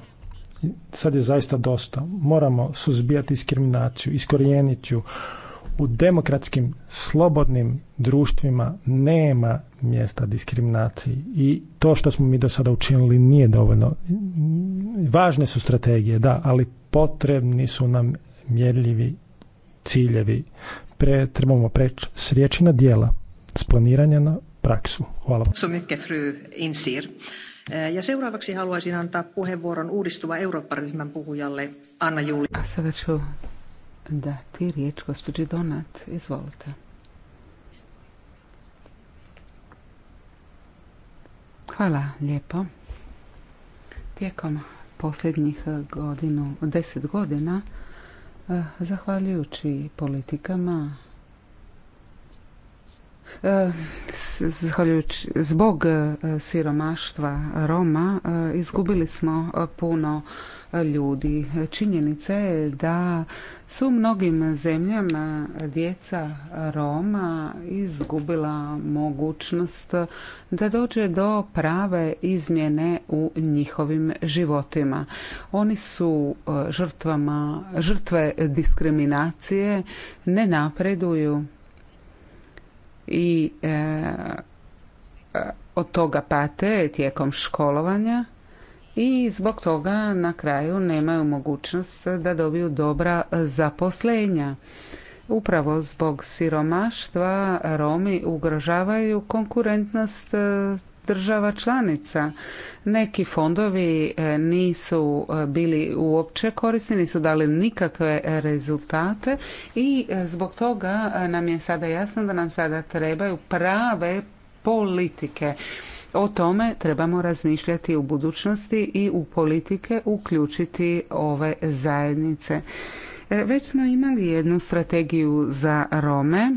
Sad je zaista dosta. Moramo suzbijati diskriminaciju, iskorijeniti ju, u demokratskim, slobodnim društvima nema mjesta diskriminaciji i to što smo mi do sada učinili nije dovoljno. Važne su strategije, da, ali potrebni su nam mjerljivi ciljevi. Pre, trebamo preći s riječi na dijela, s planiranja na praksu. Hvala. Insir. Eh, ja seuraavaksi haluaisin antaa puheenvuoron uudistuva eurooppa puhujalle Anna sada dati riječ gospođi Donat. Izvolite. Hvala lijepo. Tijekom posljednjih godinu, deset godina, eh, zahvaljujući politikama, eh, zahvaljujući, zbog eh, siromaštva Roma izgubili smo puno ljudi. Činjenica je da su mnogim zemljama djeca Roma izgubila mogućnost da dođe do prave izmjene u njihovim životima. Oni su e, žrtvama, žrtve diskriminacije, ne napreduju i e, e, od toga pate tijekom školovanja i zbog toga na kraju nemaju mogućnost da dobiju dobra zaposlenja. Upravo zbog siromaštva Romi ugrožavaju konkurentnost e, država članica. Neki fondovi e, nisu e, bili uopće korisni, nisu dali nikakve rezultate i zbog toga nam je sada jasno da nam sada trebaju prave politike o tome trebamo razmišljati u budućnosti i u politike uključiti ove zajednice. E, već smo imali jednu strategiju za Rome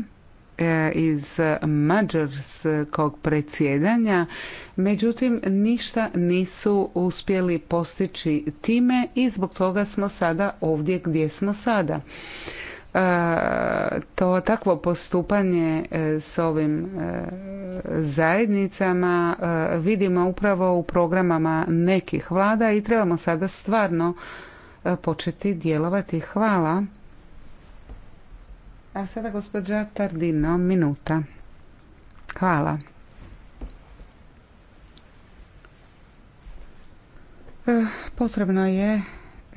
e, iz mađarskog predsjedanja, međutim ništa nisu uspjeli postići time i zbog toga smo sada ovdje gdje smo sada. E, to takvo postupanje e, s ovim e, zajednicama vidimo upravo u programama nekih vlada i trebamo sada stvarno početi djelovati. Hvala. A sada gospođa Tardino, minuta. Hvala. Potrebno je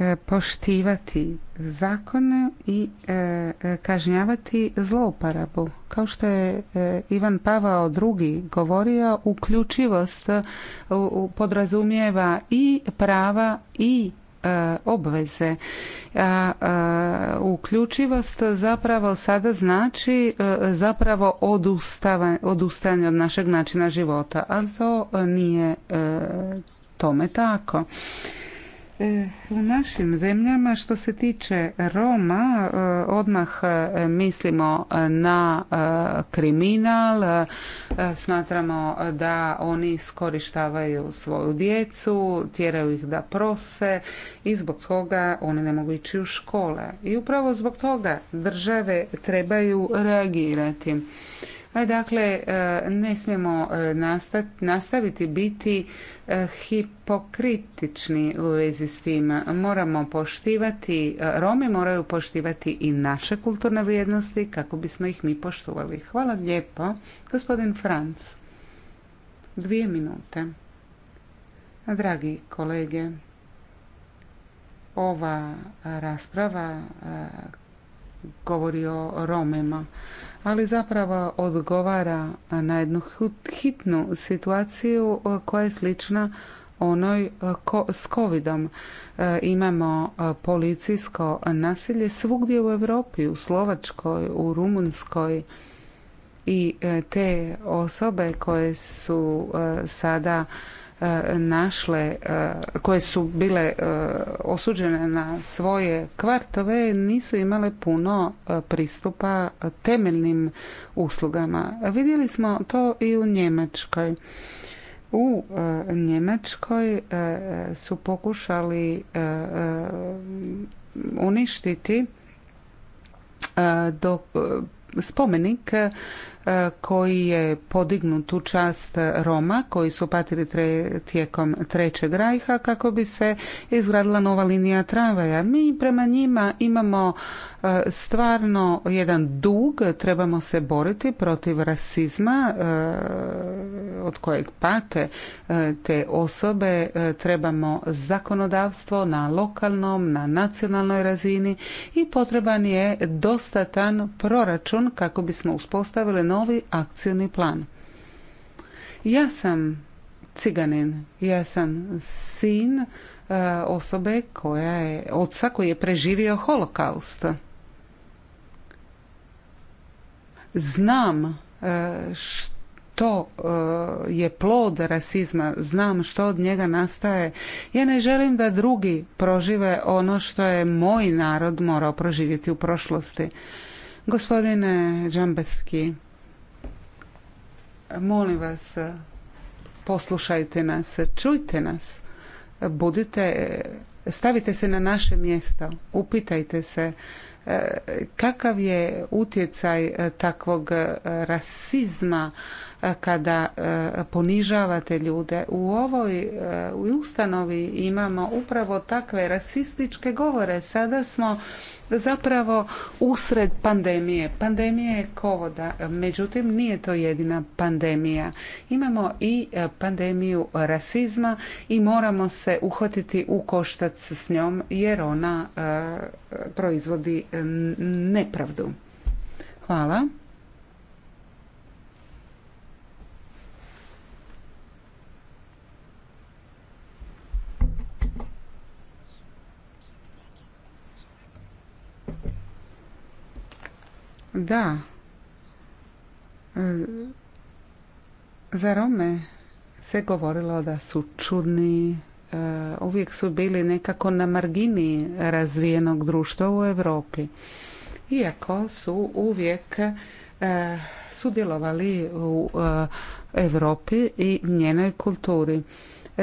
E, poštivati zakone i e, e, kažnjavati zlouporabu. Kao što je Ivan Pavao II govorio, uključivost podrazumijeva i prava i obveze. A uključivost zapravo sada znači zapravo odustanje od našeg načina života, A to nije tome tako. E, u našim zemljama što se tiče Roma e, odmah e, mislimo na kriminal, smatramo da oni iskorištavaju svoju djecu, tjeraju ih da prose i zbog toga oni ne mogu ići u škole. I upravo zbog toga države trebaju reagirati. E, dakle, e, ne smijemo e, nastaviti biti hipokritični u vezi s tim. Moramo poštivati, Romi moraju poštivati i naše kulturne vrijednosti kako bismo ih mi poštovali. Hvala lijepo. Gospodin Franc, dvije minute. Dragi kolege, ova rasprava govori o Romima ali zapravo odgovara na jednu hitnu situaciju e, koja je slična onoj e, s covidom. E, imamo policijsko nasilje svugdje u Europi, u Slovačkoj, u Rumunskoj i te osobe koje su sada E, našle, e, koje su bile e, osuđene na svoje kvartove nisu imale puno pristupa temeljnim uslugama. Vidjeli smo to i u Njemačkoj. U Njemačkoj su pokušali uništiti do spomenik E, koji je podignut u čast Roma koji su patili tijekom Trećeg rajha kako bi se izgradila nova linija tramvaja. Mi prema njima imamo e, stvarno jedan dug, trebamo se boriti protiv rasizma e, od kojeg pate te osobe, trebamo zakonodavstvo na lokalnom, na nacionalnoj razini i potreban je dostatan proračun kako bismo uspostavili novu novi akcijni plan. Ja sam ciganin, ja sam sin e, osobe koja je, oca koji je preživio holokaust. Znam e, što e, je plod rasizma, znam što od njega nastaje. Ja ne želim da drugi prožive ono što je moj narod morao proživjeti u prošlosti. Gospodine Džambeski, Molim vas, poslušajte nas, čujte nas, budite, stavite se na naše mjesto, upitajte se e, kakav je utjecaj e, takvog e, rasizma kada e, ponižavate ljude. U ovoj e, u ustanovi imamo upravo takve rasističke govore. Sada smo zapravo usred pandemije, pandemije kovoda. Međutim, nije to jedina pandemija. Imamo i e, pandemiju rasizma i moramo se uhvatiti u koštac s njom jer ona proizvodi nepravdu. Hvala. Da. E, za Rome se govorilo da su čudni, e, uvijek su bili nekako na margini razvijenog društva u Europi. Iako su uvijek e, sudjelovali u Europi i njenoj kulturi.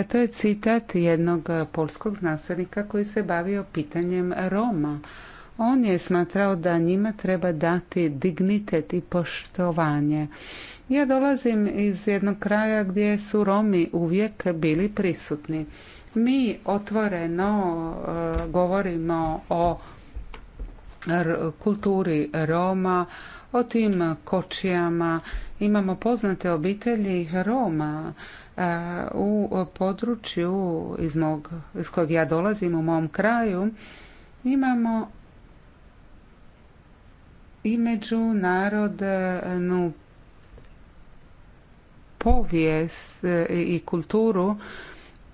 to je citat jednog polskog znanstvenika koji se bavio pitanjem Roma on je smatrao da njima treba dati dignitet i poštovanje. Ja dolazim iz jednog kraja gdje su Romi uvijek bili prisutni. Mi otvoreno e, govorimo o kulturi Roma, o tim kočijama. Imamo poznate obitelji Roma e, u području iz, mog, iz kojeg ja dolazim u mom kraju. Imamo i međunarodnu povijest e, i kulturu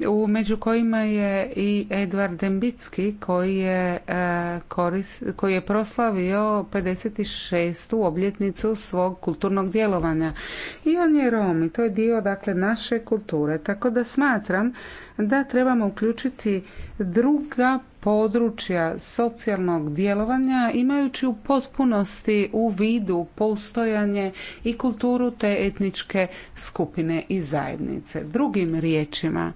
u među kojima je i Edvard Dembicki koji je, e, koji je proslavio 56. obljetnicu svog kulturnog djelovanja. I on je Rom i to je dio dakle naše kulture. Tako da smatram da trebamo uključiti druga područja socijalnog djelovanja imajući u potpunosti u vidu postojanje i kulturu te etničke skupine i zajednice. Drugim riječima,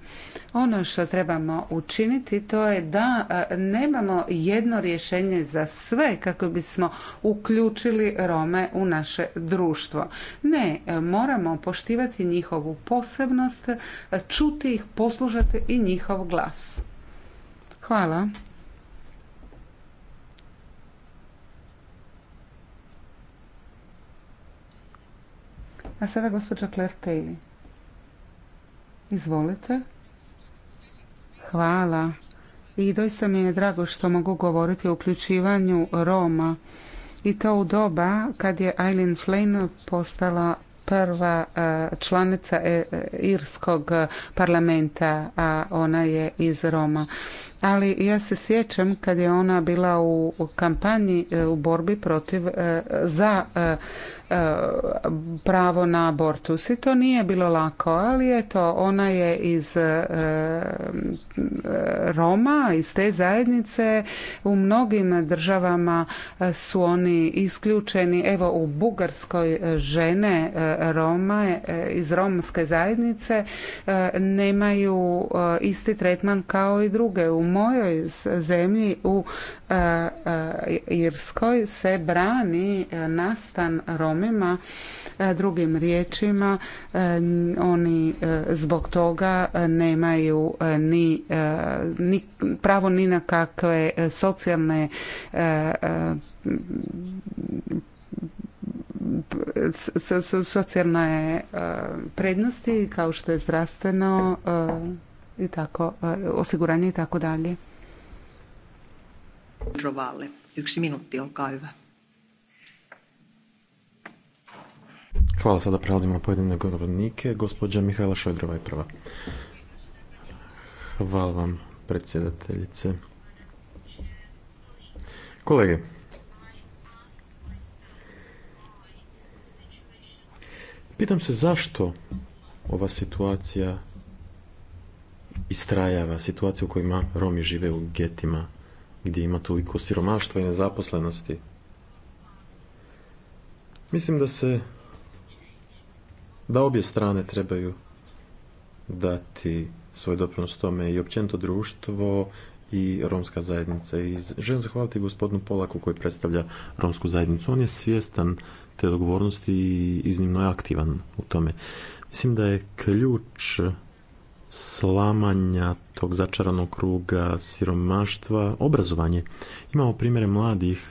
ono što trebamo učiniti to je da e, nemamo jedno rješenje za sve kako bismo uključili Rome u naše društvo. Ne, e, moramo poštivati njihovu posebnost, e, čuti ih, poslušati i njihov glas. Hvala. A sada gospođa Claire Taylor. Izvolite. Hvala. I doista mi je drago što mogu govoriti o uključivanju Roma. I to u doba kad je Eileen Flynn postala prva e, članica e, e, Irskog parlamenta, a ona je iz Roma ali ja se sjećam kad je ona bila u kampanji e, u borbi protiv e, za e, pravo na abortus i to nije bilo lako, ali eto ona je iz Roma, iz te zajednice u mnogim državama su oni isključeni, evo u Bugarskoj žene Roma iz romske zajednice nemaju isti tretman kao i druge u mojoj zemlji u e, e, Irskoj se brani e, nastan Romima drugim riječima oni zbog toga nemaju ni, pravo ni na kakve socijalne socijalne prednosti kao što je zdravstveno i tako, e, osiguranje i tako dalje. Rovalle. Yksi minuutti, olkaa hyvä. Hvala, sada prelazimo na pojedine govornike. Gospođa Mihajla Šojdrova je prva. Hvala vam, predsjedateljice. Kolege, pitam se zašto ova situacija istrajava situacija u kojima Romi žive u getima, gdje ima toliko siromaštva i nezaposlenosti. Mislim da se da obje strane trebaju dati svoj doprinos tome i općenito društvo i romska zajednica. I želim zahvaliti gospodinu Polaku koji predstavlja romsku zajednicu. On je svjestan te odgovornosti i iznimno je aktivan u tome. Mislim da je ključ slamanja tog začaranog kruga siromaštva, obrazovanje. Imamo primjere mladih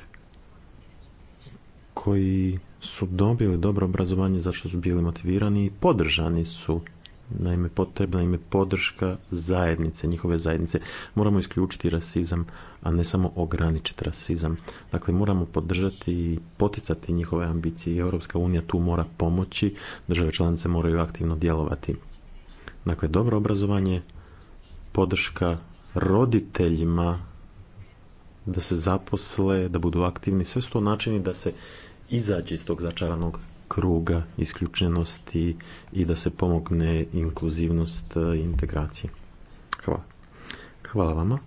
koji su dobili dobro obrazovanje što su bili motivirani i podržani su naime potrebna im je podrška zajednice, njihove zajednice. Moramo isključiti rasizam, a ne samo ograničiti rasizam. Dakle, moramo podržati i poticati njihove ambicije Europska unija tu mora pomoći, države članice moraju aktivno djelovati. Dakle, dobro obrazovanje, podrška roditeljima da se zaposle, da budu aktivni, sve su to načini da se izađe iz tog začaranog kruga isključenosti i da se pomogne inkluzivnost i e, integracija. Hvala. Hvala vama.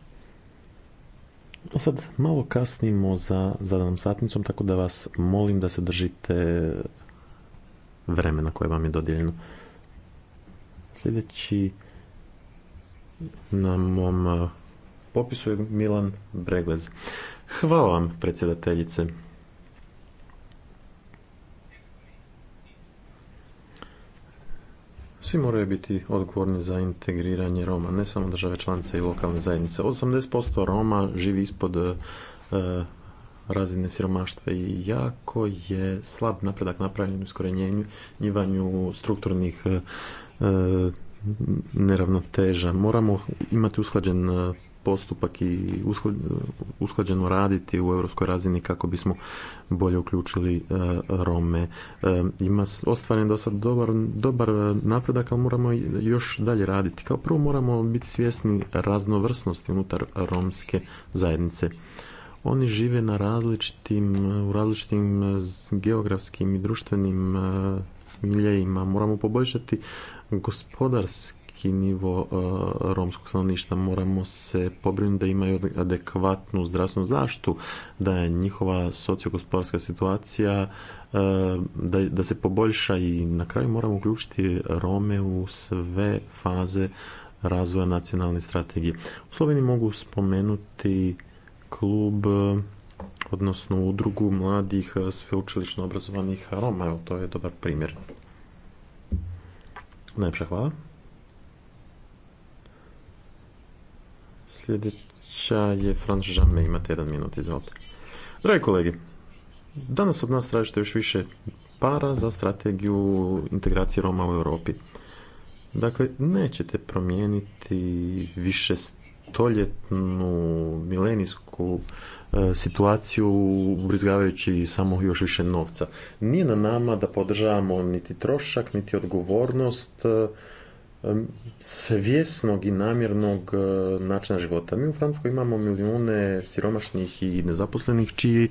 A sad malo kasnimo za zadanom satnicom, tako da vas molim da se držite vremena koje vam je dodijeljeno. Sljedeći na mom popisu je Milan Breglez. Hvala vam, predsjedateljice. Svi moraju biti odgovorni za integriranje Roma, ne samo države članice i lokalne zajednice. 80% Roma živi ispod razine siromaštva i jako je slab napredak napravljen u njivanju strukturnih E, neravnoteža. Moramo imati usklađen e, postupak i usklađeno raditi u europskoj razini kako bismo bolje uključili e, Rome. Ima ostvaren do sad dobar, dobar napredak, ali moramo još dalje raditi. Kao prvo moramo biti svjesni raznovrsnosti unutar romske zajednice. Oni žive na različitim, u različitim geografskim i društvenim miljejima. Moramo poboljšati gospodarski nivo e, romskog stanovništva moramo se pobrinuti da imaju adekvatnu zdravstvenu zaštitu, da je njihova sociogospodarska situacija e, da, da se poboljša i na kraju moramo uključiti Rome u sve faze razvoja nacionalne strategije. U Sloveniji mogu spomenuti klub odnosno udrugu mladih sveučilišno obrazovanih Roma, evo to je dobar primjer. Najpša hvala. Sljedeća je Franč Žanme, imate jedan minut, izvolite. Dragi kolegi, danas od nas tražite još više para za strategiju integracije Roma u Europi. Dakle, nećete promijeniti više stoljetnu milenijsku E, situaciju ubrizgavajući samo još više novca. Nije na nama da podržavamo niti trošak, niti odgovornost e, svjesnog i namjernog e, načina života. Mi u Francuskoj imamo milijune siromašnih i nezaposlenih čiji,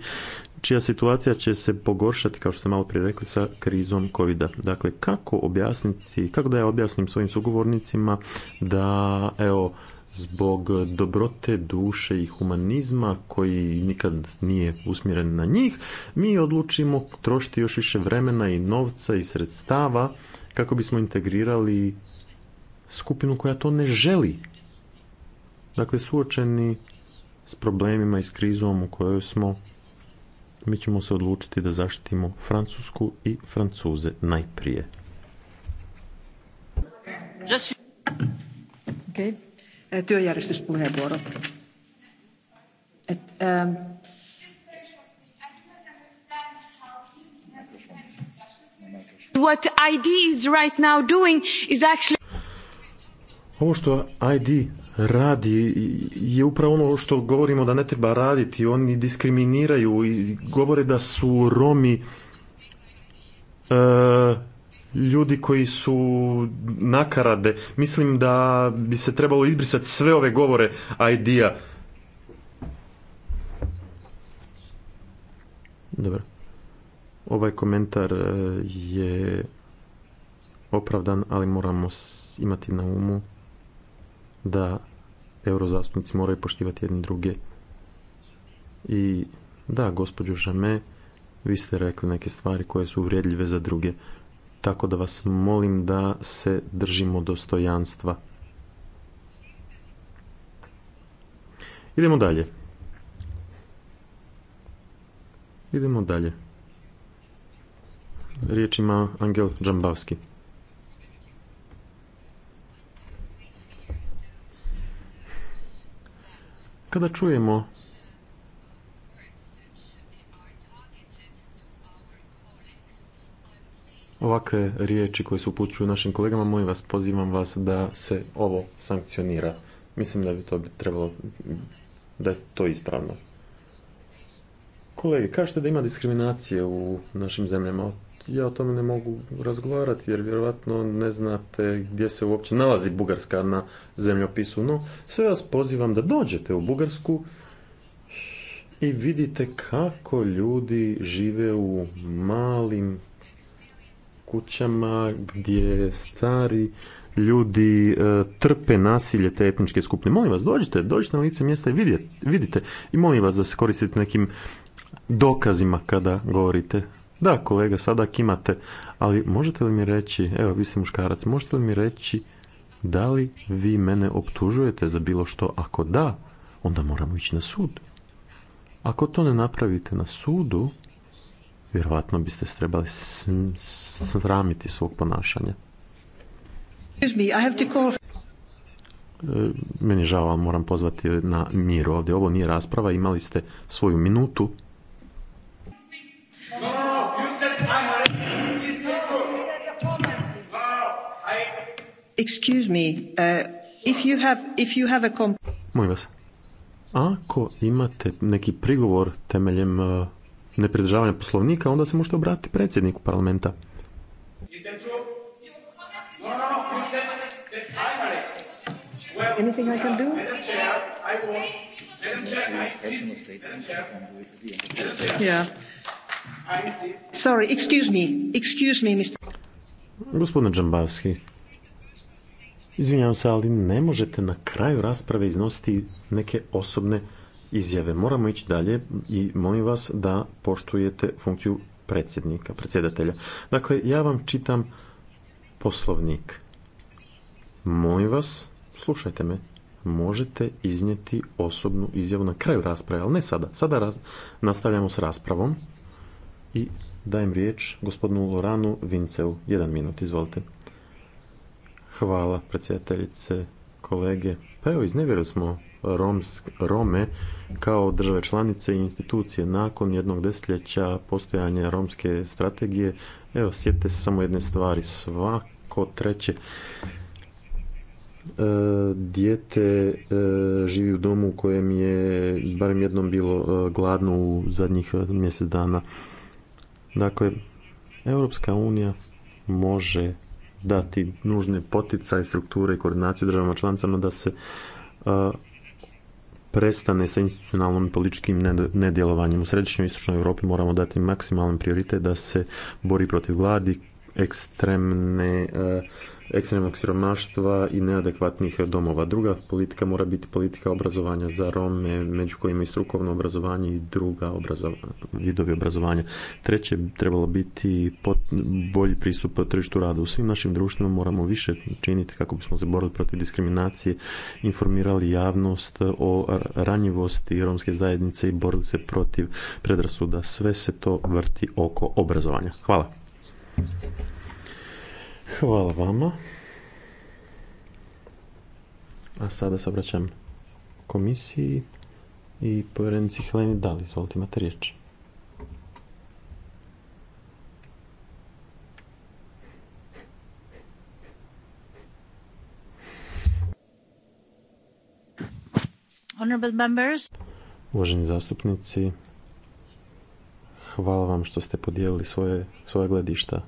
čija situacija će se pogoršati, kao što ste malo prije rekli, sa krizom covid -a. Dakle, kako objasniti, kako da ja objasnim svojim sugovornicima da, evo, zbog dobrote duše i humanizma koji nikad nije usmjeren na njih, mi odlučimo trošiti još više vremena i novca i sredstava kako bismo integrirali skupinu koja to ne želi. Dakle, suočeni s problemima i s krizom u kojoj smo, mi ćemo se odlučiti da zaštitimo Francusku i Francuze najprije. Okay. Eh, työjärjestyspuheenvuoro. Et, ähm, What ID is right now doing is actually... Ovo što ID radi je upravo ono što govorimo da ne treba raditi. Oni diskriminiraju i govore da su Romi eh, ljudi koji su nakarade. Mislim da bi se trebalo izbrisati sve ove govore idea. Dobro. Ovaj komentar e, je opravdan, ali moramo imati na umu da eurozastupnici moraju poštivati jedni druge. I da, gospođo Žame, vi ste rekli neke stvari koje su uvrijedljive za druge tako da vas molim da se držimo dostojanstva. Idemo dalje. Idemo dalje. Riječ ima Angel Džambavski. Kada čujemo ovakve riječi koje se upućuju našim kolegama, molim vas, pozivam vas da se ovo sankcionira. Mislim da bi to bi trebalo, da je to ispravno. Kolege, kažete da ima diskriminacije u našim zemljama. Ja o tome ne mogu razgovarati jer vjerojatno ne znate gdje se uopće nalazi Bugarska na zemljopisu. No, sve vas pozivam da dođete u Bugarsku i vidite kako ljudi žive u malim kućama gdje stari ljudi e, trpe nasilje te etničke skupine. Molim vas, dođite, dođite na lice mjesta i vidite. I molim vas da se koristite nekim dokazima kada govorite. Da, kolega, sada imate, ali možete li mi reći, evo, vi ste muškarac, možete li mi reći da li vi mene optužujete za bilo što? Ako da, onda moramo ići na sud. Ako to ne napravite na sudu, vjerojatno biste se trebali sramiti svog ponašanja. E, meni je žao, ali moram pozvati na miru. ovdje. Ovo nije rasprava, imali ste svoju minutu. Excuse vas, ako imate neki prigovor temeljem e, nepridržavanja poslovnika, onda se možete obratiti predsjedniku parlamenta. Anything I Gospodine Džambavski, izvinjavam se, ali ne možete na kraju rasprave iznositi neke osobne izjave. Moramo ići dalje i molim vas da poštujete funkciju predsjednika, predsjedatelja. Dakle, ja vam čitam poslovnik. Molim vas, slušajte me, možete iznijeti osobnu izjavu na kraju rasprave, ali ne sada. Sada raz... nastavljamo s raspravom i dajem riječ gospodinu Loranu Vinceu. Jedan minut, izvolite. Hvala, predsjedateljice, kolege. Pa evo, iznevjerili smo Rome kao države članice i institucije nakon jednog desetljeća postojanja romske strategije. Evo, sjetite se samo jedne stvari, svako treće djete dijete e, živi u domu u kojem je barem jednom bilo e, gladno u zadnjih e, mjesec dana. Dakle, Europska unija može dati nužne i strukture i koordinaciju državama članicama da se prestane sa institucionalnom i političkim nedjelovanjem. U središnjoj istočnoj Europi moramo dati maksimalan prioritet da se bori protiv gladi, ekstremne eh, ekstremnog siromaštva i neadekvatnih domova. Druga politika mora biti politika obrazovanja za Rome, među kojima i strukovno obrazovanje i druga vidovi obrazovanja. Treće trebalo biti bolji pristup tržištu rada. U svim našim društvima moramo više činiti kako bismo se borili protiv diskriminacije, informirali javnost o ranjivosti romske zajednice i borili se protiv predrasuda. Sve se to vrti oko obrazovanja. Hvala. Hvala vama. A sada se obraćam komisiji i povjerenici Heleni Dali. Izvolite, imate riječ. Honorable Uvaženi zastupnici, hvala vam što ste podijelili svoje, svoje gledišta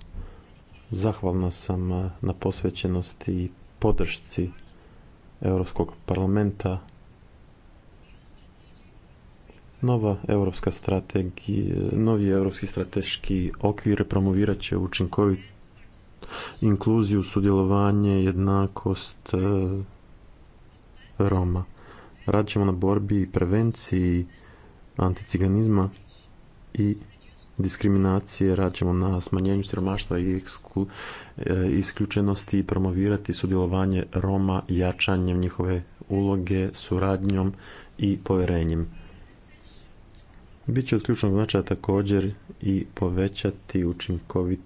Zahvalna sam e, na posvećenosti i podršci Europskog parlamenta. Nova europska strategija, novi europski strateški okvir promovirat će učinkovitu inkluziju, sudjelovanje, jednakost e, Roma. Radit ćemo na borbi i prevenciji anticiganizma i diskriminacije, ćemo na smanjenju siromaštva i e, isključenosti i promovirati sudjelovanje Roma jačanjem njihove uloge, suradnjom i povjerenjem. Biće od ključnog značaja također i povećati učinkovit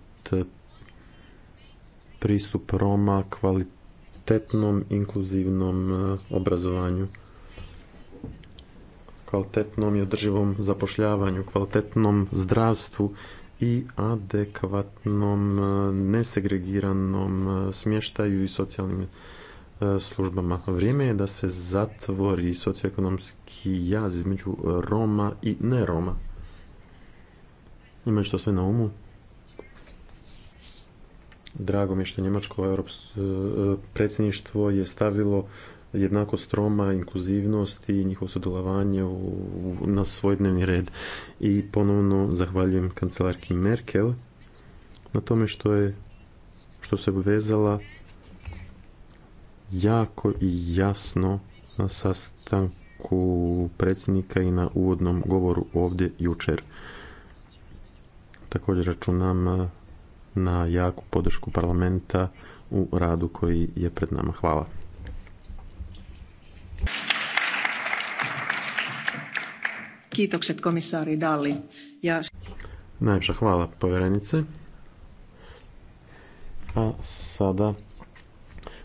pristup Roma kvalitetnom inkluzivnom e, obrazovanju kvalitetnom i održivom zapošljavanju, kvalitetnom zdravstvu i adekvatnom, e, nesegregiranom e, smještaju i socijalnim e, službama. Vrijeme je da se zatvori socioekonomski jaz između Roma i ne Roma. Imajući to sve na umu, drago mi je što Njemačko predsjedništvo je stavilo jednako stroma, inkluzivnost i njihovo sudjelovanje na svoj dnevni red. I ponovno zahvaljujem kancelarki Merkel na tome što je što se obvezala jako i jasno na sastanku predsjednika i na uvodnom govoru ovdje jučer. Također računam na jaku podršku parlamenta u radu koji je pred nama. Hvala. Kiitokset komissaari Dalli. Ja... Najljepša hvala povjerenice. A sada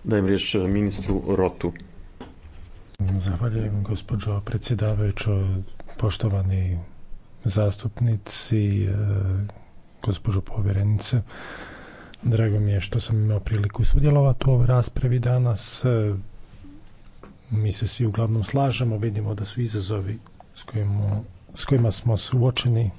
dajem riječ ministru Rotu. Zahvaljujem gospođo predsjedavajućo, poštovani zastupnici, e, gospođo povjerenice. Drago mi je što sam imao priliku sudjelovati u ovoj raspravi danas. E, mi se svi uglavnom slažemo, vidimo da su izazovi s kojima, s kojima smo suočeni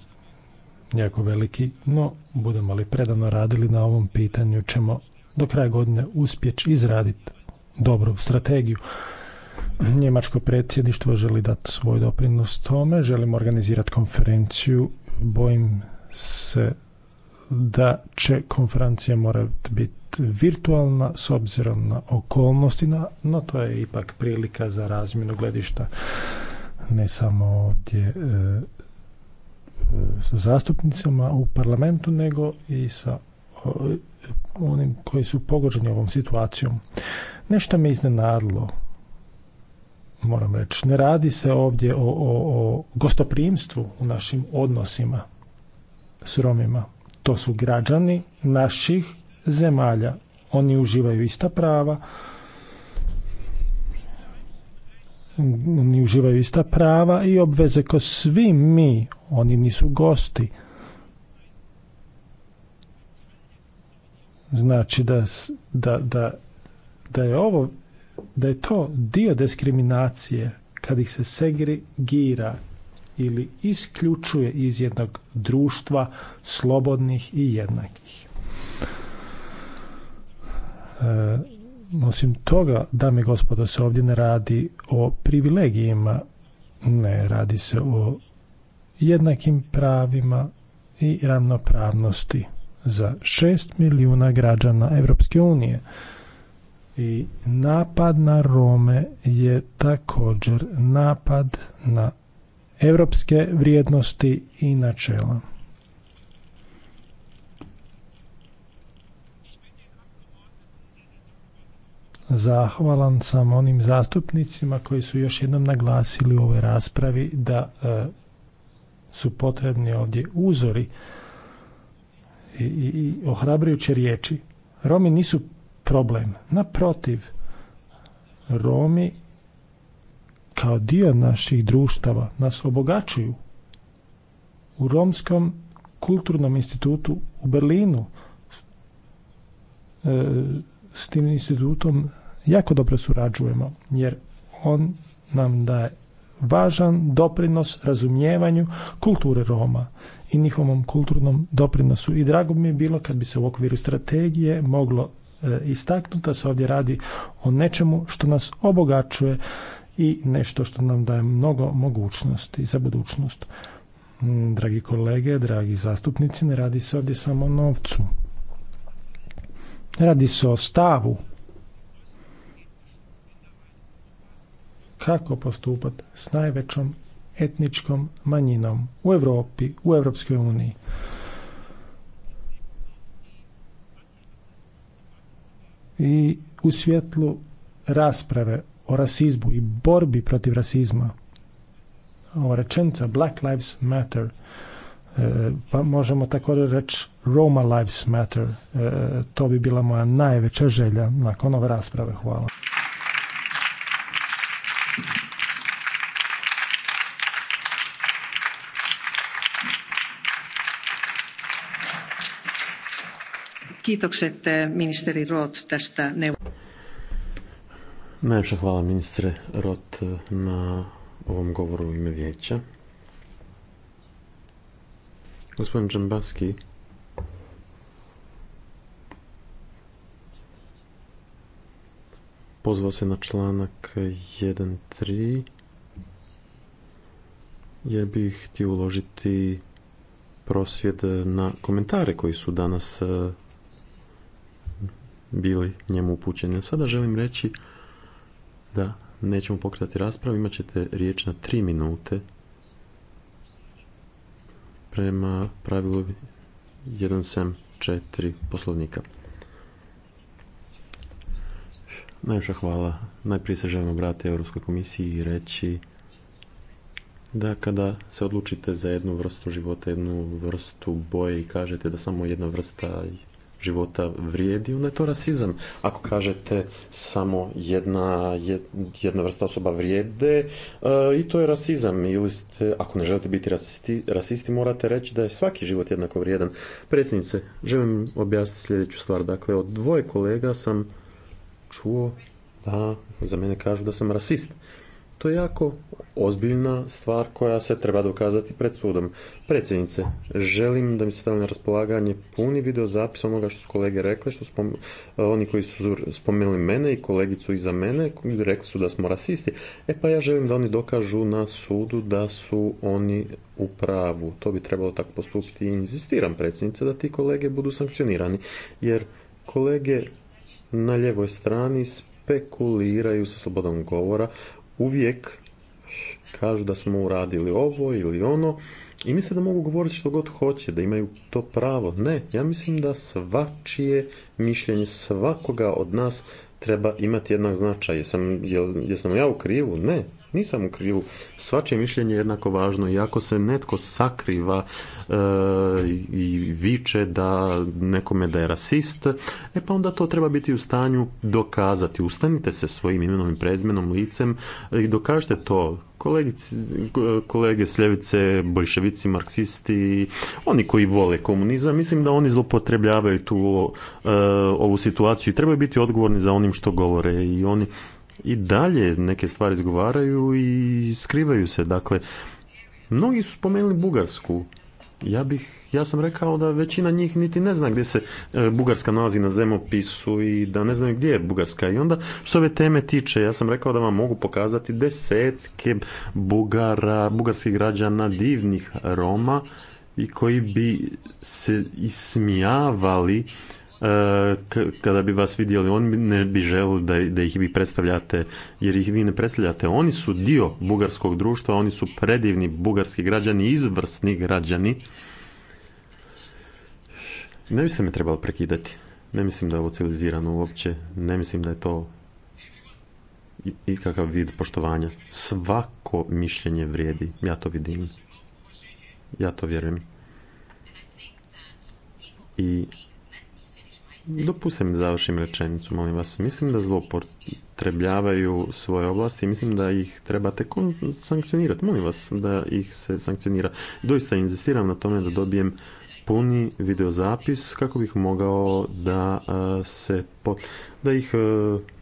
jako veliki, no budemo li predano radili na ovom pitanju ćemo do kraja godine uspjeći izraditi dobru strategiju. Njemačko predsjedništvo želi dati svoj doprinos tome, želimo organizirati konferenciju, bojim se da će konferencija morati biti virtualna s obzirom na okolnosti, no to je ipak prilika za razmjenu gledišta ne samo ovdje e, e sa zastupnicama u parlamentu, nego i sa onim koji su pogođeni ovom situacijom. Nešto me iznenadilo, moram reći. Ne radi se ovdje o, o, o gostoprimstvu u našim odnosima s Romima. To su građani naših zemalja. Oni uživaju ista prava, oni uživaju ista prava i obveze kao svi mi. Oni nisu gosti. Znači da, da, da, da je ovo da je to dio diskriminacije kad ih se segregira ili isključuje iz jednog društva slobodnih i jednakih. E, osim toga, dame i gospodo, se ovdje ne radi o privilegijima, ne radi se o jednakim pravima i ravnopravnosti za 6 milijuna građana Europske unije. I napad na Rome je također napad na europske vrijednosti i načela. Zahvalan sam onim zastupnicima koji su još jednom naglasili u ovoj raspravi da e, su potrebni ovdje uzori i, i, i ohrabrujuće riječi. Romi nisu problem. Naprotiv, Romi kao dio naših društava nas obogaćuju. U Romskom kulturnom institutu u Berlinu e, s tim institutom jako dobro surađujemo jer on nam daje važan doprinos razumijevanju kulture Roma i njihovom kulturnom doprinosu. I drago mi je bilo kad bi se u okviru strategije moglo e, istaknuti da se ovdje radi o nečemu što nas obogaćuje i nešto što nam daje mnogo mogućnosti za budućnost. Mm, dragi kolege, dragi zastupnici, ne radi se ovdje samo o novcu. Radi se o stavu. Kako postupati s najvećom etničkom manjinom u Europi, u Europskoj uniji? I u svjetlu rasprave o rasizmu i borbi protiv rasizma. Ova rečenica Black Lives Matter e, pa možemo također reći Roma Lives Matter. E, to bi bila moja najveća želja nakon ove rasprave. Hvala. Kiitokset e, ministeri Roth tästä Najljepša hvala ministre Rot na ovom govoru u ime vijeća. Gospodin Džambaski pozvao se na članak 1.3 jer bih htio uložiti prosvjed na komentare koji su danas e, bili njemu upućeni. Sada želim reći da nećemo pokretati raspravu, imat ćete riječ na tri minute prema pravilu 174 poslovnika. Najviše hvala. Najprije se želim obratiti Europskoj komisiji i reći da kada se odlučite za jednu vrstu života, jednu vrstu boje i kažete da samo jedna vrsta života vrijedi, onda je to rasizam. Ako kažete samo jedna, jedna vrsta osoba vrijede, e, i to je rasizam. Ili ste, ako ne želite biti rasisti, rasisti, morate reći da je svaki život jednako vrijedan. Predsjednice, želim objasniti sljedeću stvar. Dakle, od dvoje kolega sam čuo da za mene kažu da sam rasist. To je jako ozbiljna stvar koja se treba dokazati pred sudom. Predsjednice, želim da mi se stavlja na raspolaganje puni video zapis onoga što su kolege rekli, što spom... oni koji su spomenuli mene i kolegicu iza mene, rekli su da smo rasisti. E pa ja želim da oni dokažu na sudu da su oni u pravu. To bi trebalo tako postupiti i inzistiram predsjednice da ti kolege budu sankcionirani. Jer kolege na ljevoj strani spekuliraju sa slobodom govora uvijek kažu da smo uradili ovo ili ono i misle da mogu govoriti što god hoće, da imaju to pravo. Ne, ja mislim da svačije mišljenje svakoga od nas treba imati jednak značaj. Jesam, jel, jesam ja u krivu? Ne, nisam u krivu. Svačije mišljenje je jednako važno i ako se netko sakriva eh, i viče da nekome da je rasist, e pa onda to treba biti u stanju dokazati. Ustanite se svojim imenom i prezmenom, licem i dokažite to kolege s ljevice, bolševici, marksisti, oni koji vole komunizam, mislim da oni zloupotrebljavaju tu eh, ovu situaciju i trebaju biti odgovorni za onim što govore i oni i dalje neke stvari izgovaraju i skrivaju se. Dakle, mnogi su spomenuli Bugarsku. Ja bih, ja sam rekao da većina njih niti ne zna gdje se e, Bugarska nalazi na zemopisu i da ne znaju gdje je Bugarska. I onda što ove teme tiče, ja sam rekao da vam mogu pokazati desetke Bugara, bugarskih građana, divnih Roma i koji bi se ismijavali kada bi vas vidjeli, oni ne bi želili da, da ih vi predstavljate, jer ih vi ne predstavljate. Oni su dio bugarskog društva, oni su predivni bugarski građani, izvrsni građani. Ne biste me trebali prekidati. Ne mislim da je ovo civilizirano uopće. Ne mislim da je to ikakav vid poštovanja. Svako mišljenje vrijedi. Ja to vidim. Ja to vjerujem. I Dopustite mi da završim rečenicu, molim vas. Mislim da zlopotrebljavaju svoje oblasti i mislim da ih trebate sankcionirati. Molim vas da ih se sankcionira. Doista inzistiram na tome da dobijem puni videozapis kako bih mogao da se da ih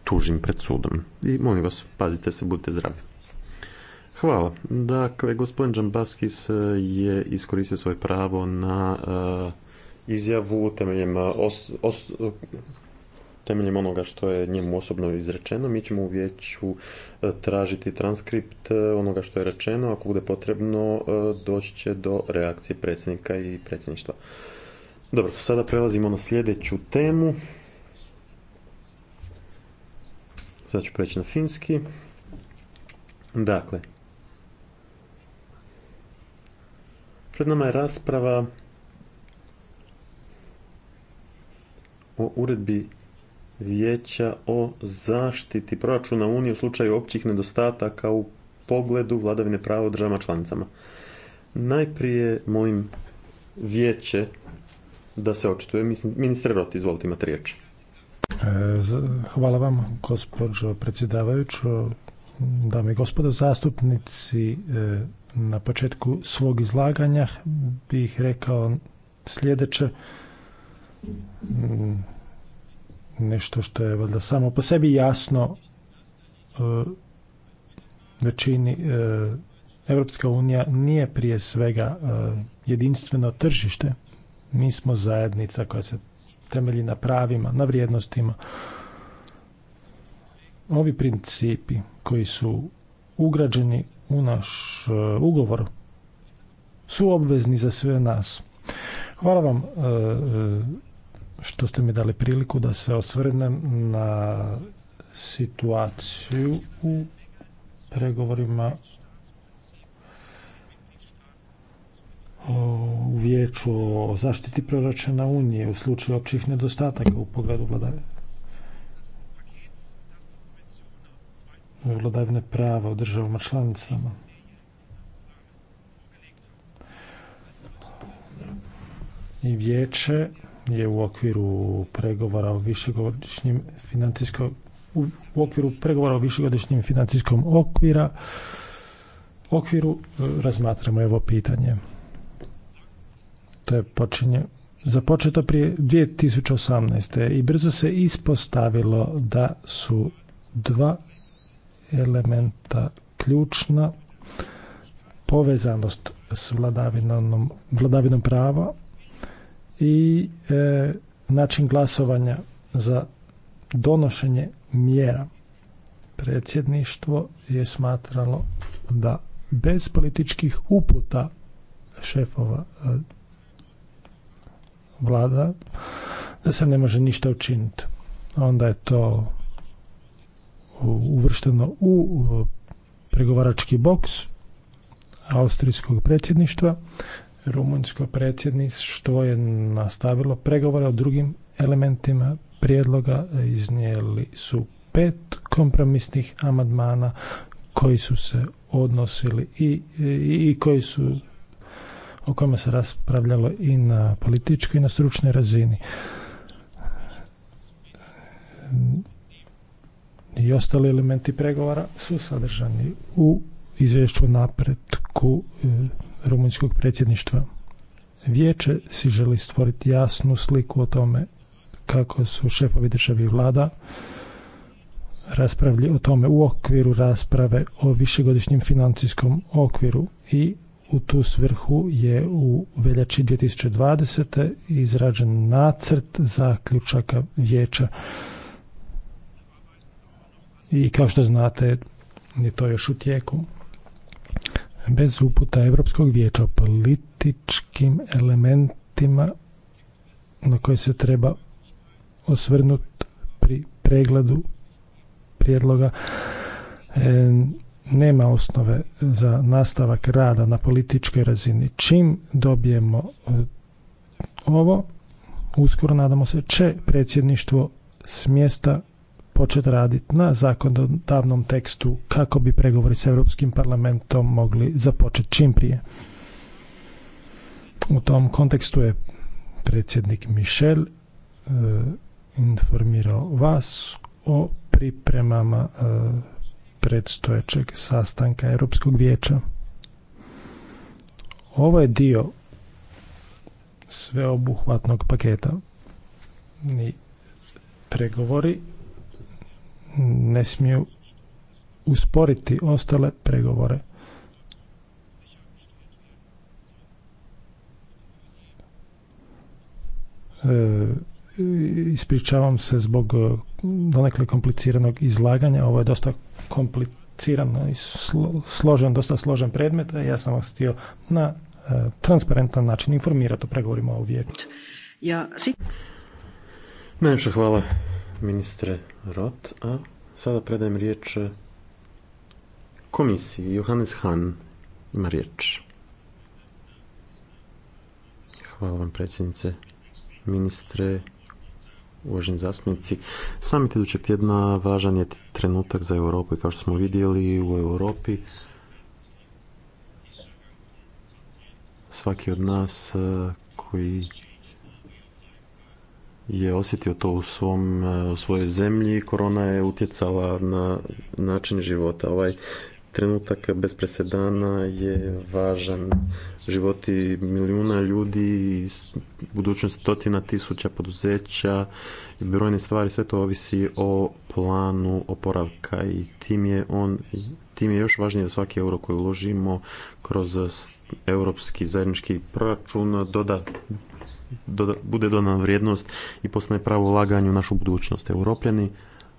tužim pred sudom. I molim vas, pazite se, budite zdravi. Hvala. Dakle, gospodin Džambaskis je iskoristio svoje pravo na izjavu temeljem, os, temeljem onoga što je njemu osobno izrečeno. Mi ćemo u vijeću e, tražiti transkript e, onoga što je rečeno. Ako bude potrebno, e, doći će do reakcije predsjednika i predsjedništva. Dobro, sada prelazimo na sljedeću temu. Sada ću preći na finski. Dakle, pred nama je rasprava o uredbi vijeća o zaštiti proračuna Unije u slučaju općih nedostataka u pogledu vladavine prava u državama članicama. Najprije mojim vijeće da se očituje. Ministre Rot, izvolite, imate riječ. E, hvala vam, gospođo predsjedavajuću, dame i gospodo zastupnici. E, na početku svog izlaganja bih rekao sljedeće. Mm, nešto što je valjda samo po sebi jasno većini e, Evropska unija nije prije svega e, jedinstveno tržište. Mi smo zajednica koja se temelji na pravima, na vrijednostima. Ovi principi koji su ugrađeni u naš e, ugovor su obvezni za sve nas. Hvala vam što ste mi dali priliku da se osvrnem na situaciju u pregovorima u vijeću o zaštiti proračuna Unije u slučaju općih nedostataka u pogledu vladavine vladavine prava u državama članicama. I vijeće je u okviru pregovora o višegodišnjem financijskom u, okviru pregovora o višegodišnjem financijskom okvira okviru e, razmatramo evo pitanje. To je počinje započeto prije 2018. i brzo se ispostavilo da su dva elementa ključna povezanost s vladavinom, vladavinom prava i e, način glasovanja za donošenje mjera. Predsjedništvo je smatralo da bez političkih uputa šefova e, vlada da se ne može ništa učiniti. Onda je to uvršteno u pregovarački boks austrijskog predsjedništva Rumunjsko predsjedništvo je nastavilo pregovore o drugim elementima prijedloga. Iznijeli su pet kompromisnih amandmana koji su se odnosili i, i, koji su o kojima se raspravljalo i na političkoj i na stručnoj razini. I ostali elementi pregovora su sadržani u izvješću napretku e, rumunjskog predsjedništva. Vijeće si želi stvoriti jasnu sliku o tome kako su šefovi državi i vlada raspravljali o tome u okviru rasprave o višegodišnjem financijskom okviru i u tu svrhu je u veljači 2020. izrađen nacrt zaključaka vijeća. I kao što znate, je to još u tijeku bez uputa Europskog vijeća o političkim elementima na koje se treba osvrnuti pri pregledu prijedloga e, nema osnove za nastavak rada na političkoj razini. Čim dobijemo e, ovo, uskoro nadamo se, će predsjedništvo s mjesta početi raditi na zakonodavnom tekstu kako bi pregovori s Europskim parlamentom mogli započeti čim prije. U tom kontekstu je predsjednik Michel eh, informirao vas o pripremama eh, predstojećeg sastanka Europskog vijeća. Ovo je dio sveobuhvatnog paketa i pregovori ne smiju usporiti ostale pregovore. E, ispričavam se zbog e, donekle kompliciranog izlaganja. Ovo je dosta kompliciran i složen, dosta složen predmet. Ja sam vas htio na e, transparentan način informirati o pregovorima o vijeku. Ja, si... hvala ministre Rot, a sada predajem riječ komisiji. Johannes Hahn ima riječ. Hvala vam predsjednice, ministre, uvaženi zastupnici. Samit idućeg tjedna važan je trenutak za Europu i kao što smo vidjeli u Europi svaki od nas eh, koji je osjetio to u, svom, e, u svojoj zemlji. Korona je utjecala na način života. Ovaj trenutak bez presedana je važan. Životi milijuna ljudi i budućnost stotina tisuća poduzeća i brojne stvari, sve to ovisi o planu oporavka i tim je on tim je još važnije da svaki euro koji uložimo kroz europski zajednički proračun doda bude dodana vrijednost i postane pravo ulaganje u našu budućnost. Europljani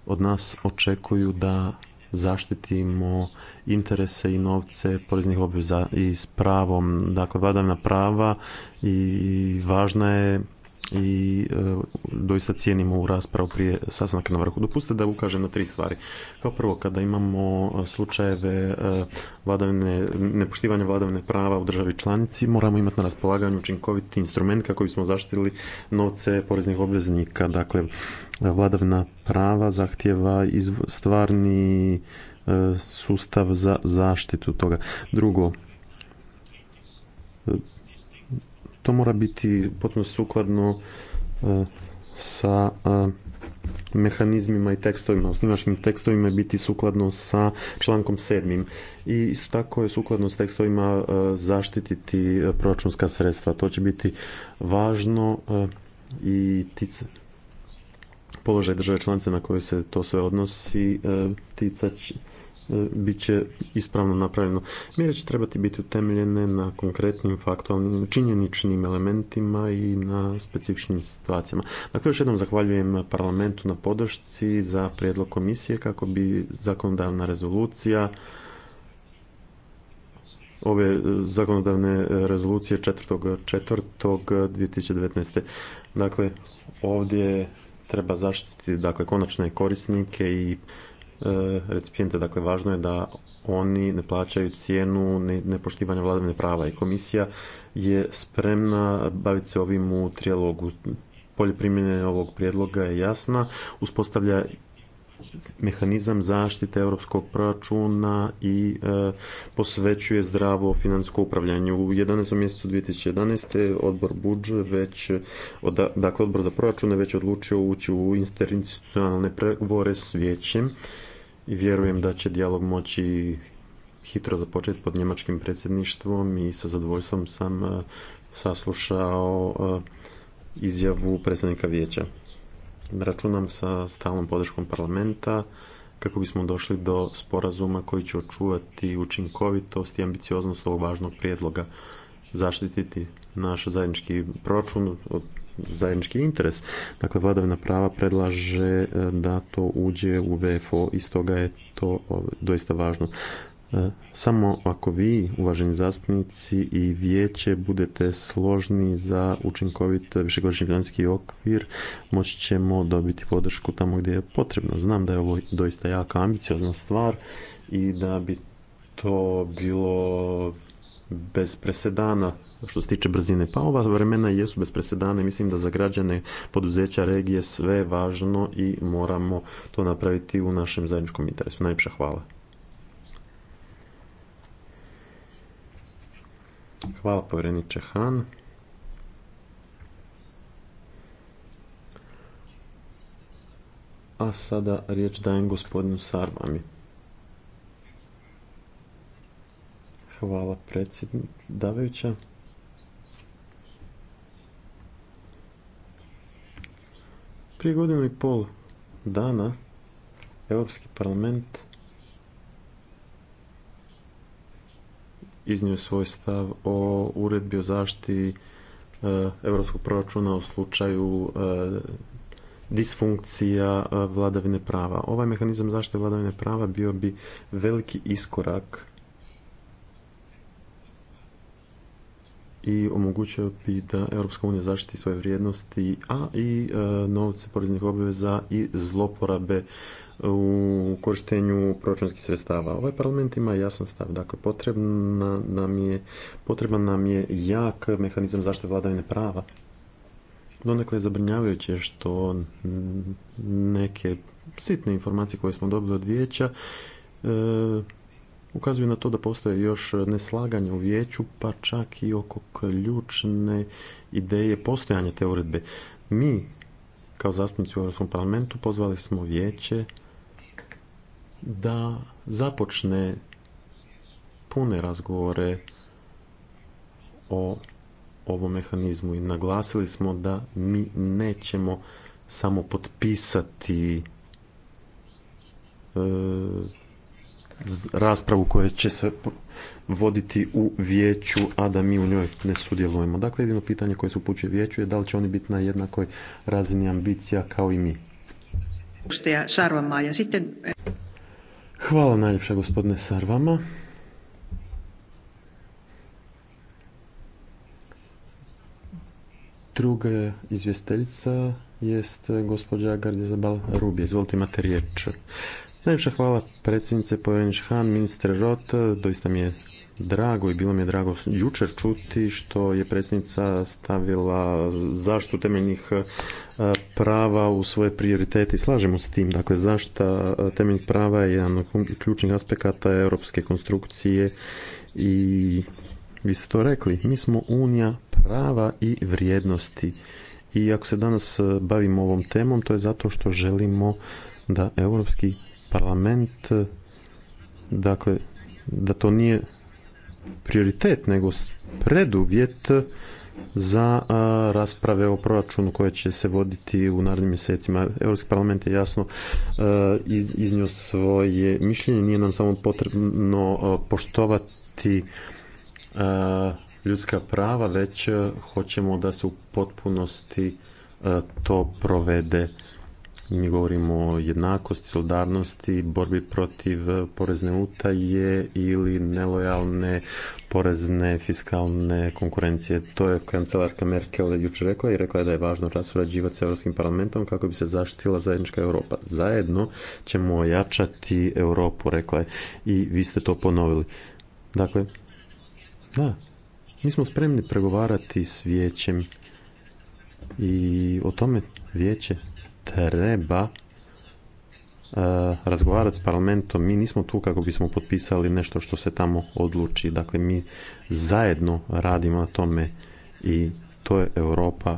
od nas očekuju da zaštitimo interese i novce poreznih obveza i s pravom, dakle vladavina prava i važna je i e, doista cijenimo u raspravu prije sastanka na vrhu. Dopustite da ukažem na tri stvari. Kao prvo, kada imamo e, slučajeve e, vladavine, nepoštivanja vladavne prava u državi članici, moramo imati na raspolaganju učinkoviti instrument kako bismo zaštitili novce poreznih obveznika. Dakle, vladavna prava zahtjeva stvarni sustav za zaštitu toga. Drugo, to mora biti potpuno sukladno e, sa e, mehanizmima i tekstovima, osnivačkim tekstovima je biti sukladno sa člankom sedmim. I isto tako je sukladno s tekstovima e, zaštititi proračunska sredstva. To će biti važno i tice. položaj države članice na koje se to sve odnosi ticaći. E, bit će ispravno napravljeno. Mjere će trebati biti utemeljene na konkretnim faktualnim činjeničnim elementima i na specifičnim situacijama. Dakle, još jednom zahvaljujem parlamentu na podršci za prijedlog komisije kako bi zakonodavna rezolucija ove e, zakonodavne rezolucije 4.4.2019. Dakle, ovdje treba zaštiti dakle, konačne korisnike i E, recipijente. Dakle, važno je da oni ne plaćaju cijenu nepoštivanja vladavne prava i komisija je spremna baviti se ovim u trijalogu. Polje primjene ovog prijedloga je jasna, uspostavlja mehanizam zaštite europskog proračuna i e, posvećuje zdravo financijsko upravljanje. U 11. mjesecu 2011. odbor budže već, dakle odbor za je već odlučio ući u interinstitucionalne pregovore s vijećem i vjerujem da će dijalog moći hitro započeti pod njemačkim predsjedništvom i sa zadovoljstvom sam e, saslušao e, izjavu predsjednika vijeća. Računam sa stalnom podrškom parlamenta kako bismo došli do sporazuma koji će očuvati učinkovitost i ambicioznost ovog važnog prijedloga, zaštititi naš zajednički proračun, zajednički interes. Dakle, vladavina prava predlaže e, da to uđe u VFO i stoga je to doista važno. E, samo ako vi, uvaženi zastupnici i vijeće, budete složni za učinkovit višegodišnji financijski okvir, moći ćemo dobiti podršku tamo gdje je potrebno. Znam da je ovo doista jaka ambiciozna stvar i da bi to bilo bez presedana što se tiče brzine. Pa ova vremena jesu bez presedana i mislim da za građane poduzeća regije sve je važno i moramo to napraviti u našem zajedničkom interesu. Najpša hvala. Hvala povjereniče Han. A sada riječ dajem gospodinu Sarvami. Hvala predsjedavajuća. Prije godinu i pol dana Europski parlament iznio svoj stav o uredbi o zaštiti e, europskog proračuna u slučaju e, disfunkcija e, vladavine prava. Ovaj mehanizam zaštite vladavine prava bio bi veliki iskorak i omogućio bi da Europska unija zaštiti svoje vrijednosti, a i e, novce poreznih obveza i zloporabe u korištenju proračunskih sredstava. Ovaj parlament ima jasan stav, dakle potrebna nam je, potreban nam je jak mehanizam zaštite vladavine prava. Donekle je zabrinjavajuće što neke sitne informacije koje smo dobili od vijeća e, ukazuju na to da postoje još neslaganja u vijeću, pa čak i oko ključne ideje postojanja te uredbe. Mi, kao zastupnici u Europskom parlamentu, pozvali smo vijeće da započne pune razgovore o ovom mehanizmu i naglasili smo da mi nećemo samo potpisati e, raspravu koja će se voditi u vijeću, a da mi u njoj ne sudjelujemo. Dakle, jedino pitanje koje se upućuje vijeću je da li će oni biti na jednakoj razini ambicija kao i mi. Hvala najljepša gospodine Sarvama. Druga izvjesteljica jest gospođa Gardizabal Rubija. Izvolite, imate riječ. Najljepša hvala predsjednice Povjerenič Han, ministre Rot, doista mi je drago i bilo mi je drago jučer čuti što je predsjednica stavila zaštitu temeljnih e, prava u svoje prioritete i slažemo s tim. Dakle, zašta e, temeljnih prava je jedan od ključnih aspekata europske konstrukcije i vi ste to rekli, mi smo unija prava i vrijednosti. I ako se danas e, bavimo ovom temom, to je zato što želimo da europski parlament dakle da to nije prioritet nego preduvjet za rasprave o proračunu koje će se voditi u narednim mjesecima. Europski parlament je jasno iznio svoje mišljenje, nije nam samo potrebno poštovati ljudska prava, već hoćemo da se u potpunosti to provede. Mi govorimo o jednakosti, solidarnosti, borbi protiv porezne utaje ili nelojalne porezne fiskalne konkurencije. To je kancelarka Merkel jučer rekla i rekla je da je važno surađivati s Europskim parlamentom kako bi se zaštitila zajednička Europa. Zajedno ćemo ojačati Europu, rekla je. I vi ste to ponovili. Dakle, da, mi smo spremni pregovarati s vijećem i o tome vijeće treba e, razgovarati s parlamentom. Mi nismo tu kako bismo potpisali nešto što se tamo odluči. Dakle, mi zajedno radimo na tome i to je Europa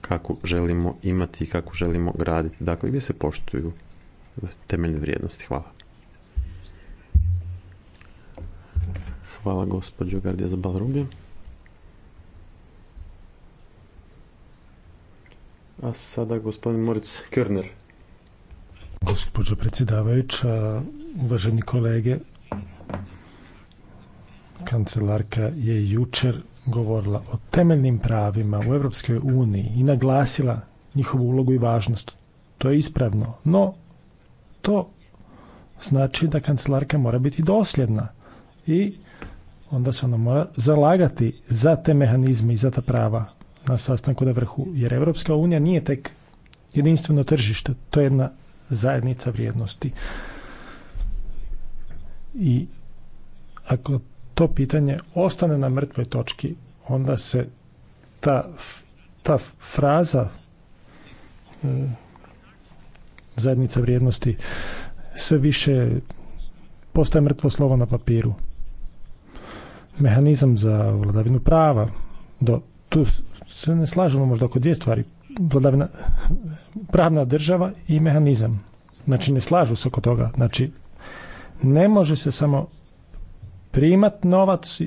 kako želimo imati i kako želimo graditi. Dakle, gdje se poštuju temeljne vrijednosti. Hvala. Hvala gospođo Gardija za Balrubje. A sada gospodin Moritz Körner. Gospođo predsjedavajuća, uvaženi kolege, kancelarka je jučer govorila o temeljnim pravima u Europskoj uniji i naglasila njihovu ulogu i važnost. To je ispravno, no to znači da kancelarka mora biti dosljedna i onda se ona mora zalagati za te mehanizme i za ta prava na sastanku na vrhu, jer Europska unija nije tek jedinstveno tržište, to je jedna zajednica vrijednosti. I ako to pitanje ostane na mrtvoj točki, onda se ta, ta fraza mm, zajednica vrijednosti sve više postaje mrtvo slovo na papiru. Mehanizam za vladavinu prava do tu se ne slažemo možda oko dvije stvari. Vladavina, pravna država i mehanizam. Znači ne slažu se oko toga. Znači ne može se samo primat novac e,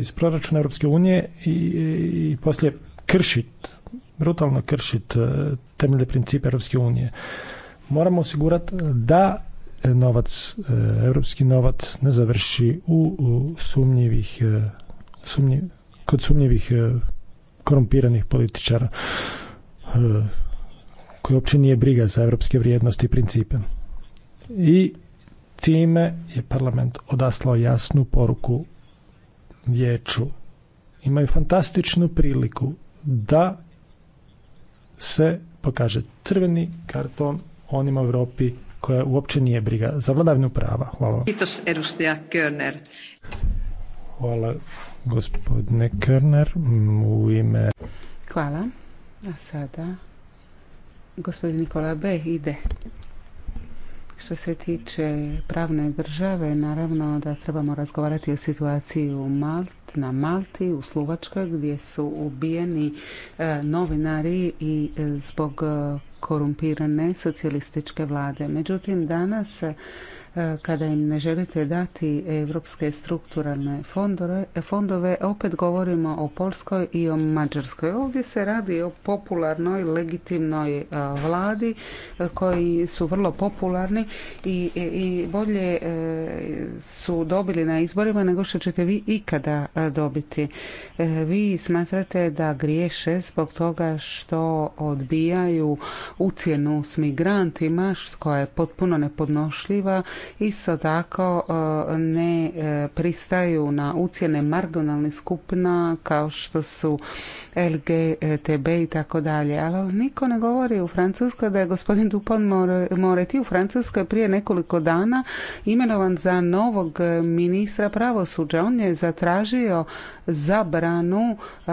iz proračuna Europske unije i, i poslije kršit, brutalno kršit e, temeljne principe Europske unije. Moramo osigurati da novac, e, europski novac ne završi u, sumnjivih kod sumnjivih korumpiranih političara e, koji uopće nije briga za europske vrijednosti i principe. I time je parlament odaslao jasnu poruku vijeću. Imaju fantastičnu priliku da se pokaže crveni karton onima u Europi koja uopće nije briga za vladavinu prava. Hvala. Hvala gospodine Körner u ime... Hvala. A sada gospodin Nikola B. ide. Što se tiče pravne države, naravno da trebamo razgovarati o situaciji u malt na Malti u Slovačkoj gdje su ubijeni e, novinari i e, zbog e, korumpirane socijalističke vlade. Međutim, danas kada im ne želite dati europske strukturalne fondove, fondove, opet govorimo o Polskoj i o Mađarskoj. Ovdje se radi o popularnoj, legitimnoj vladi koji su vrlo popularni i, i bolje e, su dobili na izborima nego što ćete vi ikada dobiti. E, vi smatrate da griješe zbog toga što odbijaju ucjenu s migrantima koja je potpuno nepodnošljiva Isto tako e, ne e, pristaju na ucjene marginalnih skupina kao što su LGTB i tako dalje. Ali niko ne govori u Francuskoj da je gospodin Dupont Moreti u Francuskoj prije nekoliko dana imenovan za novog ministra pravosuđa. On je zatražio zabranu e,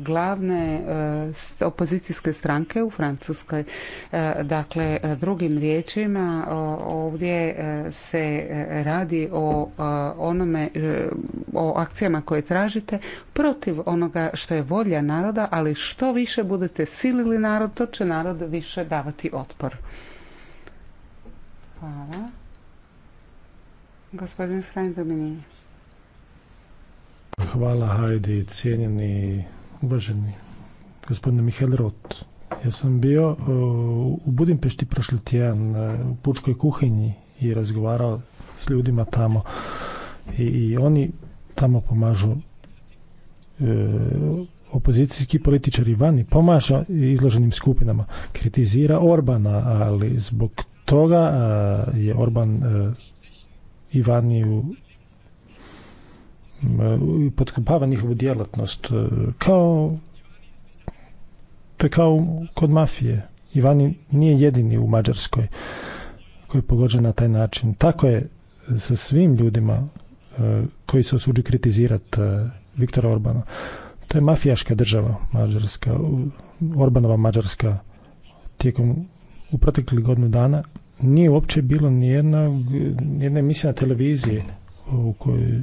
glavne opozicijske stranke u Francuskoj. Dakle, drugim riječima ovdje se e, radi o e, onome e, o akcijama koje tražite protiv onoga što je volja naroda, ali što više budete silili narod, to će narod više davati otpor. Hvala. Gospodin Frank Dominije. Hvala Hajdi, cijenjeni, uvaženi gospodine Mihael Roth. Ja sam bio u Budimpešti prošli tjedan u pučkoj kuhinji i razgovarao s ljudima tamo i, i oni tamo pomažu e, opozicijski političari vani pomaža izloženim skupinama kritizira Orbana ali zbog toga e, je Orban e, i u e, njihovu djelatnost kao to je kao kod mafije Ivani nije jedini u Mađarskoj koji je pogođen na taj način. Tako je sa svim ljudima e, koji se osuđuju kritizirati e, Viktora Orbana. To je mafijaška država Mađarska, Orbanova Mađarska tijekom u proteklih godinu dana nije uopće bilo nijedna, nijedna emisija na televiziji u kojoj,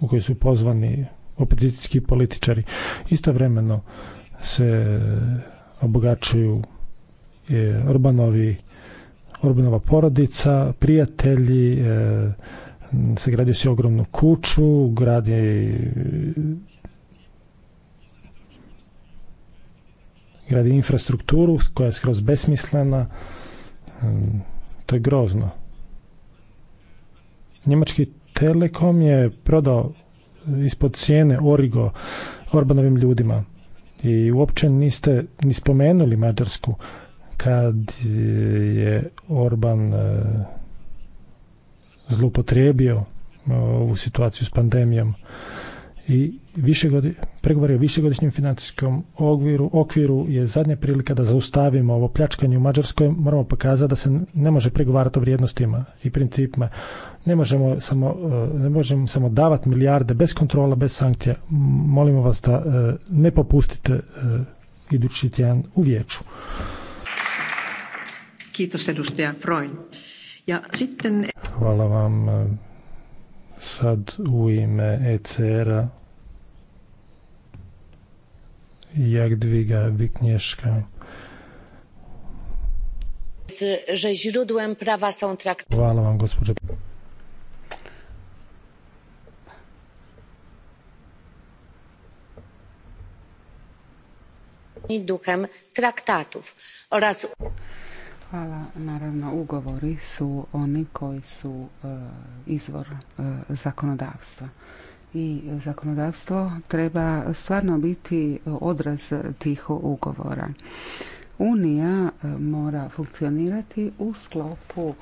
u kojoj su pozvani opozicijski političari. Istovremeno se obogačuju e, Orbanovi Orbanova porodica, prijatelji, se gradio si ogromnu kuću, gradi gradi infrastrukturu koja je skroz besmislena. E, to je grozno. Njemački Telekom je prodao ispod cijene Origo Orbanovim ljudima i uopće niste ni spomenuli Mađarsku kad e, je Orban e, zloupotrijebio e, ovu situaciju s pandemijom i višegodi, pregovori o višegodišnjem financijskom okviru, okviru je zadnja prilika da zaustavimo ovo pljačkanje u Mađarskoj. Moramo pokazati da se ne može pregovarati o vrijednostima i principima. Ne možemo samo, ne možemo samo davati milijarde bez kontrola, bez sankcija. Molimo vas da ne popustite idući tjedan u vijeću. Kiitos edustaja Freund. Ja sitten... Hvala vam. Sad u ime ECR-a Jagdwiga Wiknieszka. Że źródłem prawa są traktaty. Hvala vam, gospođo. duchem traktatów oraz Hvala. Naravno, ugovori su oni koji su eh, izvor eh, zakonodavstva. I zakonodavstvo treba stvarno biti odraz tih ugovora. Unija eh, mora funkcionirati u sklopu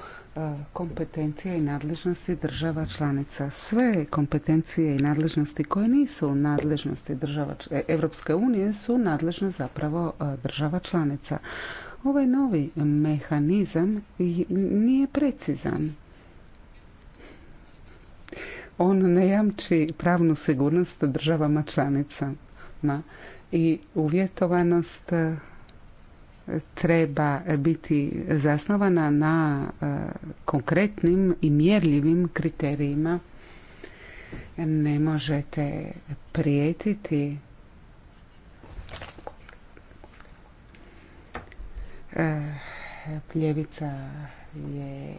kompetencija i nadležnosti država članica. Sve kompetencije i nadležnosti koje nisu nadležnosti država Europske unije su nadležne zapravo država članica. Ovaj novi mehanizam nije precizan. On ne jamči pravnu sigurnost državama članicama i uvjetovanost treba biti zasnovana na e, konkretnim i mjerljivim kriterijima. Ne možete prijetiti pljevica eh, je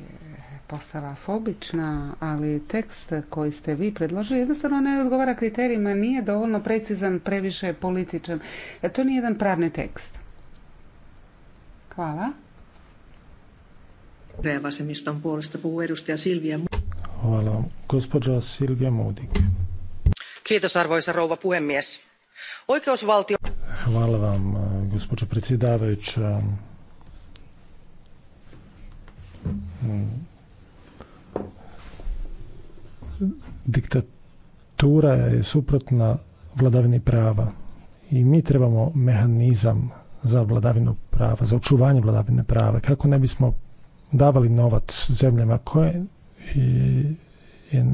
postala fobična, ali tekst koji ste vi predložili jednostavno ne odgovara kriterijima, nije dovoljno precizan, previše političan. E, to nije jedan pravni tekst. Hvala. Vasemmiston puolesta puhuu edustaja Silvia Hvala. Gospođa Silvija Mudik. Kiitos arvoisa rouva puhemies. Oikeusvaltio... Hvala vam, gospođo predsjedavajuća Diktatura je suprotna vladavini prava i mi trebamo mehanizam za vladavinu prava, za očuvanje vladavine prava, kako ne bismo davali novac zemljama koje i,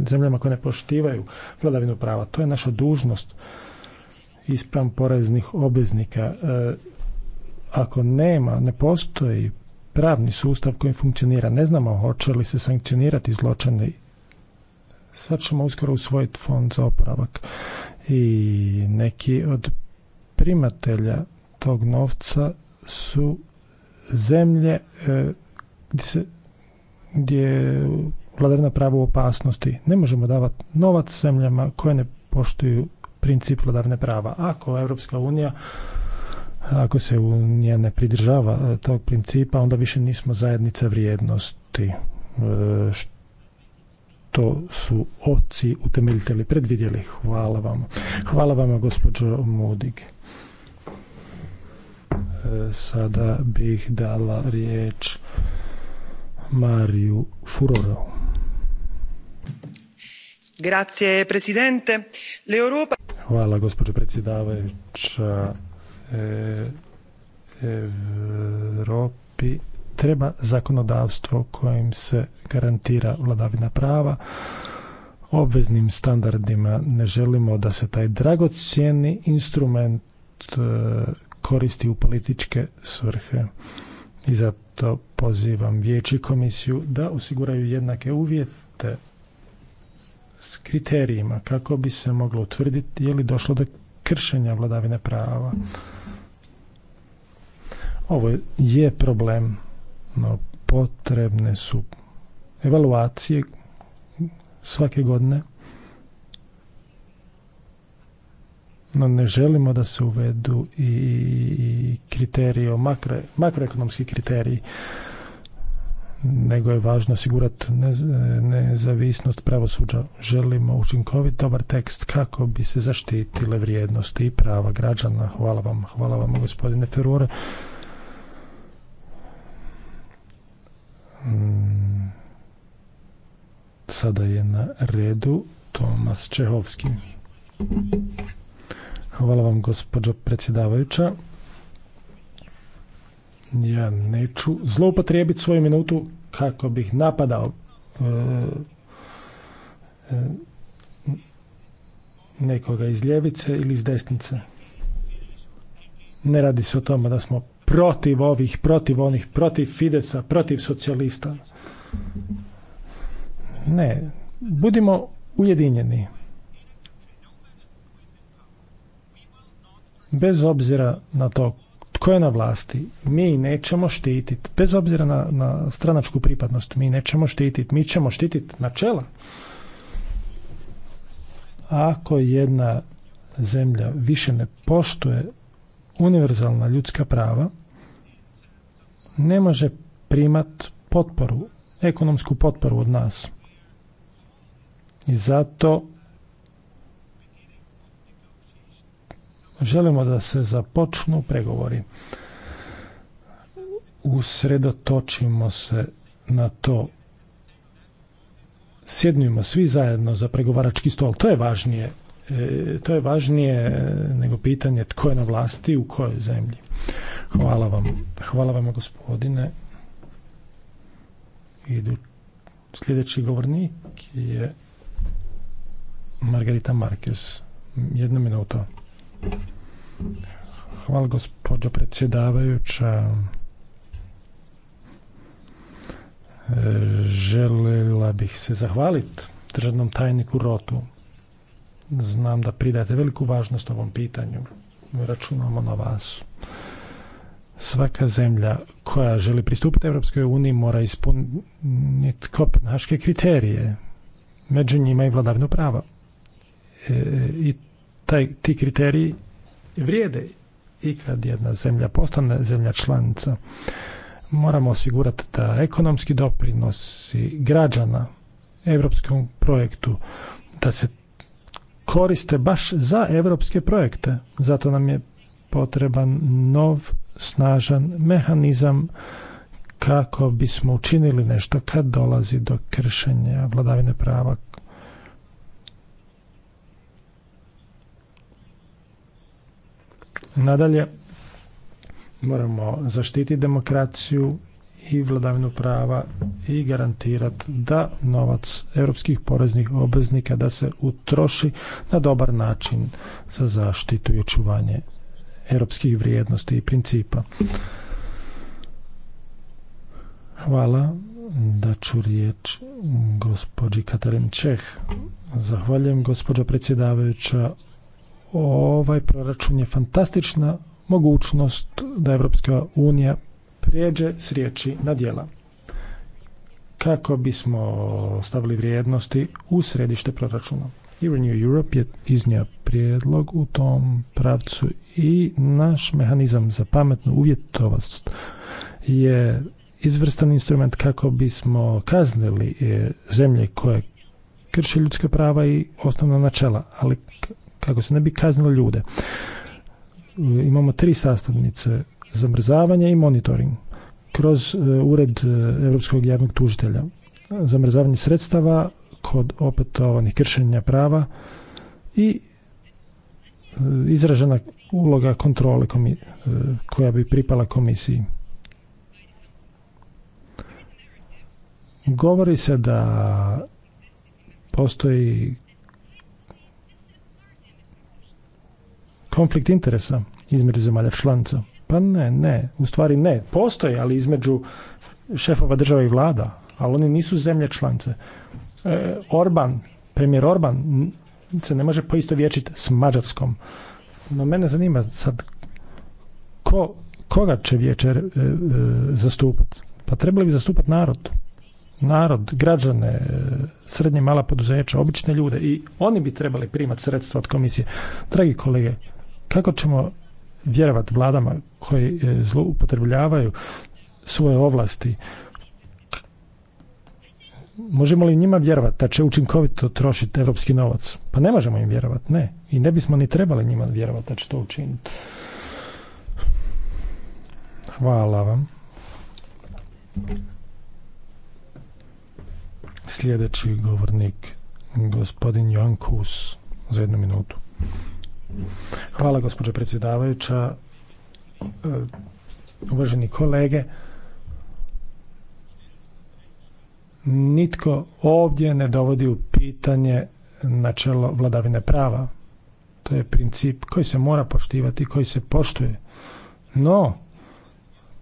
zemljama koje ne poštivaju vladavinu prava. To je naša dužnost ispram poreznih obveznika. E, ako nema, ne postoji pravni sustav koji funkcionira. Ne znamo hoće li se sankcionirati zločini. Sad ćemo uskoro usvojiti fond za oporavak i neki od primatelja tog novca su zemlje e, gdje, se, gdje je vladavina prava u opasnosti. Ne možemo davati novac zemljama koje ne poštuju princip vladavine prava. Ako Europska unija ako se Unija ne pridržava e, tog principa, onda više nismo zajednica vrijednosti, e, To su oci utemeljitelji predvidjeli. Hvala vam. Hvala vam, gospođo Modig. E, sada bih dala riječ Mariju Furoro. Grazie, presidente. L'Europa... Hvala, gospođo predsjedavajuća. Europi treba zakonodavstvo kojim se garantira vladavina prava obveznim standardima. Ne želimo da se taj dragocjeni instrument e, koristi u političke svrhe. I zato pozivam vijeći komisiju da osiguraju jednake uvjete s kriterijima kako bi se moglo utvrditi je li došlo do kršenja vladavine prava. Ovo je problem, no potrebne su evaluacije svake godine. No ne želimo da se uvedu i kriterije, makro, makroekonomski kriteriji, nego je važno osigurati nezavisnost pravosuđa. Želimo učinkovit dobar tekst kako bi se zaštitile vrijednosti i prava građana. Hvala vam, hvala vam gospodine Ferore. Sada je na redu Tomas Čehovski. Hvala vam, gospođo predsjedavajuća. Ja neću zloupotrijebiti svoju minutu kako bih napadao e, e, nekoga iz ljevice ili iz desnice. Ne radi se o tome da smo protiv ovih, protiv onih, protiv Fidesa, protiv socijalista. Ne, budimo ujedinjeni. Bez obzira na to tko je na vlasti, mi nećemo štititi, bez obzira na, na stranačku pripadnost, mi nećemo štititi, mi ćemo štititi načela. Ako jedna zemlja više ne poštuje univerzalna ljudska prava ne može primat potporu, ekonomsku potporu od nas. I zato želimo da se započnu pregovori. Usredotočimo se na to. Sjednujemo svi zajedno za pregovarački stol. To je važnije E, to je važnije e, nego pitanje tko je na vlasti u kojoj zemlji. Hvala vam. Hvala vam gospodine. Idu. Sljedeći govornik je Margarita Marquez. Jedna minuta. Hvala gospođo predsjedavajuća. E, želila bih se zahvaliti državnom tajniku Rotu Znam da pridajete veliku važnost ovom pitanju. Računamo na vas. Svaka zemlja koja želi pristupiti Europskoj uniji mora ispuniti kopenhaške kriterije. Među njima i vladavno prava. E, I taj, ti kriteriji vrijede i kad jedna zemlja postane zemlja članica. Moramo osigurati da ekonomski doprinosi građana europskom projektu da se koriste baš za evropske projekte. Zato nam je potreban nov, snažan mehanizam kako bismo učinili nešto kad dolazi do kršenja vladavine prava. Nadalje, moramo zaštiti demokraciju i vladavinu prava i garantirati da novac europskih poreznih obveznika da se utroši na dobar način za zaštitu i očuvanje europskih vrijednosti i principa. Hvala. Da ću riječ gospođi Katarin Čeh. Zahvaljujem gospođo predsjedavajuća. Ovaj proračun je fantastična mogućnost da Evropska unija prijeđe s riječi na djela kako bismo stavili vrijednosti u središte proračuna. I Renew Europe je iznio prijedlog u tom pravcu i naš mehanizam za pametnu uvjetovost je izvrstan instrument kako bismo kaznili e, zemlje koje krše ljudska prava i osnovna načela, ali kako se ne bi kaznilo ljude. E, imamo tri sastavnice, zamrzavanje i monitoring kroz e, ured e, Europskog javnog tužitelja. Zamrzavanje sredstava kod opetovanih kršenja prava i e, izražena uloga kontrole koja bi pripala komisiji. Govori se da postoji konflikt interesa između zemalja članica. Pa ne, ne. U stvari ne. Postoje, ali između šefova država i vlada. Ali oni nisu zemlje članice. E, Orban, premijer Orban se ne može poisto vječiti s Mađarskom. No mene zanima sad ko, koga će vječer e, e zastupati? Pa trebali bi zastupati narod. Narod, građane, e, srednje mala poduzeća, obične ljude i oni bi trebali primati sredstva od komisije. Dragi kolege, kako ćemo vjerovati vladama koji e, zloupotrebljavaju svoje ovlasti. Možemo li njima vjerovati da će učinkovito trošiti evropski novac? Pa ne možemo im vjerovati, ne. I ne bismo ni trebali njima vjerovati da će to učiniti. Hvala vam. Sljedeći govornik, gospodin Joankus, Kus, za jednu minutu. Hvala, gospođo predsjedavajuća. E, uvaženi kolege. Nitko ovdje ne dovodi u pitanje načelo vladavine prava. To je princip koji se mora poštivati koji se poštuje. No,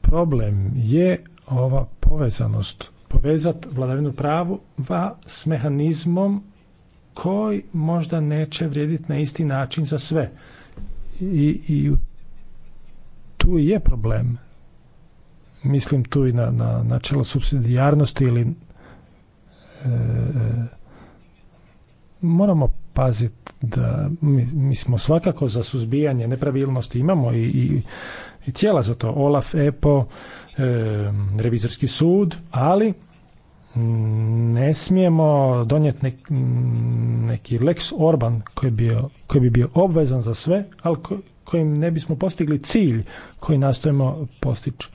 problem je ova povezanost. Povezati vladavinu pravu va s mehanizmom koji možda neće vrijediti na isti način za sve. I, i u tu i je problem. Mislim tu i na, na načelo subsidijarnosti ili e, e moramo paziti da mi, mi, smo svakako za suzbijanje nepravilnosti imamo i, i, i cijela za to Olaf, EPO, e, revizorski sud, ali ne smijemo donijeti neki lex Orban koji, bio, koji bi bio obvezan za sve, ali kojim ne bismo postigli cilj koji nastojimo postići.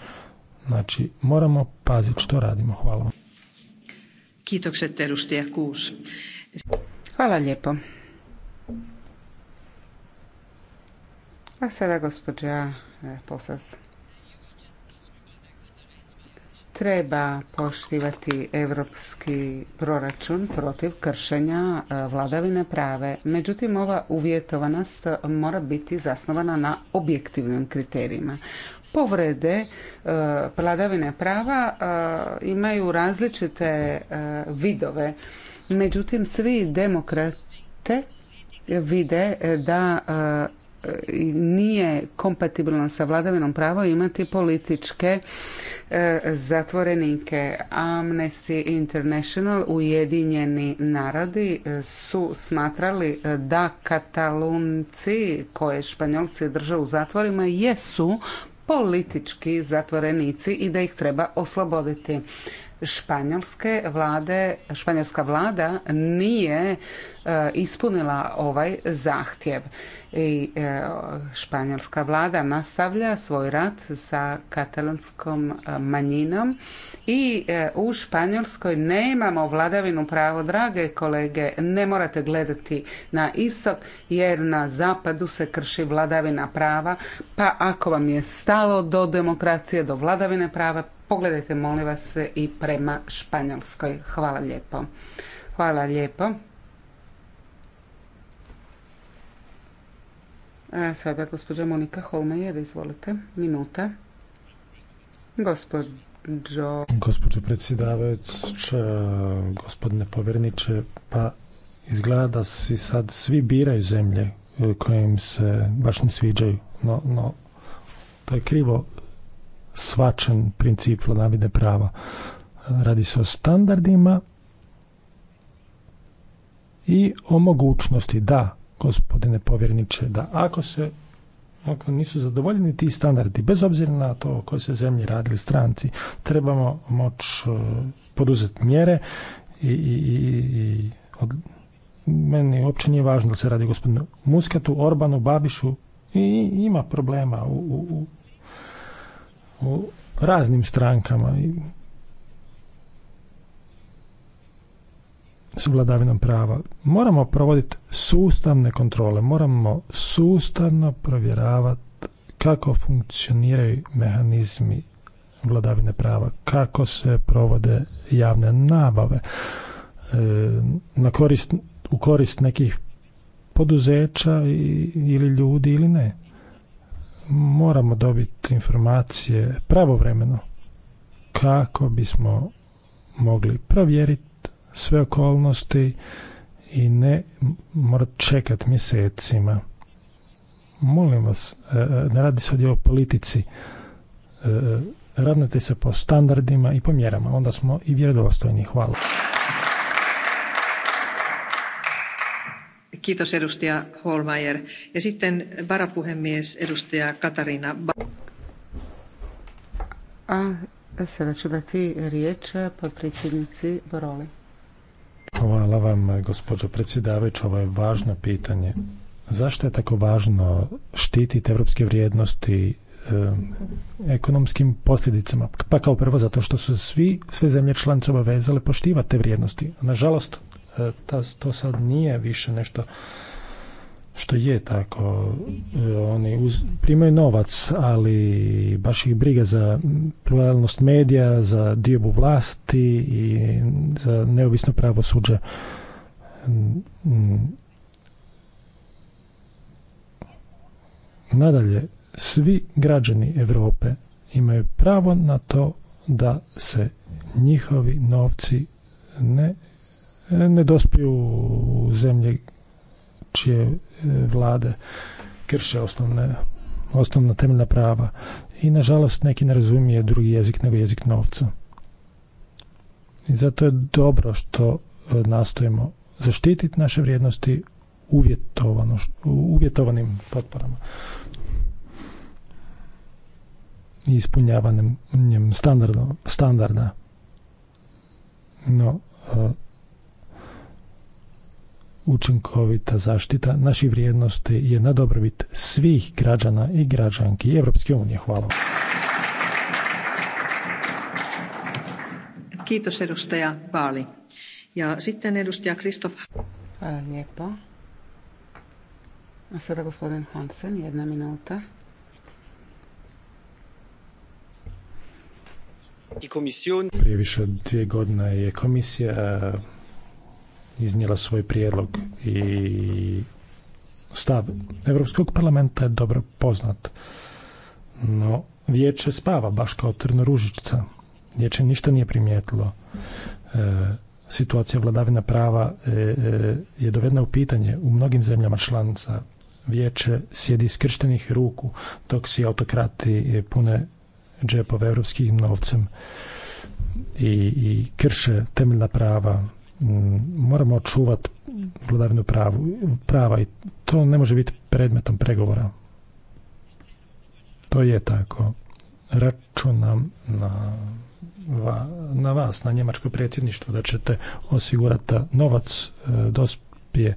Znači, moramo paziti što radimo. Hvala vam. Hvala lijepo. A sada gospođa e, Posas treba poštivati europski proračun protiv kršenja e, vladavine prave. Međutim, ova uvjetovanost mora biti zasnovana na objektivnim kriterijima. Povrede e, vladavine prava e, imaju različite vidove. Međutim, svi demokrate vide da nije kompatibilno sa vladavinom pravo imati političke e, zatvorenike. Amnesty International, Ujedinjeni narodi e, su smatrali e, da Katalunci koje Španjolci drže u zatvorima jesu politički zatvorenici i da ih treba osloboditi. Španjolske vlade, španjolska vlada nije ispunila ovaj zahtjev i e, španjolska vlada nastavlja svoj rat sa katalonskom e, manjinom i e, u Španjolskoj nemamo vladavinu pravo, drage kolege, ne morate gledati na istok jer na zapadu se krši vladavina prava, pa ako vam je stalo do demokracije, do vladavine prava, pogledajte molim vas i prema Španjolskoj. Hvala lijepo. Hvala lijepo. A sada gospođa Monika Holmejer, izvolite, minuta. Gospođo... Gospođo predsjedavajuća, gospodine povjerniče, pa izgleda da si sad svi biraju zemlje e, koje im se baš ne sviđaju, no, no to je krivo svačen princip vladavine prava. Radi se o standardima i o mogućnosti da gospodine povjereniče, da ako se ako nisu zadovoljeni ti standardi, bez obzira na to o kojoj se zemlji radili stranci, trebamo moć e, poduzeti mjere i, i, i od, meni uopće nije važno da se radi o gospodinu Muskatu, Orbanu, Babišu i ima problema u, u, u raznim strankama i s vladavinom prava. Moramo provoditi sustavne kontrole, moramo sustavno provjeravati kako funkcioniraju mehanizmi vladavine prava, kako se provode javne nabave e, na u korist nekih poduzeća ili ljudi ili ne. Moramo dobiti informacije pravovremeno kako bismo mogli provjeriti sve okolnosti i ne morat čekat mjesecima. Molim vas, e, e, ne radi se ovdje o politici, e, radnate se po standardima i po mjerama, onda smo i vjerodostojni. Hvala. Kiitos edustaja Holmeier. Ja sitten varapuhemies edustaja Katarina. A sada ću dati riječ predsjednici Boroli. Hvala vam, gospođo predsjedavajuć. Ovo je važno pitanje. Zašto je tako važno štititi evropske vrijednosti eh, ekonomskim posljedicama? Pa kao prvo zato što su svi, sve zemlje članice obavezale poštivati te vrijednosti. Nažalost, eh, to sad nije više nešto što je tako. E, oni primaju novac, ali baš ih briga za pluralnost medija, za diobu vlasti i za neovisno pravo suđa. Nadalje, svi građani Europe imaju pravo na to da se njihovi novci ne, ne dospiju u zemlje čije e, vlade krše osnovne osnovna temeljna prava i nažalost neki ne razumije drugi jezik nego jezik novca. I zato je dobro što e, nastojimo zaštititi naše vrijednosti uvjetovano, uvjetovanim potporama i ispunjavanjem standarda. standarda. No, e, učinkovita zaštita naših vrijednosti je na dobrobit svih građana i građanki Europske unije. Hvala. Kiitos edustaja Baali. Ja sitten edustaja Kristof. lijepo. A sada gospodin Hansen, jedna minuta. Prije više od dvije godine je komisija iznijela svoj prijedlog i stav Europskog parlamenta je dobro poznat. No, vijeće spava baš kao trno ružičica. Vijeće ništa nije primijetilo. E, situacija vladavina prava e, e, je dovedena u pitanje u mnogim zemljama članica. Vijeće sjedi iskrštenih ruku dok si autokrati pune džepove europskim novcem i, i krše temeljna prava Mm, moramo očuvati vladavinu prava i to ne može biti predmetom pregovora. To je tako. Računam na, na vas, na njemačko predsjedništvo, da ćete osigurati novac e, dospije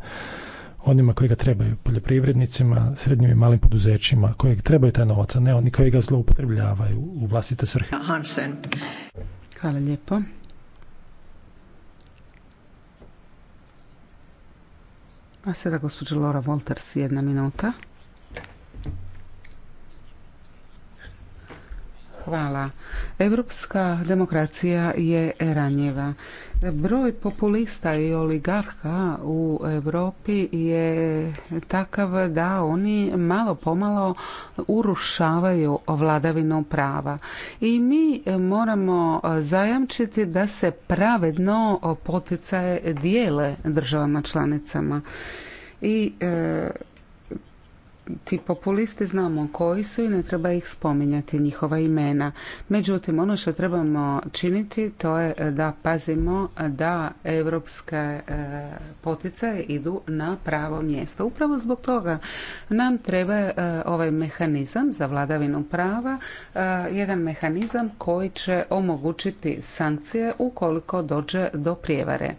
onima koji ga trebaju, poljoprivrednicima, srednjim i malim poduzećima, kojeg trebaju taj novac, a ne oni koji ga zloupotrebljavaju u vlastite svrhe. Hvala lijepo. A sada gospođa Laura Wolters, jedna minuta. Hvala. Europska demokracija je ranjiva. Broj populista i oligarha u Europi je takav da oni malo pomalo urušavaju vladavinu prava. I mi moramo zajamčiti da se pravedno poticaje dijele državama članicama. I e, ti populisti znamo koji su i ne treba ih spominjati njihova imena. Međutim, ono što trebamo činiti to je e, da pazimo da evropske e, poticaje idu na pravo mjesto. Upravo zbog toga nam treba e, ovaj mehanizam za vladavinu prava, jedan mehanizam koji će omogućiti sankcije ukoliko dođe do prijevare.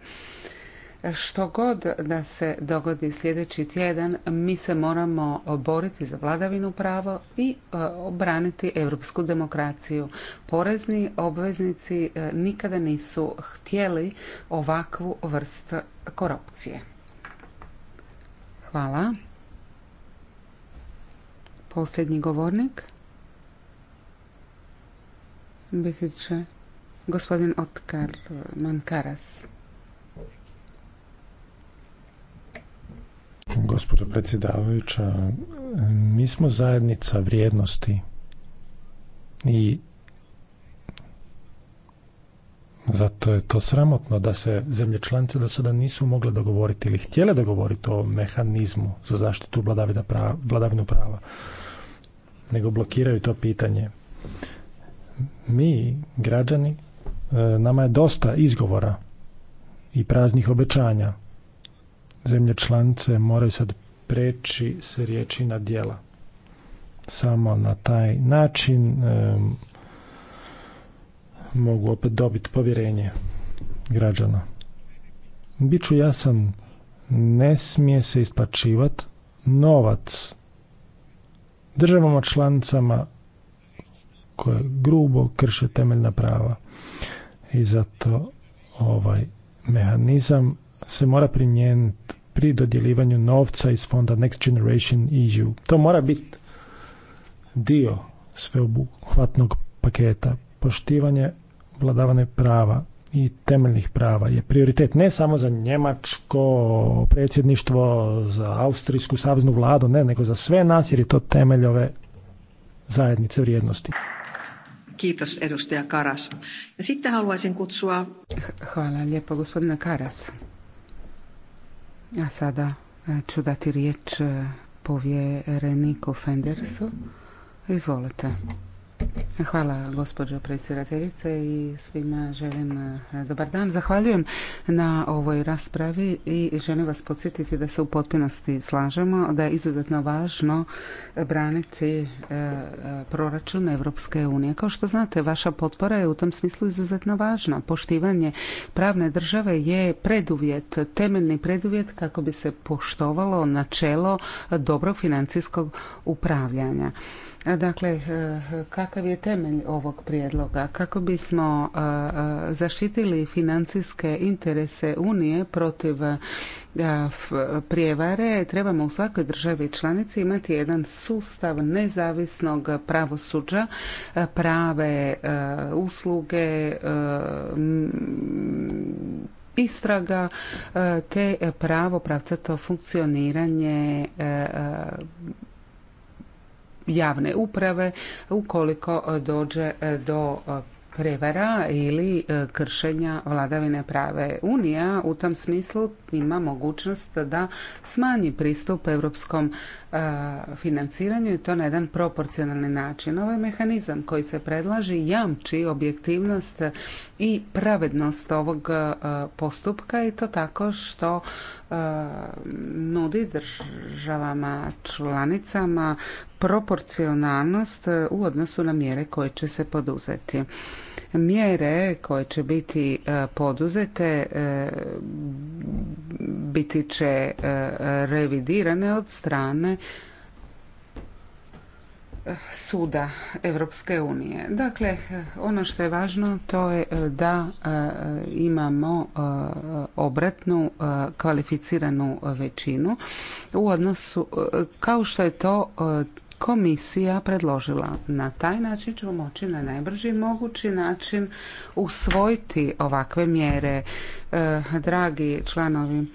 Što god da se dogodi sljedeći tjedan, mi se moramo boriti za vladavinu pravo i e, obraniti europsku demokraciju. Porezni obveznici e, nikada nisu htjeli ovakvu vrst korupcije. Hvala. Posljednji govornik biti će gospodin Otkar Mankaras. Gospođo predsjedavajuća, mi smo zajednica vrijednosti i zato je to sramotno da se zemlje članice do sada nisu mogle dogovoriti ili htjele dogovoriti o mehanizmu za zaštitu prava, vladavinu prava, nego blokiraju to pitanje. Mi, građani, e, nama je dosta izgovora i praznih obećanja zemlje članice moraju sad preći s riječi na dijela. Samo na taj način mogu opet dobiti povjerenje građana. Biću jasan, ne smije se ispačivati novac državama članicama koje grubo krše temeljna prava. I zato ovaj mehanizam se mora primijeniti pri dodjelivanju novca iz fonda Next Generation EU. To mora biti dio sveobuhvatnog paketa. Poštivanje vladavane prava i temeljnih prava je prioritet ne samo za njemačko predsjedništvo, za austrijsku saveznu vladu, ne, nego za sve nas jer je to temelj ove zajednice vrijednosti. Kiitos edustaja Karas. Ja haluaisin kutsua... Hvala lijepo gospodina Karas. A sada e, ću dati riječ e, povjereniku Fendersu. Izvolite. Hvala gospođo predsjedateljice i svima želim e, dobar dan. Zahvaljujem na ovoj raspravi i želim vas podsjetiti da se u potpunosti slažemo da je izuzetno važno braniti e, e, proračun Europske unije. Kao što znate, vaša potpora je u tom smislu izuzetno važna. Poštivanje pravne države je preduvjet, temeljni preduvjet kako bi se poštovalo načelo dobrog financijskog upravljanja. Dakle, eh, kakav je temelj ovog prijedloga? Kako bismo eh, eh, zaštitili financijske interese Unije protiv prijevare, trebamo u svakoj državi članici imati jedan sustav nezavisnog pravosuđa, prave usluge, istraga te pravo pravcato funkcioniranje javne uprave ukoliko e, dođe e, do e, prevara ili kršenja vladavine prave. Unija u tom smislu ima mogućnost da smanji pristup europskom financiranju i to na jedan proporcionalni način. Ovaj mehanizam koji se predlaže jamči objektivnost i pravednost ovog postupka i to tako što nudi državama članicama proporcionalnost u odnosu na mjere koje će se poduzeti. Mjere koje će biti e, poduzete e, biti će e, revidirane od strane suda Europske unije. Dakle, ono što je važno to je da imamo obratnu kvalificiranu većinu u odnosu kao što je to komisija predložila. Na taj način ćemo moći na najbrži mogući način usvojiti ovakve mjere. E, dragi članovi,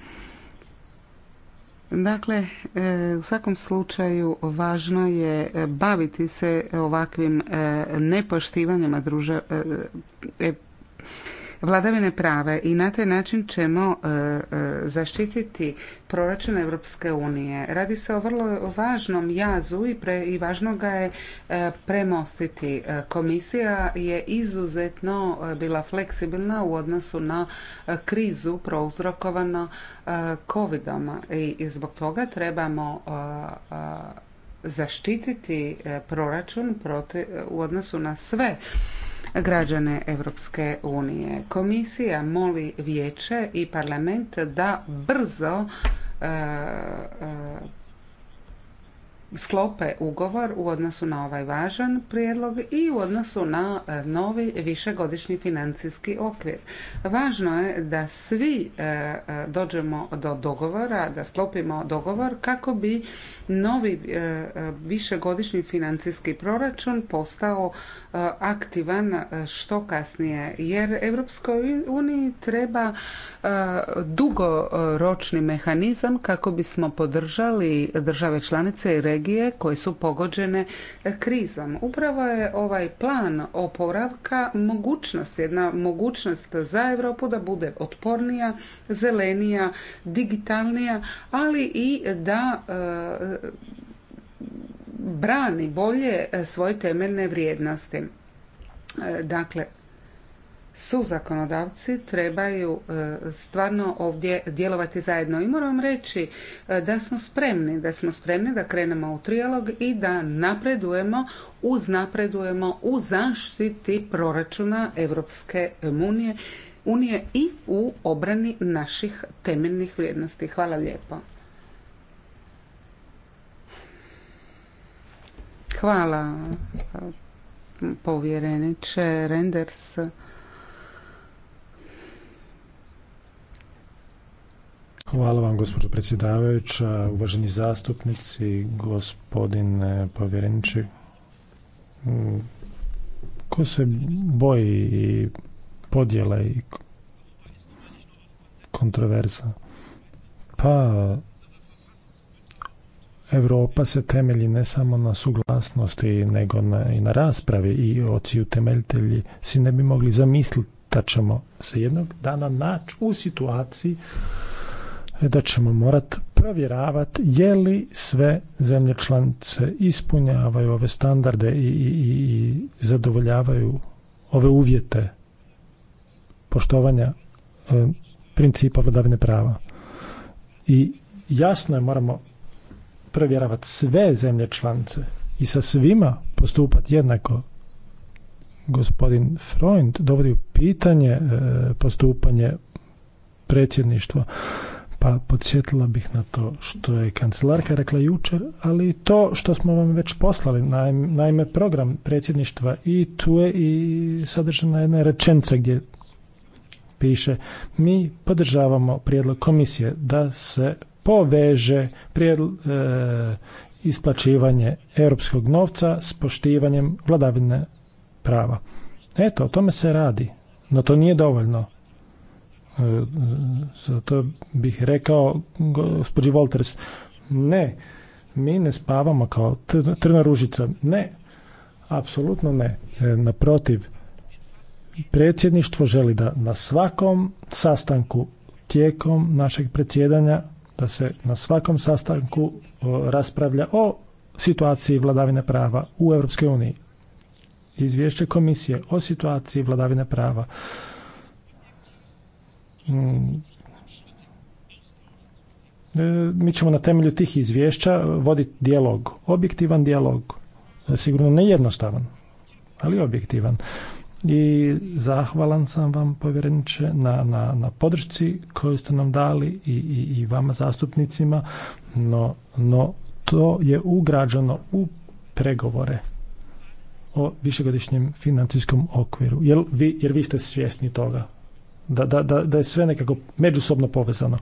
Dakle, e, u svakom slučaju važno je baviti se ovakvim e, nepoštivanjima druže, vladavine prave i na taj način ćemo e, e, zaštititi proračun Europske unije. Radi se o vrlo važnom jazu i, pre, i važno ga je e, premostiti. Komisija je izuzetno bila fleksibilna u odnosu na krizu prouzrokovano om i zbog toga trebamo zaštititi proračun u odnosu na sve građane Europske unije. Komisija moli vijeće i parlament da brzo e, e, sklope ugovor u odnosu na ovaj važan prijedlog i u odnosu na e, novi višegodišnji financijski okvir. Važno je da svi dođemo do dogovora, da sklopimo dogovor kako bi novi e, e, višegodišnji financijski proračun postao e, aktivan što kasnije jer Europskoj uniji treba dugoročni mehanizam kako bismo podržali države članice i regije koje su pogođene krizom. Upravo je ovaj plan oporavka mogućnost, jedna mogućnost za Europu da bude otpornija, zelenija, digitalnija, ali i da brani bolje e, svoje temeljne vrijednosti. E, dakle, su zakonodavci trebaju e, stvarno ovdje djelovati zajedno. I moram reći da smo spremni, da smo spremni da krenemo u trijalog i da napredujemo, napredujemo u zaštiti proračuna Europske unije, unije i u obrani naših temeljnih vrijednosti. Hvala lijepo. Hvala povjereniče Renders. Hvala vam, gospođo predsjedavajuća, uvaženi zastupnici, gospodin povjereniče. Ko se boji i podjela i kontroverza? Pa, Europa se temelji ne samo na suglasnosti, nego i na raspravi i oci utemeljitelji si ne bi mogli zamisliti da ćemo se jednog dana naći u situaciji da ćemo morati provjeravati je li sve zemlje članice ispunjavaju ove standarde i, i, zadovoljavaju ove uvjete poštovanja e, principa vladavine prava. I jasno je, moramo provjeravati sve zemlje članice i sa svima postupati jednako. Gospodin Freund dovodi u pitanje e, postupanje predsjedništva. Pa podsjetila bih na to što je kancelarka rekla jučer, ali i to što smo vam već poslali, naime program predsjedništva i tu je i sadržana jedna rečenica gdje piše mi podržavamo prijedlog komisije da se poveže prijedl, e, isplaćivanje europskog novca s poštivanjem vladavine prava. Eto, o tome se radi, no to nije dovoljno. E, zato bih rekao gospođi Wolters, ne, mi ne spavamo kao trna ružica. Ne, apsolutno ne. E, naprotiv, predsjedništvo želi da na svakom sastanku tijekom našeg predsjedanja da se na svakom sastanku raspravlja o situaciji vladavine prava u Europskoj uniji. Izvješće komisije o situaciji vladavine prava mm. e, mi ćemo na temelju tih izvješća voditi dijalog, objektivan dijalog, sigurno ne jednostavan, ali objektivan i zahvalan sam vam povjereniče na, na, na podršci koju ste nam dali i, i, i vama zastupnicima, no, no to je ugrađeno u pregovore o višegodišnjem financijskom okviru. Jer vi, jer vi ste svjesni toga da, da, da, da je sve nekako međusobno povezano.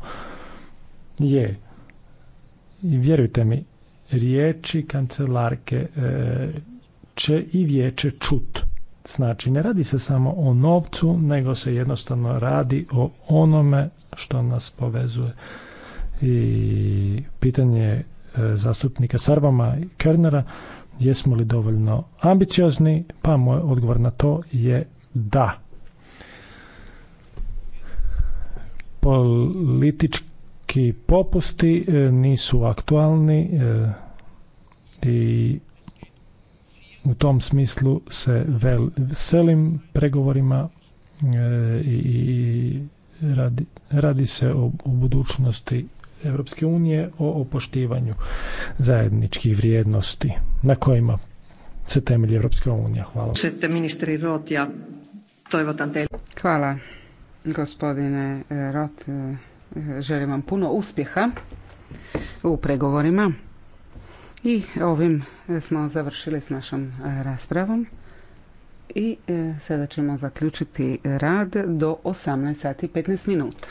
Je. I vjerujte mi, riječi kancelarke e, će i vijeće čut. Znači, ne radi se samo o novcu, nego se jednostavno radi o onome što nas povezuje. I pitanje e, zastupnika Sarvama i Kernera, jesmo li dovoljno ambiciozni? Pa moj odgovor na to je da. Politički popusti e, nisu aktualni e, i u tom smislu se vel, veselim pregovorima e, i radi, radi se o, budućnosti Europske unije o opoštivanju zajedničkih vrijednosti na kojima se temelji Europska unija. Hvala. Hvala gospodine e, Rot. E, želim vam puno uspjeha u pregovorima i ovim smo završili s našom e, raspravom i e, sada ćemo zaključiti rad do 18 sati 15 minuta.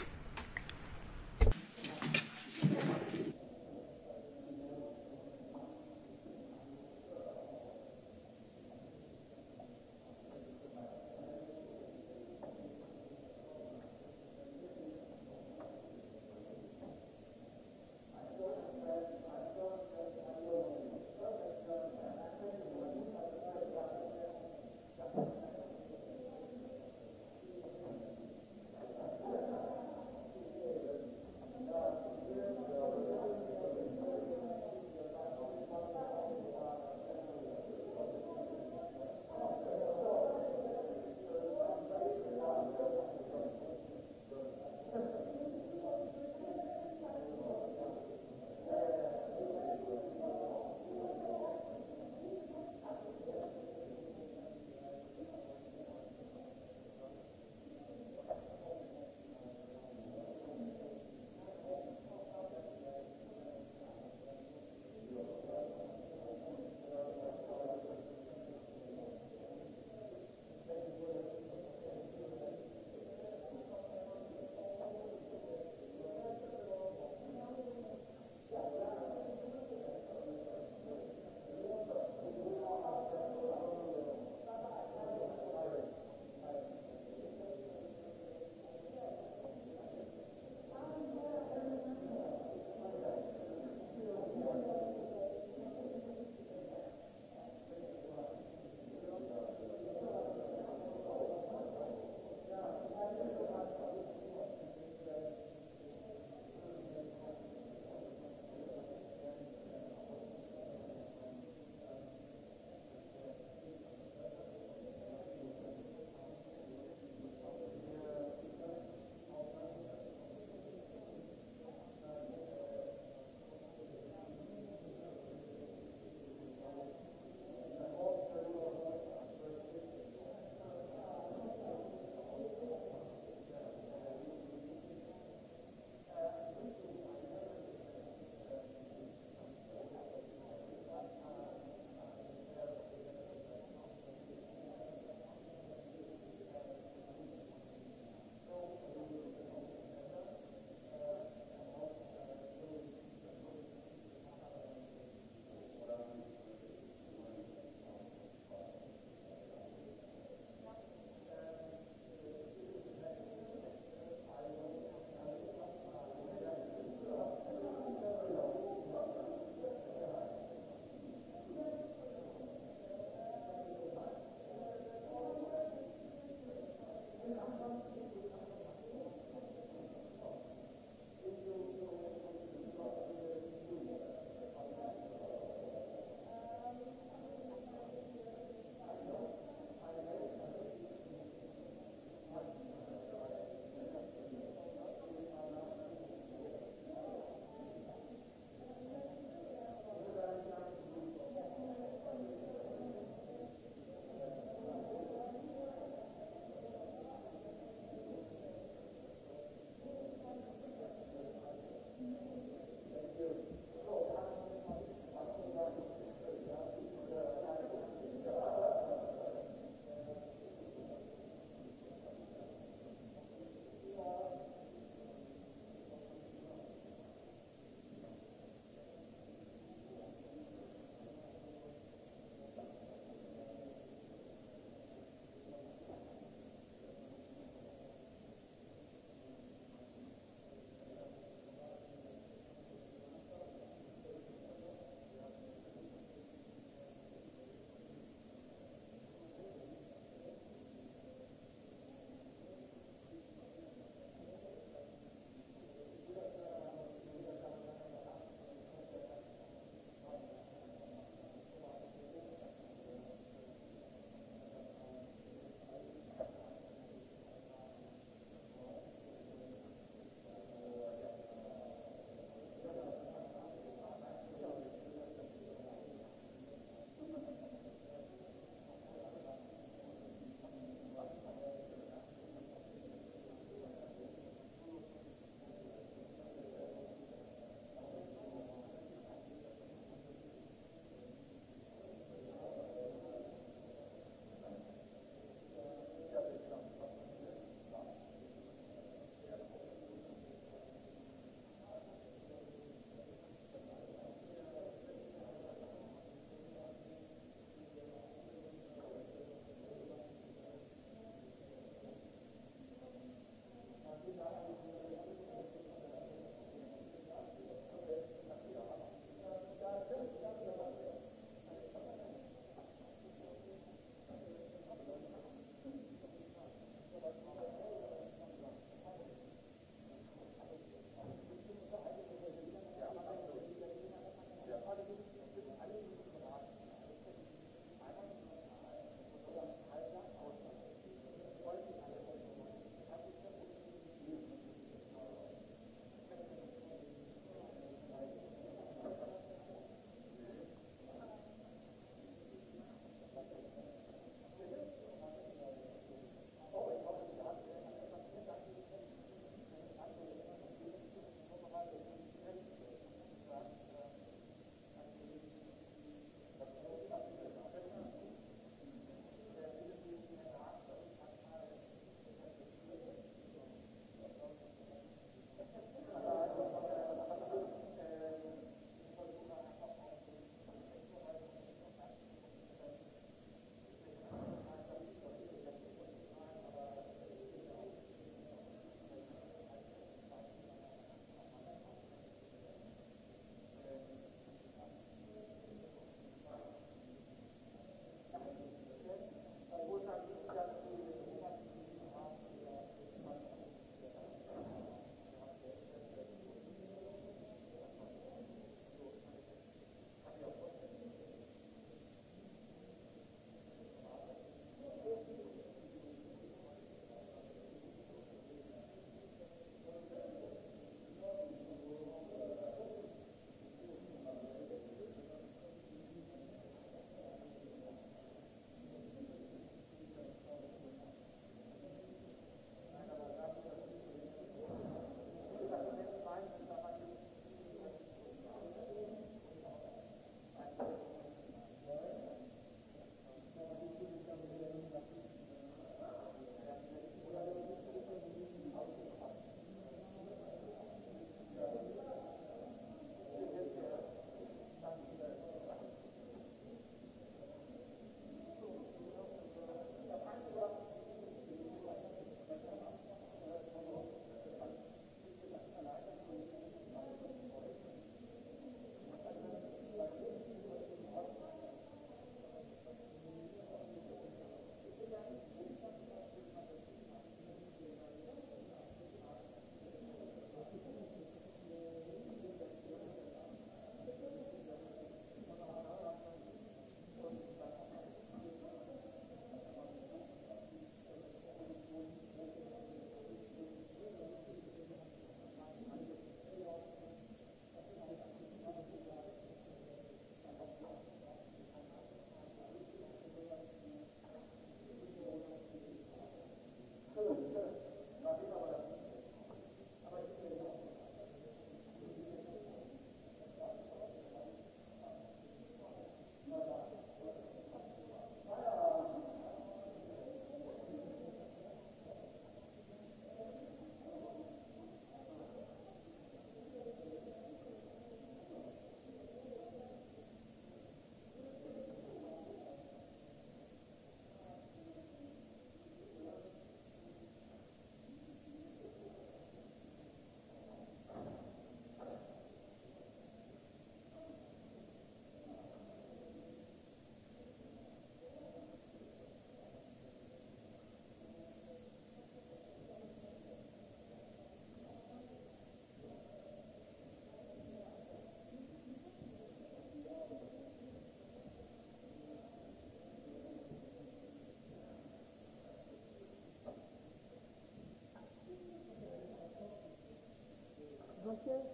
laquelle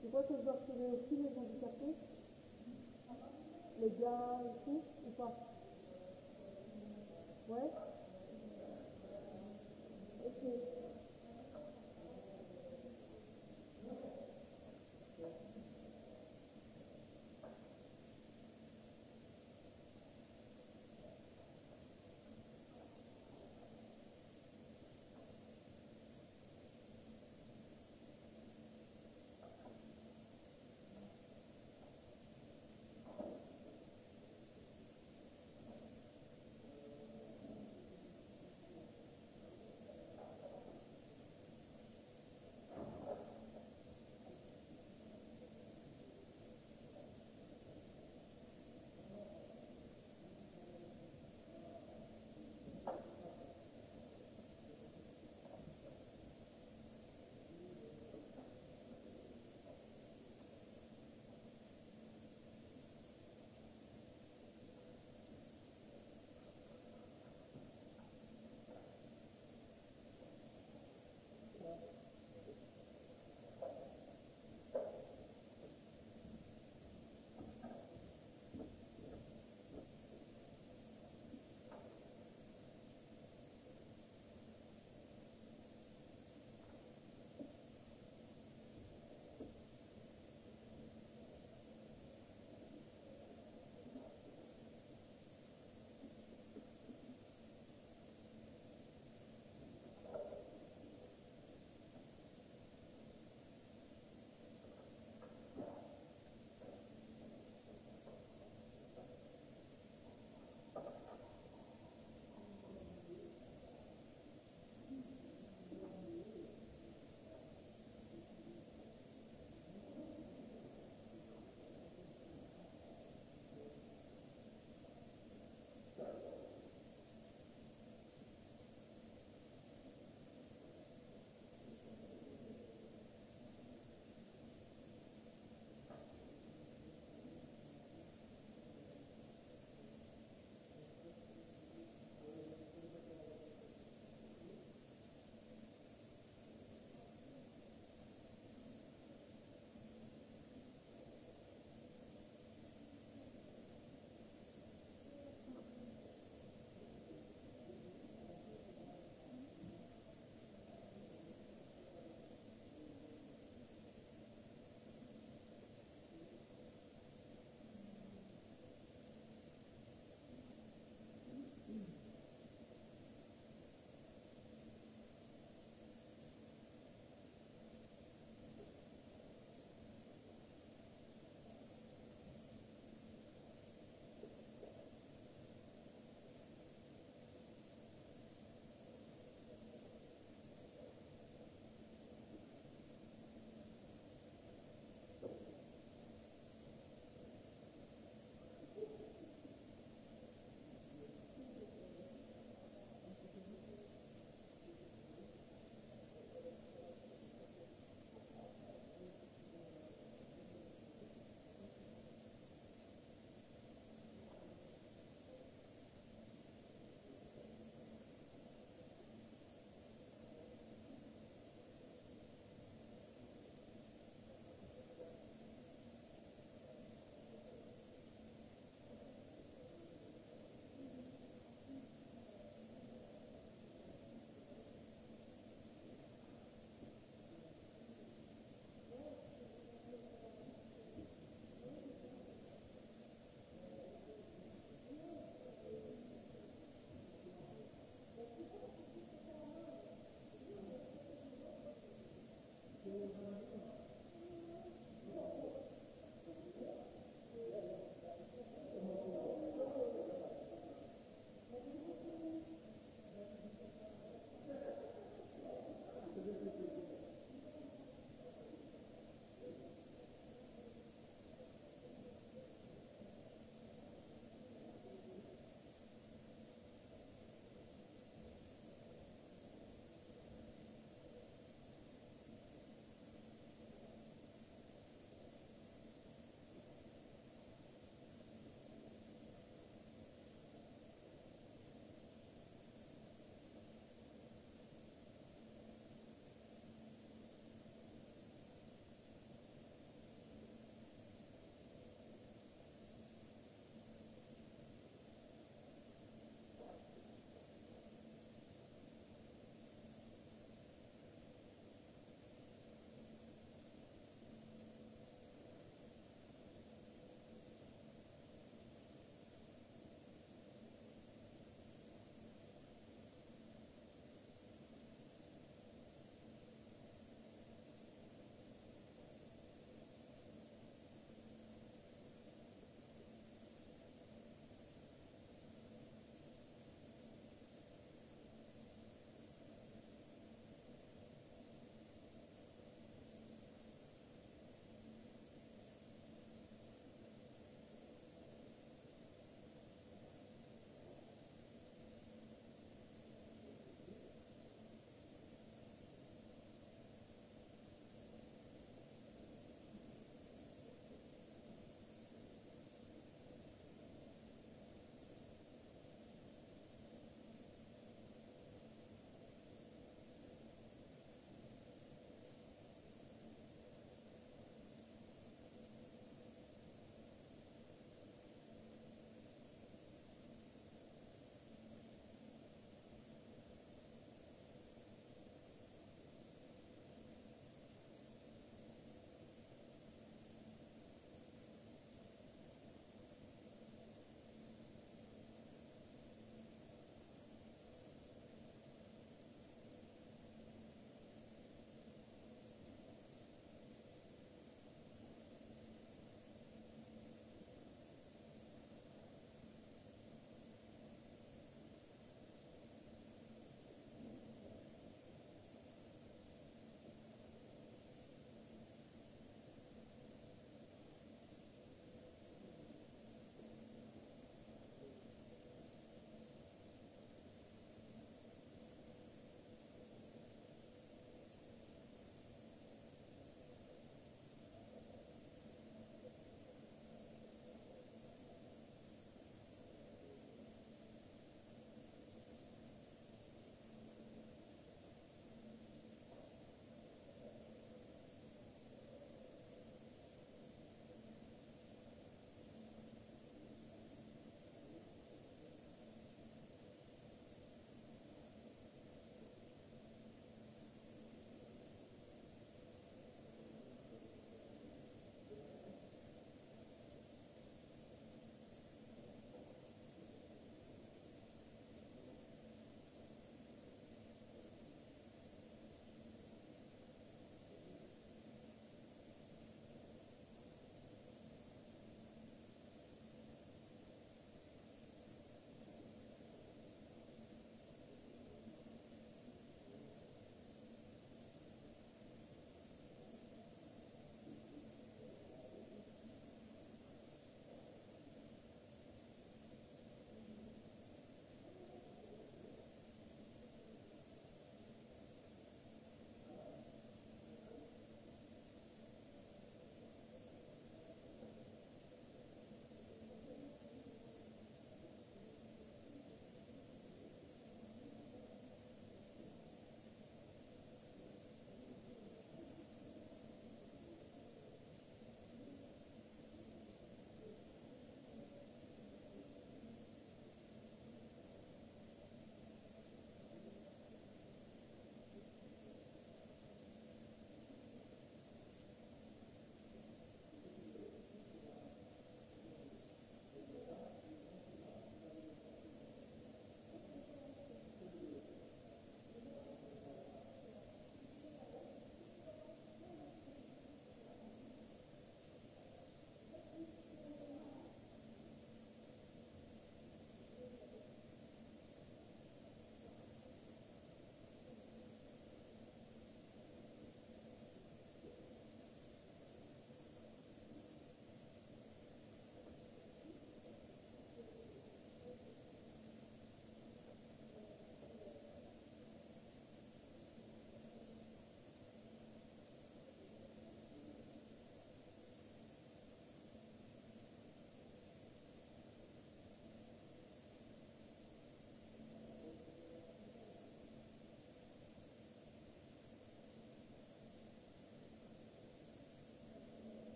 Tu crois que je dois retrouver aussi les handicapés. Les gars et tout, ou pas Ouais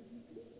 Mm-hmm.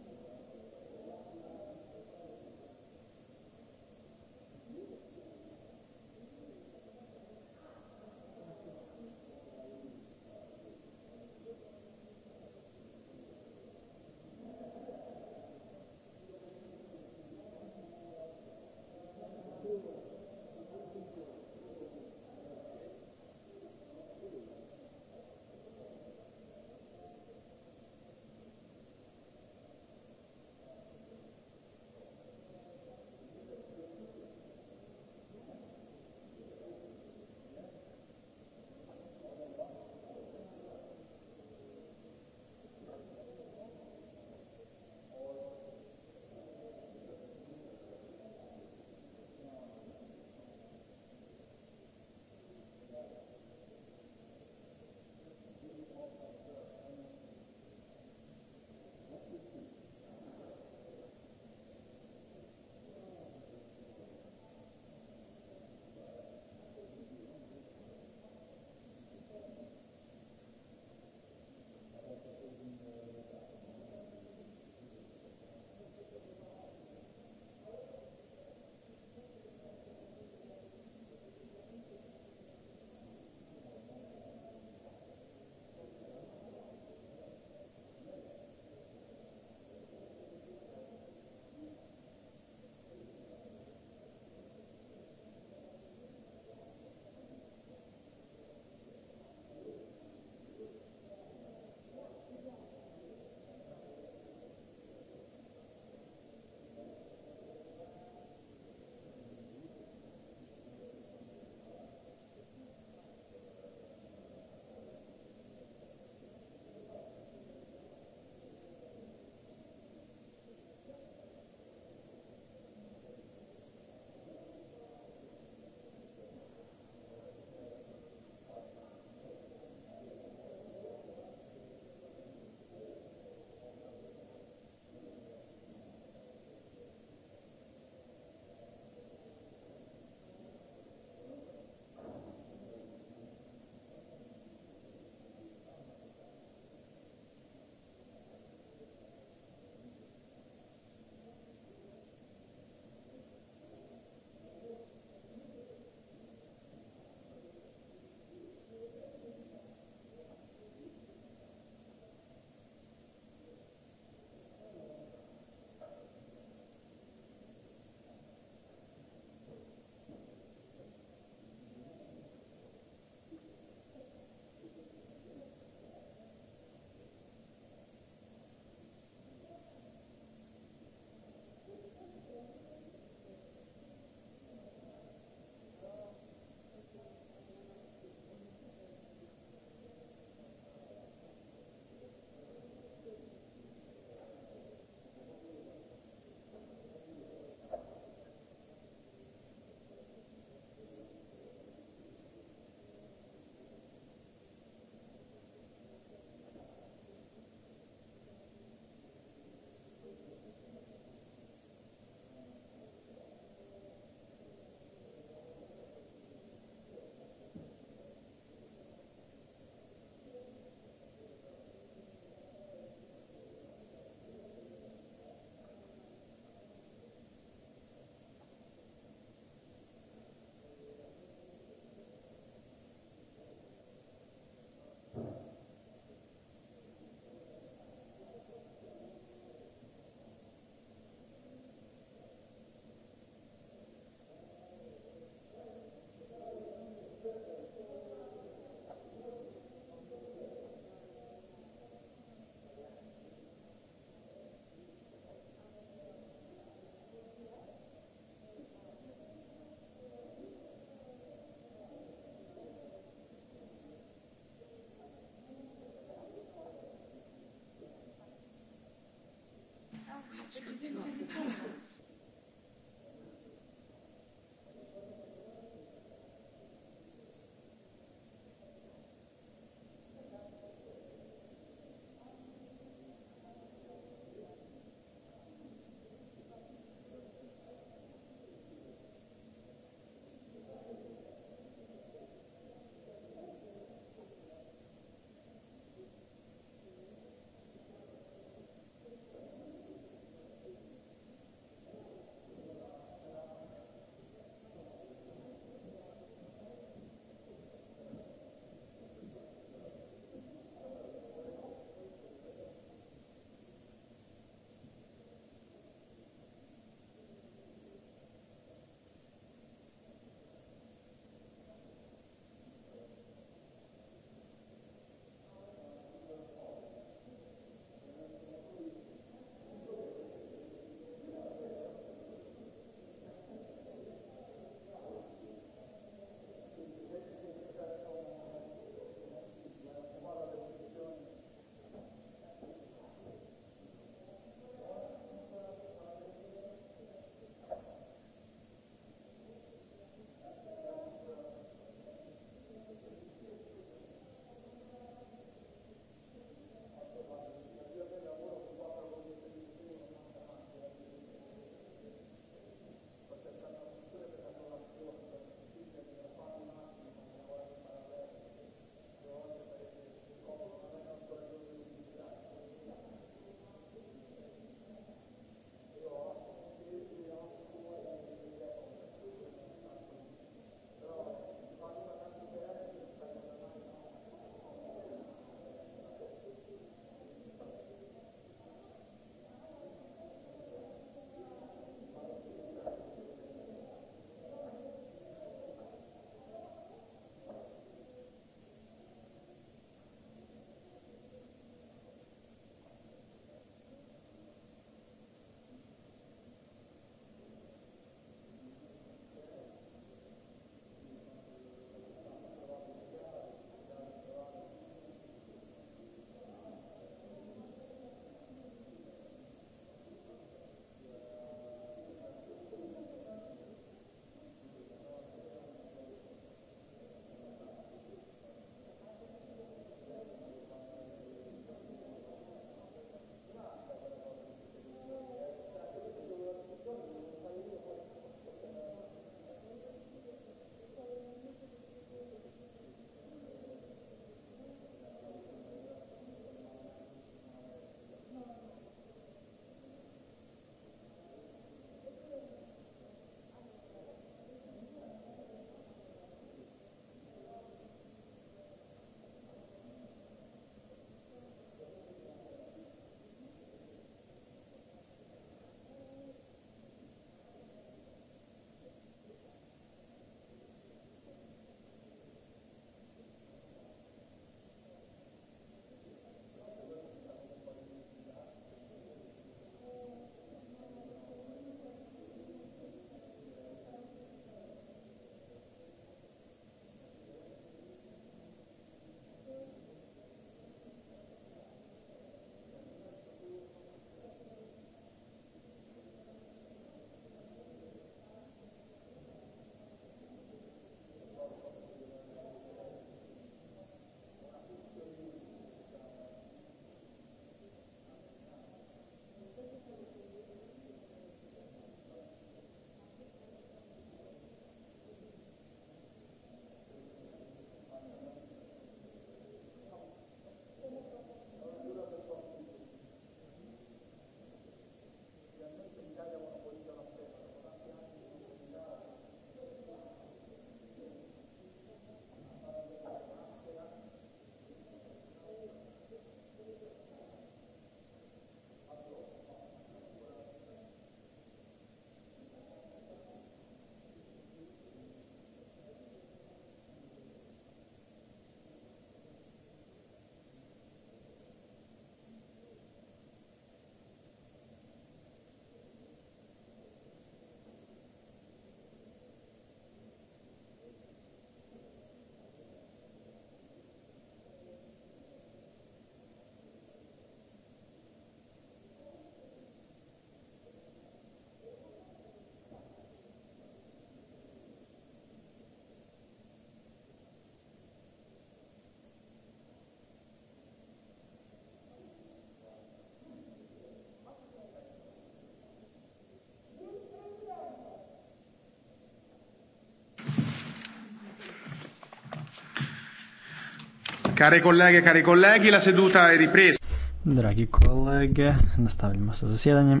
Care kolege, cari kolegi, la seduta je ripresa. Dragi kolege, nastavljamo sa zasjedanjem.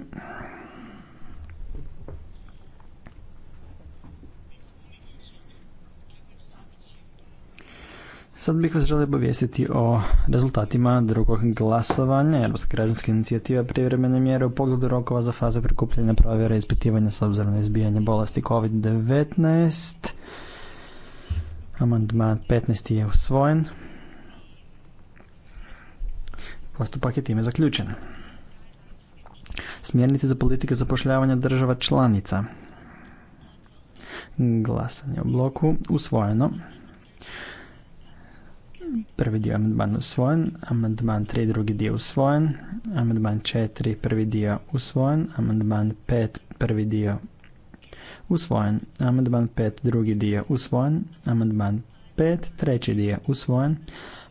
Sad bih vas želio obavijestiti o rezultatima drugog glasovanja Europske građanske inicijative privremene mjere u pogledu rokova za faze prikupljanja provjera i ispitivanja s obzirom na izbijanje bolesti COVID-19. Amandman 15. je usvojen. Postupak je time zaključen. Smjernice za politike zapošljavanja država članica. Glasanje u bloku usvojeno. Prvi dio amandman usvojen, amandman 3 drugi dio usvojen, amandman 4 prvi dio usvojen, amandman 5 prvi dio usvojen, amandman 5 drugi dio usvojen, amandman 5 treći dio usvojen,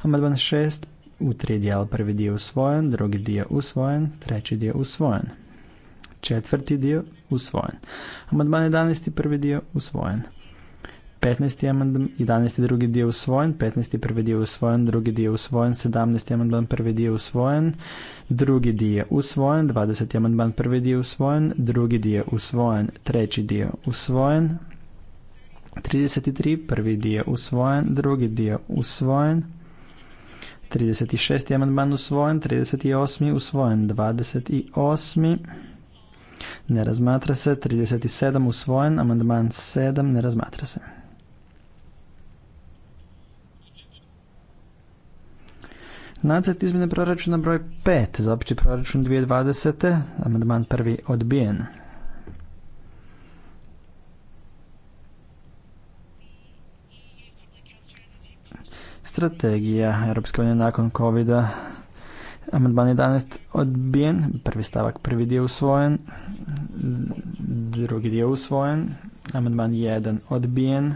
amandman 6 u tri dijela. Prvi dio usvojen, drugi dio usvojen, treći dio usvojen. Četvrti dio usvojen. Amandman 11. prvi dio usvojen. 15. amandman, 11. drugi dio usvojen, 15. prvi dio usvojen, drugi dio usvojen, 17. amandman prvi dio usvojen, drugi dio usvojen, 20. amandman prvi dio usvojen, drugi dio usvojen, treći dio usvojen, 33. prvi dio usvojen, drugi dio usvojen, 36. amandman usvojen, 38. usvojen, 28. ne razmatra se, 37. usvojen, amandman 7. ne razmatra se. Nacrt izmjene proračuna broj 5 za opći proračun 2020. Amandman prvi odbijen. strategija Europske unije nakon covid -a. Amandman 11 odbijen, prvi stavak, prvi dio usvojen, drugi dio usvojen, amandman 1 odbijen,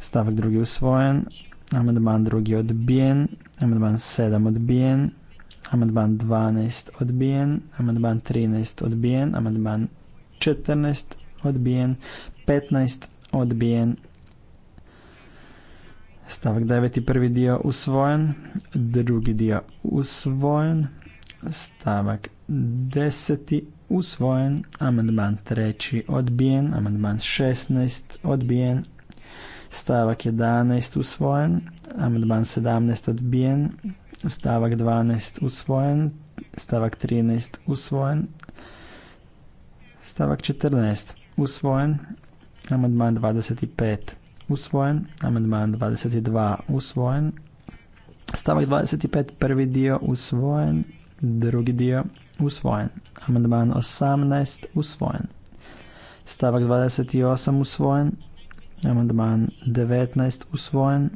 stavak drugi usvojen, amandman drugi odbijen, amandman 7 odbijen, amandman 12 odbijen, amandman 13 odbijen, amandman 14 odbijen, 15 odbijen, Stavak 9. prvi dio usvojen, drugi dio usvojen, stavak 10. usvojen, amandman 3. odbijen, amandman 16. odbijen, stavak 11. usvojen, amandman 17. odbijen, stavak 12. usvojen, stavak 13. usvojen, stavak 14. usvojen, amandman 25 usvojen, amandman 22 usvojen, stavak 25 prvi dio usvojen, drugi dio usvojen, amandman 18 usvojen, stavak 28 usvojen, amandman 19 usvojen,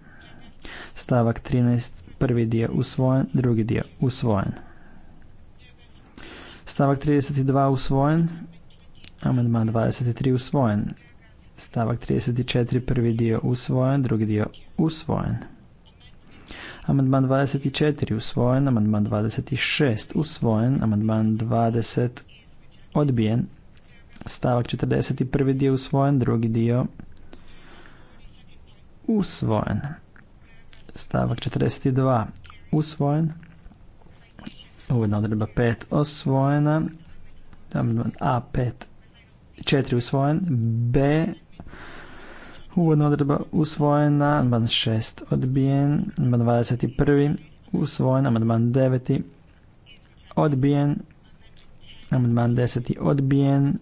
stavak 13 prvi dio usvojen, drugi dio usvojen. Stavak 32 usvojen, amandman 23 usvojen, stavak 34 prvi dio usvojen, drugi dio usvojen. Amandman 24 usvojen, amandman 26 usvojen, amandman 20 odbijen, stavak 41 dio usvojen, drugi dio usvojen. Stavak 42 usvojen. Uvodna odredba 5 osvojena. A5 4 usvojen. B Uvodna odredba usvojena, amandman 6 odbijen, amandman 21 usvojen, amandman 9 odbijen, amandman 10 odbijen,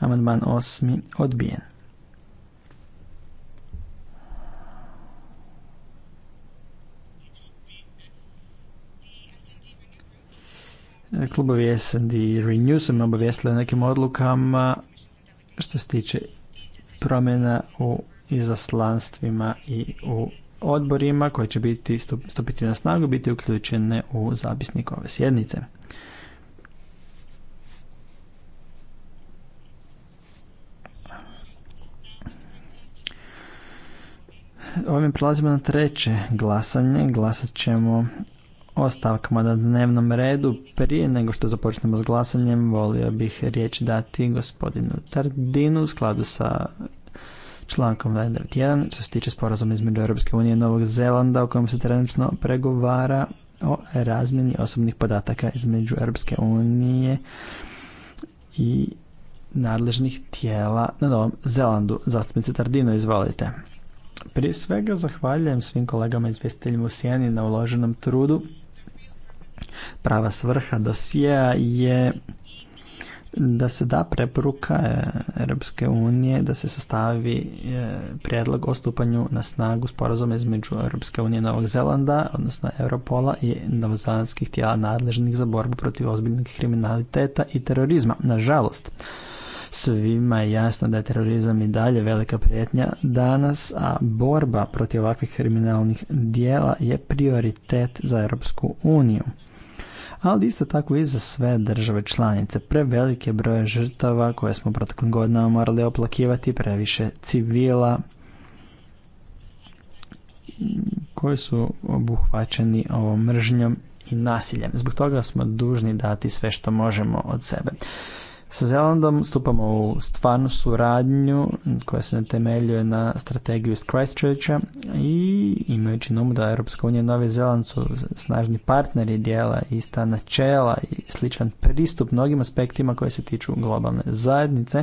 amandman 8 odbijen. Klubovi SND Renew su me obavijestili o nekim odlukama što se tiče promjena u izaslanstvima i u odborima koji će biti stupiti na snagu biti uključene u zapisnik ove sjednice. Ovim prelazimo na treće glasanje. Glasat ćemo o stavkama na dnevnom redu. Prije nego što započnemo s glasanjem, volio bih riječ dati gospodinu Tardinu u skladu sa člankom 91 što se tiče sporazuma između Europske unije i Novog Zelanda u kojem se trenutno pregovara o razmjeni osobnih podataka između Europske unije i nadležnih tijela na Novom Zelandu. Zastupnice Tardino, izvolite. Prije svega zahvaljujem svim kolegama izvjestiteljima u Sijeni na uloženom trudu. Prava svrha dosija je da se da preporuka eh, Europske unije da se sastavi eh, prijedlog o stupanju na snagu sporazuma između Europske unije i Novog Zelanda, odnosno Europola i novozelandskih tijela nadležnih za borbu protiv ozbiljnog kriminaliteta i terorizma. Nažalost, svima je jasno da je terorizam i dalje velika prijetnja danas, a borba protiv ovakvih kriminalnih dijela je prioritet za Europsku uniju ali isto tako i za sve države članice. Prevelike broje žrtava koje smo proteklim godinama morali oplakivati, previše civila koji su obuhvaćeni ovom mržnjom i nasiljem. Zbog toga smo dužni dati sve što možemo od sebe. Sa Zelandom stupamo u stvarnu suradnju koja se temeljuje na strategiju iz Christchurcha i imajući na da Europska unija i Novi Zeland su snažni partneri dijela ista načela i sličan pristup mnogim aspektima koji se tiču globalne zajednice,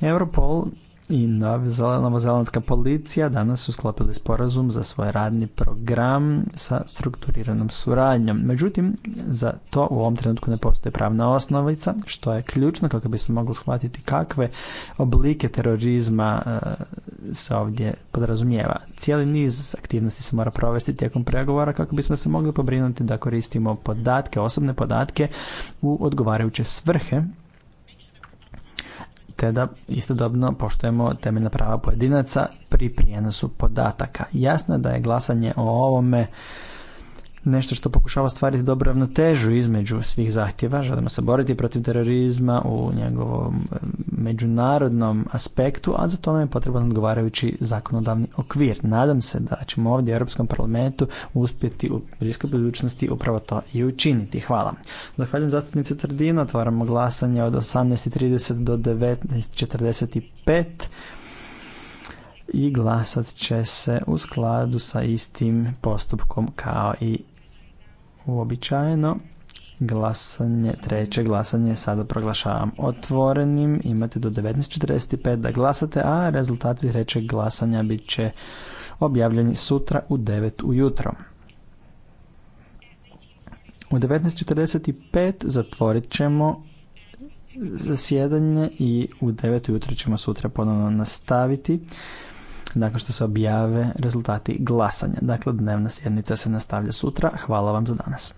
Europol i novozelandska policija danas su sklopili sporazum za svoj radni program sa strukturiranom suradnjom. Međutim, za to u ovom trenutku ne postoji pravna osnovica, što je ključno kako bi se moglo shvatiti kakve oblike terorizma e, se ovdje podrazumijeva. Cijeli niz aktivnosti se mora provesti tijekom pregovora kako bismo se mogli pobrinuti da koristimo podatke, osobne podatke u odgovarajuće svrhe te da istodobno poštujemo temeljna prava pojedinaca pri prijenosu podataka. Jasno je da je glasanje o ovome nešto što pokušava stvariti dobru ravnotežu između svih zahtjeva. Želimo se boriti protiv terorizma u njegovom e, međunarodnom aspektu, a za to nam je potreban odgovarajući zakonodavni okvir. Nadam se da ćemo ovdje u Europskom parlamentu uspjeti u bliskoj budućnosti upravo to i učiniti. Hvala. Zahvaljujem zastupnice Trdino. Otvaramo glasanje od 18.30 do 19.45 i glasat će se u skladu sa istim postupkom kao i uobičajeno glasanje, treće glasanje sada proglašavam otvorenim. Imate do 19.45 da glasate, a rezultati trećeg glasanja bit će objavljeni sutra u 9 ujutro. U 19.45 zatvorit ćemo zasjedanje i u 9 ujutro ćemo sutra ponovno nastaviti nakon što se objave rezultati glasanja. Dakle, dnevna sjednica se nastavlja sutra. Hvala vam za danas.